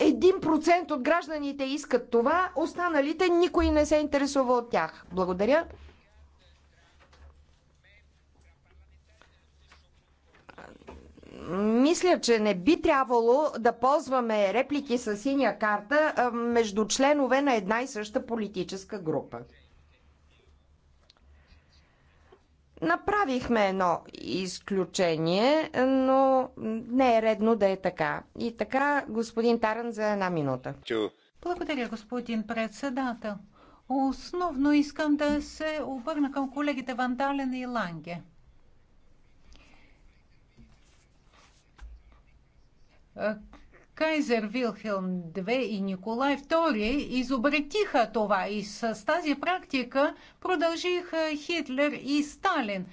1% от гражданите искат това, останалите никой не се интересува от тях. Благодаря. Мисля, че не би трябвало да ползваме реплики с синя карта между членове на една и съща политическа група. Направихме едно изключение, но не е редно да е така. И така, господин Таран, за една минута. Благодаря, господин председател. Основно искам да се обърна към колегите Вандален и Ланге. Кайзер Вилхелм II и Николай II изобретиха това и с тази практика продължиха Хитлер и Сталин.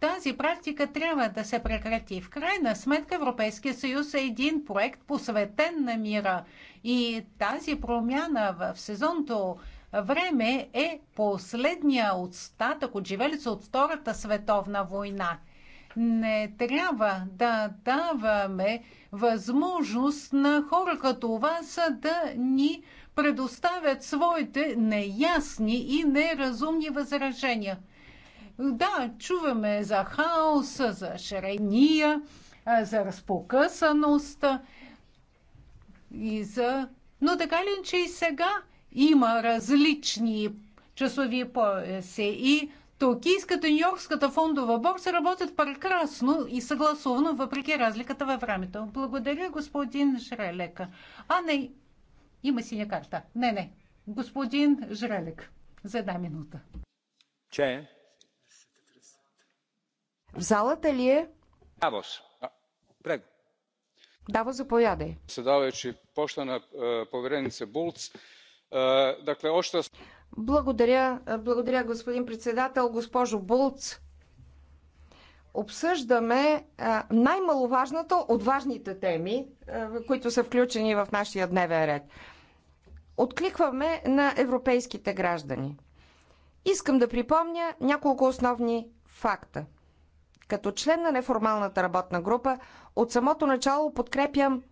Тази практика трябва да се прекрати. В крайна сметка Европейския съюз е един проект посветен на мира и тази промяна в сезонто време е последния отстатък от живелица от Втората световна война – не трябва да даваме възможност на хора като вас да ни предоставят своите неясни и неразумни възражения. Да, чуваме за хаос, за шерения, за разпокъсаност и за... Но така ли, че и сега има различни часови пояси и Токийската и Нью-Йоркската фондова борса работят прекрасно и съгласувано, въпреки разликата във времето. Благодаря, господин Жрелека. А, не, има синя карта. Не, не, господин Жрелек, за една минута. Че е? В залата ли е? Давос. Прего. Даво, заповядай. почта на е, поверенице Булц, е, е, Дакле, още... Благодаря, благодаря господин председател, госпожо Булц. Обсъждаме най-маловажната от важните теми, които са включени в нашия дневен ред. Откликваме на европейските граждани. Искам да припомня няколко основни факта. Като член на неформалната работна група, от самото начало подкрепям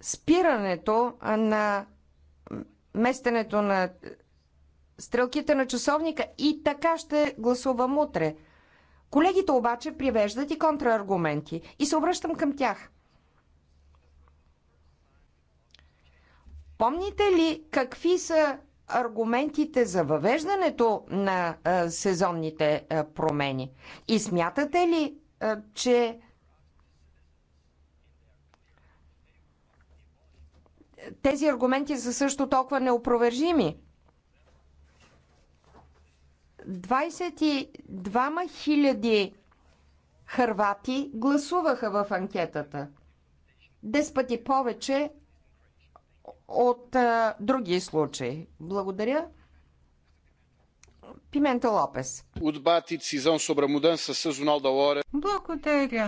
спирането на местенето на стрелките на часовника и така ще гласувам утре. Колегите обаче привеждат и контрааргументи и се обръщам към тях. Помните ли какви са аргументите за въвеждането на сезонните промени? И смятате ли, че тези аргументи са също толкова неопровержими. 22 000 хървати гласуваха в анкетата. Дес пъти повече от а, други случаи. Благодаря. Пимента Лопес. O debate e decisão sobre a mudança sazonal da hora. Благодаря,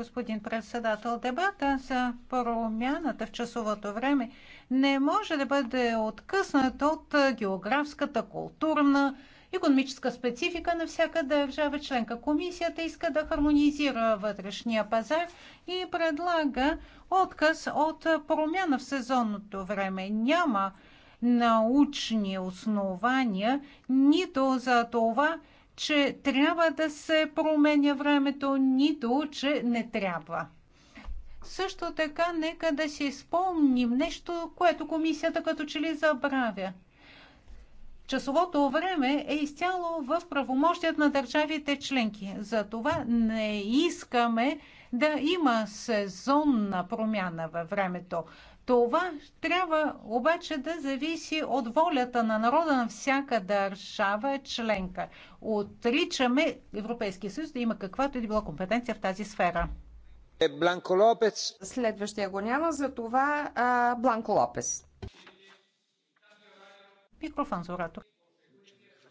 господин председател. Дебата за промяната в часовото време не може да бъде откъснат от географската, културна, економическа специфика на всяка държава членка. Комисията иска да хармонизира вътрешния пазар и предлага отказ от промяна в сезонното време. Няма научни основания, нито за това, че трябва да се променя времето, нито че не трябва. Също така, нека да си спомним нещо, което комисията като че ли забравя. Часовото време е изцяло в правомощият на държавите членки. Затова не искаме да има сезонна промяна във времето. Това трябва обаче да зависи от волята на народа на всяка държава членка. Отричаме Европейския съюз да има каквато и да била компетенция в тази сфера. Е, Бланко Лопес. Следващия го няма, за това а, Бланко Лопес. Микрофон за оратор.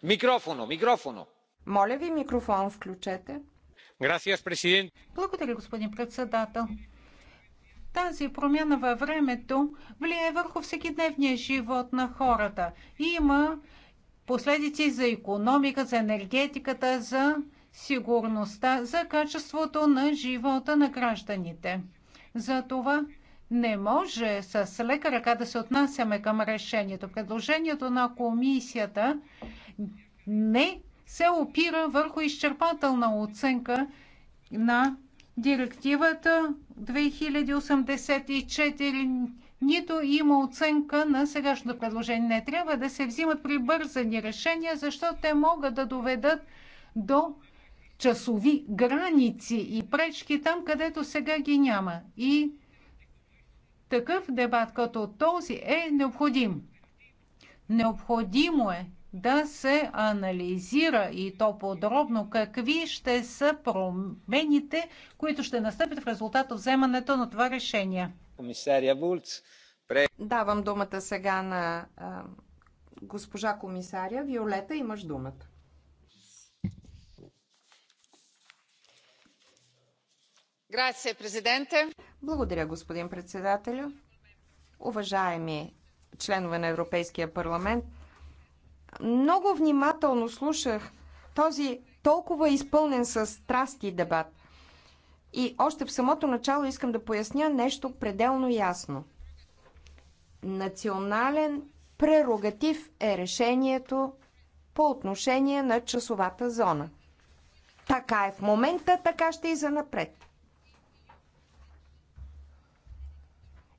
Микрофоно, микрофоно. Моля ви, микрофон включете. Благодаря, господин председател. Тази промяна във времето влияе върху всекидневния живот на хората. И има последици за економика, за енергетиката, за сигурността, за качеството на живота на гражданите. Затова не може с лека ръка да се отнасяме към решението. Предложението на комисията не се опира върху изчерпателна оценка на директивата 2084 нито има оценка на сегашното предложение. Не трябва да се взимат прибързани решения, защото те могат да доведат до часови граници и пречки там, където сега ги няма. И такъв дебат като този е необходим. Необходимо е да се анализира и то подробно какви ще са промените, които ще настъпят в резултат от вземането на това решение. Комисария Вулц, пре... Давам думата сега на а, госпожа комисаря. Виолета, имаш думата. Грация, президенте. Благодаря, господин председателю. Уважаеми членове на Европейския парламент, много внимателно слушах този толкова изпълнен с страсти дебат. И още в самото начало искам да поясня нещо пределно ясно. Национален прерогатив е решението по отношение на часовата зона. Така е в момента, така ще и занапред.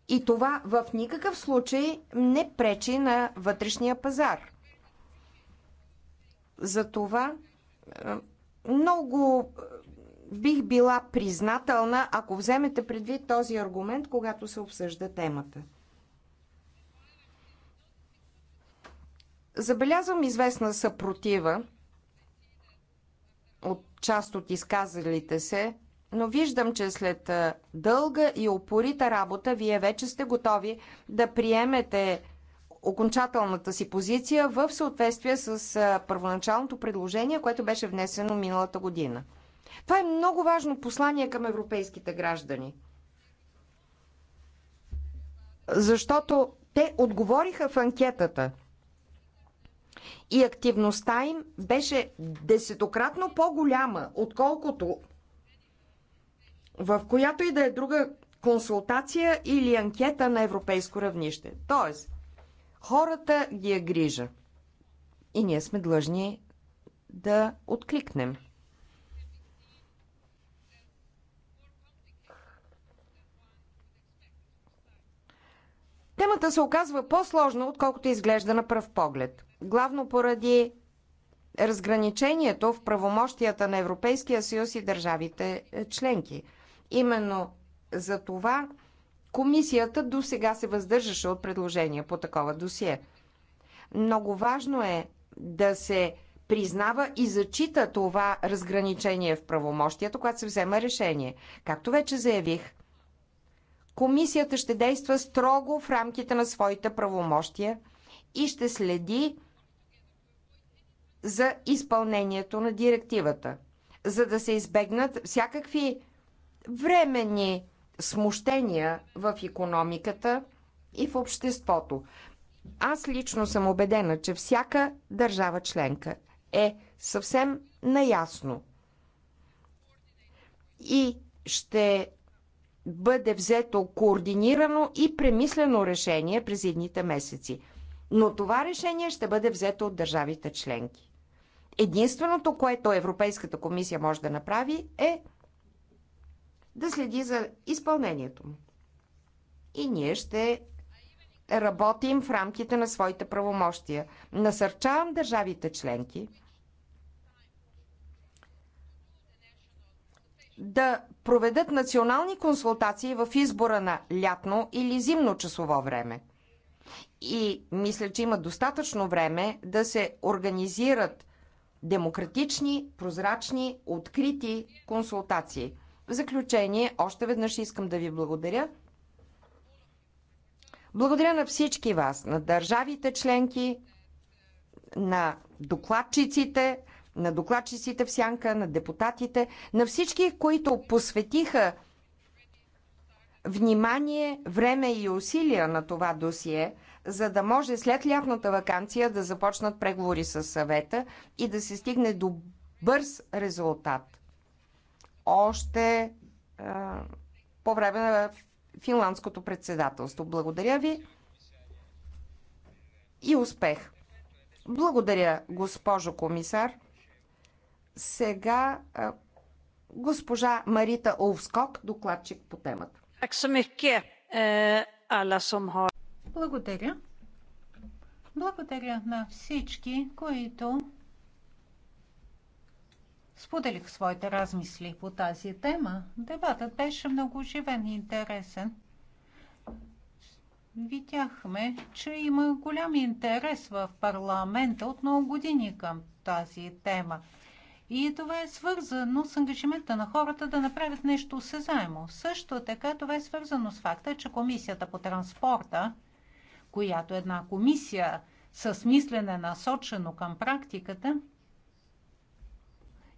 И това в никакъв случай не пречи на вътрешния пазар. За това много бих била признателна, ако вземете предвид този аргумент, когато се обсъжда темата. Забелязвам известна съпротива от част от изказалите се, но виждам, че след дълга и опорита работа вие вече сте готови да приемете окончателната си позиция в съответствие с първоначалното предложение, което беше внесено миналата година. Това е много важно послание към европейските граждани. Защото те отговориха в анкетата и активността им беше десетократно по-голяма, отколкото в която и да е друга консултация или анкета на европейско равнище. Тоест, Хората ги е грижа. И ние сме длъжни да откликнем. Темата се оказва по-сложна, отколкото изглежда на пръв поглед. Главно поради разграничението в правомощията на Европейския съюз и държавите е, членки. Именно за това Комисията до сега се въздържаше от предложения по такова досие. Много важно е да се признава и зачита това разграничение в правомощията, когато се взема решение. Както вече заявих, комисията ще действа строго в рамките на своите правомощия и ще следи за изпълнението на директивата, за да се избегнат всякакви временни смущения в економиката и в обществото. Аз лично съм убедена, че всяка държава членка е съвсем наясно и ще бъде взето координирано и премислено решение през едните месеци. Но това решение ще бъде взето от държавите членки. Единственото, което Европейската комисия може да направи е да следи за изпълнението му. И ние ще работим в рамките на своите правомощия. Насърчавам държавите членки да проведат национални консултации в избора на лятно или зимно часово време. И мисля, че има достатъчно време да се организират демократични, прозрачни, открити консултации – в заключение, още веднъж искам да ви благодаря. Благодаря на всички вас, на държавите членки, на докладчиците, на докладчиците в сянка, на депутатите, на всички, които посветиха внимание, време и усилия на това досие, за да може след лятната вакансия да започнат преговори с съвета и да се стигне до бърз резултат – още по време на финландското председателство. Благодаря ви и успех! Благодаря, госпожо комисар. Сега госпожа Марита Овскок, докладчик по темата. Eh, Благодаря. Благодаря на всички, които споделих своите размисли по тази тема. Дебатът беше много живен и интересен. Видяхме, че има голям интерес в парламента от много години към тази тема. И това е свързано с ангажимента на хората да направят нещо осезаемо. Също така това е свързано с факта, че Комисията по транспорта, която е една комисия с мислене насочено към практиката,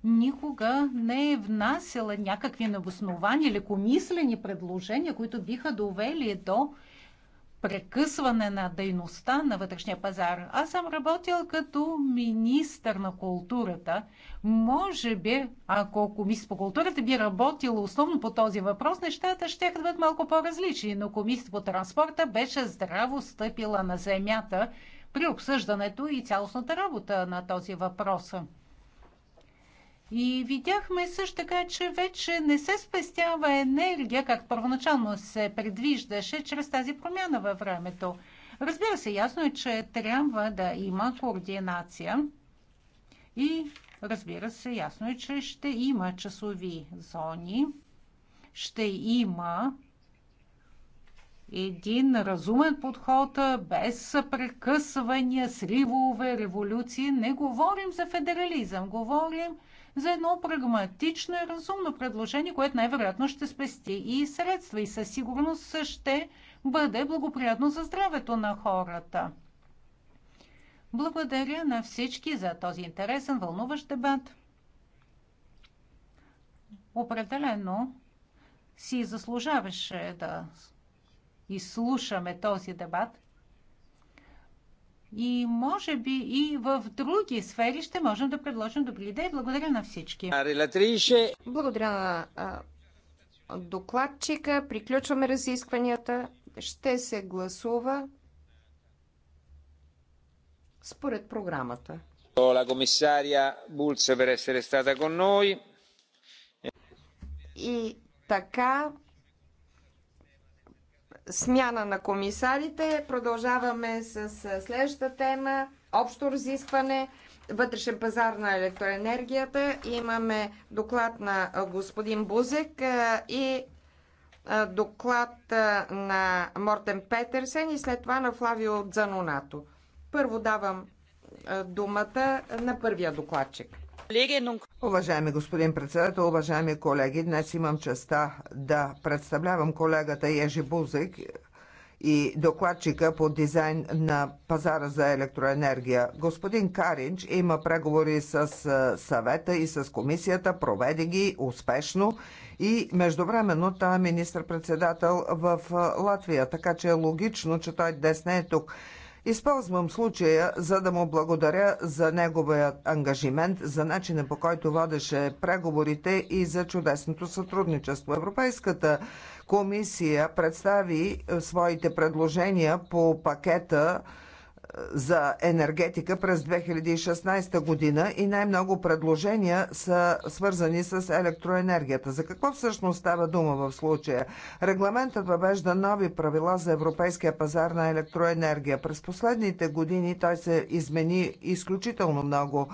никога не е внасяла някакви необосновани лекомислени предложения, които биха довели до прекъсване на дейността на вътрешния пазар. Аз съм работил като министър на културата. Може би, ако комисията по културата би работила основно по този въпрос, нещата ще да бъдат малко по-различни, но комисията по транспорта беше здраво стъпила на земята при обсъждането и цялостната работа на този въпрос. И видяхме също така, че вече не се спестява енергия, както първоначално се предвиждаше, чрез тази промяна във времето. Разбира се, ясно е, че трябва да има координация и разбира се, ясно е, че ще има часови зони, ще има един разумен подход, без прекъсвания, сривове, революции. Не говорим за федерализъм, говорим за едно прагматично и разумно предложение, което най-вероятно ще спести и средства и със сигурност ще бъде благоприятно за здравето на хората. Благодаря на всички за този интересен, вълнуващ дебат. Определено си заслужаваше да изслушаме този дебат и може би и в други сфери ще можем да предложим добри идеи. Благодаря на всички. Благодаря на докладчика. Приключваме разискванията. Ще се гласува според програмата. La комисария Булце per essere stata con noi. И така смяна на комисарите. Продължаваме с следващата тема. Общо разискване. Вътрешен пазар на електроенергията. Имаме доклад на господин Бузек и доклад на Мортен Петерсен и след това на Флавио Дзанонато. Първо давам думата на първия докладчик. Уважаеми господин председател, уважаеми колеги, днес имам честа да представлявам колегата Ежи Бузик и докладчика по дизайн на пазара за електроенергия. Господин Каринч има преговори с съвета и с комисията, проведе ги успешно и междувременно той е министр-председател в Латвия, така че е логично, че той днес не е тук. Използвам случая, за да му благодаря за неговия ангажимент, за начина по който водеше преговорите и за чудесното сътрудничество. Европейската комисия представи своите предложения по пакета за енергетика през 2016 година и най-много предложения са свързани с електроенергията. За какво всъщност става дума в случая? Регламентът въвежда нови правила за европейския пазар на електроенергия. През последните години той се измени изключително много.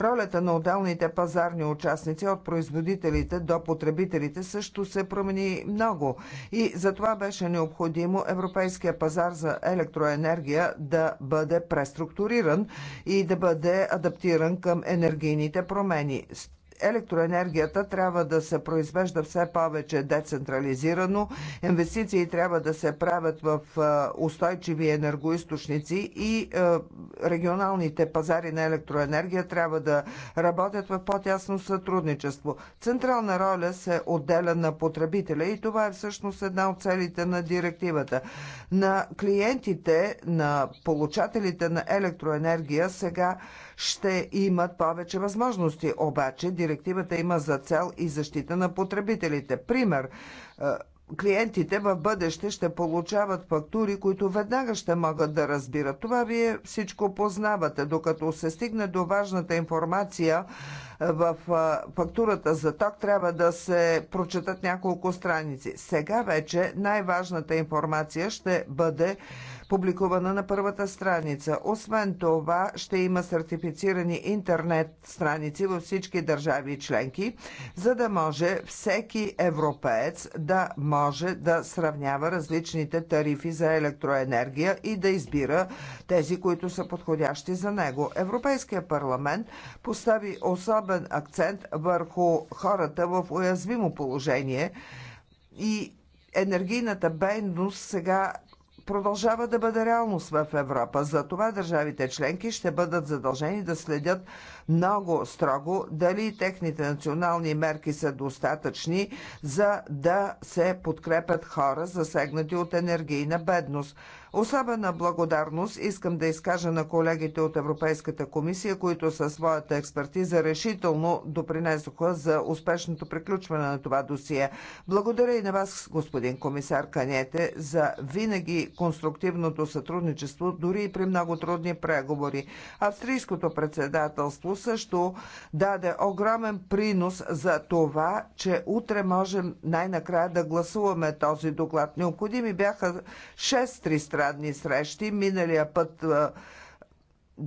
Ролята на отделните пазарни участници от производителите до потребителите също се промени много. И затова беше необходимо европейския пазар за електроенергия да бъде бъде преструктуриран и да бъде адаптиран към енергийните промени електроенергията трябва да се произвежда все повече децентрализирано, инвестиции трябва да се правят в устойчиви енергоисточници и регионалните пазари на електроенергия трябва да работят в по-тясно сътрудничество. Централна роля се отделя на потребителя и това е всъщност една от целите на директивата. На клиентите, на получателите на електроенергия сега ще имат повече възможности. Обаче директивата има за цел и защита на потребителите. Пример, е, клиентите в бъдеще ще получават фактури, които веднага ще могат да разбират. Това вие всичко познавате, докато се стигне до важната информация е, в е, фактурата за ток трябва да се прочетат няколко страници. Сега вече най-важната информация ще бъде публикувана на първата страница. Освен това, ще има сертифицирани интернет страници във всички държави и членки, за да може всеки европеец да може да сравнява различните тарифи за електроенергия и да избира тези, които са подходящи за него. Европейския парламент постави особен акцент върху хората в уязвимо положение и енергийната бедност сега продължава да бъде реалност в Европа. Затова държавите членки ще бъдат задължени да следят много строго дали техните национални мерки са достатъчни за да се подкрепят хора, засегнати от енергийна бедност. Особена благодарност искам да изкажа на колегите от Европейската комисия, които със своята експертиза решително допринесоха за успешното приключване на това досие. Благодаря и на вас, господин комисар Канете, за винаги конструктивното сътрудничество, дори и при много трудни преговори. Австрийското председателство също даде огромен принос за това, че утре можем най-накрая да гласуваме този доклад. Необходими бяха 6 три страни тристранни срещи. Миналия път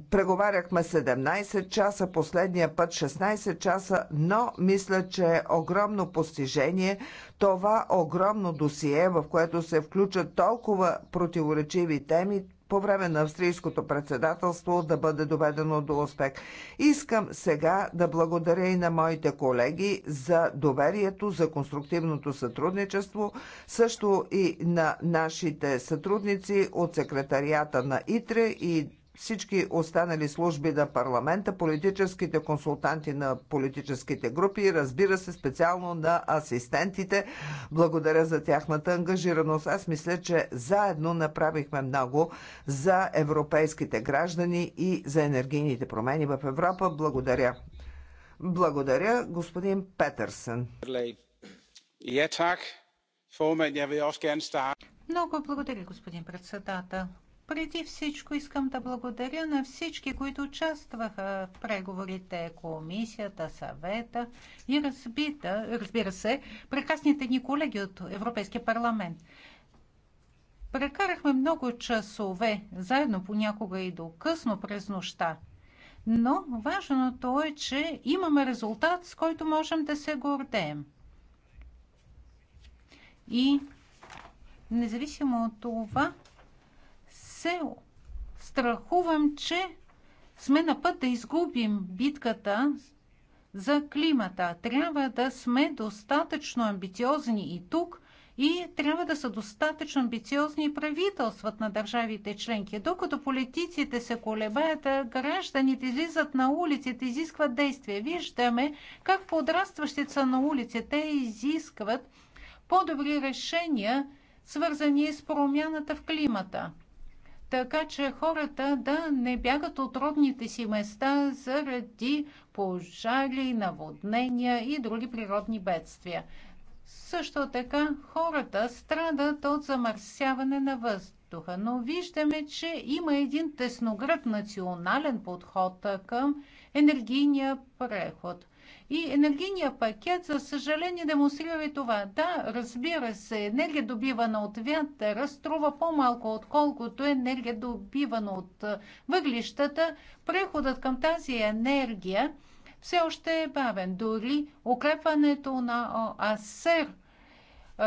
преговаряхме 17 часа, последния път 16 часа, но мисля, че е огромно постижение това огромно досие, в което се включат толкова противоречиви теми, по време на австрийското председателство да бъде доведено до успех. Искам сега да благодаря и на моите колеги за доверието, за конструктивното сътрудничество, също и на нашите сътрудници от секретарията на ИТРЕ и всички останали служби на парламента, политическите консултанти на политическите групи и разбира се специално на асистентите. Благодаря за тяхната ангажираност. Аз мисля, че заедно направихме много за европейските граждани и за енергийните промени в Европа. Благодаря. Благодаря, господин Петърсън. Много благодаря, господин председател. Преди всичко искам да благодаря на всички, които участваха в преговорите, комисията, съвета и разбита, разбира се, прекрасните ни колеги от Европейския парламент. Прекарахме много часове, заедно понякога и до късно през нощта. Но важното е, че имаме резултат, с който можем да се гордеем. И независимо от това, се страхувам, че сме на път да изгубим битката за климата. Трябва да сме достатъчно амбициозни и тук, и трябва да са достатъчно амбициозни и правителстват на държавите членки. Докато политиците се колебаят, гражданите излизат на улиците, изискват действия. Виждаме как подрастващите са на улиците изискват по-добри решения, свързани с промяната в климата така че хората да не бягат от родните си места заради пожари, наводнения и други природни бедствия. Също така хората страдат от замърсяване на въздуха, но виждаме, че има един тесноград национален подход към енергийния преход. И енергийния пакет, за съжаление, демонстрира и това. Да, разбира се, енергия добивана от вятъра струва по-малко, отколкото енергия добивана от въглищата. Преходът към тази енергия все още е бавен. Дори укрепването на АСЕР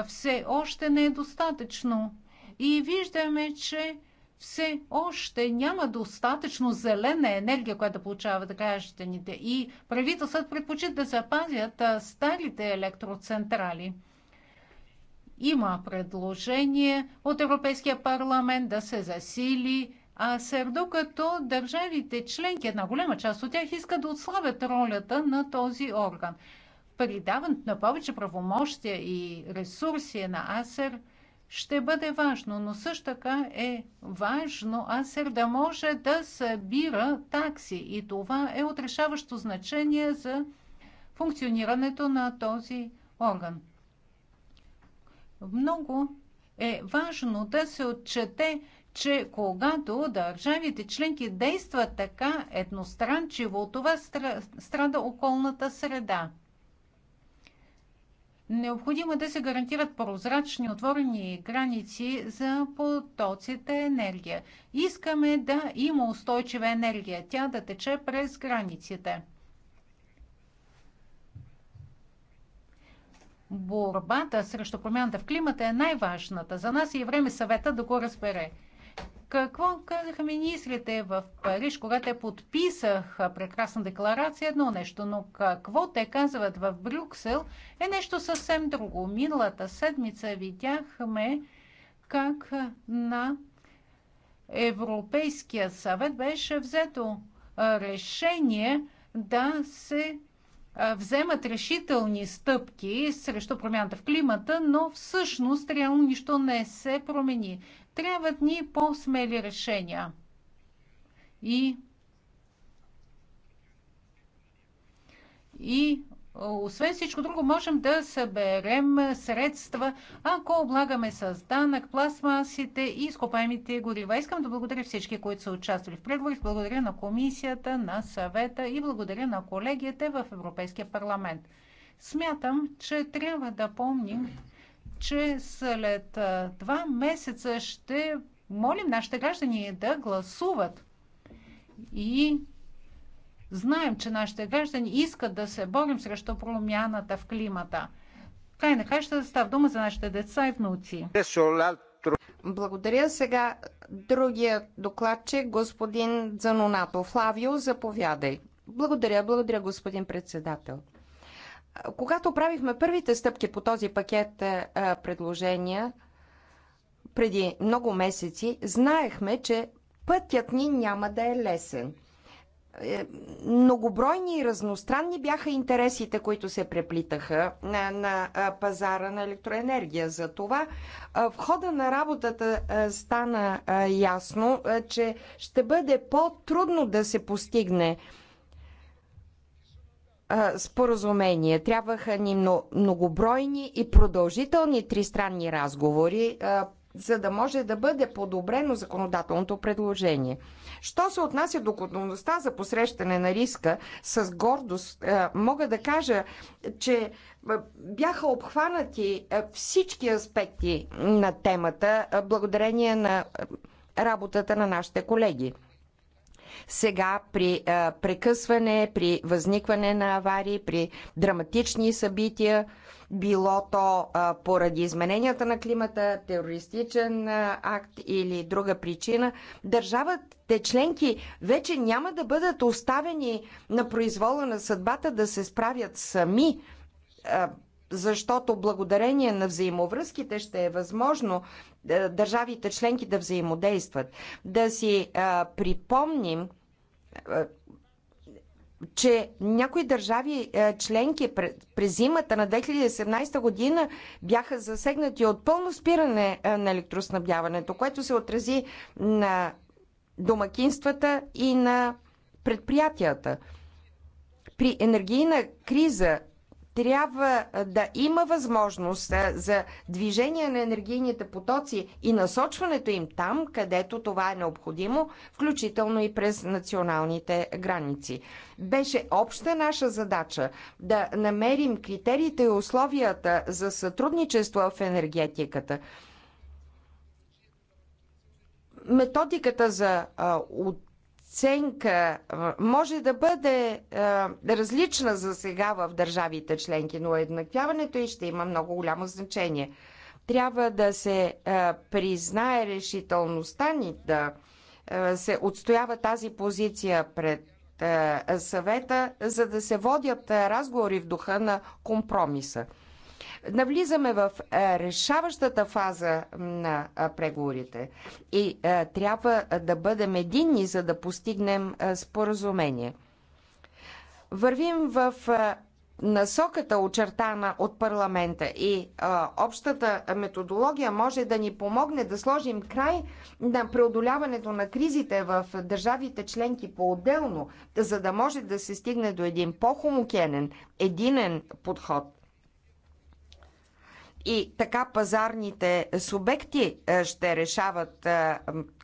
все още не е достатъчно. И виждаме, че все още няма достатъчно зелена енергия, която да получават гражданите. И правителствата предпочитат да запазят старите електроцентрали. Има предложение от Европейския парламент да се засили АСЕР, докато държавите членки, една голяма част от тях, искат да отслабят ролята на този орган. Придаването на повече правомощия и ресурси на АСЕР – ще бъде важно, но също така е важно АСЕР да може да събира такси и това е отрешаващо значение за функционирането на този орган. Много е важно да се отчете, че когато държавите членки действат така едностранчиво, това страда околната среда. Необходимо е да се гарантират прозрачни, отворени граници за потоците енергия. Искаме да има устойчива енергия, тя да тече през границите. Борбата срещу промяната в климата е най-важната. За нас е и време съвета да го разбере. Какво казаха министрите в Париж, когато те подписаха прекрасна декларация, едно нещо, но какво те казват в Брюксел е нещо съвсем друго. Миналата седмица видяхме как на Европейския съвет беше взето решение да се вземат решителни стъпки срещу промяната в климата, но всъщност реално нищо не се промени. Трябват ни по-смели решения. И, и освен всичко друго, можем да съберем средства, ако облагаме с данък пластмасите и изкопаемите горива. Искам да благодаря всички, които са участвали в преговори. Благодаря на комисията, на съвета и благодаря на колегията в Европейския парламент. Смятам, че трябва да помним че след два месеца ще молим нашите граждани да гласуват. И знаем, че нашите граждани искат да се борим срещу промяната в климата. Край на ще става дума за нашите деца и внуци. Благодаря. Сега другия докладчик, господин Занонато. Флавио, заповядай. Благодаря, благодаря, господин председател. Когато правихме първите стъпки по този пакет е, е, предложения, преди много месеци, знаехме, че пътят ни няма да е лесен. Е, многобройни и разностранни бяха интересите, които се преплитаха на, на пазара на електроенергия. За това в хода на работата стана ясно, че ще бъде по-трудно да се постигне споразумение. Трябваха ни многобройни и продължителни тристранни разговори, за да може да бъде подобрено законодателното предложение. Що се отнася до готовността за посрещане на риска с гордост, мога да кажа, че бяха обхванати всички аспекти на темата благодарение на работата на нашите колеги. Сега при а, е, прекъсване, при възникване на аварии, при драматични събития, било то а, е, поради измененията на климата, терористичен а, е, акт или друга причина, държавата, членки вече няма да бъдат оставени на произвола на съдбата да се справят сами. А, защото благодарение на взаимовръзките ще е възможно е, държавите членки да взаимодействат, да си а, е, припомним, а, е, че някои държави а, членки през зимата на 2017 година бяха засегнати от пълно спиране на електроснабдяването, което се отрази на домакинствата и на предприятията. При енергийна криза трябва да има възможност за движение на енергийните потоци и насочването им там, където това е необходимо, включително и през националните граници. Беше обща наша задача да намерим критериите и условията за сътрудничество в енергетиката. Методиката за от оценка може да бъде различна за сега в държавите членки, но еднаквяването и ще има много голямо значение. Трябва да се признае решителността ни да се отстоява тази позиция пред съвета, за да се водят разговори в духа на компромиса. Навлизаме в е, решаващата фаза на е, преговорите и е, трябва да бъдем единни, за да постигнем споразумение. Вървим в насоката, очертана от парламента и общата методология може да ни помогне да сложим край на преодоляването на кризите в държавите членки по-отделно, за да може да се стигне до един по-хомокенен, единен подход и така пазарните субекти е, ще решават е,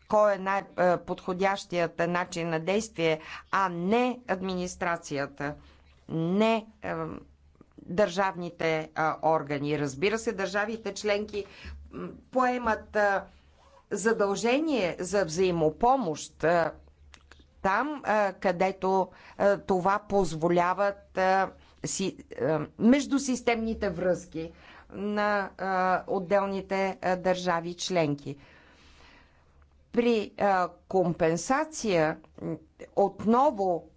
кой е най-подходящият е, начин на действие, а не администрацията, не държавните органи. Разбира се, държавите членки поемат задължение за взаимопомощ там, където това позволяват междусистемните връзки, на отделните държави членки. При компенсация отново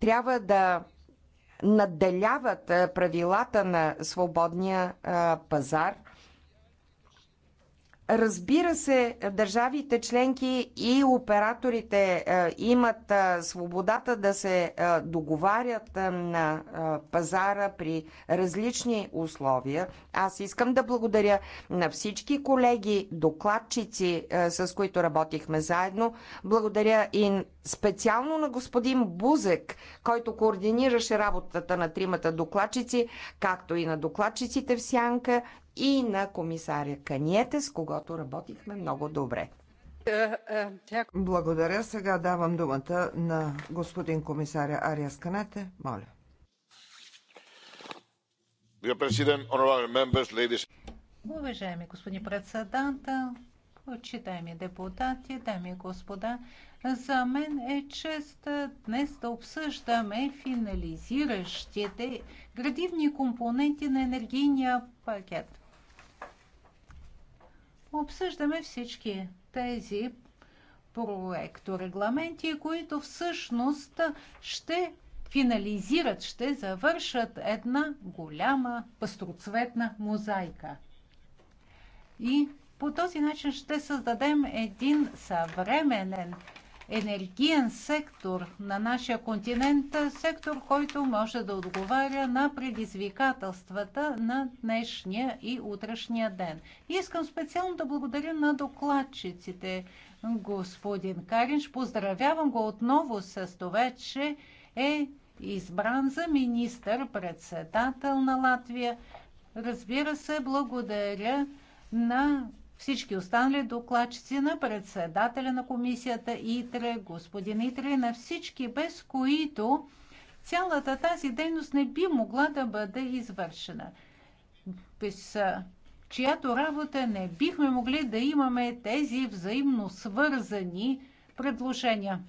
трябва да надделяват правилата на свободния пазар Разбира се, държавите членки и операторите е, имат е, свободата да се е, договарят на пазара при различни условия. Аз искам да благодаря на всички колеги, докладчици, с които работихме заедно. Благодаря и специално на господин Бузек, който координираше работата на тримата докладчици, както и на докладчиците в Сянка и на комисаря Каниете, с когото работихме много добре. Благодаря. Сега давам думата на господин комисаря Ариас Канете. Моля. Уважаеми господин председател, Отчитаеми депутати, дами и господа, за мен е чест днес да обсъждаме финализиращите градивни компоненти на енергийния пакет. Обсъждаме всички тези проекторегламенти, които всъщност ще финализират, ще завършат една голяма пастроцветна мозайка. И по този начин ще създадем един съвременен енергиен сектор на нашия континент, сектор, който може да отговаря на предизвикателствата на днешния и утрешния ден. И Искам специално да благодаря на докладчиците, господин Каринш. Поздравявам го отново с това, че е избран за министър-председател на Латвия. Разбира се, благодаря на всички останали докладчици на председателя на комисията Итре, господин Итре, на всички, без които цялата тази дейност не би могла да бъде извършена. Без чиято работа не бихме могли да имаме тези взаимно свързани предложения.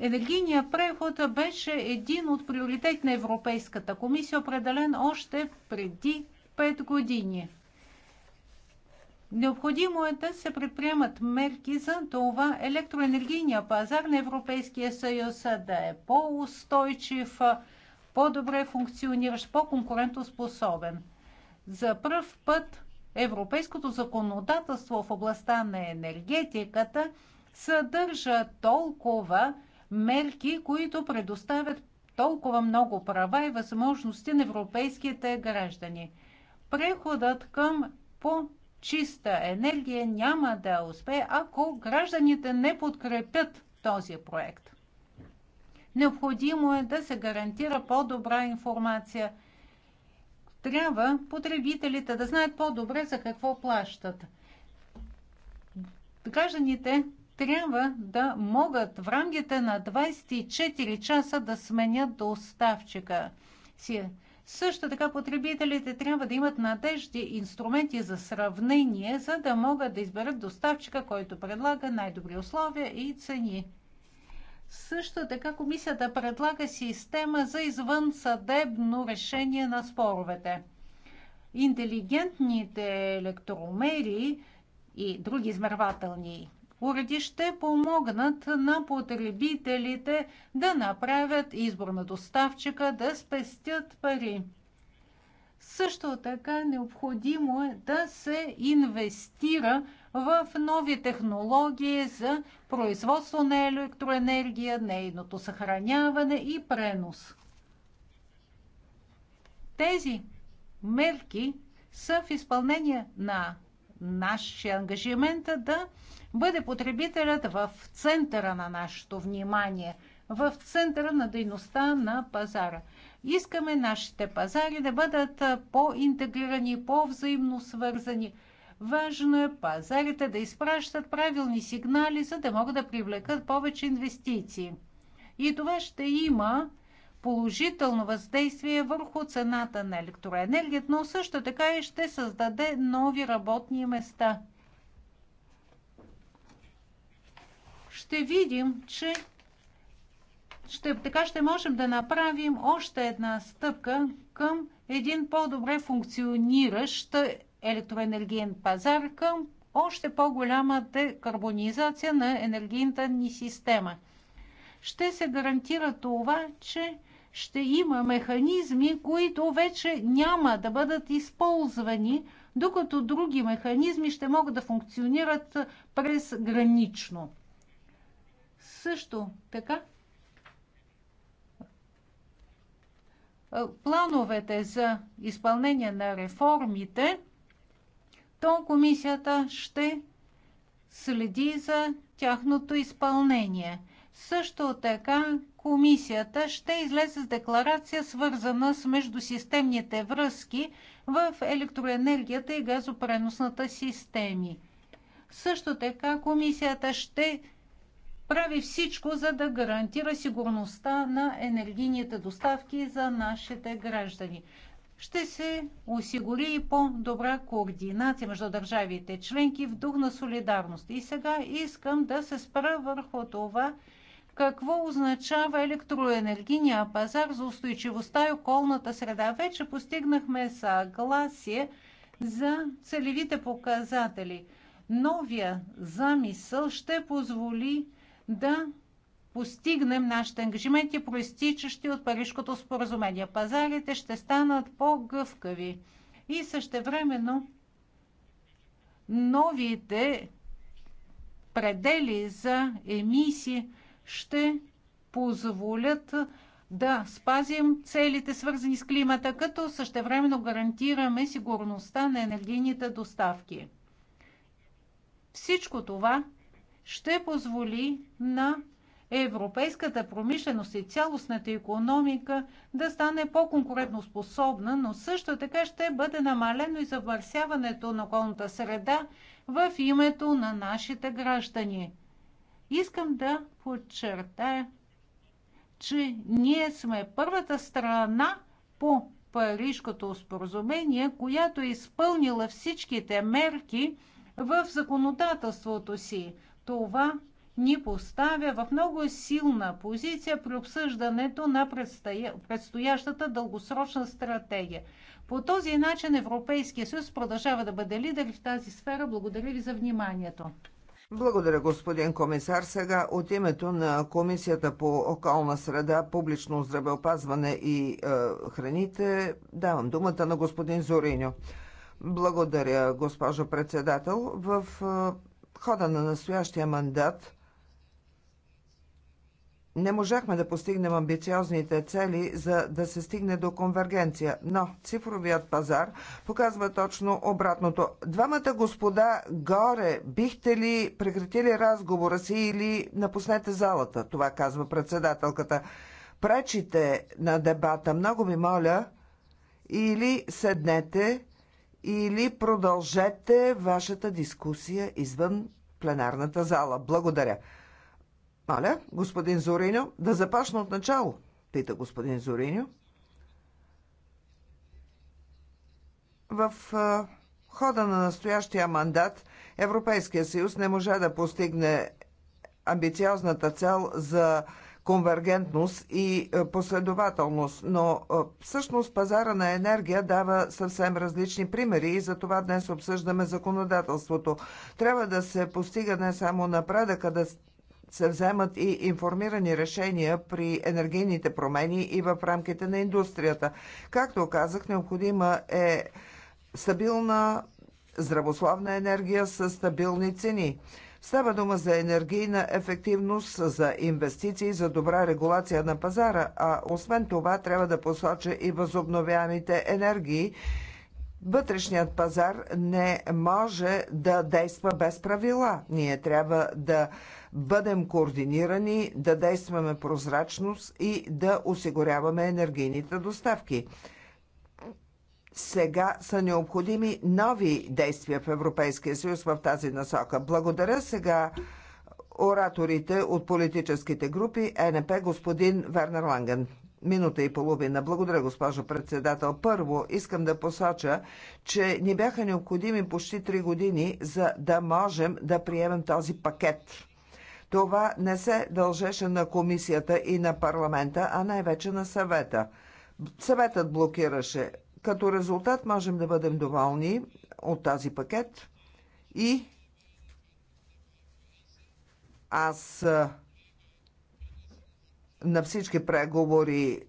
Енергийният преход беше един от приоритет на Европейската комисия, определен още преди 5 години. Необходимо е да се предприемат мерки за това електроенергийния пазар на Европейския съюз да е по-устойчив, по-добре функциониращ, по-конкурентоспособен. За първ път европейското законодателство в областта на енергетиката съдържа толкова мерки, които предоставят толкова много права и възможности на европейските граждани. Преходът към по чиста енергия няма да успее, ако гражданите не подкрепят този проект. Необходимо е да се гарантира по-добра информация. Трябва потребителите да знаят по-добре за какво плащат. Гражданите трябва да могат в рамките на 24 часа да сменят доставчика си. Също така потребителите трябва да имат надежди и инструменти за сравнение, за да могат да изберат доставчика, който предлага най-добри условия и цени. Също така комисията предлага система за извънсъдебно решение на споровете. Интелигентните електромери и други измервателни уреди ще помогнат на потребителите да направят избор на доставчика, да спестят пари. Също така необходимо е да се инвестира в нови технологии за производство на електроенергия, нейното съхраняване и пренос. Тези мерки са в изпълнение на нашия ангажимент да бъде потребителят в центъра на нашето внимание, в центъра на дейността на пазара. Искаме нашите пазари да бъдат по-интегрирани, по-взаимно свързани. Важно е пазарите да изпращат правилни сигнали, за да могат да привлекат повече инвестиции. И това ще има положително въздействие върху цената на електроенергията, но също така и ще създаде нови работни места – ще видим, че ще, така ще можем да направим още една стъпка към един по-добре функциониращ електроенергиен пазар, към още по-голяма декарбонизация на енергийната ни система. Ще се гарантира това, че ще има механизми, които вече няма да бъдат използвани, докато други механизми ще могат да функционират през гранично. Също така плановете за изпълнение на реформите, то комисията ще следи за тяхното изпълнение. Също така комисията ще излезе с декларация, свързана с междусистемните връзки в електроенергията и газопреносната системи. Също така комисията ще прави всичко, за да гарантира сигурността на енергийните доставки за нашите граждани. Ще се осигури и по-добра координация между държавите членки в дух на солидарност. И сега искам да се спра върху това, какво означава електроенергийния пазар за устойчивостта и околната среда. Вече постигнахме съгласие за целевите показатели. Новия замисъл ще позволи да постигнем нашите ангажименти, проистичащи от Парижкото споразумение. Пазарите ще станат по-гъвкави и същевременно новите предели за емисии ще позволят да спазим целите, свързани с климата, като същевременно гарантираме сигурността на енергийните доставки. Всичко това ще позволи на европейската промишленост и цялостната економика да стане по-конкурентоспособна, но също така ще бъде намалено и завърсяването на околната среда в името на нашите граждани. Искам да подчертая, че ние сме първата страна по Парижкото споразумение, която е изпълнила всичките мерки в законодателството си това ни поставя в много силна позиция при обсъждането на предстоящата дългосрочна стратегия. По този начин Европейския съюз продължава да бъде лидер в тази сфера. Благодаря ви за вниманието. Благодаря, господин комисар. Сега от името на Комисията по околна среда, публично здравеопазване и е, храните давам думата на господин Зориньо. Благодаря, госпожо председател. В е, хода на настоящия мандат не можахме да постигнем амбициозните цели, за да се стигне до конвергенция, но цифровият пазар показва точно обратното. Двамата господа горе, бихте ли прекратили разговора си или напуснете залата? Това казва председателката. Пречите на дебата, много ви моля, или седнете или продължете вашата дискусия извън пленарната зала. Благодаря. Маля, господин Зориньо, да започна от начало, пита господин Зориньо. В хода на настоящия мандат Европейския съюз не можа да постигне амбициозната цел за конвергентност и е, последователност, но е, всъщност пазара на енергия дава съвсем различни примери и за това днес обсъждаме законодателството. Трябва да се постига не само напредък, а да се вземат и информирани решения при енергийните промени и в рамките на индустрията. Както казах, необходима е стабилна здравословна енергия с стабилни цени. Става дума за енергийна ефективност, за инвестиции, за добра регулация на пазара, а освен това трябва да посоча и възобновяемите енергии. Вътрешният пазар не може да действа без правила. Ние трябва да бъдем координирани, да действаме прозрачност и да осигуряваме енергийните доставки сега са необходими нови действия в Европейския съюз в тази насока. Благодаря сега ораторите от политическите групи е НП господин Вернер Ланген. Минута и половина. Благодаря, госпожо председател. Първо, искам да посоча, че ни бяха необходими почти три години, за да можем да приемем този пакет. Това не се дължеше на комисията и на парламента, а най-вече на съвета. Съветът блокираше като резултат можем да бъдем доволни от тази пакет и аз на всички преговори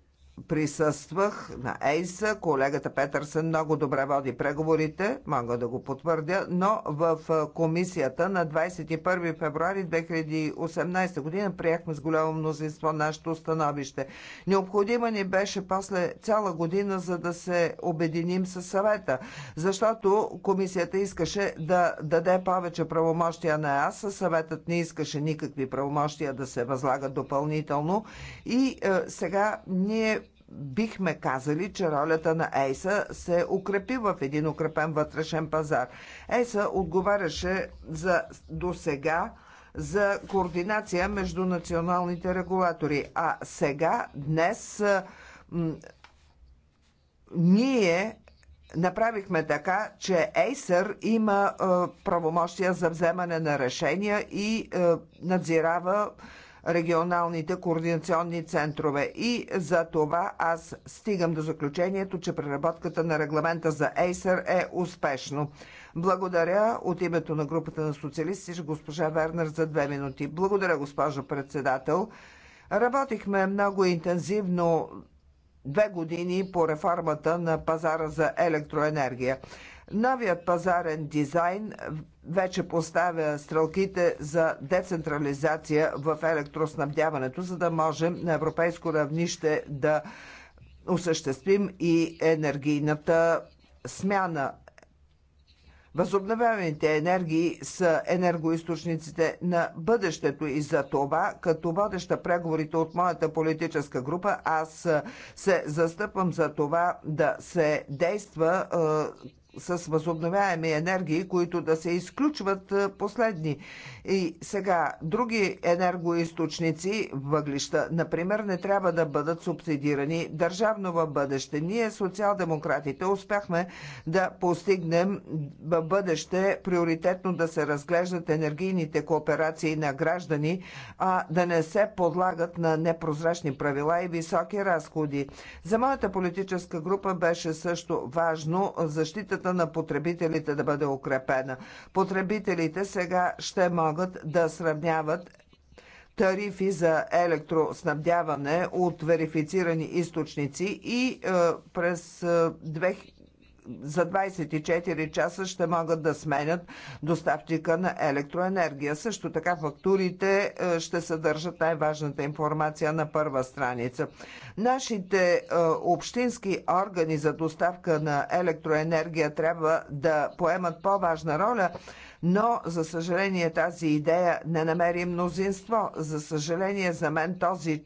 присъствах на ЕЙСА. Колегата Петърсън много добре води преговорите, мога да го потвърдя, но в комисията на 21 февруари 2018 година приехме с голямо мнозинство нашето становище. Необходима ни беше после цяла година, за да се обединим с съвета, защото комисията искаше да даде повече правомощия на ЕАС, а съветът не искаше никакви правомощия да се възлагат допълнително и е, сега ние бихме казали, че ролята на ЕЙСА се укрепи в един укрепен вътрешен пазар. ЕЙСА отговаряше за до сега за координация между националните регулатори, а сега, днес, ние направихме така, че Acer има е, правомощия за вземане на решения и е, надзирава регионалните координационни центрове. И за това аз стигам до заключението, че преработката на регламента за Acer е успешно. Благодаря от името на групата на социалисти, госпожа Вернер, за две минути. Благодаря, госпожо председател. Работихме много интензивно две години по реформата на пазара за електроенергия. Новият пазарен дизайн вече поставя стрелките за децентрализация в електроснабдяването, за да можем на европейско равнище да осъществим и енергийната смяна. Възобновяваните енергии са енергоисточниците на бъдещето и за това, като водеща преговорите от моята политическа група, аз се застъпвам за това да се действа е, с възобновяеми енергии, които да се изключват последни. И сега, други енергоисточници, въглища, например, не трябва да бъдат субсидирани държавно в бъдеще. Ние, социал-демократите, успяхме да постигнем в бъдеще приоритетно да се разглеждат енергийните кооперации на граждани, а да не се подлагат на непрозрачни правила и високи разходи. За моята политическа група беше също важно защитата на потребителите да бъде укрепена. Потребителите сега ще могат могат да сравняват тарифи за електроснабдяване от верифицирани източници и е, през 2000 е, за 24 часа ще могат да сменят доставчика на електроенергия. Също така фактурите е, ще съдържат най-важната информация на първа страница. Нашите общински органи за доставка на електроенергия трябва да поемат по-важна роля но, за съжаление, тази идея не намери мнозинство. За съжаление, за мен този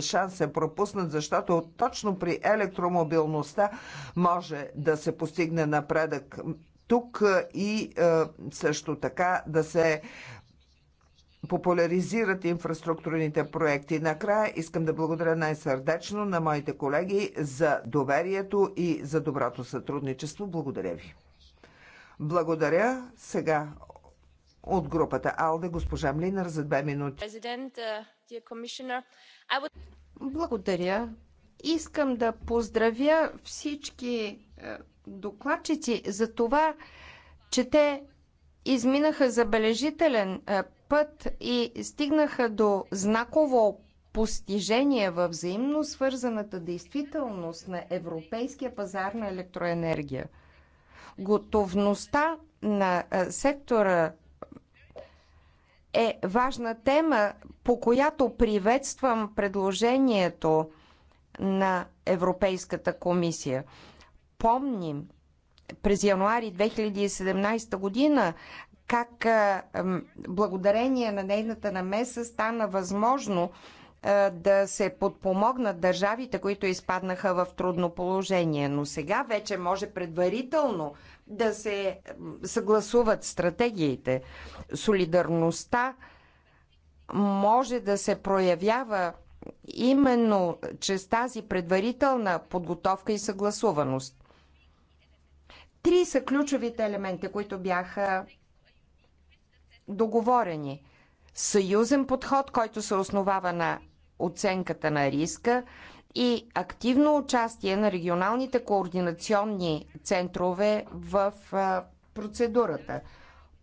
шанс е пропуснат, защото точно при електромобилността може да се постигне напредък. Тук е, и е, също така да се популяризират инфраструктурните проекти. Накрая искам да благодаря най-сърдечно на моите колеги за доверието и за доброто сътрудничество. Благодаря ви. Благодаря. Сега от групата АЛДЕ, госпожа Млинар, за две минути. Е, Благодаря. Искам да поздравя всички е, докладчици за това, че те изминаха забележителен е, път и стигнаха до знаково постижение във взаимно свързаната действителност на европейския пазар на електроенергия. Готовността на сектора е важна тема, по която приветствам предложението на Европейската комисия. Помним през януари 2017 година как благодарение на нейната намеса стана възможно е, да се подпомогнат държавите, които изпаднаха в трудно положение. Но сега вече може предварително да се съгласуват стратегиите. Солидарността може да се проявява именно чрез тази предварителна подготовка и съгласуваност. Три са ключовите елементи, които бяха договорени. Съюзен подход, който се основава на оценката на риска и активно участие на регионалните координационни центрове в процедурата.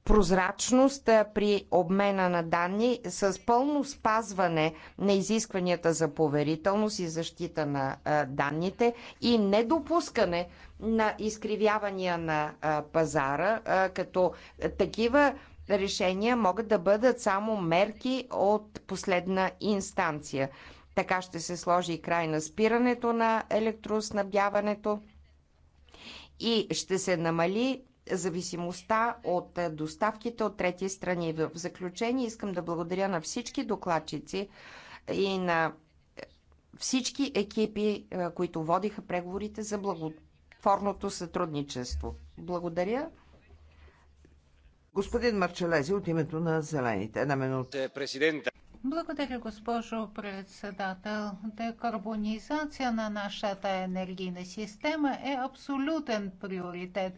Прозрачност при обмена на данни с пълно спазване на изискванията за поверителност и защита на данните и недопускане на изкривявания на пазара, като такива решения могат да бъдат само мерки от последна инстанция. Така ще се сложи и край на спирането на електроснабдяването и ще се намали зависимостта от е, доставките от трети страни. В заключение искам да благодаря на всички докладчици и на е, всички екипи, е, които водиха преговорите за благотворното сътрудничество. Благодаря. Господин Марчелези от името на Зелените. Една минута. Е, Благодаря, госпожо председател. Декарбонизация на нашата енергийна система е абсолютен приоритет.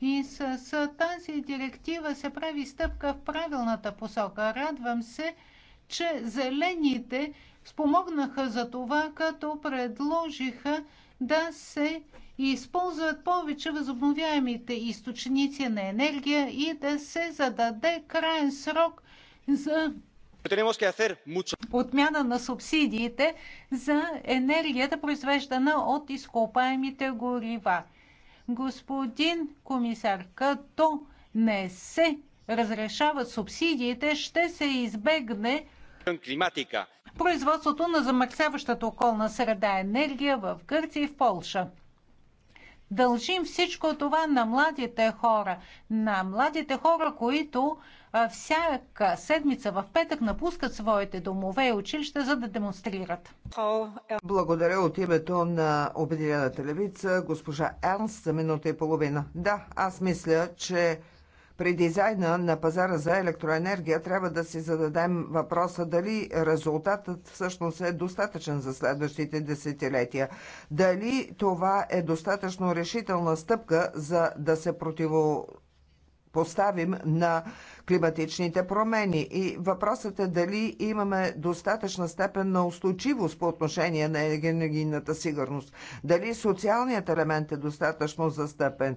И с, с тази директива се прави стъпка в правилната посока. Радвам се, че зелените спомогнаха за това, като предложиха да се и използват повече възобновяемите източници на енергия и да се зададе крайен срок за отмяна на субсидиите за енергията, произвеждана от изкопаемите горива. Господин комисар, като не се разрешават субсидиите, ще се избегне Производството на замърсяващата околна среда енергия в Гърция и в Полша дължим всичко това на младите хора. На младите хора, които всяка седмица в петък напускат своите домове и училища, за да демонстрират. Благодаря от името на Обединената левица, госпожа Ернст, за минута и половина. Да, аз мисля, че при дизайна на пазара за електроенергия трябва да си зададем въпроса дали резултатът всъщност е достатъчен за следващите десетилетия. Дали това е достатъчно решителна стъпка за да се противо поставим на климатичните промени. И въпросът е дали имаме достатъчна степен на устойчивост по отношение на енергийната сигурност. Дали социалният елемент е достатъчно застъпен.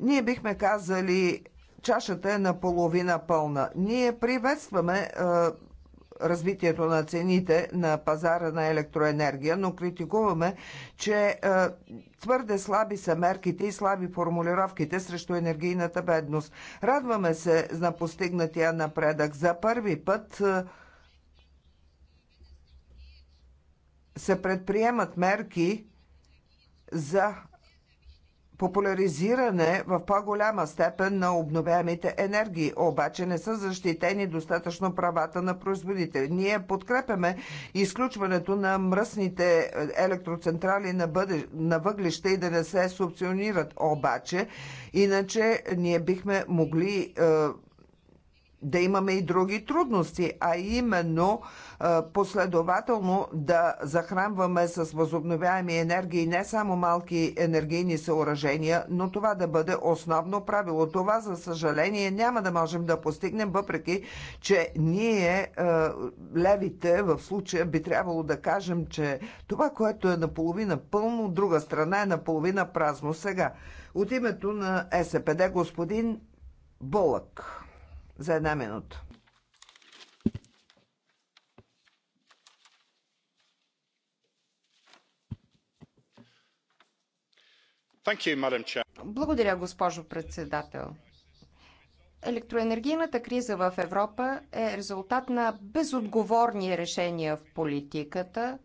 Ние бихме казали чашата е наполовина пълна. Ние приветстваме е, развитието на цените на пазара на електроенергия, но критикуваме, че е, твърде слаби са мерките и слаби формулировките срещу енергийната бедност. Радваме се на постигнатия напредък. За първи път е, се предприемат мерки за популяризиране в по-голяма степен на обновяемите енергии, обаче не са защитени достатъчно правата на производители. Ние подкрепяме изключването на мръсните електроцентрали на, бъде, на въглища и да не се субсионират обаче, иначе ние бихме могли е, да имаме и други трудности, а именно последователно да захранваме с възобновяеми енергии не само малки енергийни съоръжения, но това да бъде основно правило. Това, за съжаление, няма да можем да постигнем, въпреки, че ние, левите, в случая би трябвало да кажем, че това, което е наполовина пълно, друга страна е наполовина празно. Сега, от името на СПД господин Болък за една минута. Благодаря, госпожо председател. Електроенергийната криза в Европа е резултат на безотговорни решения в политиката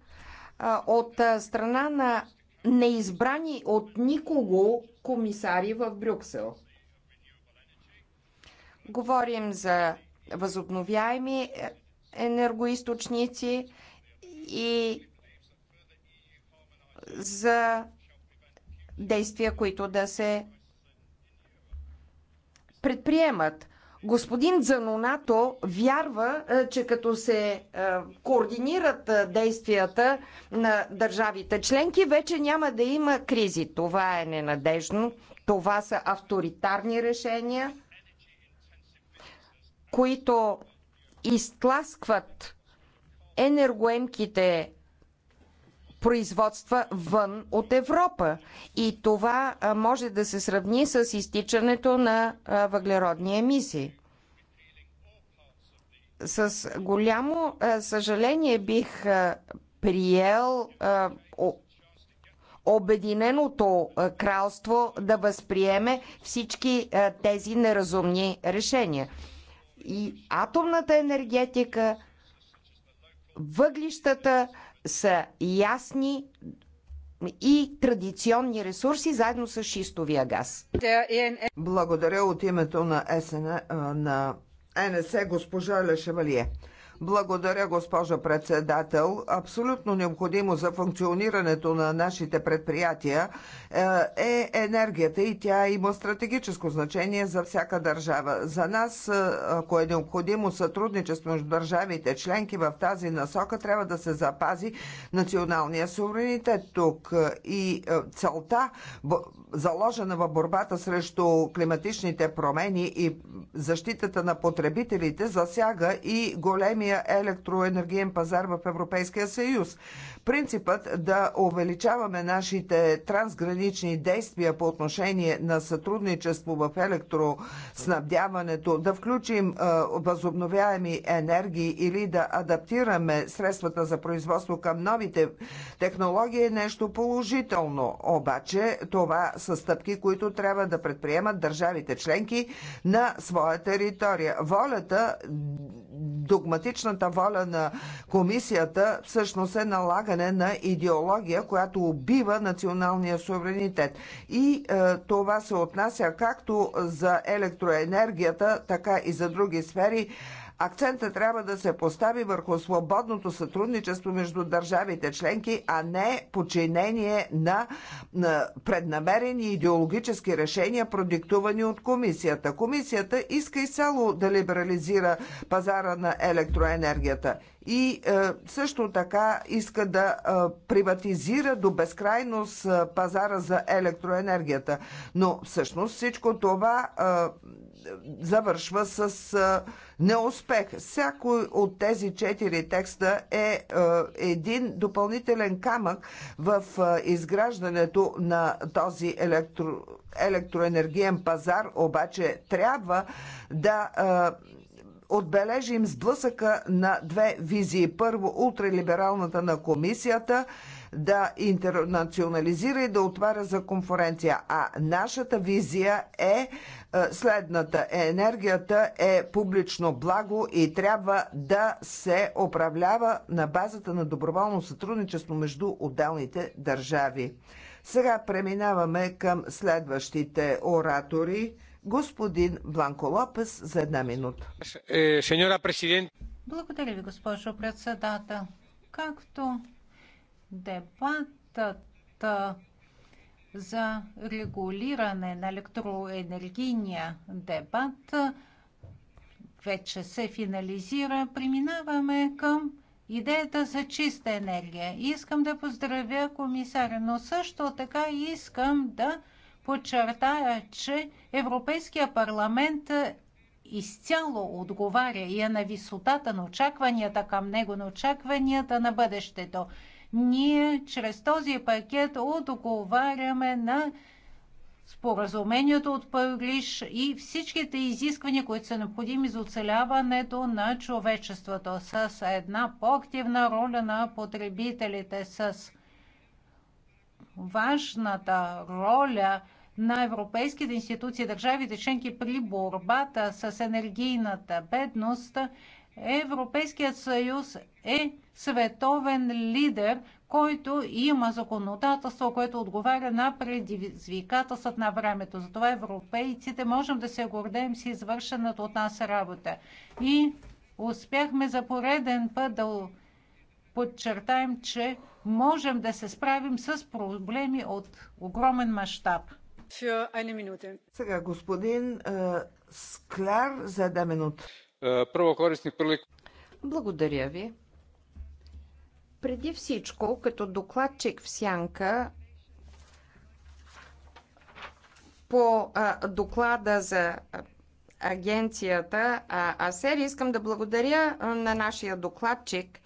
от страна на неизбрани от никого комисари в Брюксел. Говорим за възобновяеми е, енергоисточници и за действия, които да се предприемат. Господин Занонато вярва, е, че като се е, координират действията на държавите членки, вече няма да има кризи. Това е ненадежно. Това са авторитарни решения които изтласкват енергоемките производства вън от Европа. И това може да се сравни с изтичането на въглеродни емисии. С голямо съжаление бих приел Обединеното кралство да възприеме всички тези неразумни решения и атомната енергетика, въглищата са ясни и традиционни ресурси, заедно с шистовия газ. Благодаря от името на СН, на НСЕ госпожа Лешевалие. Благодаря, госпожа председател. Абсолютно необходимо за функционирането на нашите предприятия е, е енергията и тя има стратегическо значение за всяка държава. За нас, е, ако е необходимо сътрудничество между държавите членки в тази насока, трябва да се запази националния суверенитет тук. И е, целта, заложена в борбата срещу климатичните промени и защитата на потребителите, засяга и големи единния електроенергиен пазар в Европейския съюз. Принципът да увеличаваме нашите трансгранични действия по отношение на сътрудничество в електроснабдяването, да включим възобновяеми енергии или да адаптираме средствата за производство към новите технологии е нещо положително. Обаче това са стъпки, които трябва да предприемат държавите членки на своя територия. Волята, догматичната воля на комисията всъщност е налагане прилагане на идеология, която убива националния суверенитет. И е, това се отнася както за електроенергията, така и за други сфери. Акцента трябва да се постави върху свободното сътрудничество между държавите членки, а не подчинение на, на преднамерени идеологически решения, продиктувани от комисията. Комисията иска изцяло да либерализира пазара на електроенергията и е, също така иска да е, приватизира до безкрайност е, пазара за електроенергията. Но всъщност всичко това е, завършва с неуспех. Всяко от тези четири текста е един допълнителен камък в изграждането на този електро, електроенергиен пазар, обаче трябва да отбележим сблъсъка на две визии. Първо, ултралибералната на комисията – да интернационализира и да отваря за конференция. А нашата визия е, е следната. Енергията е публично благо и трябва да се управлява на базата на доброволно сътрудничество между отделните държави. Сега преминаваме към следващите оратори. Господин Бланко Лопес за една минута. Е, Благодаря ви, госпожо председател. Както Дебатът за регулиране на електроенергийния дебат вече се финализира. Преминаваме към идеята за чиста енергия. Искам да поздравя комисаря, но също така искам да подчертая, че Европейския парламент изцяло отговаря и е на висотата на очакванията към него, на очакванията на бъдещето. Ние чрез този пакет отговаряме на споразумението от Париж и всичките изисквания, които са необходими за оцеляването на човечеството с една по-активна роля на потребителите, с важната роля на европейските институции, държавите членки при борбата с енергийната бедност Европейският съюз е световен лидер, който има законодателство, което отговаря на предизвикателствата на времето. Затова европейците можем да се гордеем с извършената от нас работа. И успяхме за пореден път да подчертаем, че можем да се справим с проблеми от огромен мащаб. Сега господин Скляр за една минута. Е, първо корисни прилик. Благодаря ви. Преди всичко, като докладчик в Сянка, по а, доклада за агенцията АСЕР, искам да благодаря на нашия докладчик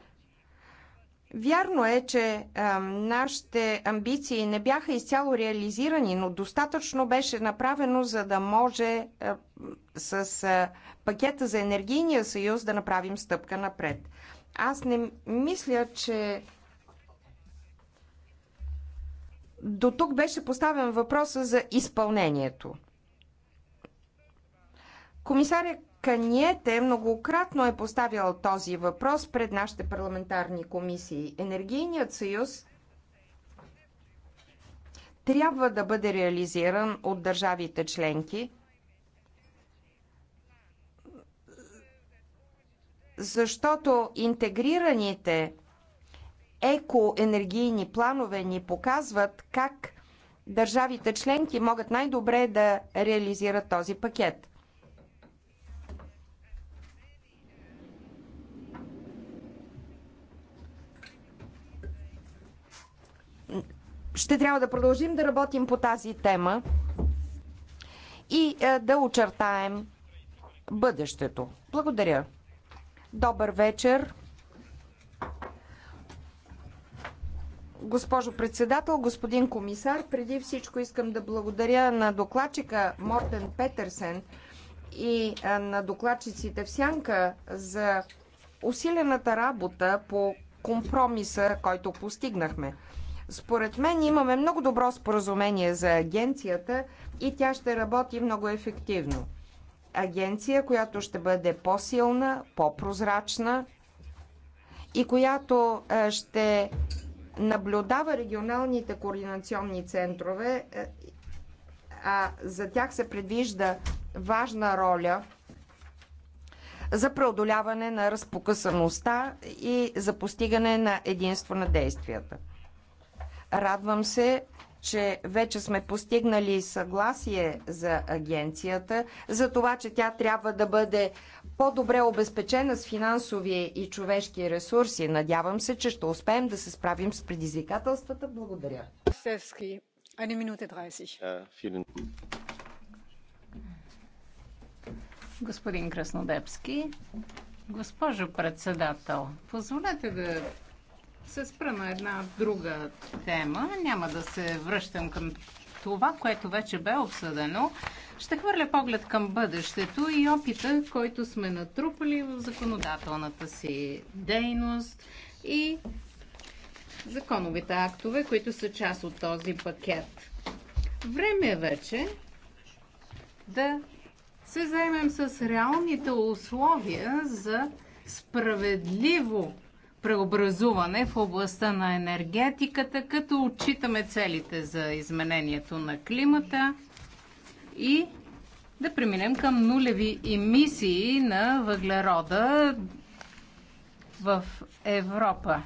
Вярно е, че а, нашите амбиции не бяха изцяло реализирани, но достатъчно беше направено, за да може а, с а, пакета за енергийния съюз да направим стъпка напред. Аз не мисля, че до тук беше поставен въпроса за изпълнението. Комисаря Каниете многократно е поставял този въпрос пред нашите парламентарни комисии. Енергийният съюз трябва да бъде реализиран от държавите членки, защото интегрираните екоенергийни планове ни показват как държавите членки могат най-добре да реализират този пакет. ще трябва да продължим да работим по тази тема и е, да очертаем бъдещето. Благодаря. Добър вечер. Госпожо председател, господин комисар, преди всичко искам да благодаря на докладчика Мортен Петерсен и е, на докладчиците в Сянка за усилената работа по компромиса, който постигнахме. Според мен имаме много добро споразумение за агенцията и тя ще работи много ефективно. Агенция, която ще бъде по-силна, по-прозрачна и която е, ще наблюдава регионалните координационни центрове, е, а за тях се предвижда важна роля за преодоляване на разпокъсаността и за постигане на единство на действията. Радвам се, че вече сме постигнали съгласие за агенцията, за това, че тя трябва да бъде по-добре обезпечена с финансови и човешки ресурси. Надявам се, че ще успеем да се справим с предизвикателствата. Благодаря. Севски, 1 минута 30. Господин Краснодепски, госпожо председател, позволете да се спра на една друга тема. Няма да се връщам към това, което вече бе обсъдено. Ще хвърля поглед към бъдещето и опита, който сме натрупали в законодателната си дейност и законовите актове, които са част от този пакет. Време е вече да се заемем с реалните условия за справедливо преобразуване в областта на енергетиката, като отчитаме целите за изменението на климата и да преминем към нулеви емисии на въглерода в Европа.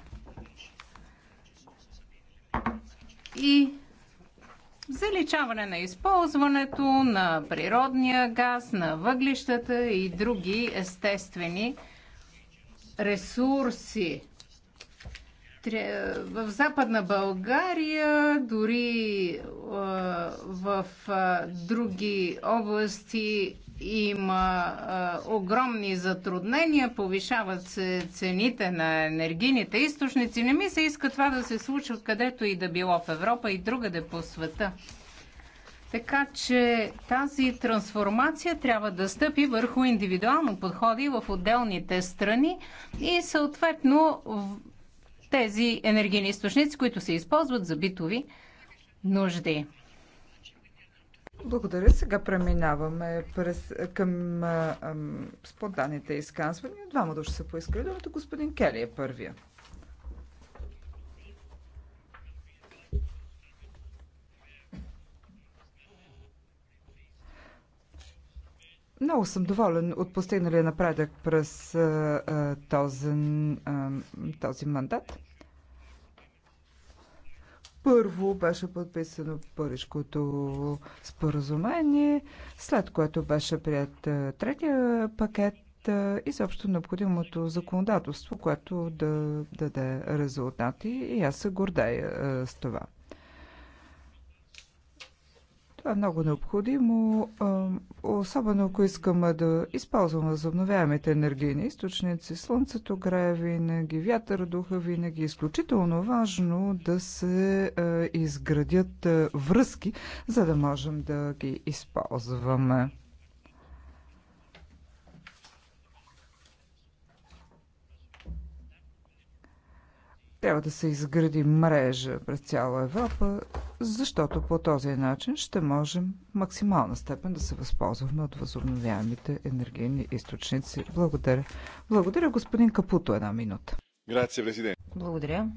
И заличаване на използването на природния газ, на въглищата и други естествени ресурси. В Западна България, дори в други области има огромни затруднения, повишават се цените на енергийните източници. Не ми се иска това да се случва където и да било в Европа и другаде по света. Така че тази трансформация трябва да стъпи върху индивидуално подходи в отделните страни и съответно тези енергийни източници, които се използват за битови нужди. Благодаря. Сега преминаваме през, към споданите спонтанните изказвания. Двама души са поискали думата. Господин Кели е първия. Много съм доволен от постигналия напредък през а, този, а, този мандат. Първо беше подписано Парижкото споразумение, след което беше прият третия пакет и съобщо необходимото законодателство, което да даде резултати и аз се гордея с това. Това е много необходимо, особено ако искаме да използваме възобновяемите енергийни източници. Слънцето грее винаги, вятър духа винаги. Е изключително важно да се изградят връзки, за да можем да ги използваме. Трябва да се изгради мрежа през цяла Европа, защото по този начин ще можем в максимална степен да се възползваме от възобновяемите енергийни източници. Благодаря. Благодаря, господин Капуто, една минута. Грация, президент. Благодаря.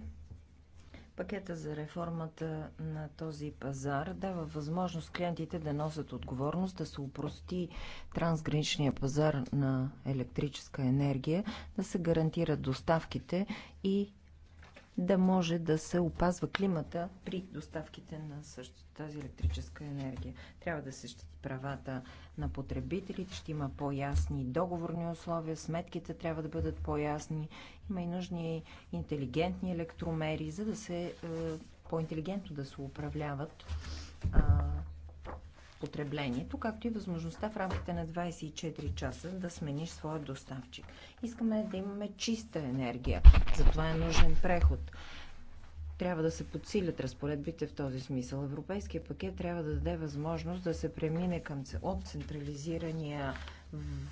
Пакета за реформата на този пазар дава възможност клиентите да носят отговорност, да се упрости трансграничния пазар на електрическа енергия, да се гарантират доставките и да може да се опазва климата при доставките на същата тази електрическа енергия. Трябва да се щити правата на потребителите, ще има по-ясни договорни условия, сметките трябва да бъдат по-ясни, има и нужни интелигентни електромери, за да се е, по-интелигентно да се управляват а, потреблението, както и възможността в рамките на 24 часа да смениш своя доставчик. Искаме да имаме чиста енергия. Затова е нужен преход. Трябва да се подсилят разпоредбите в този смисъл. Европейския пакет трябва да даде възможност да се премине към от централизирания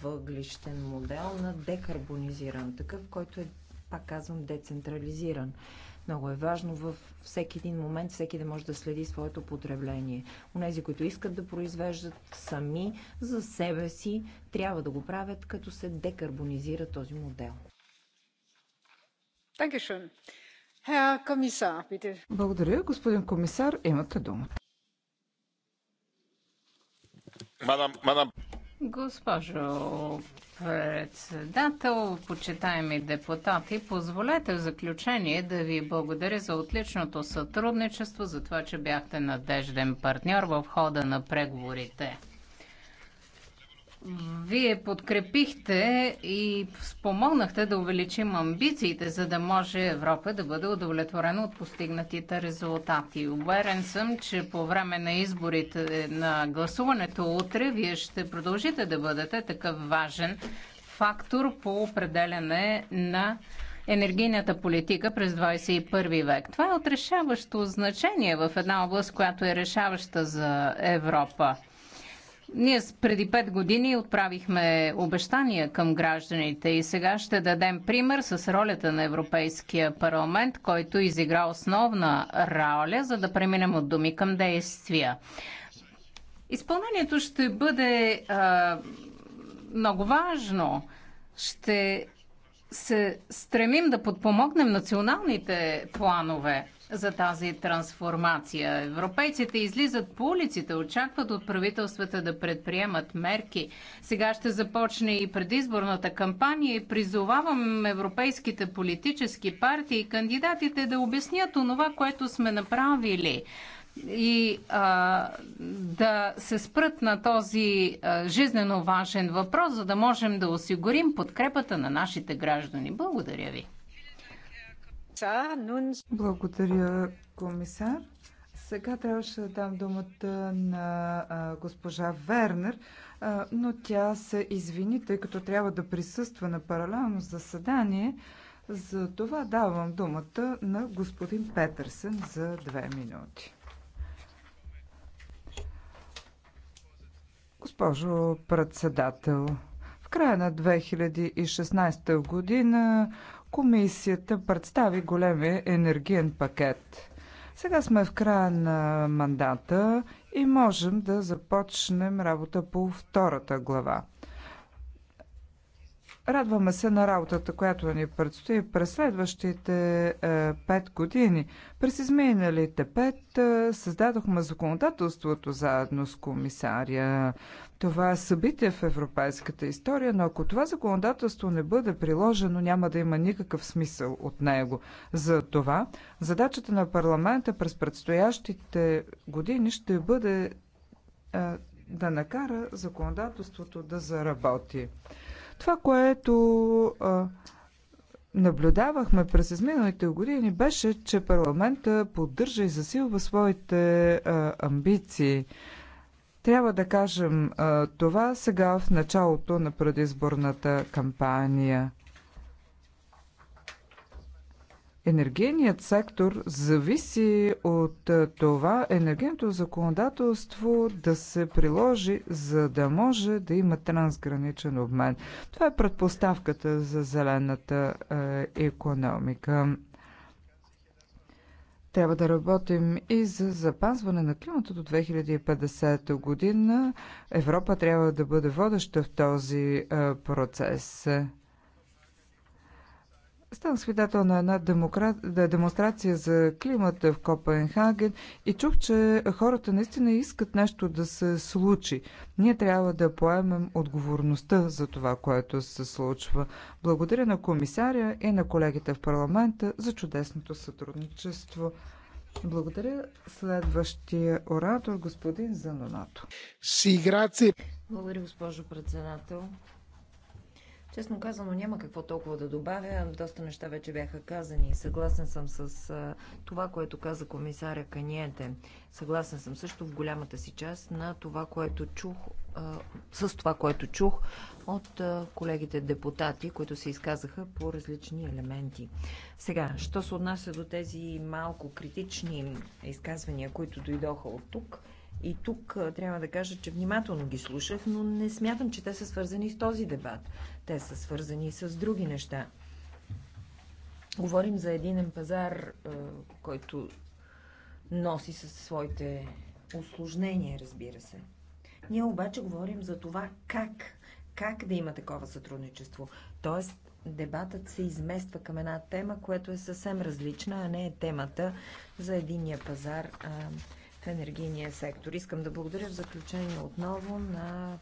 въглищен модел на декарбонизиран, такъв, който е, пак казвам, децентрализиран. Много е важно във всеки един момент всеки да може да следи своето потребление. Унези, които искат да произвеждат сами за себе си, трябва да го правят, като се декарбонизира този модел. Благодаря, господин комисар. Имате думата. Мадам, мадам. Госпожо председател, почитаеми депутати, позволете в заключение да ви благодаря за отличното сътрудничество, за това, че бяхте надежден партньор в хода на преговорите. Вие подкрепихте и спомогнахте да увеличим амбициите, за да може Европа да бъде удовлетворена от постигнатите резултати. Уверен съм, че по време на изборите на гласуването утре вие ще продължите да бъдете такъв важен фактор по определяне на енергийната политика през 21 век. Това е отрешаващо значение в една област, която е решаваща за Европа. Ние преди пет години отправихме обещания към гражданите и сега ще дадем пример с ролята на Европейския парламент, който изигра основна роля, за да преминем от думи към действия. Изпълнението ще бъде а, много важно. Ще се стремим да подпомогнем националните планове за тази трансформация. Европейците излизат по улиците, очакват от правителствата да предприемат мерки. Сега ще започне и предизборната кампания и призовавам европейските политически партии и кандидатите да обяснят онова, което сме направили и а, да се спрат на този а, жизненно важен въпрос, за да можем да осигурим подкрепата на нашите граждани. Благодаря ви. Благодаря, комисар. Сега трябваше да дам думата на а, госпожа Вернер, а, но тя се извини, тъй като трябва да присъства на паралелно заседание. За това давам думата на господин Петърсен за две минути. Госпожо председател, в края на 2016 година Комисията представи големия енергиен пакет. Сега сме в края на мандата и можем да започнем работа по втората глава. Радваме се на работата, която ни предстои през следващите е, пет години. През изминалите пет е, създадохме законодателството заедно с комисария. Това е събитие в европейската история, но ако това законодателство не бъде приложено, няма да има никакъв смисъл от него. За това задачата на парламента през предстоящите години ще бъде е, да накара законодателството да заработи. Това, което а, наблюдавахме през изминалите години, беше, че парламента поддържа и засилва своите а, амбиции. Трябва да кажем а, това сега в началото на предизборната кампания. Енергийният сектор зависи от е, това енергийното законодателство да се приложи, за да може да има трансграничен обмен. Това е предпоставката за зелената економика. Трябва да работим и за запазване на климата до 2050 година. Европа трябва да бъде водеща в този е, процес. Станах свидетел на една демокра... демонстрация за климата в Копенхаген и чух, че хората наистина искат нещо да се случи. Ние трябва да поемем отговорността за това, което се случва. Благодаря на комисаря и на колегите в парламента за чудесното сътрудничество. Благодаря. Следващия оратор, господин Занонато. Благодаря, госпожо председател. Честно казано, няма какво толкова да добавя. Доста неща вече бяха казани. Съгласен съм с това, което каза комисаря Каниете. Съгласен съм също в голямата си част на това, което чух, с това, което чух от колегите депутати, които се изказаха по различни елементи. Сега, що се отнася до тези малко критични изказвания, които дойдоха от тук – и тук трябва да кажа, че внимателно ги слушах, но не смятам, че те са свързани с този дебат. Те са свързани с други неща. Говорим за един пазар, който носи със своите осложнения, разбира се. Ние обаче говорим за това как, как да има такова сътрудничество. Тоест, дебатът се измества към една тема, която е съвсем различна, а не е темата за единния пазар. А, енергийния сектор. Искам да благодаря в заключение отново на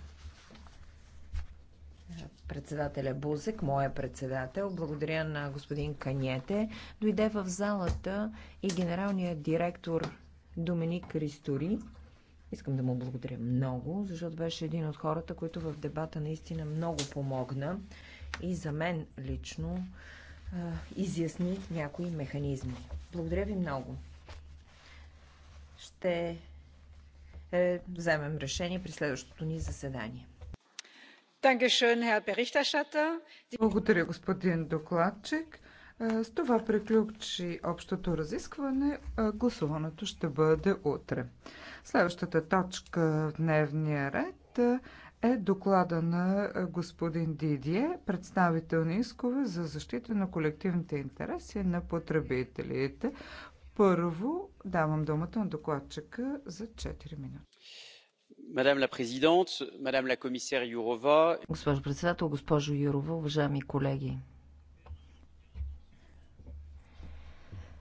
е, председателя Бузек, моя председател. Благодаря на господин Каньете. Дойде в залата и генералният директор Доминик Ристори. Искам да му благодаря много, защото беше един от хората, които в дебата наистина много помогна и за мен лично е, изясни някои механизми. Благодаря ви много ще е, вземем решение при следващото ни заседание. Благодаря, господин докладчик. Е, с това приключи общото разискване. Е, гласуването ще бъде утре. Следващата точка в дневния ред е, е доклада на господин Дидие, представител на искове за защита на колективните интереси на потребителите. Първо давам думата на докладчика за 4 минути. Мадам ла президент, мадам ла комисар Юрова. Госпожо председател, госпожо Юрова, уважаеми колеги.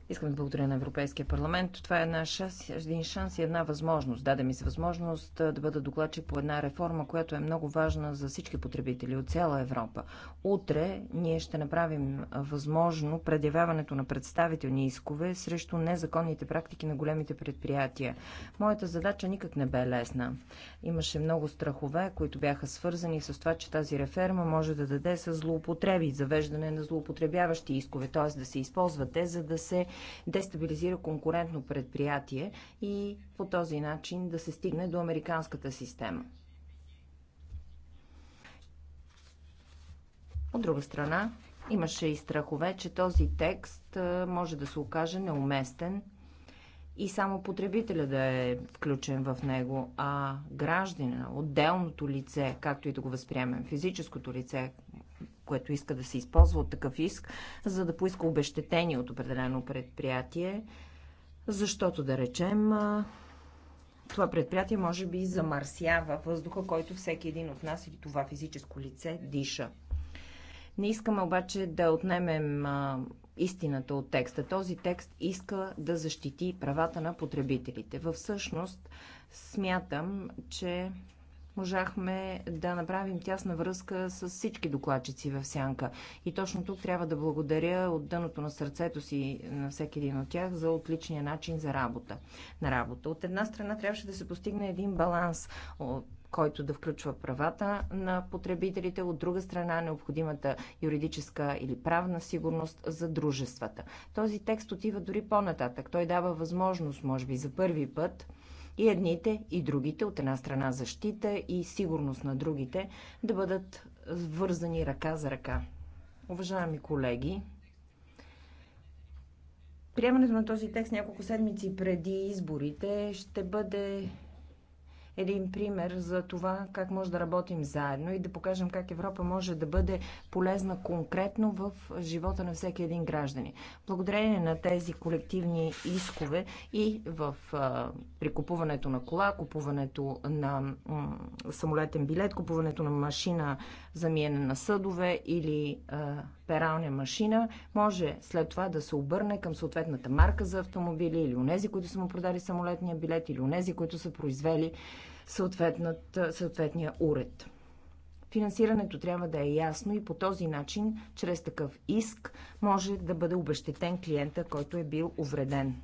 Искам да благодаря на Европейския парламент. Това е шанс, един шанс и една възможност. Даде ми се възможност да бъда докладчик по една реформа, която е много важна за всички потребители от цяла Европа. Утре ние ще направим възможно предявяването на представителни искове срещу незаконните практики на големите предприятия. Моята задача никак не бе лесна. Имаше много страхове, които бяха свързани с това, че тази реформа може да даде с злоупотреби, завеждане на злоупотребяващи искове, т.е. да се използват те, за да се дестабилизира конкурентно предприятие и по този начин да се стигне до американската система. От друга страна, имаше и страхове, че този текст може да се окаже неуместен и само потребителя да е включен в него, а гражданина, отделното лице, както и да го възприемем, физическото лице, което иска да се използва от такъв иск, за да поиска обещетение от определено предприятие, защото, да речем, това предприятие може би замърсява въздуха, който всеки един от нас или това физическо лице диша. Не искаме обаче да отнемем а, истината от текста. Този текст иска да защити правата на потребителите. Във всъщност смятам, че можахме да направим тясна връзка с всички докладчици в Сянка. И точно тук трябва да благодаря от дъното на сърцето си на всеки един от тях за отличния начин за работа. На работа. От една страна трябваше да се постигне един баланс от който да включва правата на потребителите, от друга страна необходимата юридическа или правна сигурност за дружествата. Този текст отива дори по-нататък. Той дава възможност, може би за първи път, и едните и другите, от една страна защита и сигурност на другите, да бъдат вързани ръка за ръка. Уважаеми колеги, приемането на този текст няколко седмици преди изборите ще бъде един пример за това как може да работим заедно и да покажем как Европа може да бъде полезна конкретно в живота на всеки един граждани. Благодарение на тези колективни искове и в, а, при купуването на кола, купуването на самолетен билет, купуването на машина замиене на съдове или а, пералня машина, може след това да се обърне към съответната марка за автомобили или унези, които са му продали самолетния билет или унези, които са произвели съответния уред. Финансирането трябва да е ясно и по този начин, чрез такъв иск, може да бъде обещетен клиента, който е бил увреден.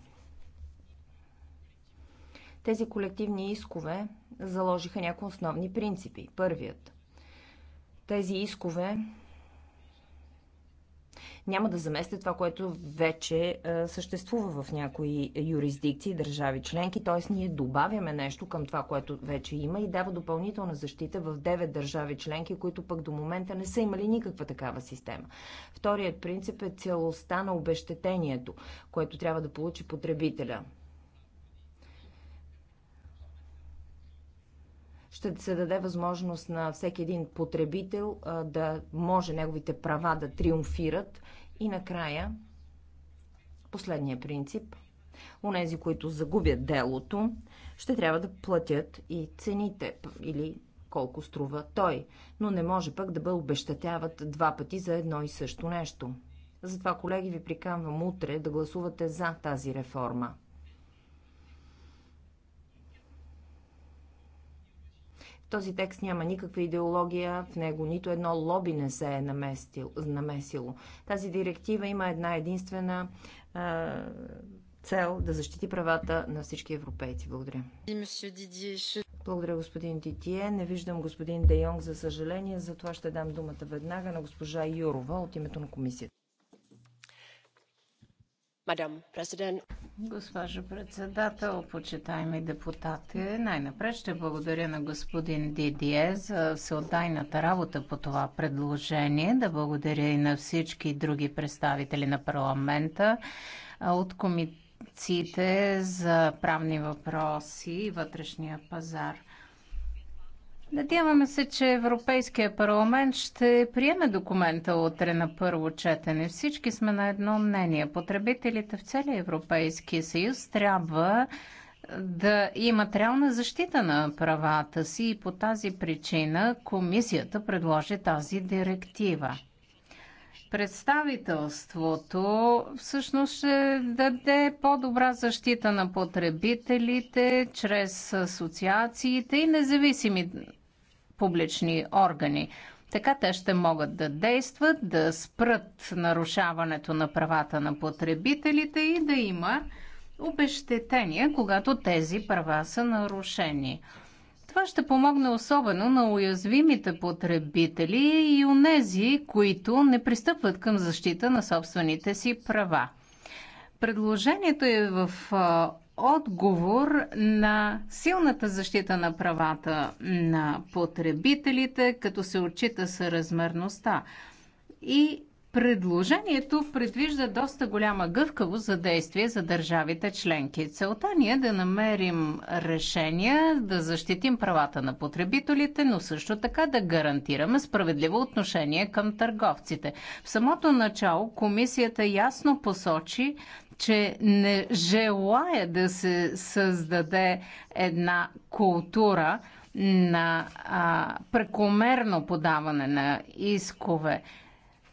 Тези колективни искове заложиха някои основни принципи. Първият тези искове няма да заместят това, което вече съществува в някои юрисдикции, държави членки, т.е. ние добавяме нещо към това, което вече има и дава допълнителна защита в 9 държави членки, които пък до момента не са имали никаква такава система. Вторият принцип е целостта на обещетението, което трябва да получи потребителя. ще се даде възможност на всеки един потребител да може неговите права да триумфират. И накрая, последния принцип. онези, които загубят делото, ще трябва да платят и цените или колко струва той, но не може пък да бъде обещатяват два пъти за едно и също нещо. Затова, колеги, ви приканвам утре да гласувате за тази реформа. този текст няма никаква идеология, в него нито едно лоби не се е намесило. Тази директива има една единствена е, цел да защити правата на всички европейци. Благодаря. Благодаря, господин Дитие. Не виждам господин Де Йонг, за съжаление, затова ще дам думата веднага на госпожа Юрова от името на комисията. Госпожо председател, почитаеми депутати, най-напред ще благодаря на господин Дидие за всеотдайната работа по това предложение. Да благодаря и на всички други представители на парламента от комитетите за правни въпроси и вътрешния пазар. Надяваме се, че Европейския парламент ще приеме документа утре на първо четене. Всички сме на едно мнение. Потребителите в целия Европейски съюз трябва да имат реална защита на правата си и по тази причина комисията предложи тази директива. Представителството всъщност ще даде по-добра защита на потребителите чрез асоциациите и независими публични органи. Така те ще могат да действат, да спрат нарушаването на правата на потребителите и да има обещетения, когато тези права са нарушени. Това ще помогне особено на уязвимите потребители и нези, които не пристъпват към защита на собствените си права. Предложението е в отговор на силната защита на правата на потребителите, като се отчита съразмерността. И Предложението предвижда доста голяма гъвкавост за действие за държавите членки. Целта ни е да намерим решения, да защитим правата на потребителите, но също така да гарантираме справедливо отношение към търговците. В самото начало комисията ясно посочи, че не желая да се създаде една култура на а, прекомерно подаване на искове.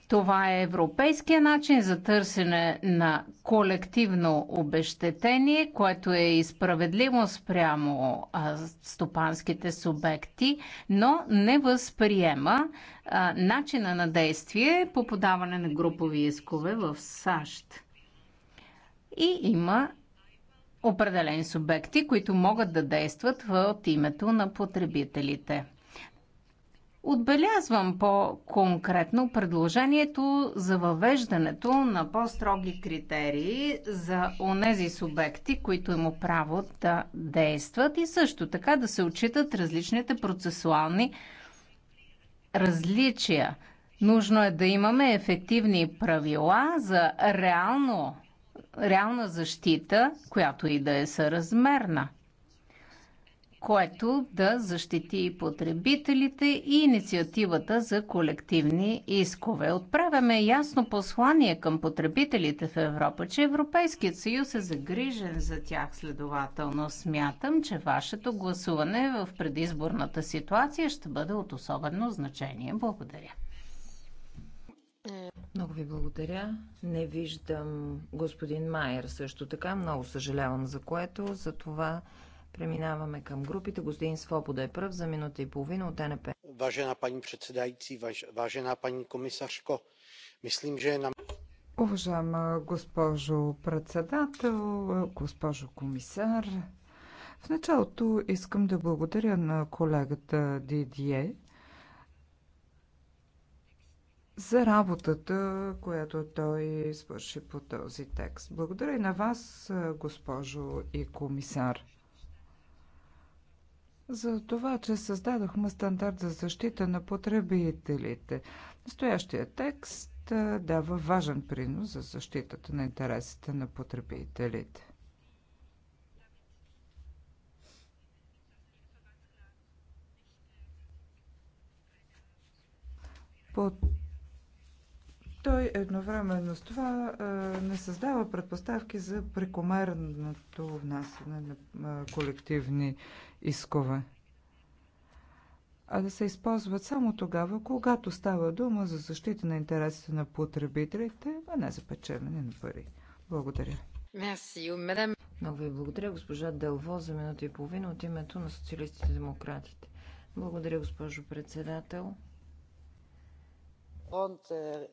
Това е европейския начин за търсене на колективно обещетение, което е и справедливо спрямо а, стопанските субекти, но не възприема а, начина на действие по подаване на групови искове в САЩ и има определени субекти, които могат да действат от името на потребителите. Отбелязвам по-конкретно предложението за въвеждането на по-строги критерии за онези субекти, които има право да действат и също така да се отчитат различните процесуални различия. Нужно е да имаме ефективни правила за реално реална защита, която и да е съразмерна, което да защити и потребителите и инициативата за колективни искове. Отправяме ясно послание към потребителите в Европа, че Европейският съюз е загрижен за тях. Следователно смятам, че вашето гласуване в предизборната ситуация ще бъде от особено значение. Благодаря. Много ви благодаря. Не виждам господин Майер също така. Много съжалявам за което. За това преминаваме към групите. Господин Свобода е пръв за минута и половина от ДНП. Важена пани председайци, важена пани комисарко, мислим, че е на... Уважаема госпожо председател, госпожо комисар, в началото искам да благодаря на колегата Дидие за работата, която той свърши по този текст. Благодаря и на вас, госпожо и комисар, за това, че създадохме стандарт за защита на потребителите. Настоящия текст дава важен принос за защитата на интересите на потребителите. По той едновременно с това не създава предпоставки за прекомерното внасяне на колективни искове а да се използват само тогава, когато става дума за защита на интересите на потребителите, а не за печелене на пари. Благодаря. Мерси, oh, Много ви благодаря, госпожа Делво, за минута и половина от името на социалистите и демократите. Благодаря, госпожо председател. Е,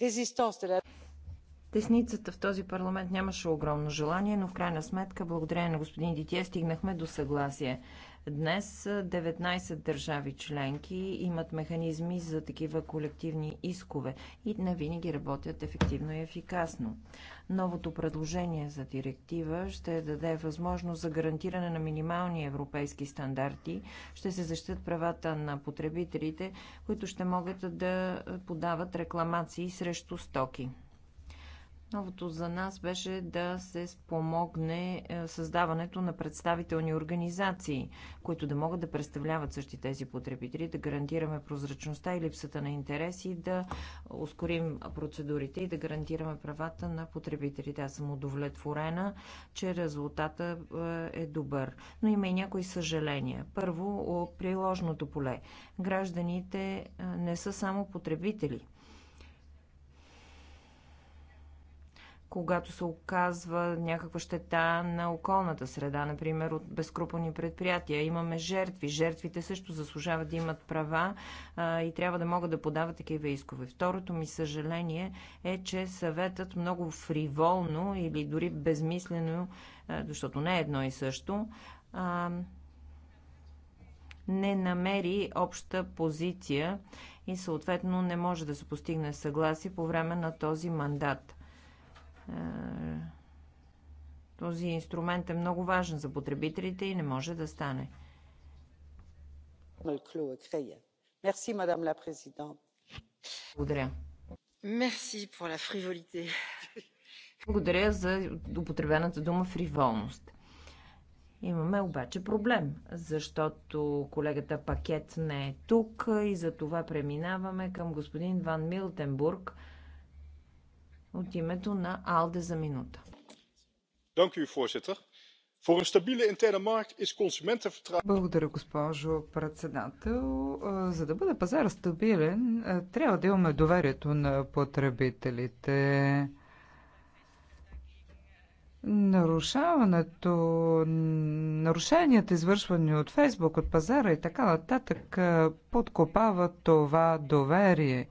Десницата в този парламент нямаше огромно желание, но в крайна сметка, благодарение на господин Дитие, стигнахме до съгласие. Днес 19 държави членки имат механизми за такива колективни искове и не винаги работят ефективно и ефикасно. Новото предложение за директива ще даде възможност за гарантиране на минимални европейски стандарти, ще се защитят правата на потребителите, които ще могат да подават рекламации срещу стоки. Новото за нас беше да се спомогне е, създаването на представителни организации, които да могат да представляват същи тези потребители, да гарантираме прозрачността и липсата на интереси, да ускорим процедурите и да гарантираме правата на потребителите. Аз съм удовлетворена, че резултата е, е добър. Но има и някои съжаления. Първо, приложното поле. Гражданите е, не са само потребители – когато се оказва някаква щета на околната среда, например от безкрупани предприятия. Имаме жертви. Жертвите също заслужават да имат права а, и трябва да могат да подават такива искове. Второто ми съжаление е, че съветът много фриволно или дори безмислено, а, защото не е едно и също, а, не намери обща позиция и съответно не може да се постигне съгласие по време на този мандат. Е, този инструмент е много важен за потребителите и не може да стане. Благодаря. Благодаря за употребената дума фриволност. Имаме обаче проблем, защото колегата Пакет не е тук и за това преминаваме към господин Ван Милтенбург – от името на Алде за минута. Благодаря, госпожо председател. Е, за да бъде пазар стабилен, е, трябва да имаме доверието на потребителите. Нарушаването, нарушенията, извършвани от Фейсбук, от пазара и така нататък, е, подкопават това доверие.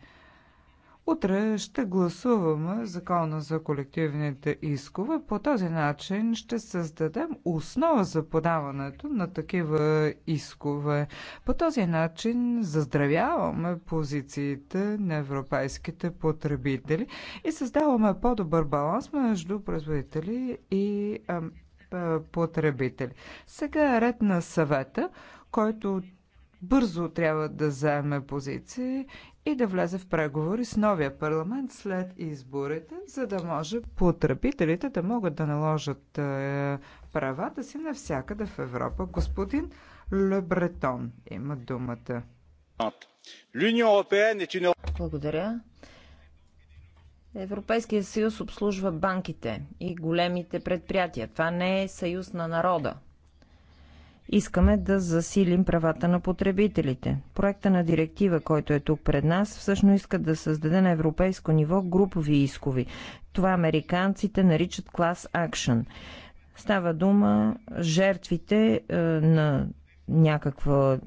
Утре ще гласуваме закона за колективните искове. По този начин ще създадем основа за подаването на такива искове. По този начин заздравяваме позициите на европейските потребители и създаваме по-добър баланс между производители и потребители. Сега е ред на съвета, който бързо трябва да заеме позиции и да влезе в преговори с новия парламент след изборите, за да може потребителите да могат да наложат е, правата си навсякъде в Европа. Господин Лебретон има думата. Благодаря. Европейския съюз обслужва банките и големите предприятия. Това не е съюз на народа. Искаме да засилим правата на потребителите. Проекта на директива, който е тук пред нас, всъщност иска да създаде на европейско ниво групови искови. Това американците наричат клас акшън. Става дума жертвите е, на някаква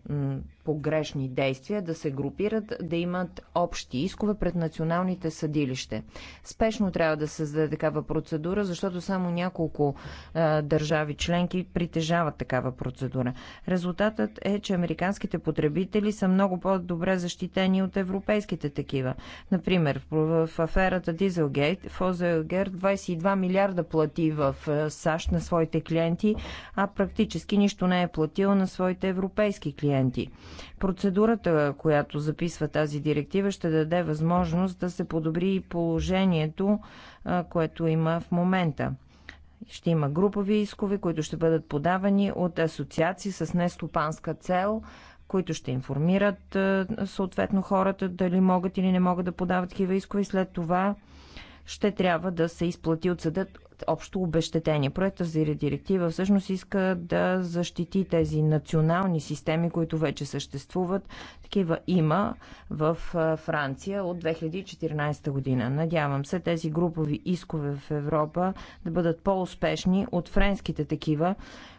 погрешни действия, да се групират, да имат общи искове пред националните съдилище. Спешно трябва да се създаде такава процедура, защото само няколко а, държави членки притежават такава процедура. Резултатът е, че американските потребители са много по-добре защитени от европейските такива. Например, в, в аферата Дизелгейт, Фозелгер 22 милиарда плати в САЩ на своите клиенти, а практически нищо не е платил на своите европейски клиенти. Процедурата, която записва тази директива, ще даде възможност да се подобри и положението, което има в момента. Ще има групови искове, които ще бъдат подавани от асоциации с нестопанска цел, които ще информират съответно хората дали могат или не могат да подават такива искове. След това ще трябва да се изплати от съдът общо обещетение. Проекта за директива всъщност иска да защити тези национални системи, които вече съществуват. Такива има в Франция от 2014 година. Надявам се тези групови искове в Европа да бъдат по-успешни от френските такива,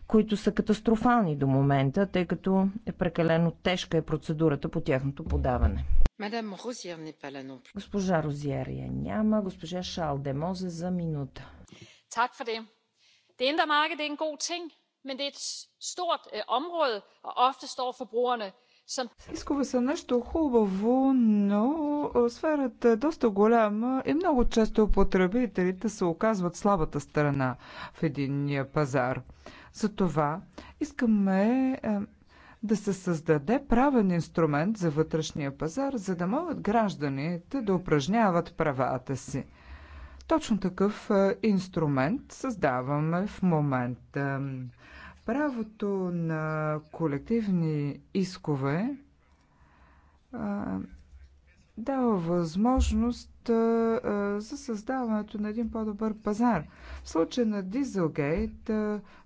които са катастрофални до момента, тъй като е прекалено тежка е процедурата по тяхното подаване. Госпожа Розиер я няма. Госпожа Шалдемозе за минута tak for det det indre marked er en god ting men det er et stort øh, område og ofte står forbrugerne съм... Искове се нещо хубаво, но сферата е доста голяма и много често потребителите се оказват слабата страна в единния пазар. Затова искаме е, да се създаде правен инструмент за вътрешния пазар, за да могат гражданите да упражняват правата си. Точно такъв е, инструмент създаваме в момента. Правото на колективни искове е, дава възможност е, за създаването на един по-добър пазар. В случая на Дизелгейт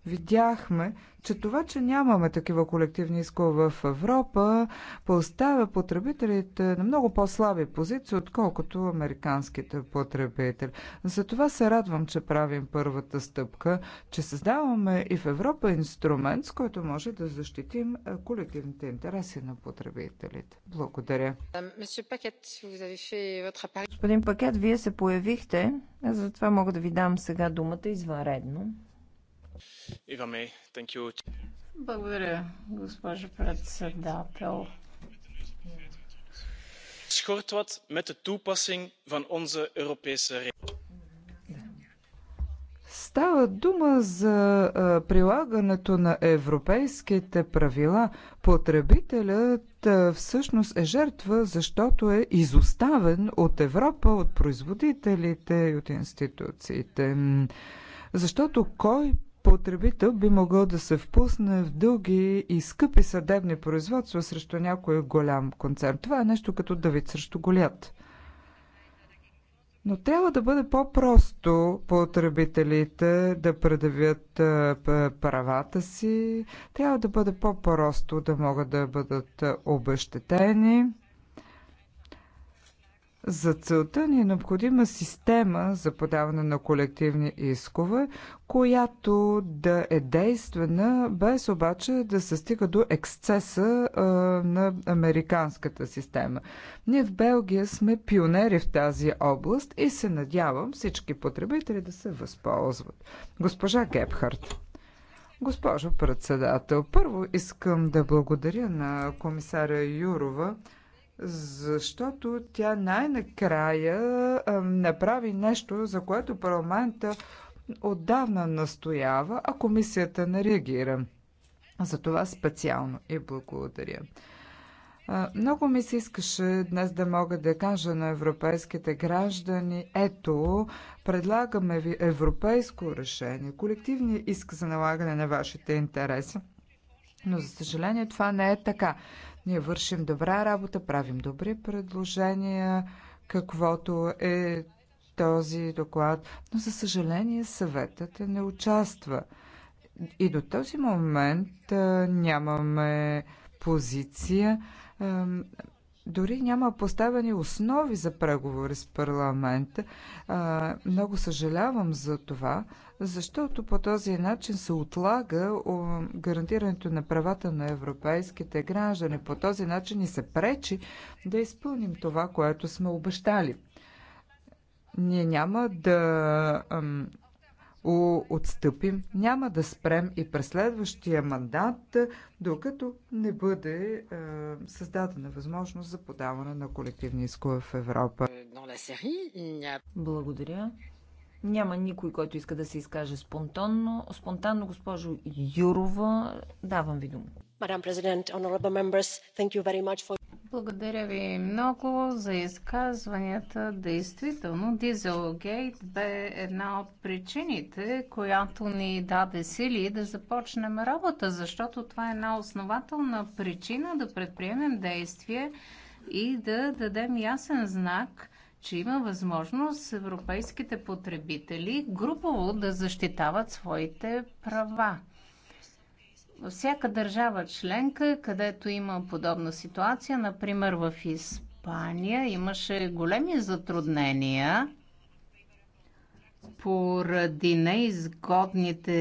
видяхме, че това, че нямаме такива колективни искове в Европа, поставя потребителите на много по-слаби позиции, отколкото американските потребители. Затова се радвам, че правим първата стъпка, че създаваме и в Европа инструмент, с който може да защитим е, колективните интереси на потребителите. Благодаря. Господин Пакет, вие се появихте, затова мога да ви дам сега думата извънредно. Благодаря, госпожо председател. Schort wat met de toepassing van onze Europese Става дума за а, прилагането на европейските правила. Потребителят а, всъщност е жертва, защото е изоставен от Европа, от производителите и от институциите. Защото кой потребител би могъл да се впусне в дълги и скъпи съдебни производства срещу някой голям концерт. Това е нещо като Давид срещу Голят. Но трябва да бъде по-просто потребителите да предавят правата си, трябва да бъде по-просто да могат да бъдат обещетени. За целта ни е необходима система за подаване на колективни искове, която да е действена, без обаче да се стига до ексцеса а, на американската система. Ние в Белгия сме пионери в тази област и се надявам всички потребители да се възползват. Госпожа Гепхарт. Госпожо председател, първо искам да благодаря на комисаря Юрова защото тя най-накрая направи нещо, за което парламента отдавна настоява, а комисията не реагира. За това специално и благодаря. Много ми се искаше днес да мога да кажа на европейските граждани, ето, предлагаме ви европейско решение, колективния иск за налагане на вашите интереси. Но за съжаление това не е така. Ние вършим добра работа, правим добри предложения, каквото е този доклад, но за съжаление съветът е не участва. И до този момент а, нямаме позиция, а, дори няма поставени основи за преговори с парламента. А, много съжалявам за това, защото по този начин се отлага гарантирането на правата на европейските граждани. По този начин ни се пречи да изпълним това, което сме обещали. Ние няма да отстъпим, няма да спрем и през следващия мандат, докато не бъде създадена възможност за подаване на колективни искове в Европа. Благодаря. Няма никой, който иска да се изкаже спонтанно. Спонтанно, госпожо Юрова, давам ви дума. Благодаря ви много за изказванията. Действително, Дизелгейт бе една от причините, която ни даде сили да започнем работа, защото това е една основателна причина да предприемем действие и да дадем ясен знак че има възможност европейските потребители групово да защитават своите права. всяка държава членка, където има подобна ситуация, например в Испания, имаше големи затруднения поради неизгодните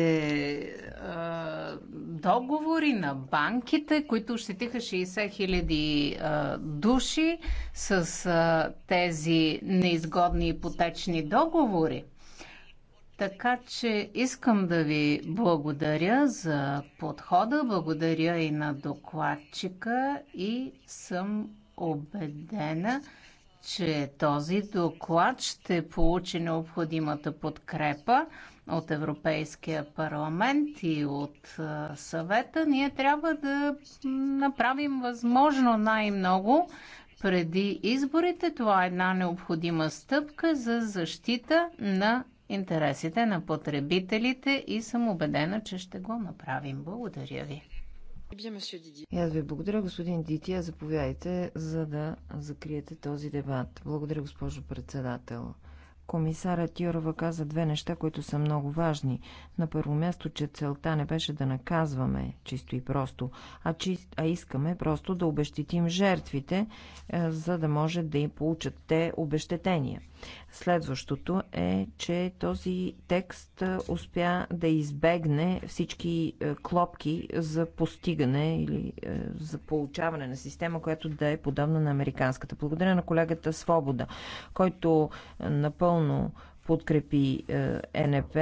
а, договори на банките, които ощетиха 60 хиляди души с а, тези неизгодни ипотечни договори. Така че искам да ви благодаря за подхода, благодаря и на докладчика и съм убедена, че този доклад ще получи необходимата подкрепа от Европейския парламент и от съвета. Ние трябва да направим възможно най-много преди изборите. Това е една необходима стъпка за защита на интересите на потребителите и съм убедена, че ще го направим. Благодаря ви. Eh И аз ви благодаря, господин Дития. Заповядайте, за да закриете този дебат. Благодаря, госпожо председател. Комисарът Юрова каза две неща, които са много важни. На първо място, че целта не беше да наказваме чисто и просто, а, чи, а искаме просто да обещетим жертвите, е, за да може да им получат те обещетения. Следващото е, че този текст е, успя да избегне всички е, клопки за постигане или е, за получаване на система, която да е подобна на американската. Благодаря на колегата Свобода, който напълно напълно подкрепи е, НП.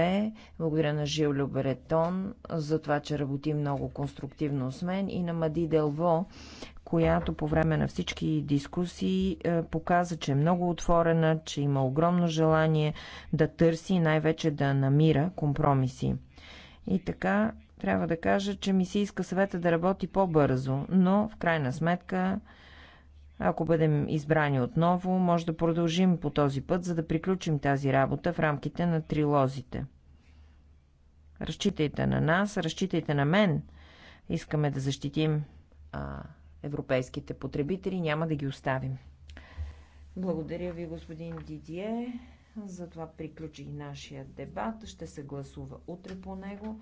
Благодаря на Жил Люберетон за това, че работи много конструктивно с мен и на Мади Делво, която по време на всички дискусии е, показа, че е много отворена, че има огромно желание да търси и най-вече да намира компромиси. И така трябва да кажа, че ми се иска съвета да работи по-бързо, но в крайна сметка ако бъдем избрани отново, може да продължим по този път, за да приключим тази работа в рамките на трилозите. Разчитайте на нас, разчитайте на мен. Искаме да защитим а, европейските потребители, няма да ги оставим. Благодаря ви, господин Дидие. Затова приключи нашия дебат. Ще се гласува утре по него.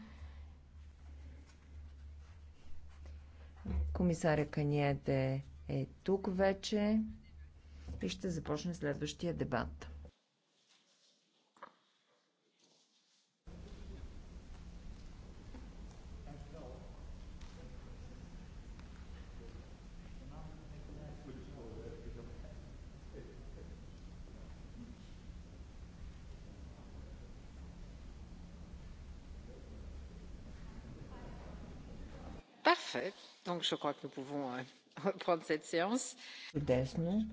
Комисаря Каниете е тук вече и ще започне следващия дебат. Parfait. Donc, je crois que nous pouvons euh, Чудесно.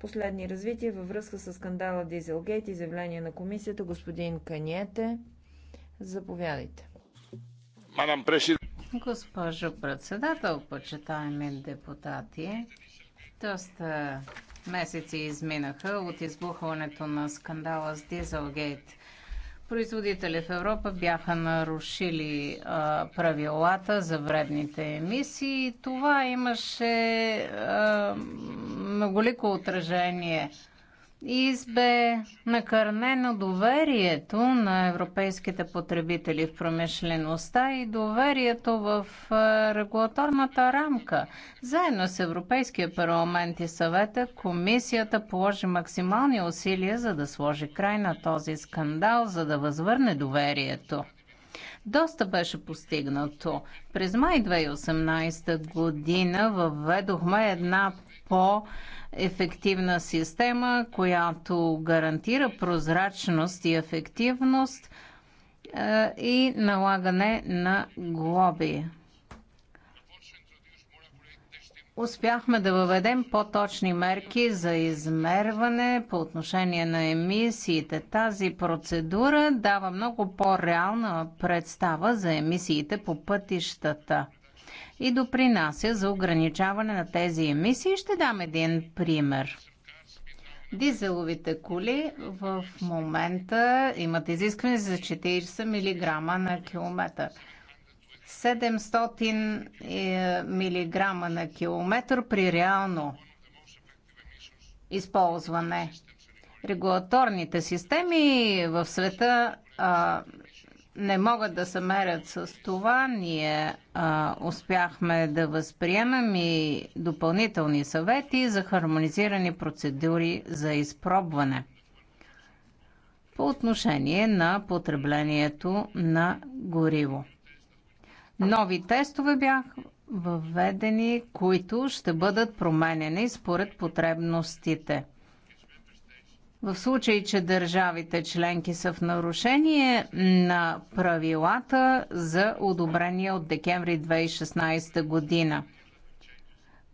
Последни развития във връзка с скандала Дизелгейт, изявление на комисията, господин Каниете. Заповядайте. Мадам Прешид. Госпожо председател, почитаеми депутати, доста месеци изминаха от избухването на скандала с Дизелгейт – производители в Европа бяха нарушили а, правилата за вредните емисии. Това имаше а, многолико отражение избе накърнено доверието на европейските потребители в промишлеността и доверието в регулаторната рамка. Заедно с Европейския парламент и съвета, комисията положи максимални усилия за да сложи край на този скандал, за да възвърне доверието. Доста беше постигнато. През май 2018 година въведохме една по-ефективна система, която гарантира прозрачност и ефективност е, и налагане на глоби. Успяхме да въведем по-точни мерки за измерване по отношение на емисиите. Тази процедура дава много по-реална представа за емисиите по пътищата и допринася за ограничаване на тези емисии. Ще дам един пример. Дизеловите коли в момента имат изискване за 40 мг на километър. 700 е, мг на километър при реално използване. Регулаторните системи в света а, не могат да се мерят с това. Ние а, успяхме да възприемем и допълнителни съвети за хармонизирани процедури за изпробване по отношение на потреблението на гориво. Нови тестове бяха въведени, които ще бъдат променени според потребностите – в случай, че държавите членки са в нарушение на правилата за одобрение от декември 2016 година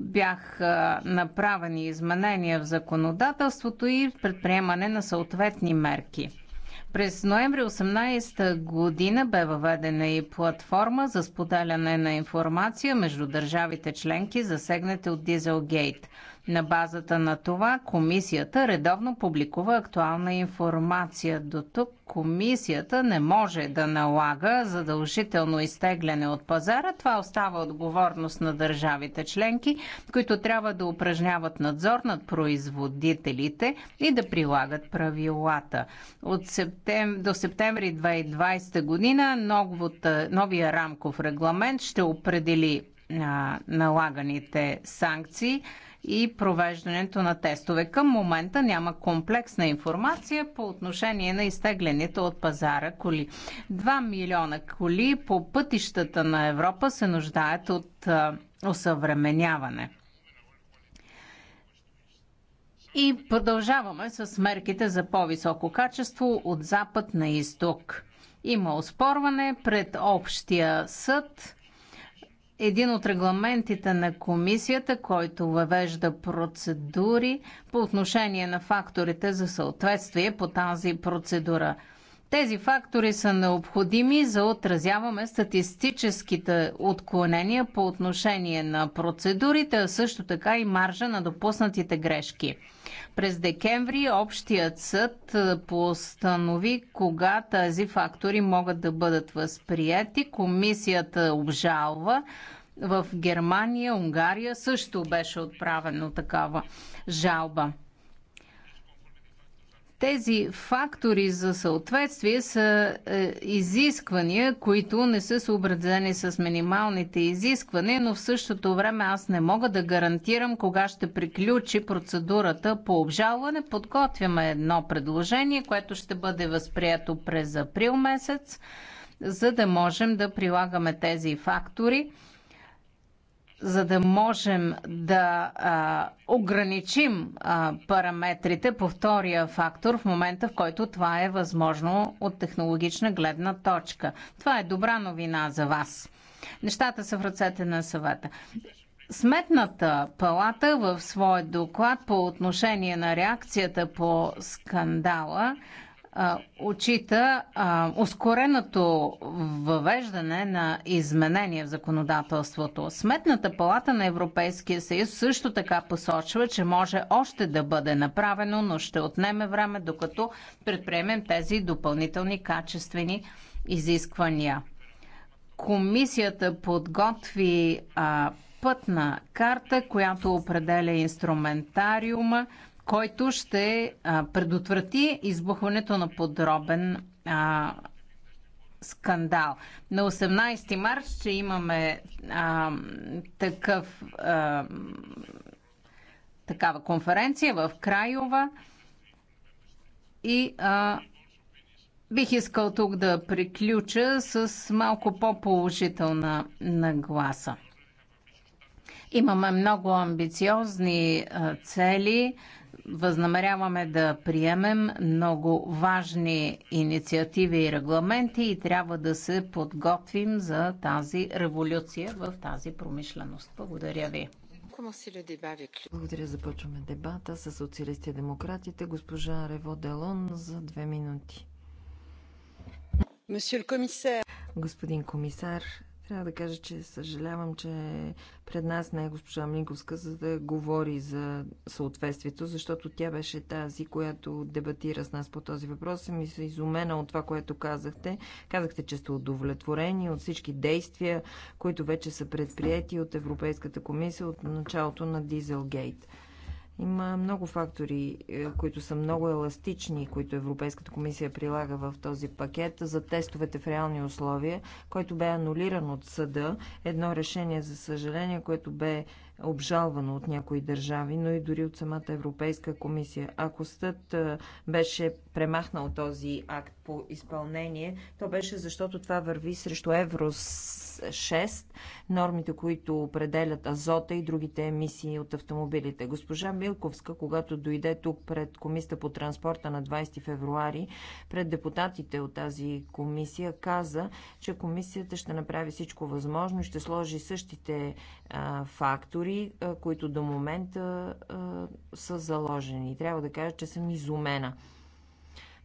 бяха направени изменения в законодателството и предприемане на съответни мерки. През ноември 18 година бе въведена и платформа за споделяне на информация между държавите членки, засегнати от Дизелгейт. На базата на това комисията редовно публикува актуална информация. До тук комисията не може да налага задължително изтегляне от пазара. Това остава отговорност на държавите членки, които трябва да упражняват надзор над производителите и да прилагат правилата. От септем... до септември 2020 година новата... новия рамков регламент ще определи а, налаганите санкции и провеждането на тестове. Към момента няма комплексна информация по отношение на изтеглените от пазара коли. 2 милиона коли по пътищата на Европа се нуждаят от осъвременяване. И продължаваме с мерките за по-високо качество от запад на изток. Има оспорване пред Общия съд един от регламентите на комисията, който въвежда процедури по отношение на факторите за съответствие по тази процедура. Тези фактори са необходими за отразяваме статистическите отклонения по отношение на процедурите, а също така и маржа на допуснатите грешки. През декември Общият съд постанови кога тези фактори могат да бъдат възприяти. Комисията обжалва. В Германия, Унгария също беше отправено такава жалба. Тези фактори за съответствие са е, изисквания, които не са съобразени с минималните изисквания, но в същото време аз не мога да гарантирам кога ще приключи процедурата по обжалване. Подготвяме едно предложение, което ще бъде възприето през април месец, за да можем да прилагаме тези фактори за да можем да а, ограничим а, параметрите по втория фактор в момента, в който това е възможно от технологична гледна точка. Това е добра новина за вас. Нещата са в ръцете на съвета. Сметната палата в своят доклад по отношение на реакцията по скандала отчита ускореното въвеждане на изменения в законодателството. Сметната палата на Европейския съюз също така посочва, че може още да бъде направено, но ще отнеме време, докато предприемем тези допълнителни качествени изисквания. Комисията подготви а, пътна карта, която определя инструментариума който ще предотврати избухването на подробен а, скандал. На 18 март ще имаме а, такъв, а, такава конференция в Крайова и а, бих искал тук да приключа с малко по-положителна нагласа. Имаме много амбициозни цели възнамеряваме да приемем много важни инициативи и регламенти и трябва да се подготвим за тази революция в тази промишленост. Благодаря ви. Благодаря, започваме дебата с социалисти и демократите. Госпожа Рево Делон за две минути. Господин комисар, трябва да кажа, че съжалявам, че пред нас не е госпожа Минковска, за да говори за съответствието, защото тя беше тази, която дебатира с нас по този въпрос. И ми се изумена от това, което казахте. Казахте, че сте удовлетворени от всички действия, които вече са предприяти от Европейската комисия от началото на Дизелгейт. Има много фактори, е, които са много еластични, които Европейската комисия прилага в този пакет за тестовете в реални условия, който бе анулиран от съда. Едно решение, за съжаление, което бе обжалвано от някои държави, но и дори от самата Европейска комисия. Ако съд беше премахнал този акт по изпълнение, то беше защото това върви срещу Евро 6, нормите, които определят азота и другите емисии от автомобилите. Госпожа Милковска, когато дойде тук пред Комисията по транспорта на 20 февруари, пред депутатите от тази комисия, каза, че комисията ще направи всичко възможно и ще сложи същите а, фактори фактори, които до момента са заложени. Трябва да кажа, че съм изумена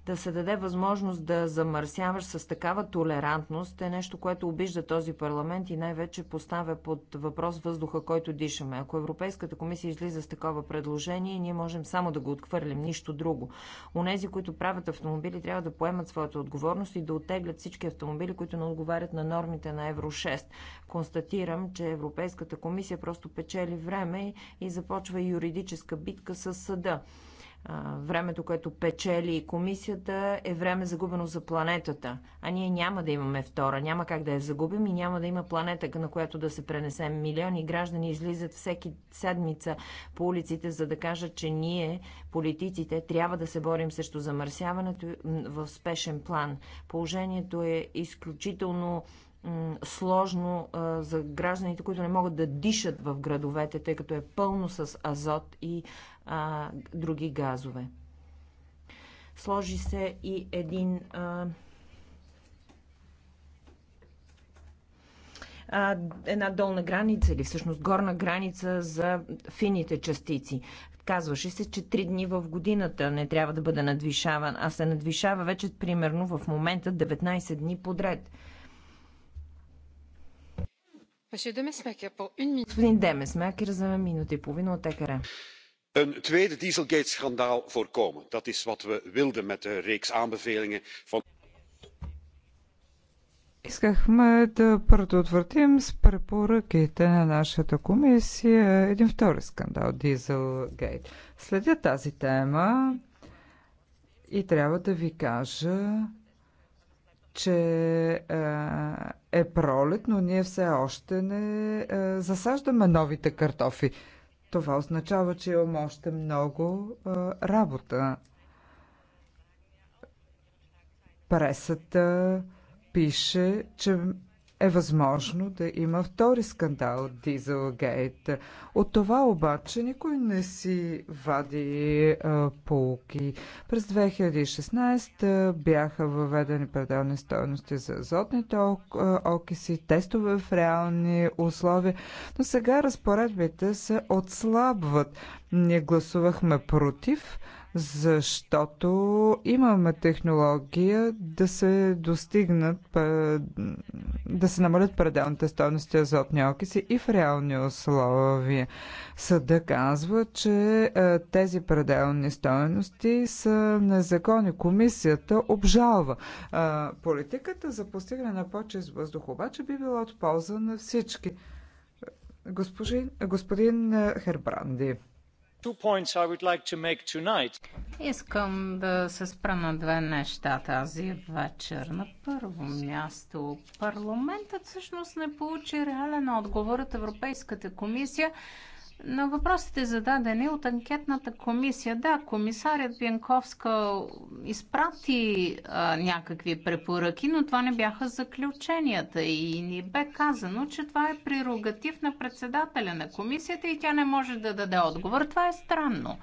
да се даде възможност да замърсяваш с такава толерантност е нещо, което обижда този парламент и най-вече поставя под въпрос въздуха, който дишаме. Ако Европейската комисия излиза с такова предложение, ние можем само да го отхвърлим, нищо друго. унези, които правят автомобили, трябва да поемат своята отговорност и да оттеглят всички автомобили, които не отговарят на нормите на Евро 6. Констатирам, че Европейската комисия просто печели време и започва юридическа битка с съда времето, което печели комисията, е време загубено за планетата. А ние няма да имаме втора, няма как да я загубим и няма да има планета, на която да се пренесем. Милиони граждани излизат всеки седмица по улиците, за да кажат, че ние, политиците, трябва да се борим срещу замърсяването в спешен план. Положението е изключително сложно а, за гражданите, които не могат да дишат в градовете, тъй като е пълно с азот и а, други газове. Сложи се и един а, една долна граница или всъщност горна граница за фините частици. Казваше се, че три дни в годината не трябва да бъде надвишаван, а се надвишава вече примерно в момента 19 дни подред. Господин Демесмекер за минута и половина от ЕКР een tweede dieselgate schandaal voorkomen dat is wat we wilden met de reeks aanbevelingen van. Искахме да предотвратим с препоръките на нашата комисия един втори скандал Дизелгейт. Следя тази тема и трябва да ви кажа, че е, е пролет, но ние все още не е, засаждаме новите картофи. Това означава, че имам още много а, работа. Пресата пише, че е възможно да има втори скандал от Дизелгейт. От това обаче никой не си вади а, полки. През 2016 бяха въведени пределни стоености за азотните окиси, тестове в реални условия, но сега разпоредбите се отслабват. Ние гласувахме против, защото имаме технология да се достигнат, да се намалят пределните стоености азотни окиси и в реални условия. Съда казва, че е, тези пределни стоености са незаконни. Комисията обжалва. Е, политиката за постигане на по-чист въздух обаче би била от полза на всички. Е, Госпожин, господин Хербранди. Искам да се спра на две неща тази вечер. На първо място, парламентът всъщност не получи реален отговор от Европейската комисия на въпросите зададени от анкетната комисия, да, комисарят Бянковска изпрати а, някакви препоръки, но това не бяха заключенията и ни бе казано, че това е прерогатив на председателя на комисията и тя не може да даде отговор. Това е странно,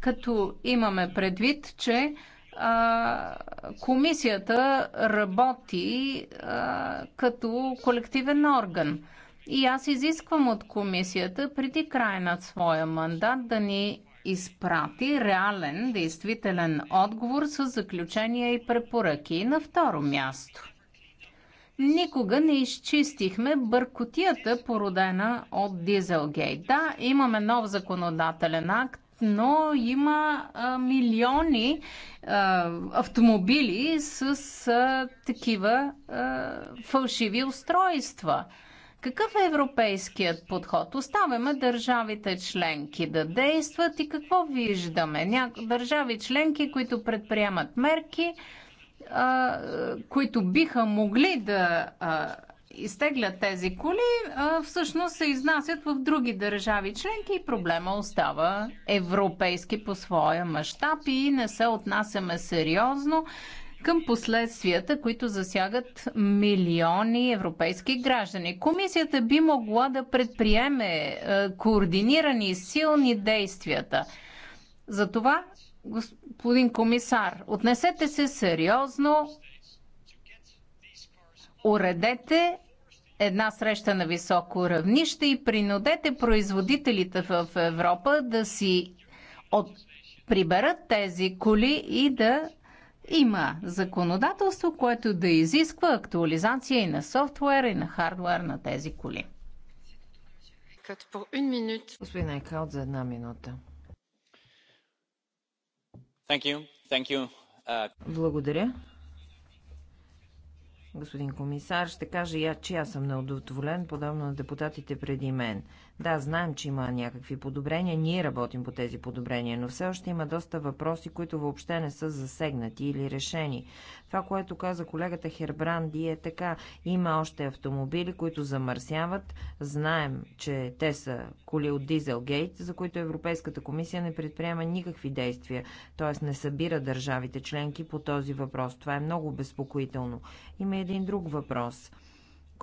като имаме предвид, че а, комисията работи а, като колективен орган. И аз изисквам от комисията преди края на своя мандат да ни изпрати реален, действителен отговор с заключения и препоръки. На второ място. Никога не изчистихме бъркотията, породена от Дизелгейт. Да, имаме нов законодателен акт, но има а, милиони а, автомобили с а, такива а, фалшиви устройства. Какъв е европейският подход? Оставяме държавите членки да действат и какво виждаме? Ня... Държави членки, които предприемат мерки, а, които биха могли да а, изтеглят тези коли, а, всъщност се изнасят в други държави членки и проблема остава европейски по своя мащаб и не се отнасяме сериозно към последствията, които засягат милиони европейски граждани. Комисията би могла да предприеме е, координирани силни действията. Затова, господин комисар, отнесете се сериозно, уредете една среща на високо равнище и принудете производителите в Европа да си от... приберат тези коли и да има законодателство, което да изисква актуализация и на софтуера, и на хардуер на тези коли. Господин Айкалт, за една минута. Thank you. Thank you. Uh... Благодаря. Господин комисар, ще кажа я, че аз съм неудовлетворен, подобно на депутатите преди мен. Да, знаем, че има някакви подобрения, ние работим по тези подобрения, но все още има доста въпроси, които въобще не са засегнати или решени. Това, което каза колегата Хербранди е така. Има още автомобили, които замърсяват. Знаем, че те са коли от Дизелгейт, за които Европейската комисия не предприема никакви действия, т.е. не събира държавите членки по този въпрос. Това е много безпокоително. Има един друг въпрос –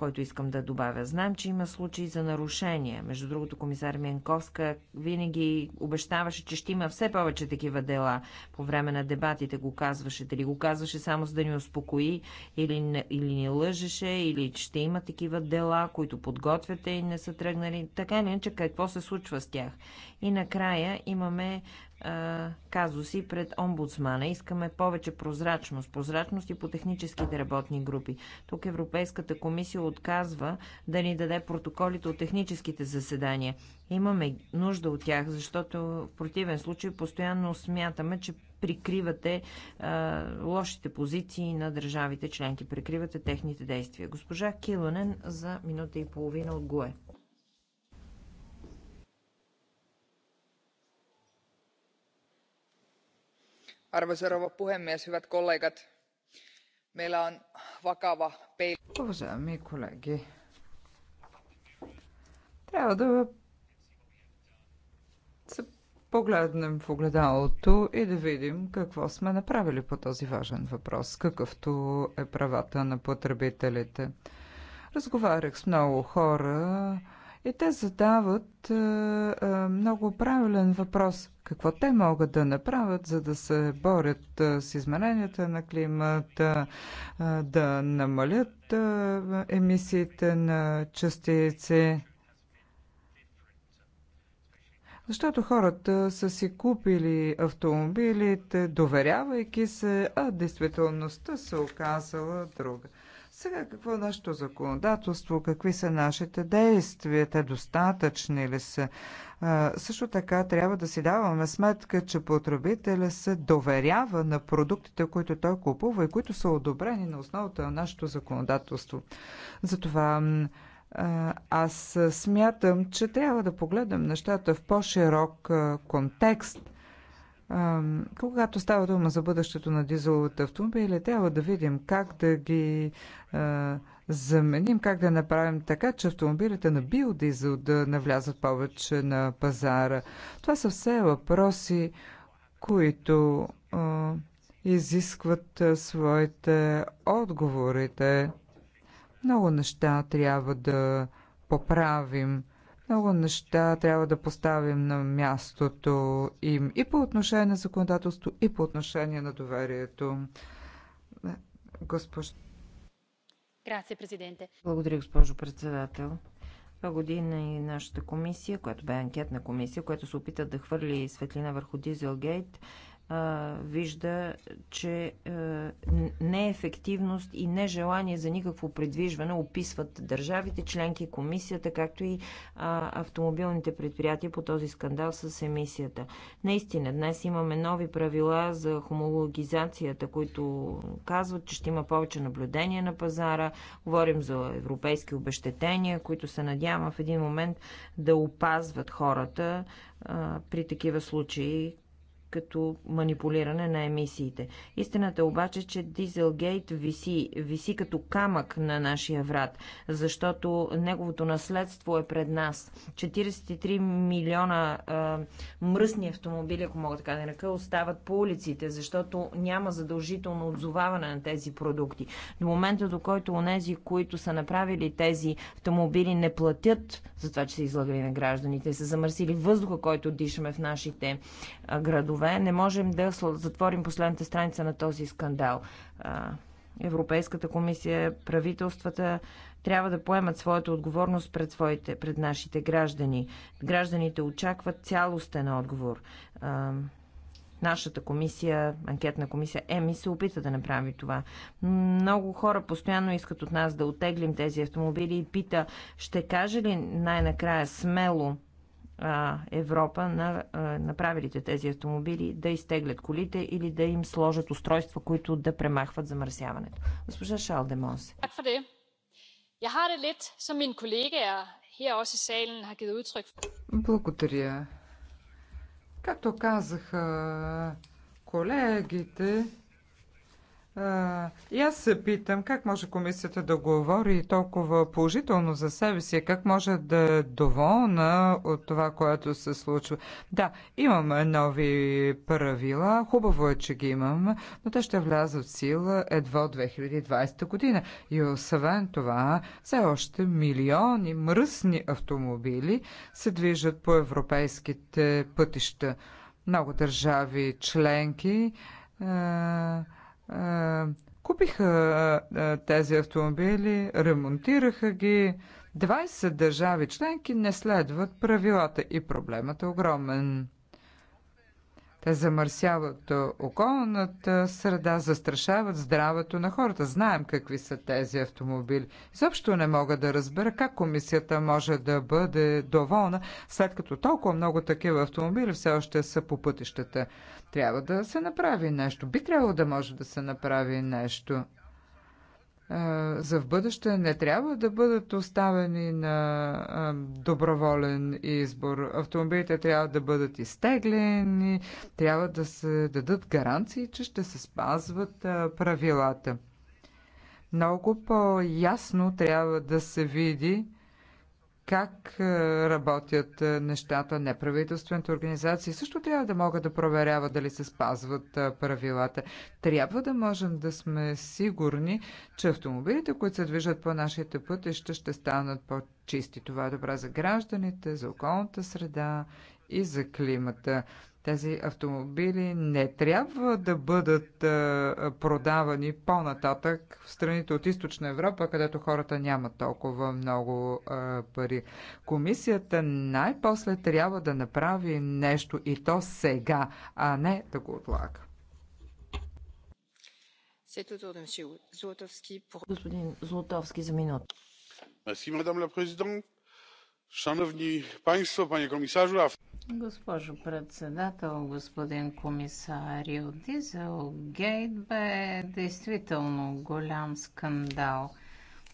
който искам да добавя. Знам, че има случаи за нарушения. Между другото, комисар Менковска винаги обещаваше, че ще има все повече такива дела. По време на дебатите го казваше. Дали го казваше само за да ни успокои или, или ни лъжеше, или ще има такива дела, които подготвяте и не са тръгнали. Така или иначе, какво се случва с тях? И накрая имаме казуси пред омбудсмана. Искаме повече прозрачност. Прозрачност и по техническите работни групи. Тук Европейската комисия отказва да ни даде протоколите от техническите заседания. Имаме нужда от тях, защото в противен случай постоянно смятаме, че прикривате а, лошите позиции на държавите членки, прикривате техните действия. Госпожа Килонен за минута и половина от ГУЕ. arvoisa puhemies hyvät kollegat meillä on vakava Уважаеми колеги, трябва да се погледнем в огледалото и да видим какво сме направили по този важен въпрос, какъвто е правата на потребителите. Разговарях с много хора, и те задават е, е, много правилен въпрос. Какво те могат да направят, за да се борят е, с измененията на климата, да намалят емисиите на частици? Защото хората са си купили автомобилите, доверявайки се, а действителността се оказала друга. Сега какво е нашето законодателство, какви са нашите действия, те достатъчни ли са? А, също така трябва да си даваме сметка, че потребителя се доверява на продуктите, които той купува и които са одобрени на основата на нашето законодателство. Затова аз смятам, че трябва да погледнем нещата в по-широк контекст. Когато става дума за бъдещето на дизеловите автомобили, трябва да видим как да ги заменим, как да направим така, че автомобилите на биодизел да навлязат повече на пазара. Това са все въпроси, които а, изискват своите отговорите. Много неща трябва да поправим. Много неща трябва да поставим на мястото им и по отношение на законодателство, и по отношение на доверието. Госпож... президенте. Благодаря, госпожо председател. Това година и нашата комисия, която бе анкетна комисия, която се опита да хвърли светлина върху Дизелгейт, вижда, че неефективност и нежелание за никакво предвижване описват държавите, членки, комисията, както и автомобилните предприятия по този скандал с емисията. Наистина, днес имаме нови правила за хомологизацията, които казват, че ще има повече наблюдение на пазара. Говорим за европейски обещетения, които се надявам в един момент да опазват хората при такива случаи, като манипулиране на емисиите. Истината е обаче, че Дизелгейт виси, виси като камък на нашия врат, защото неговото наследство е пред нас. 43 милиона а, мръсни автомобили, ако мога така да нарека, остават по улиците, защото няма задължително отзоваване на тези продукти. До момента, до който онези, които са направили тези автомобили, не платят за това, че са излагали на гражданите, са замърсили въздуха, който дишаме в нашите градове, членове, не можем да затворим последната страница на този скандал. Европейската комисия, правителствата трябва да поемат своята отговорност пред, своите, пред нашите граждани. Гражданите очакват цялостен отговор. Нашата комисия, анкетна комисия ЕМИ, се опита да направи това. Много хора постоянно искат от нас да отеглим тези автомобили и пита, ще каже ли най-накрая смело Европа на направилите тези автомобили да изтеглят колите или да им сложат устройства, които да премахват замърсяването. Госпожа Шал де Монсе. Благодаря. Както казаха колегите, а, и аз се питам как може комисията да говори толкова положително за себе си, как може да е доволна от това, което се случва. Да, имаме нови правила, хубаво е, че ги имаме, но те ще влязат в сила едва 2020 година. И освен това, все още милиони мръсни автомобили се движат по европейските пътища. Много държави членки. Е купиха тези автомобили, ремонтираха ги. 20 държави членки не следват правилата и проблемът е огромен. Те замърсяват околната среда, застрашават здравето на хората. Знаем какви са тези автомобили. Изобщо не мога да разбера как комисията може да бъде доволна, след като толкова много такива автомобили все още са по пътищата. Трябва да се направи нещо. Би трябвало да може да се направи нещо за в бъдеще не трябва да бъдат оставени на доброволен избор. Автомобилите трябва да бъдат изтеглени, трябва да се дадат гаранции, че ще се спазват правилата. Много по-ясно трябва да се види как е, работят е, нещата. Неправителствените организации също трябва да могат да проверяват дали се спазват е, правилата. Трябва да можем да сме сигурни, че автомобилите, които се движат по нашите пътища, ще станат по-чисти. Това е добре за гражданите, за околната среда и за климата. Тези автомобили не трябва да бъдат продавани по-нататък в страните от Източна Европа, където хората нямат толкова много пари. Комисията най-после трябва да направи нещо и то сега, а не да го отлага. Господин Золотовски за минута. Мерси, мадам ла президент. Шановни панство, пане комисажу. Госпожо председател, господин комисар, Дизел Гейт бе действително голям скандал.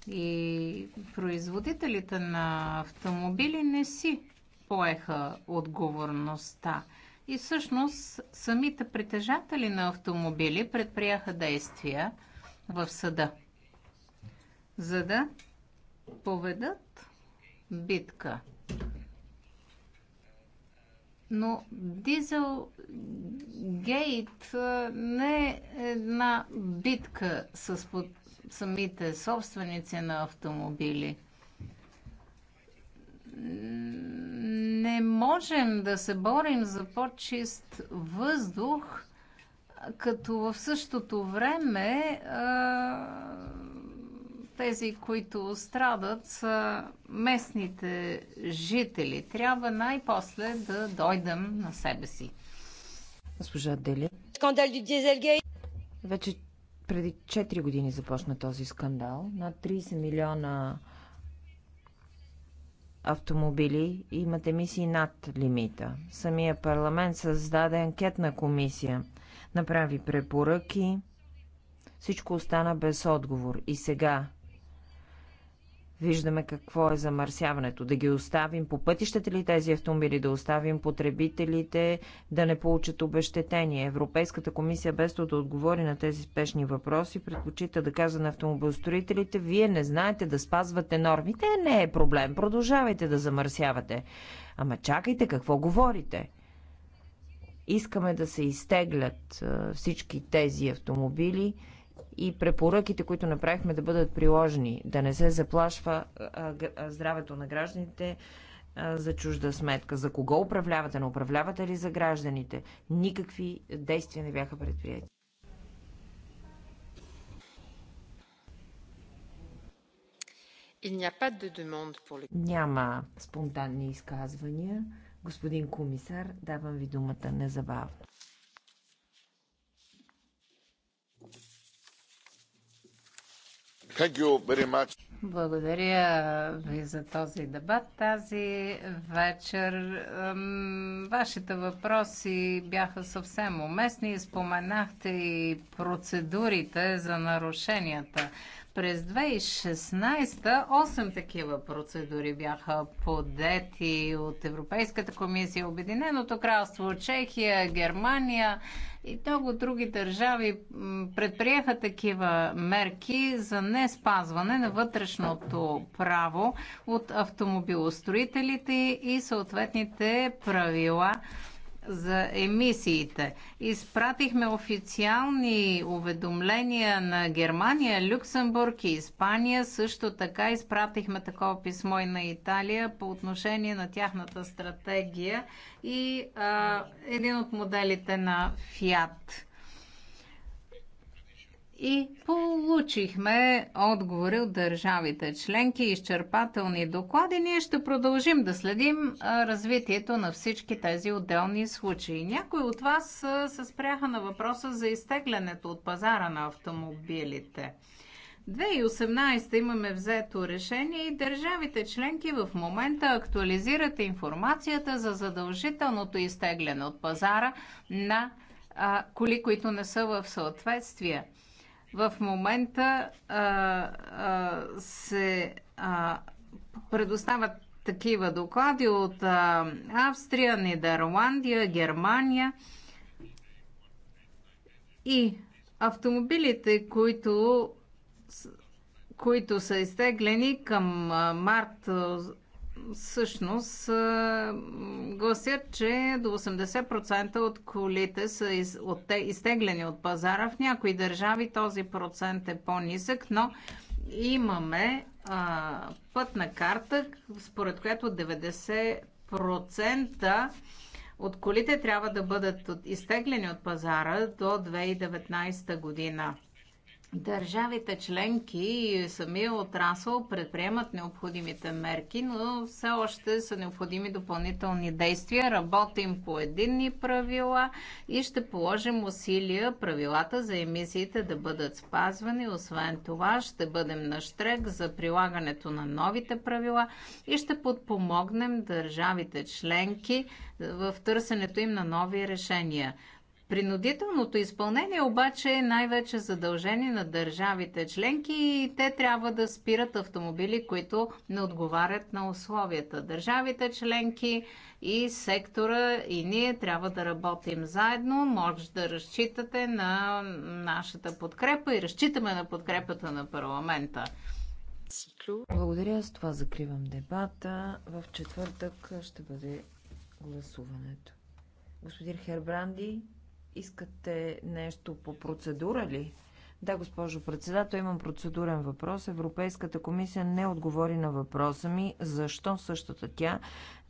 И производителите на автомобили не си поеха отговорността. И всъщност самите притежатели на автомобили предприяха действия в съда, за да поведат битка но Дизел Гейт не е една битка с под самите собственици на автомобили. Не можем да се борим за по-чист въздух, като в същото време а тези, които страдат, са местните жители. Трябва най-после да дойдем на себе си. Госпожа Дели. Скандал до Дизелгей. Вече преди 4 години започна този скандал. Над 30 милиона автомобили имат емисии над лимита. Самия парламент създаде анкетна комисия, направи препоръки. Всичко остана без отговор. И сега Виждаме какво е замърсяването. Да ги оставим по пътищата ли тези автомобили, да оставим потребителите да не получат обещетение. Европейската комисия, без да отговори на тези спешни въпроси, предпочита да каза на автомобилстроителите, вие не знаете да спазвате нормите. Не е проблем, продължавайте да замърсявате. Ама чакайте, какво говорите? Искаме да се изтеглят всички тези автомобили, и препоръките, които направихме да бъдат приложени, да не се заплашва здравето на гражданите за чужда сметка. За кого управлявате? Не управлявате ли за гражданите? Никакви действия не бяха предприяти. Няма спонтанни изказвания. Господин комисар, давам ви думата незабавно. Благодаря ви за този дебат. Тази вечер вашите въпроси бяха съвсем уместни. Споменахте и процедурите за нарушенията. През 2016 8 такива процедури бяха подети от Европейската комисия, Обединеното кралство, Чехия, Германия и много други държави предприеха такива мерки за не спазване на вътрешното право от автомобилостроителите и съответните правила за емисиите. Изпратихме официални уведомления на Германия, Люксембург и Испания. Също така изпратихме такова писмо и на Италия по отношение на тяхната стратегия и а, един от моделите на Фиат и получихме отговори от държавите членки, изчерпателни доклади. Ние ще продължим да следим развитието на всички тези отделни случаи. Някои от вас се спряха на въпроса за изтеглянето от пазара на автомобилите. 2018 имаме взето решение и държавите членки в момента актуализират информацията за задължителното изтегляне от пазара на а, коли, които не са в съответствие в момента а, а, се а, предоставят такива доклади от а, Австрия, Нидерландия, Германия и автомобилите, които които са изтеглени към март всъщност гласят, че до 80% от колите са из, от, те, изтеглени от пазара. В някои държави този процент е по-нисък, но имаме а, пътна карта, според която 90% от колите трябва да бъдат изтеглени от пазара до 2019 година. Държавите членки и самия отрасъл предприемат необходимите мерки, но все още са необходими допълнителни действия. Работим по единни правила и ще положим усилия правилата за емисиите да бъдат спазвани. Освен това, ще бъдем на штрек за прилагането на новите правила и ще подпомогнем държавите членки в търсенето им на нови решения. Принудителното изпълнение обаче е най-вече задължение на държавите членки и те трябва да спират автомобили, които не отговарят на условията. Държавите членки и сектора и ние трябва да работим заедно. Може да разчитате на нашата подкрепа и разчитаме на подкрепата на парламента. Благодаря. С това закривам дебата. В четвъртък ще бъде гласуването. Господин Хербранди, Искате нещо по процедура ли? Да, госпожо председател, имам процедурен въпрос. Европейската комисия не отговори на въпроса ми, защо същата тя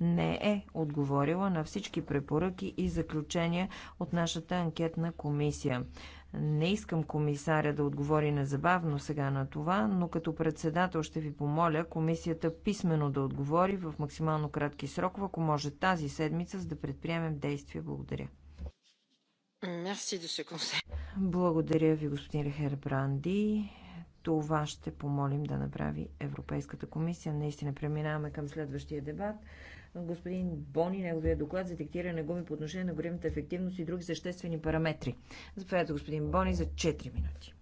не е отговорила на всички препоръки и заключения от нашата анкетна комисия. Не искам комисаря да отговори незабавно сега на това, но като председател ще ви помоля комисията писменно да отговори в максимално кратки срокове, ако може тази седмица, за да предприемем действия. Благодаря. Благодаря ви, господин Хербранди. Това ще помолим да направи Европейската комисия. Наистина преминаваме към следващия дебат. Господин Бони, неговия доклад за диктиране на гуми по отношение на горивната ефективност и други съществени параметри. Заповядайте, господин Бони, за 4 минути.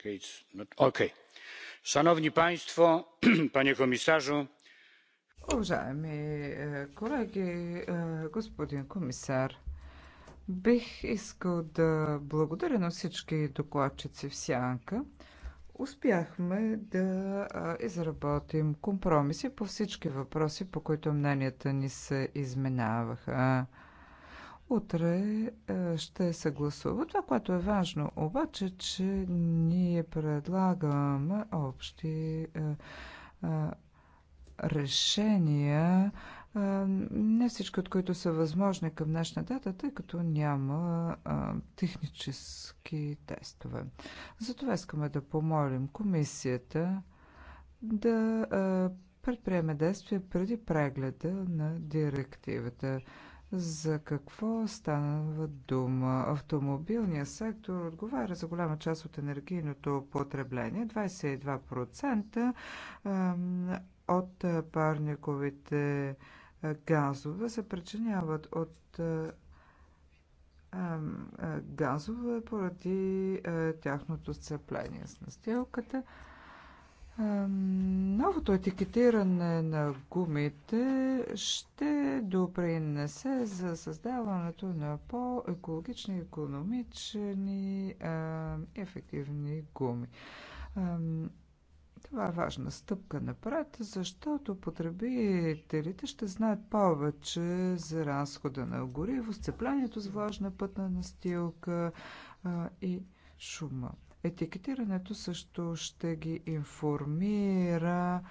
*clears throat* Уважаеми е, колеги, е, господин комисар, бих искал да благодаря на всички докладчици в Сянка. Успяхме да е, изработим компромиси по всички въпроси, по които мненията ни се изменяваха. Утре е, ще се гласува. Това, което е важно, обаче, че ние предлагаме общи е, е, решения, не всички от които са възможни към днешна дата, тъй като няма технически тестове. Затова искаме да помолим комисията да предприеме действия преди прегледа на директивата. За какво става дума? Автомобилният сектор отговаря за голяма част от енергийното потребление 22% от парниковите газове се причиняват от газове поради тяхното сцепление с настилката. Новото етикетиране на гумите ще допринесе за създаването на по-екологични, економични, ефективни гуми. Това е важна стъпка напред, защото потребителите ще знаят повече за разхода на гориво, сцеплянето с влажна пътна настилка и шума. Етикетирането също ще ги информира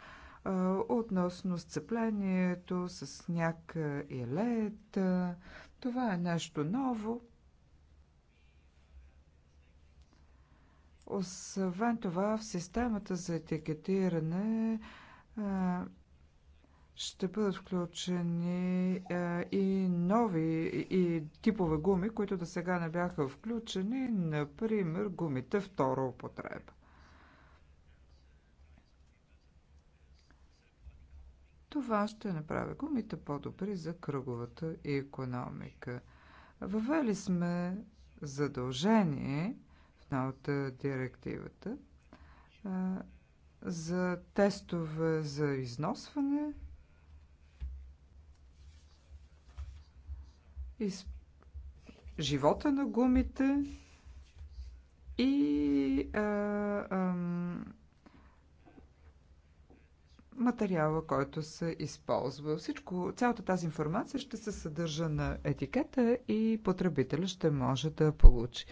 относно сцеплението с сняг и лед. Това е нещо ново. Освен това, в системата за етикетиране ще бъдат включени а, е, и нови и типове гуми, които до сега не бяха включени, например гумите втора употреба. Това ще направи гумите по-добри за кръговата економика. Въвели сме задължение в новата директивата а, е, за тестове за износване из... живота на гумите и а, а, материала, който се използва. Всичко, цялата тази информация ще се съдържа на етикета и потребителя ще може да получи.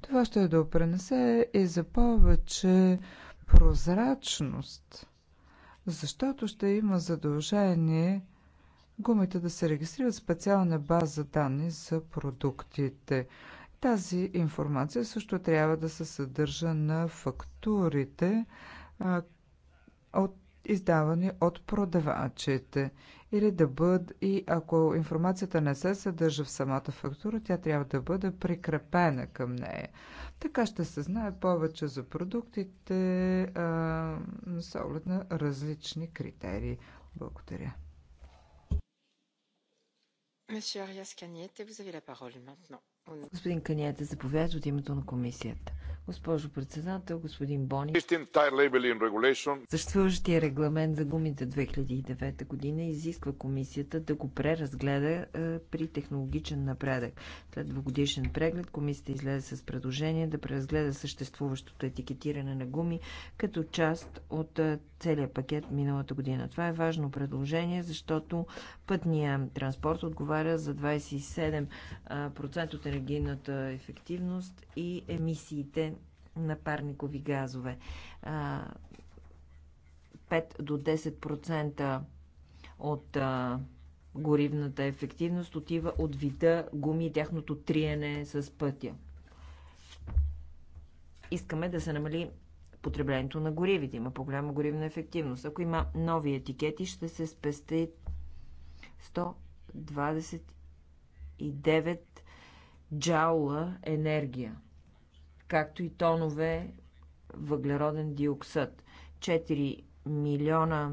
Това ще допренесе и за повече прозрачност, защото ще има задължение гумите да се регистрират специална база данни за продуктите. Тази информация също трябва да се съдържа на фактурите а, от издавани от продавачите или да бъде и ако информацията не се съдържа в самата фактура, тя трябва да бъде прикрепена към нея. Така ще се знае повече за продуктите а, с оглед на различни критерии. Благодаря. Господин Каниете, заповядайте от името на комисията. Госпожо председател, господин Бони. Съществуващия регламент за гумите 2009 година изисква комисията да го преразгледа е, при технологичен напредък. След двогодишен преглед комисията излезе с предложение да преразгледа съществуващото етикетиране на гуми като част от е, целият пакет миналата година. Това е важно предложение, защото Пътния транспорт отговаря за 27% от енергийната ефективност и емисиите на парникови газове. 5 до 10% от горивната ефективност отива от вида гуми и тяхното триене с пътя. Искаме да се намали потреблението на горивите. Има по-голяма горивна ефективност. Ако има нови етикети, ще се спестят 129 джаула енергия, както и тонове въглероден диоксид. 4 милиона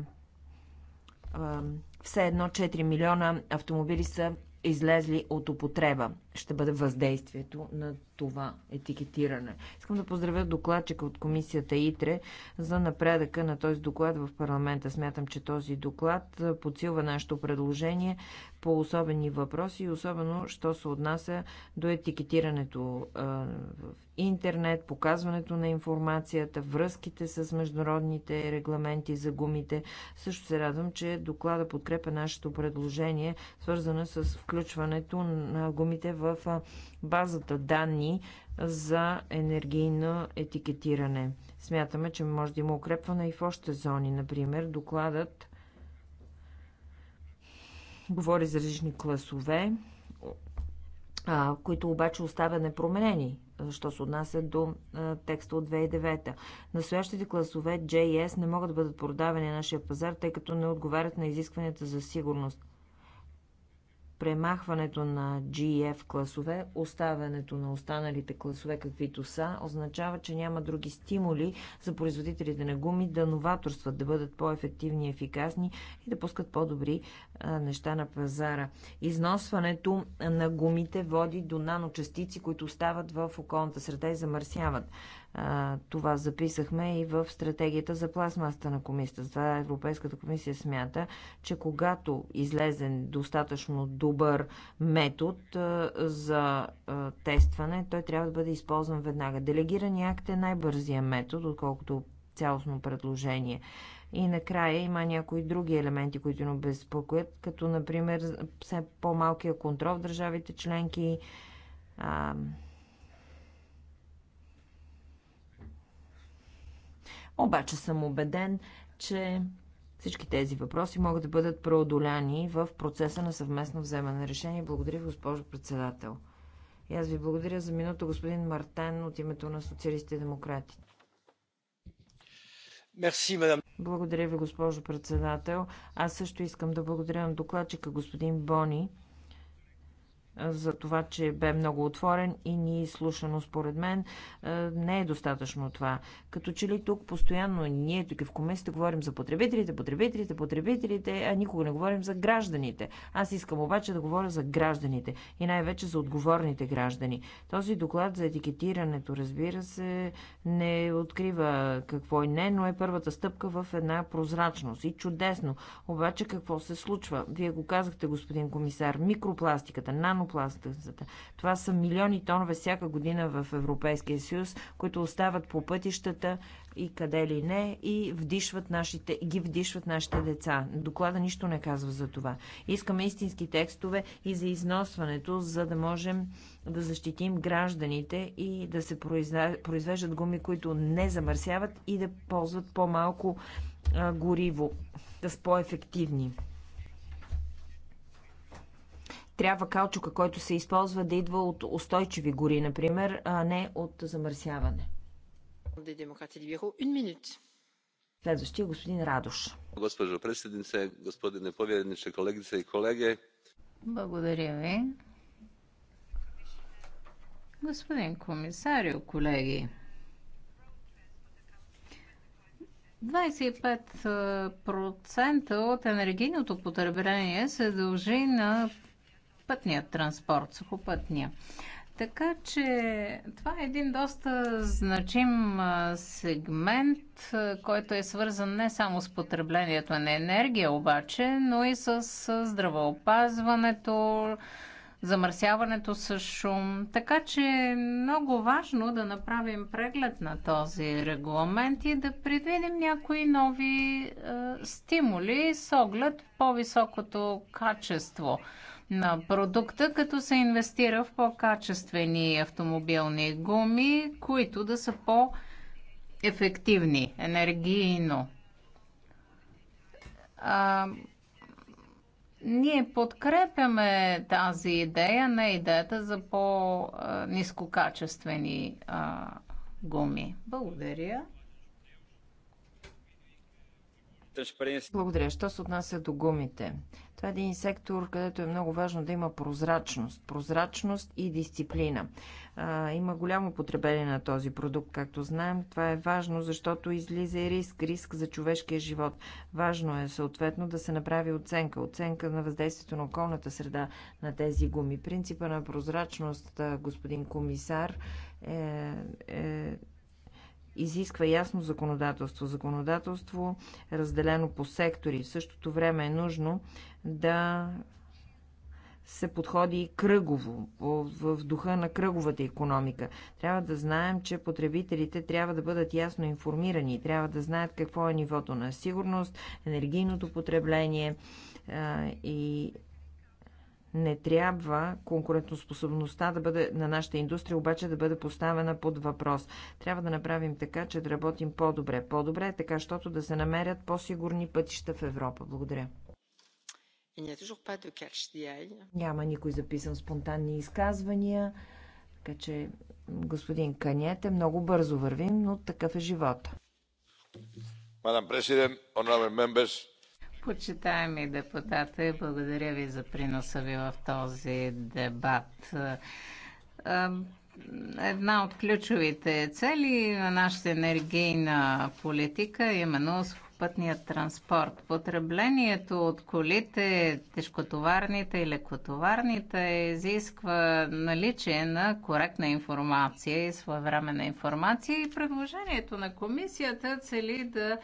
все едно 4 милиона автомобили са излезли от употреба. Ще бъде въздействието на това етикетиране. Искам да поздравя докладчика от комисията ИТРЕ за напредъка на този доклад в парламента. Смятам, че този доклад подсилва нашето предложение по особени въпроси и особено, що се отнася до етикетирането в интернет, показването на информацията, връзките с международните регламенти за гумите. Също се радвам, че доклада подкрепя нашето предложение, свързано с включването на гумите в базата данни данни за енергийно етикетиране. Смятаме, че може да има укрепване и в още зони. Например, докладът говори за различни класове, които обаче оставя непроменени що се отнася до текста от 2009. Настоящите класове JS не могат да бъдат продавани на нашия пазар, тъй като не отговарят на изискванията за сигурност премахването на GF класове, оставянето на останалите класове каквито са, означава, че няма други стимули за производителите на гуми да новаторстват, да бъдат по-ефективни и ефикасни и да пускат по-добри неща на пазара. Износването на гумите води до наночастици, които остават в околната среда и замърсяват. Това записахме и в стратегията за пластмаста на комисията. Това Европейската комисия смята, че когато излезе достатъчно добър метод за тестване, той трябва да бъде използван веднага. Делегирани акт е най-бързия метод, отколкото цялостно предложение. И накрая има някои други елементи, които ни безпокоят, като например все по-малкия контрол в държавите членки, Обаче съм убеден, че всички тези въпроси могат да бъдат преодоляни в процеса на съвместно вземане на решение. Благодаря ви, госпожо председател. И аз ви благодаря за минута, господин Мартен, от името на социалистите и демократите. Мерси, мадам. Благодаря ви, госпожо председател. Аз също искам да благодаря на докладчика господин Бони за това, че бе много отворен и ни е слушано. Според мен не е достатъчно това. Като че ли тук постоянно ние тук в комисията говорим за потребителите, потребителите, потребителите, а никога не говорим за гражданите. Аз искам обаче да говоря за гражданите и най-вече за отговорните граждани. Този доклад за етикетирането, разбира се, не открива какво и не, но е първата стъпка в една прозрачност. И чудесно. Обаче какво се случва? Вие го казахте, господин комисар. Микропластиката, нано пенопластът. Това са милиони тонове всяка година в Европейския съюз, които остават по пътищата и къде ли не, и вдишват нашите, ги вдишват нашите деца. Доклада нищо не казва за това. Искаме истински текстове и за износването, за да можем да защитим гражданите и да се произвеждат гуми, които не замърсяват и да ползват по-малко гориво, да са по-ефективни трябва каучука, който се използва, да идва от устойчиви гори, например, а не от замърсяване. Следващия е господин Радош. Госпожо председнице, господине поведениче, колегица и колеги. Благодаря ви. Господин комисарио, колеги, 25% от енергийното потребление се дължи на пътния транспорт, сухопътния. Така че това е един доста значим сегмент, който е свързан не само с потреблението на енергия обаче, но и с здравеопазването, замърсяването с шум. Така че е много важно да направим преглед на този регламент и да предвидим някои нови а, стимули с оглед по-високото качество на продукта, като се инвестира в по-качествени автомобилни гуми, които да са по-ефективни енергийно. А, ние подкрепяме тази идея, на идеята за по-низкокачествени гуми. Благодаря. Благодаря. Що се отнася до гумите? Това е един сектор, където е много важно да има прозрачност. Прозрачност и дисциплина. А, има голямо потребление на този продукт, както знаем. Това е важно, защото излиза и риск. Риск за човешкия живот. Важно е съответно да се направи оценка. Оценка на въздействието на околната среда на тези гуми. Принципа на прозрачност, господин комисар, е, е изисква ясно законодателство. Законодателство разделено по сектори. В същото време е нужно да се подходи кръгово, в духа на кръговата економика. Трябва да знаем, че потребителите трябва да бъдат ясно информирани, трябва да знаят какво е нивото на сигурност, енергийното потребление и не трябва конкурентоспособността да бъде, на нашата индустрия обаче да бъде поставена под въпрос. Трябва да направим така, че да работим по-добре. По-добре, е така, щото да се намерят по-сигурни пътища в Европа. Благодаря. Е Няма никой записан спонтанни изказвания, така че господин е много бързо вървим, но такъв е живота. Мадам президент, honorable members, Почитаеми депутати, благодаря ви за приноса ви в този дебат. Една от ключовите цели на нашата енергийна политика е именно пътният транспорт. Потреблението от колите, тежкотоварните и лекотоварните изисква наличие на коректна информация и своевременна информация и предложението на комисията цели да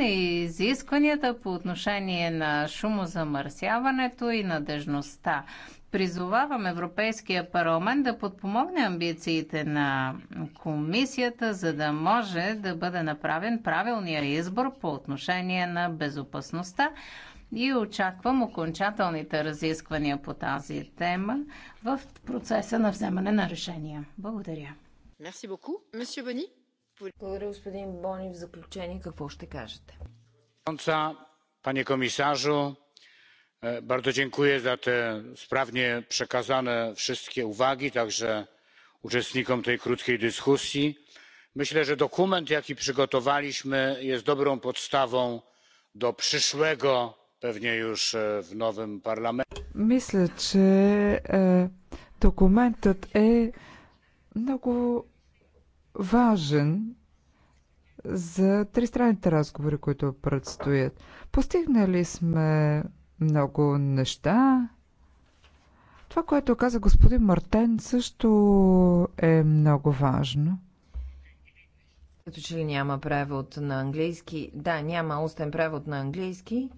и изискванията по отношение на шумозамърсяването и надежността. Призовавам Европейския парламент да подпомогне амбициите на комисията, за да може да бъде направен правилния избор по отношение на безопасността и очаквам окончателните разисквания по тази тема в процеса на вземане на решения. Благодаря. Merci beaucoup. Monsieur Bonny. Благодаря, господин Бони. В заключение какво ще кажете? Panie komisarzu, bardzo dziękuję za te sprawnie przekazane wszystkie uwagi, także uczestnikom tej krótkiej dyskusji. Myślę, że dokument, jaki przygotowaliśmy, jest dobrą podstawą do przyszłego, pewnie już w nowym parlamencie. Myślę, że dokument jest. много важен за тристранните разговори, които предстоят. Постигнали сме много неща. Това, което каза господин Мартен, също е много важно. Като че ли няма превод на английски? Да, няма устен превод на английски,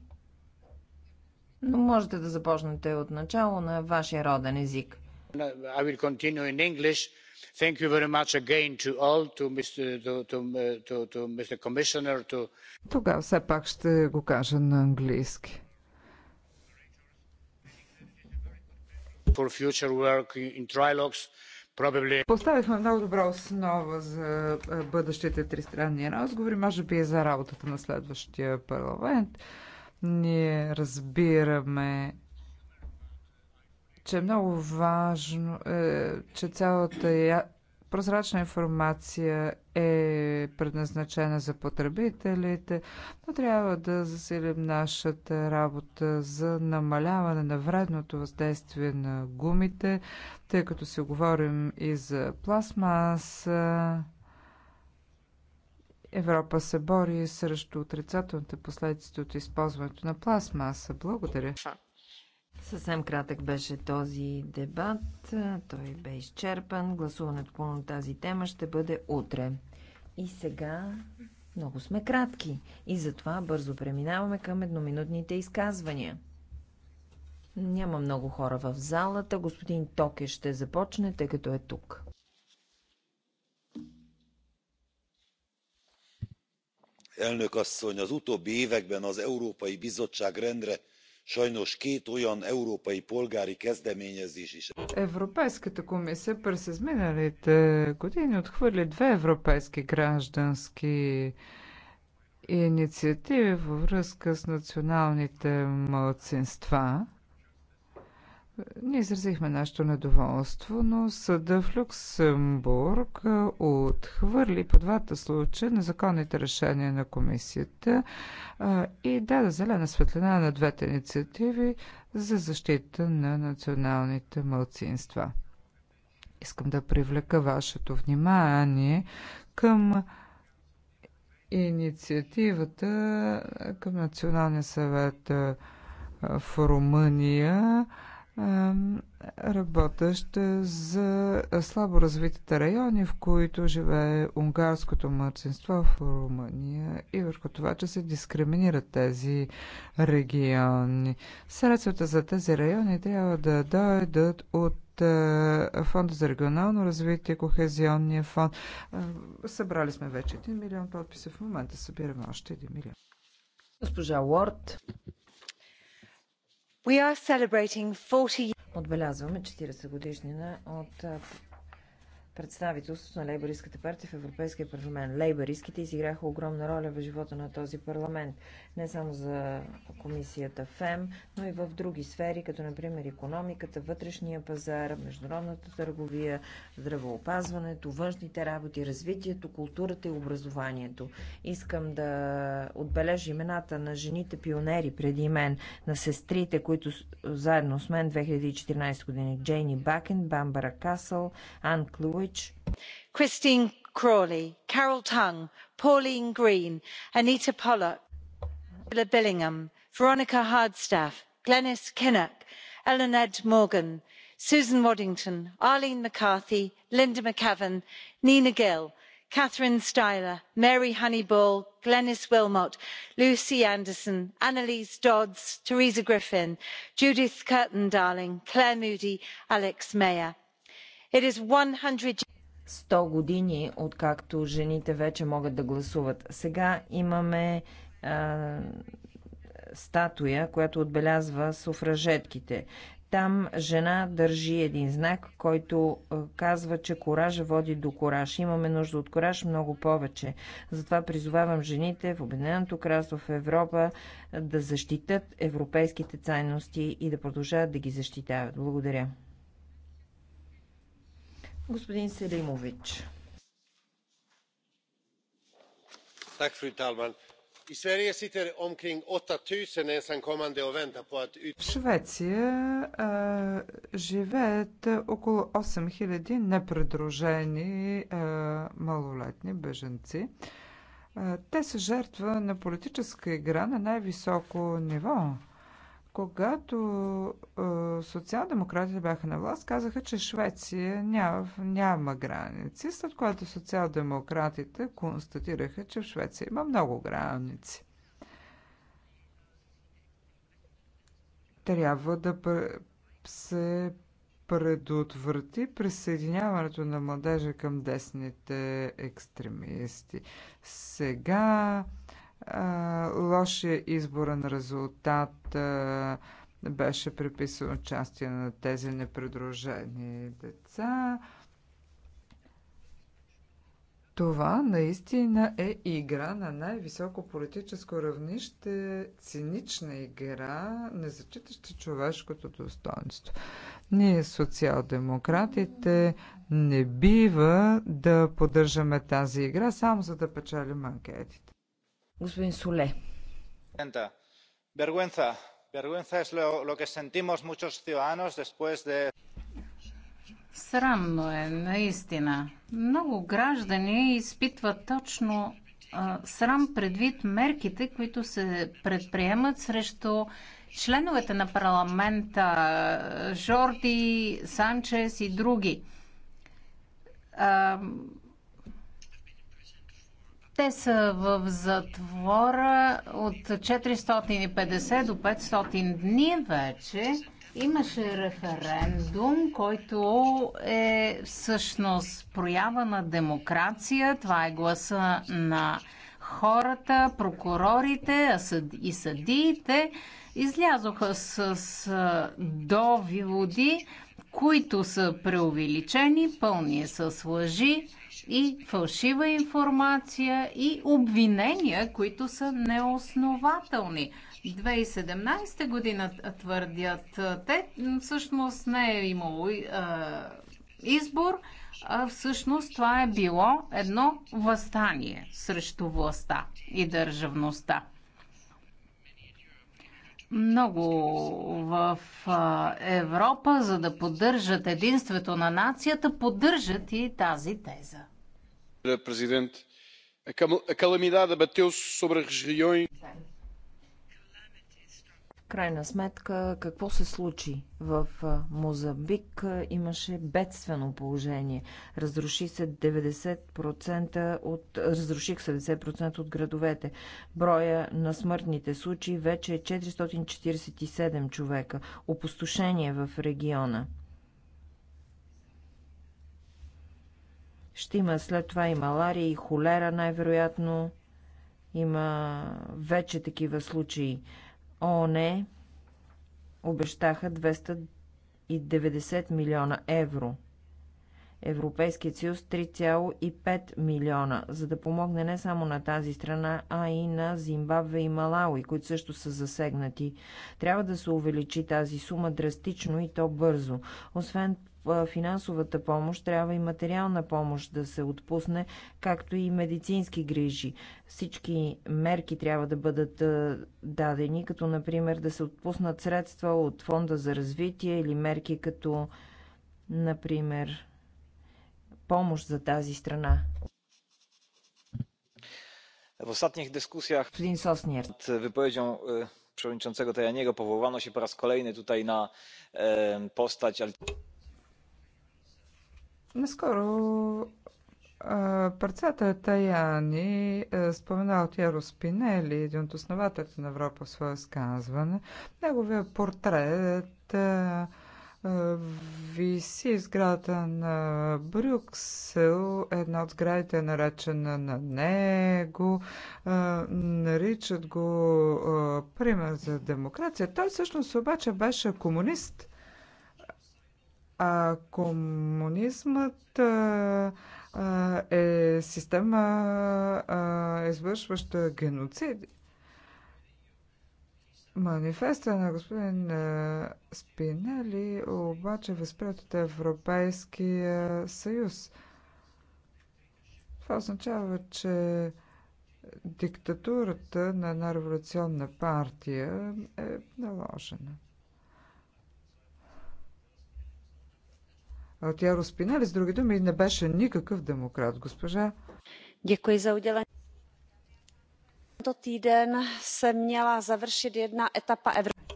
но можете да започнете от начало на вашия роден език. I will continue in English thank you very much again to all, to Mr. To, to, uh, to Mr. Commissioner, to... Тогава все пак ще го кажа на английски. For future work in trilogues, probably... Поставихме много добра основа за е, бъдещите тристранни разговори, може би и за работата на следващия парламент. Ние разбираме че е много важно, е, че цялата я... прозрачна информация е предназначена за потребителите, но трябва да засилим нашата работа за намаляване на вредното въздействие на гумите, тъй като си говорим и за пластмаса. Европа се бори срещу отрицателните последствия от използването на пластмаса. Благодаря. Съвсем кратък беше този дебат. Той бе изчерпан. Гласуването по тази тема ще бъде утре. И сега много сме кратки и затова бързо преминаваме към едноминутните изказвания. Няма много хора в залата. Господин Токе ще започне, тъй като е тук. Elnök asszony, az utóbbi években az Európai Bizottság rendre Sajnos két olyan európai polgári kezdeményezés is. Европейската комисия през изминалите е, години отхвърли две европейски граждански инициативи във връзка с националните младсинства. Ние изразихме нашето недоволство, но съда в Люксембург отхвърли по двата случая незаконните решения на комисията и даде зелена светлина на двете инициативи за защита на националните мълцинства. Искам да привлека вашето внимание към инициативата към Националния съвет в Румъния работещ за слабо развитите райони, в които живее унгарското младсинство в Румъния и върху това, че се дискриминират тези региони. Средствата за тези райони трябва да дойдат от Фонда за регионално развитие, Кохезионния фонд. Събрали сме вече 1 милион подписа. В момента събираме още 1 милион. Госпожа Уорд. Отбелязваме 40 годишнина от представителството на лейбористската партия в Европейския парламент. Лейбористките изиграха огромна роля в живота на този парламент, не само за комисията ФЕМ, но и в други сфери, като например економиката, вътрешния пазар, международната търговия, здравеопазването, външните работи, развитието, културата и образованието. Искам да отбележа имената на жените пионери преди мен, на сестрите, които заедно с мен 2014 години Джейни Бакен, Бамбара Касъл, Ан Клуи, language. Christine Crawley, Carol Tung, Pauline Green, Anita Pollock, angela Billingham, Veronica Hardstaff, Glenis Kinnock, Ellen Morgan, Susan Waddington, Arlene McCarthy, Linda McAvan, Nina Gill, catherine styler mary honeyball glenis willmott lucy anderson annalise dodds teresa griffin judith curtin darling claire moody alex mayer. 100 години, откакто жените вече могат да гласуват. Сега имаме а, статуя, която отбелязва суфражетките. Там жена държи един знак, който казва, че коража води до кораж. Имаме нужда от кораж много повече. Затова призовавам жените в Обединеното кралство в Европа да защитат европейските ценности и да продължават да ги защитават. Благодаря. Господин Селимович. Tack Fru talman! I Sverige sitter omkring 8000 ensamkommande och väntar på att... ut... Швеция а, живеят около 8000 непредружени а, малолетни беженци. А, те са жертва на политическа игра на най-високо ниво. Когато социал-демократите бяха на власт, казаха, че Швеция няма, няма граници, след което социал-демократите констатираха, че в Швеция има много граници. Трябва да се предотврати присъединяването на младежа към десните екстремисти. Сега лошия на резултат беше приписан участие на тези непредружени деца. Това наистина е игра на най-високо политическо равнище, цинична игра, незачитаща човешкото достоинство. Ние, социал-демократите, не бива да поддържаме тази игра само за да печелим анкетите. Господин Соле. Срамно е, наистина. Много граждани изпитват точно срам предвид мерките, които се предприемат срещу членовете на парламента Жорди, Санчес и други. Те са в затвора от 450 до 500 дни вече. Имаше референдум, който е всъщност проява на демокрация. Това е гласа на хората, прокурорите и съдиите. Излязоха с, с довиводи, които са преувеличени, пълни с лъжи и фалшива информация и обвинения, които са неоснователни. 2017 година твърдят те, всъщност не е имало е, избор, а всъщност това е било едно възстание срещу властта и държавността много в Европа, за да поддържат единството на нацията, поддържат и тази теза. Президент, a calamidade abateu-se sobre as regiões крайна сметка какво се случи? В Мозамбик имаше бедствено положение. Разруши се 90% от, разруших 70% от градовете. Броя на смъртните случаи вече е 447 човека. Опустошение в региона. Ще има след това и малария, и холера най-вероятно. Има вече такива случаи не! обещаха 290 милиона евро. Европейският съюз 3,5 милиона, за да помогне не само на тази страна, а и на Зимбабве и Малауи, които също са засегнати. Трябва да се увеличи тази сума драстично и то бързо. Освен финансовата помощ трябва и материална помощ да се отпусне, както и медицински грижи. Всички мерки трябва да бъдат дадени, като например да се отпуснат средства от фонда за развитие или мерки като например помощ за тази страна. W ostatnich dyskusjach nad wypowiedzią przewodniczącego tajaniego powołano się po raz kolejny tutaj na postać Наскоро парцата Таяни спомена от Яро Спинели, един от основателите на Европа в своя сказване, Неговия портрет виси в сградата на Брюксел, една от сградите е наречена на него, наричат го пример за демокрация. Той всъщност обаче беше комунист а комунизмът а, а, е система, а, извършваща геноциди. Манифеста на господин Спинели обаче възпред от Европейския съюз. Това означава, че диктатурата на една революционна партия е наложена. Алтиаро Спинали, с други думи, не беше никакъв демократ, госпожа. Děkuji за udělení. Tento týden se měla završit jedna etapa Evropy.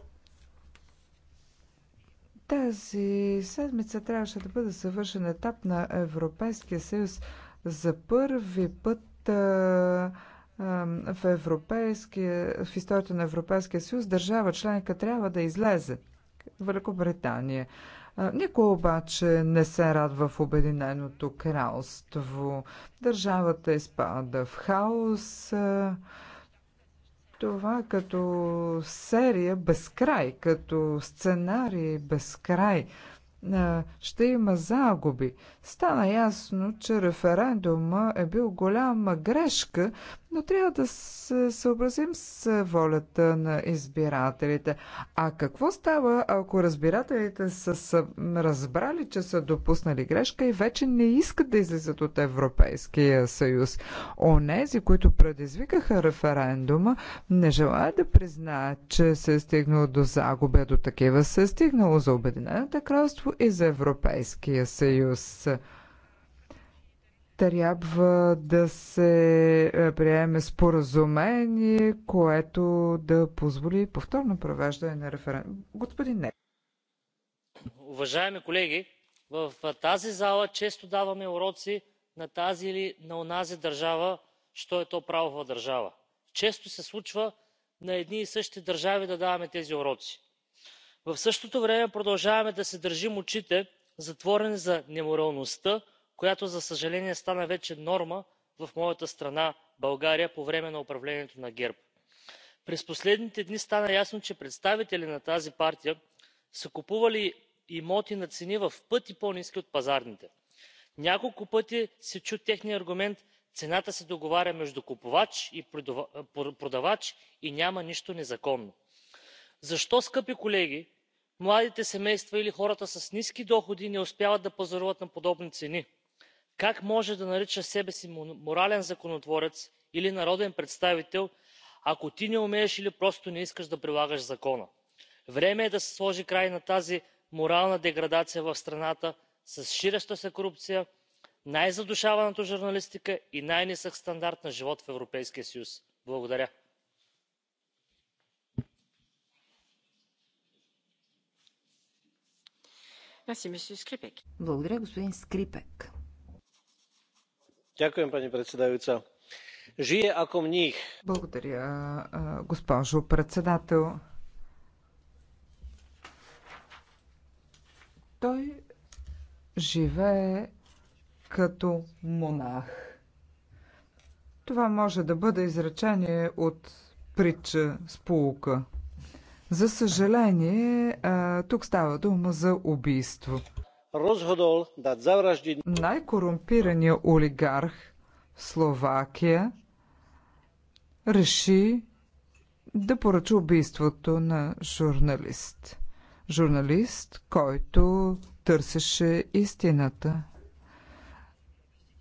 Тази седмица трябваше да бъде завършен етап на Европейския съюз. За първи път а, в, Европейския, в историята на Европейския съюз държава членка трябва да излезе. Великобритания. Никой обаче не се радва в Обединеното кралство. Държавата изпада в хаос. Това като серия безкрай, като сценарий безкрай ще има загуби. Стана ясно, че референдума е бил голяма грешка, но трябва да се съобразим с волята на избирателите. А какво става, ако разбирателите са, са разбрали, че са допуснали грешка и вече не искат да излизат от Европейския съюз? Онези, които предизвикаха референдума, не желаят да признаят, че се е стигнало до загубя, до такива се е стигнало за Обединената кралство и за Европейския съюз. Трябва да се е, приеме споразумение, което да позволи повторно провеждане на референдум. Господин Не. Уважаеми колеги, в е, тази зала често даваме уроци на тази или на онази държава, що е то правова държава. Често се случва на едни и същи държави да даваме тези уроци в същото време продължаваме да си държим очите затворени за неморалността която за съжаление стана вече норма в моята страна българия по време на управлението на герб. през последните дни стана ясно че представители на тази партия са купували имоти на цени в пъти по ниски от пазарните. няколко пъти се чу техният аргумент цената се договаря между купувач и продавач и няма нищо незаконно защо скъпи колеги младите семейства или хората с ниски доходи не успяват да пазаруват на подобни цени? как може да наричаш себе си морален законотворец или народен представител ако ти не умееш или просто не искаш да прилагаш закона? време е да се сложи край на тази морална деградация в страната с ширеща се корупция най задушаваната журналистика и най нисък стандарт на живот в европейския съюз. благодаря. Благодаря, господин Скрипек. Жие ако мних. Благодаря, госпожо председател. Той живее като монах. Това може да бъде изречение от притча с полука. За съжаление, тук става дума за убийство. Най-корумпираният олигарх в Словакия реши да поръча убийството на журналист. Журналист, който търсеше истината.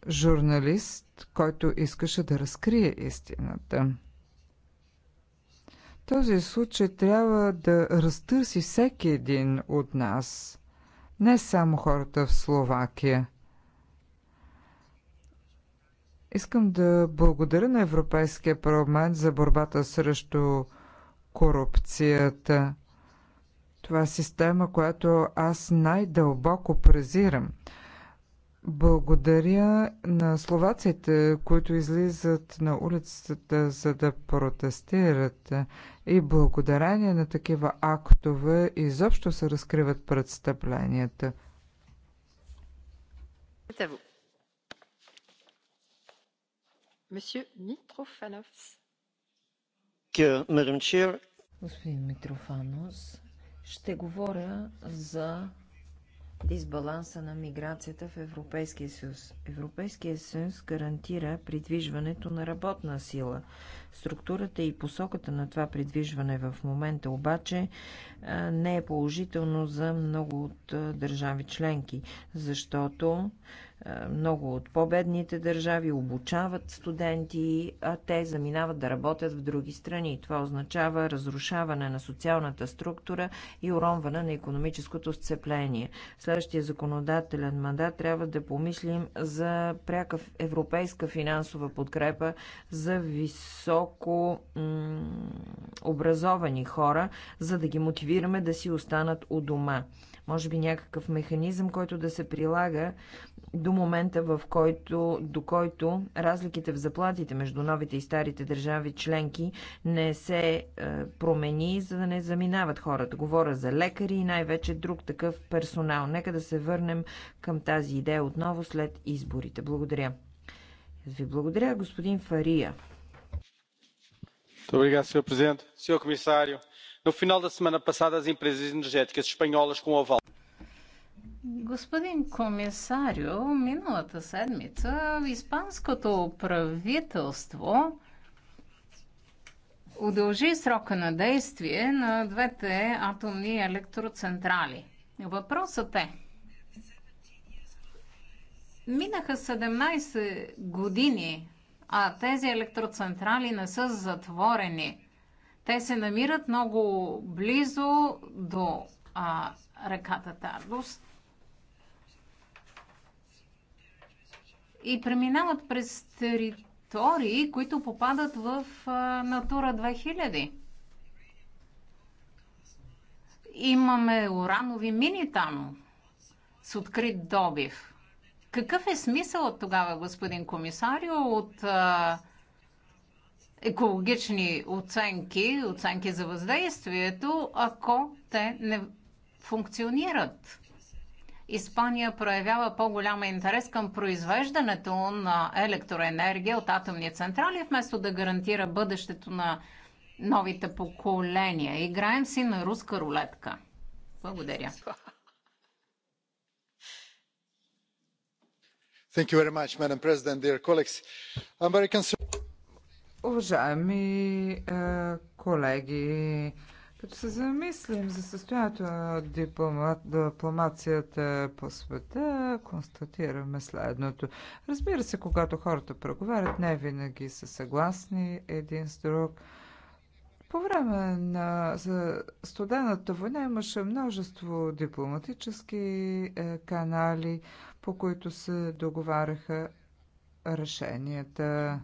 Журналист, който искаше да разкрие истината този случай трябва да разтърси всеки един от нас, не само хората в Словакия. Искам да благодаря на Европейския парламент за борбата срещу корупцията. Това е система, която аз най-дълбоко презирам – благодаря на словаците, които излизат на улицата, за да протестират. И благодарение на такива актове изобщо се разкриват престъпленията. Господин Митрофанов, ще говоря за дисбаланса на миграцията в Европейския съюз. Европейския съюз гарантира придвижването на работна сила. Структурата и посоката на това придвижване в момента обаче не е положително за много от държави членки, защото е, много от по-бедните държави обучават студенти, а те заминават да работят в други страни. Това означава разрушаване на социалната структура и уронване на економическото сцепление. следващия законодателен мандат трябва да помислим за пряка европейска финансова подкрепа за високо образовани хора, за да ги мотивираме да си останат у дома. Може би някакъв механизъм, който да се прилага до момента, в който, до който разликите в заплатите между новите и старите държави членки не се е, промени, за да не заминават хората. Говоря за лекари и най-вече друг такъв персонал. Нека да се върнем към тази идея отново след изборите. Благодаря. Ви благодаря, господин Фария. Obrigado, Sr. Presidente. Sr. Comissário, no final da semana passada, as empresas energéticas espanholas com aval. Господин комисарио, миналата седмица испанското правителство удължи срока на действие на двете атомни електроцентрали. Въпросът е, минаха 17 години, а тези електроцентрали не са затворени. Те се намират много близо до а, реката Тардост и преминават през територии, които попадат в Натура 2000. Имаме уранови мини там с открит добив. Какъв е смисъл от тогава, господин комисарио, от а, екологични оценки, оценки за въздействието, ако те не функционират? Испания проявява по-голям интерес към произвеждането на електроенергия от атомни централи, вместо да гарантира бъдещето на новите поколения. Играем си на руска рулетка. Благодаря. Much, American... Уважаеми е, колеги, като се замислим за състоянието на дипломацията по света, констатираме следното. Разбира се, когато хората преговарят, не винаги са съгласни един с друг. По време на студената война имаше множество дипломатически е, канали, по които се договаряха решенията.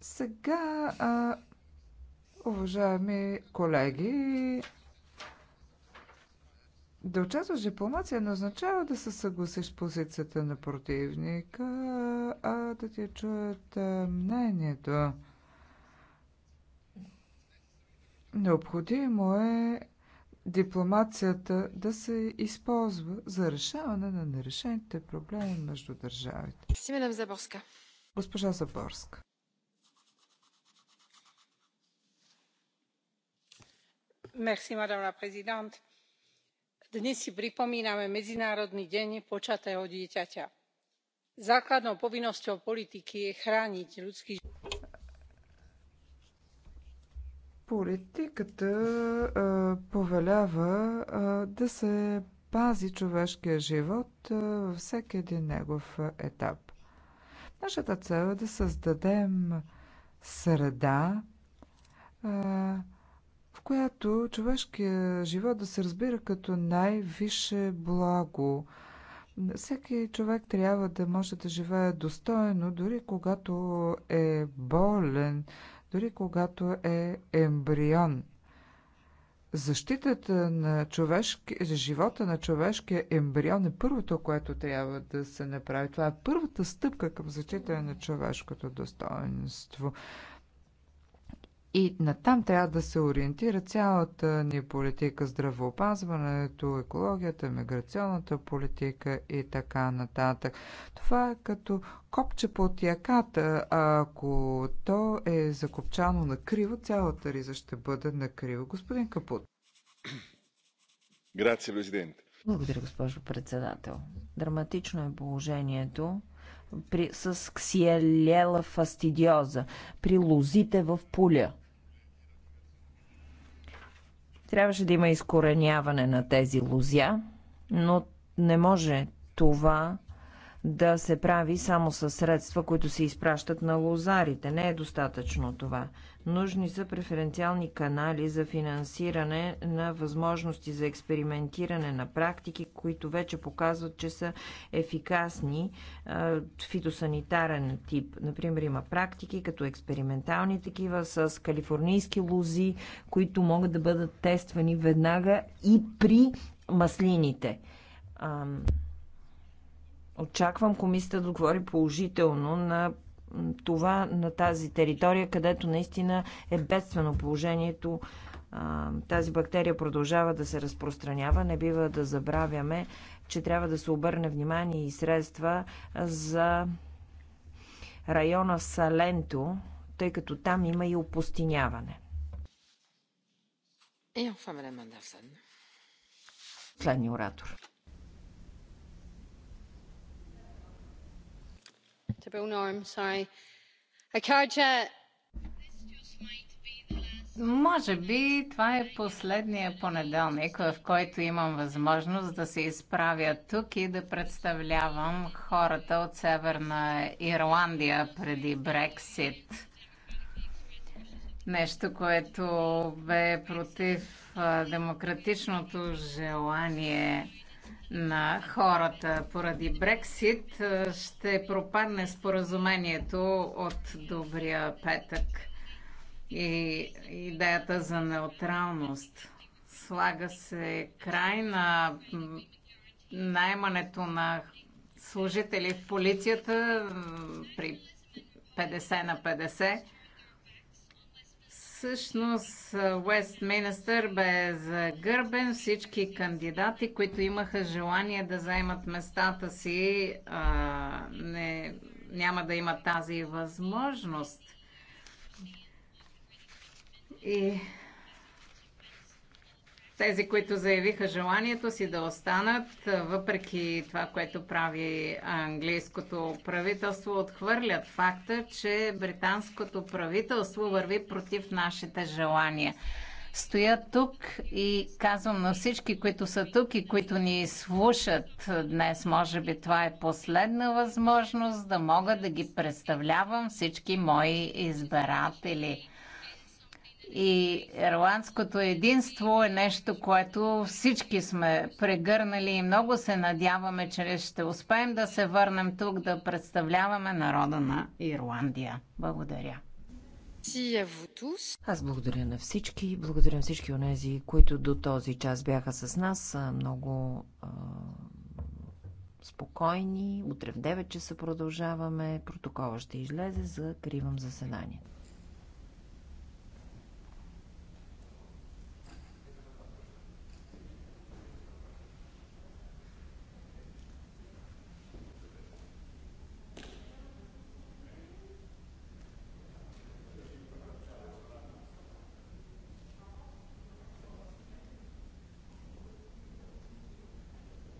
Сега, а, уважаеми колеги, да участваш в дипломация не означава да се съгласиш с позицията на противника, а да ти чуят мнението. Необходимо е дипломацията да се използва за решаване на нерешените проблеми между държавите. Госпожа Заборска. vážená pani predsedajúca dnes si pripomíname medzinárodný deň počatého dieťaťa. základnou povinnosťou politiky je chrániť ľudský život която човешкия живот да се разбира като най-висше благо. Всеки човек трябва да може да живее достойно, дори когато е болен, дори когато е ембрион. Защитата на човешки, живота на човешкия ембрион е първото, което трябва да се направи. Това е първата стъпка към защита на човешкото достоинство. И натам трябва да се ориентира цялата ни политика, здравеопазването, екологията, миграционната политика и така нататък. Това е като копче под яката. Ако то е закопчано на криво, цялата риза ще бъде на криво. Господин Капут. Грация, президент. Благодаря, госпожо председател. Драматично е положението при, с ксиелела фастидиоза, при лозите в пуля. Трябваше да има изкореняване на тези лузя, но не може това да се прави само със средства, които се изпращат на лозарите. Не е достатъчно това. Нужни са преференциални канали за финансиране на възможности за експериментиране на практики, които вече показват, че са ефикасни фитосанитарен тип. Например, има практики като експериментални такива с калифорнийски лози, които могат да бъдат тествани веднага и при маслините. Очаквам комисията да отговори положително на това на тази територия, където наистина е бедствено положението. Тази бактерия продължава да се разпространява. Не бива да забравяме, че трябва да се обърне внимание и средства за района Саленто, тъй като там има и опустиняване. И enfin, Андерсен. оратор. Може би това е последния понеделник, в който имам възможност да се изправя тук и да представлявам хората от Северна Ирландия преди Брексит. Нещо, което бе против демократичното желание на хората поради Брексит е, ще пропадне споразумението от добрия петък и идеята за неутралност. Слага се край на наймането на служители в полицията при 50 на 50 Всъщност е, Уестминстър бе загърбен. Всички кандидати, които имаха желание да заемат местата си, не, няма да имат тази възможност. И тези, които заявиха желанието си да останат, въпреки това, което прави английското правителство, отхвърлят факта, че британското правителство върви против нашите желания. Стоя тук и казвам на всички, които са тук и които ни слушат днес, може би това е последна възможност да мога да ги представлявам всички мои избиратели и ирландското единство е нещо, което всички сме прегърнали и много се надяваме, че ще успеем да се върнем тук да представляваме народа на Ирландия. Благодаря. Аз благодаря на всички. Благодаря на всички онези, които до този час бяха с нас. Много а, спокойни. Утре в 9 часа продължаваме. Протокола ще излезе. Закривам заседанието.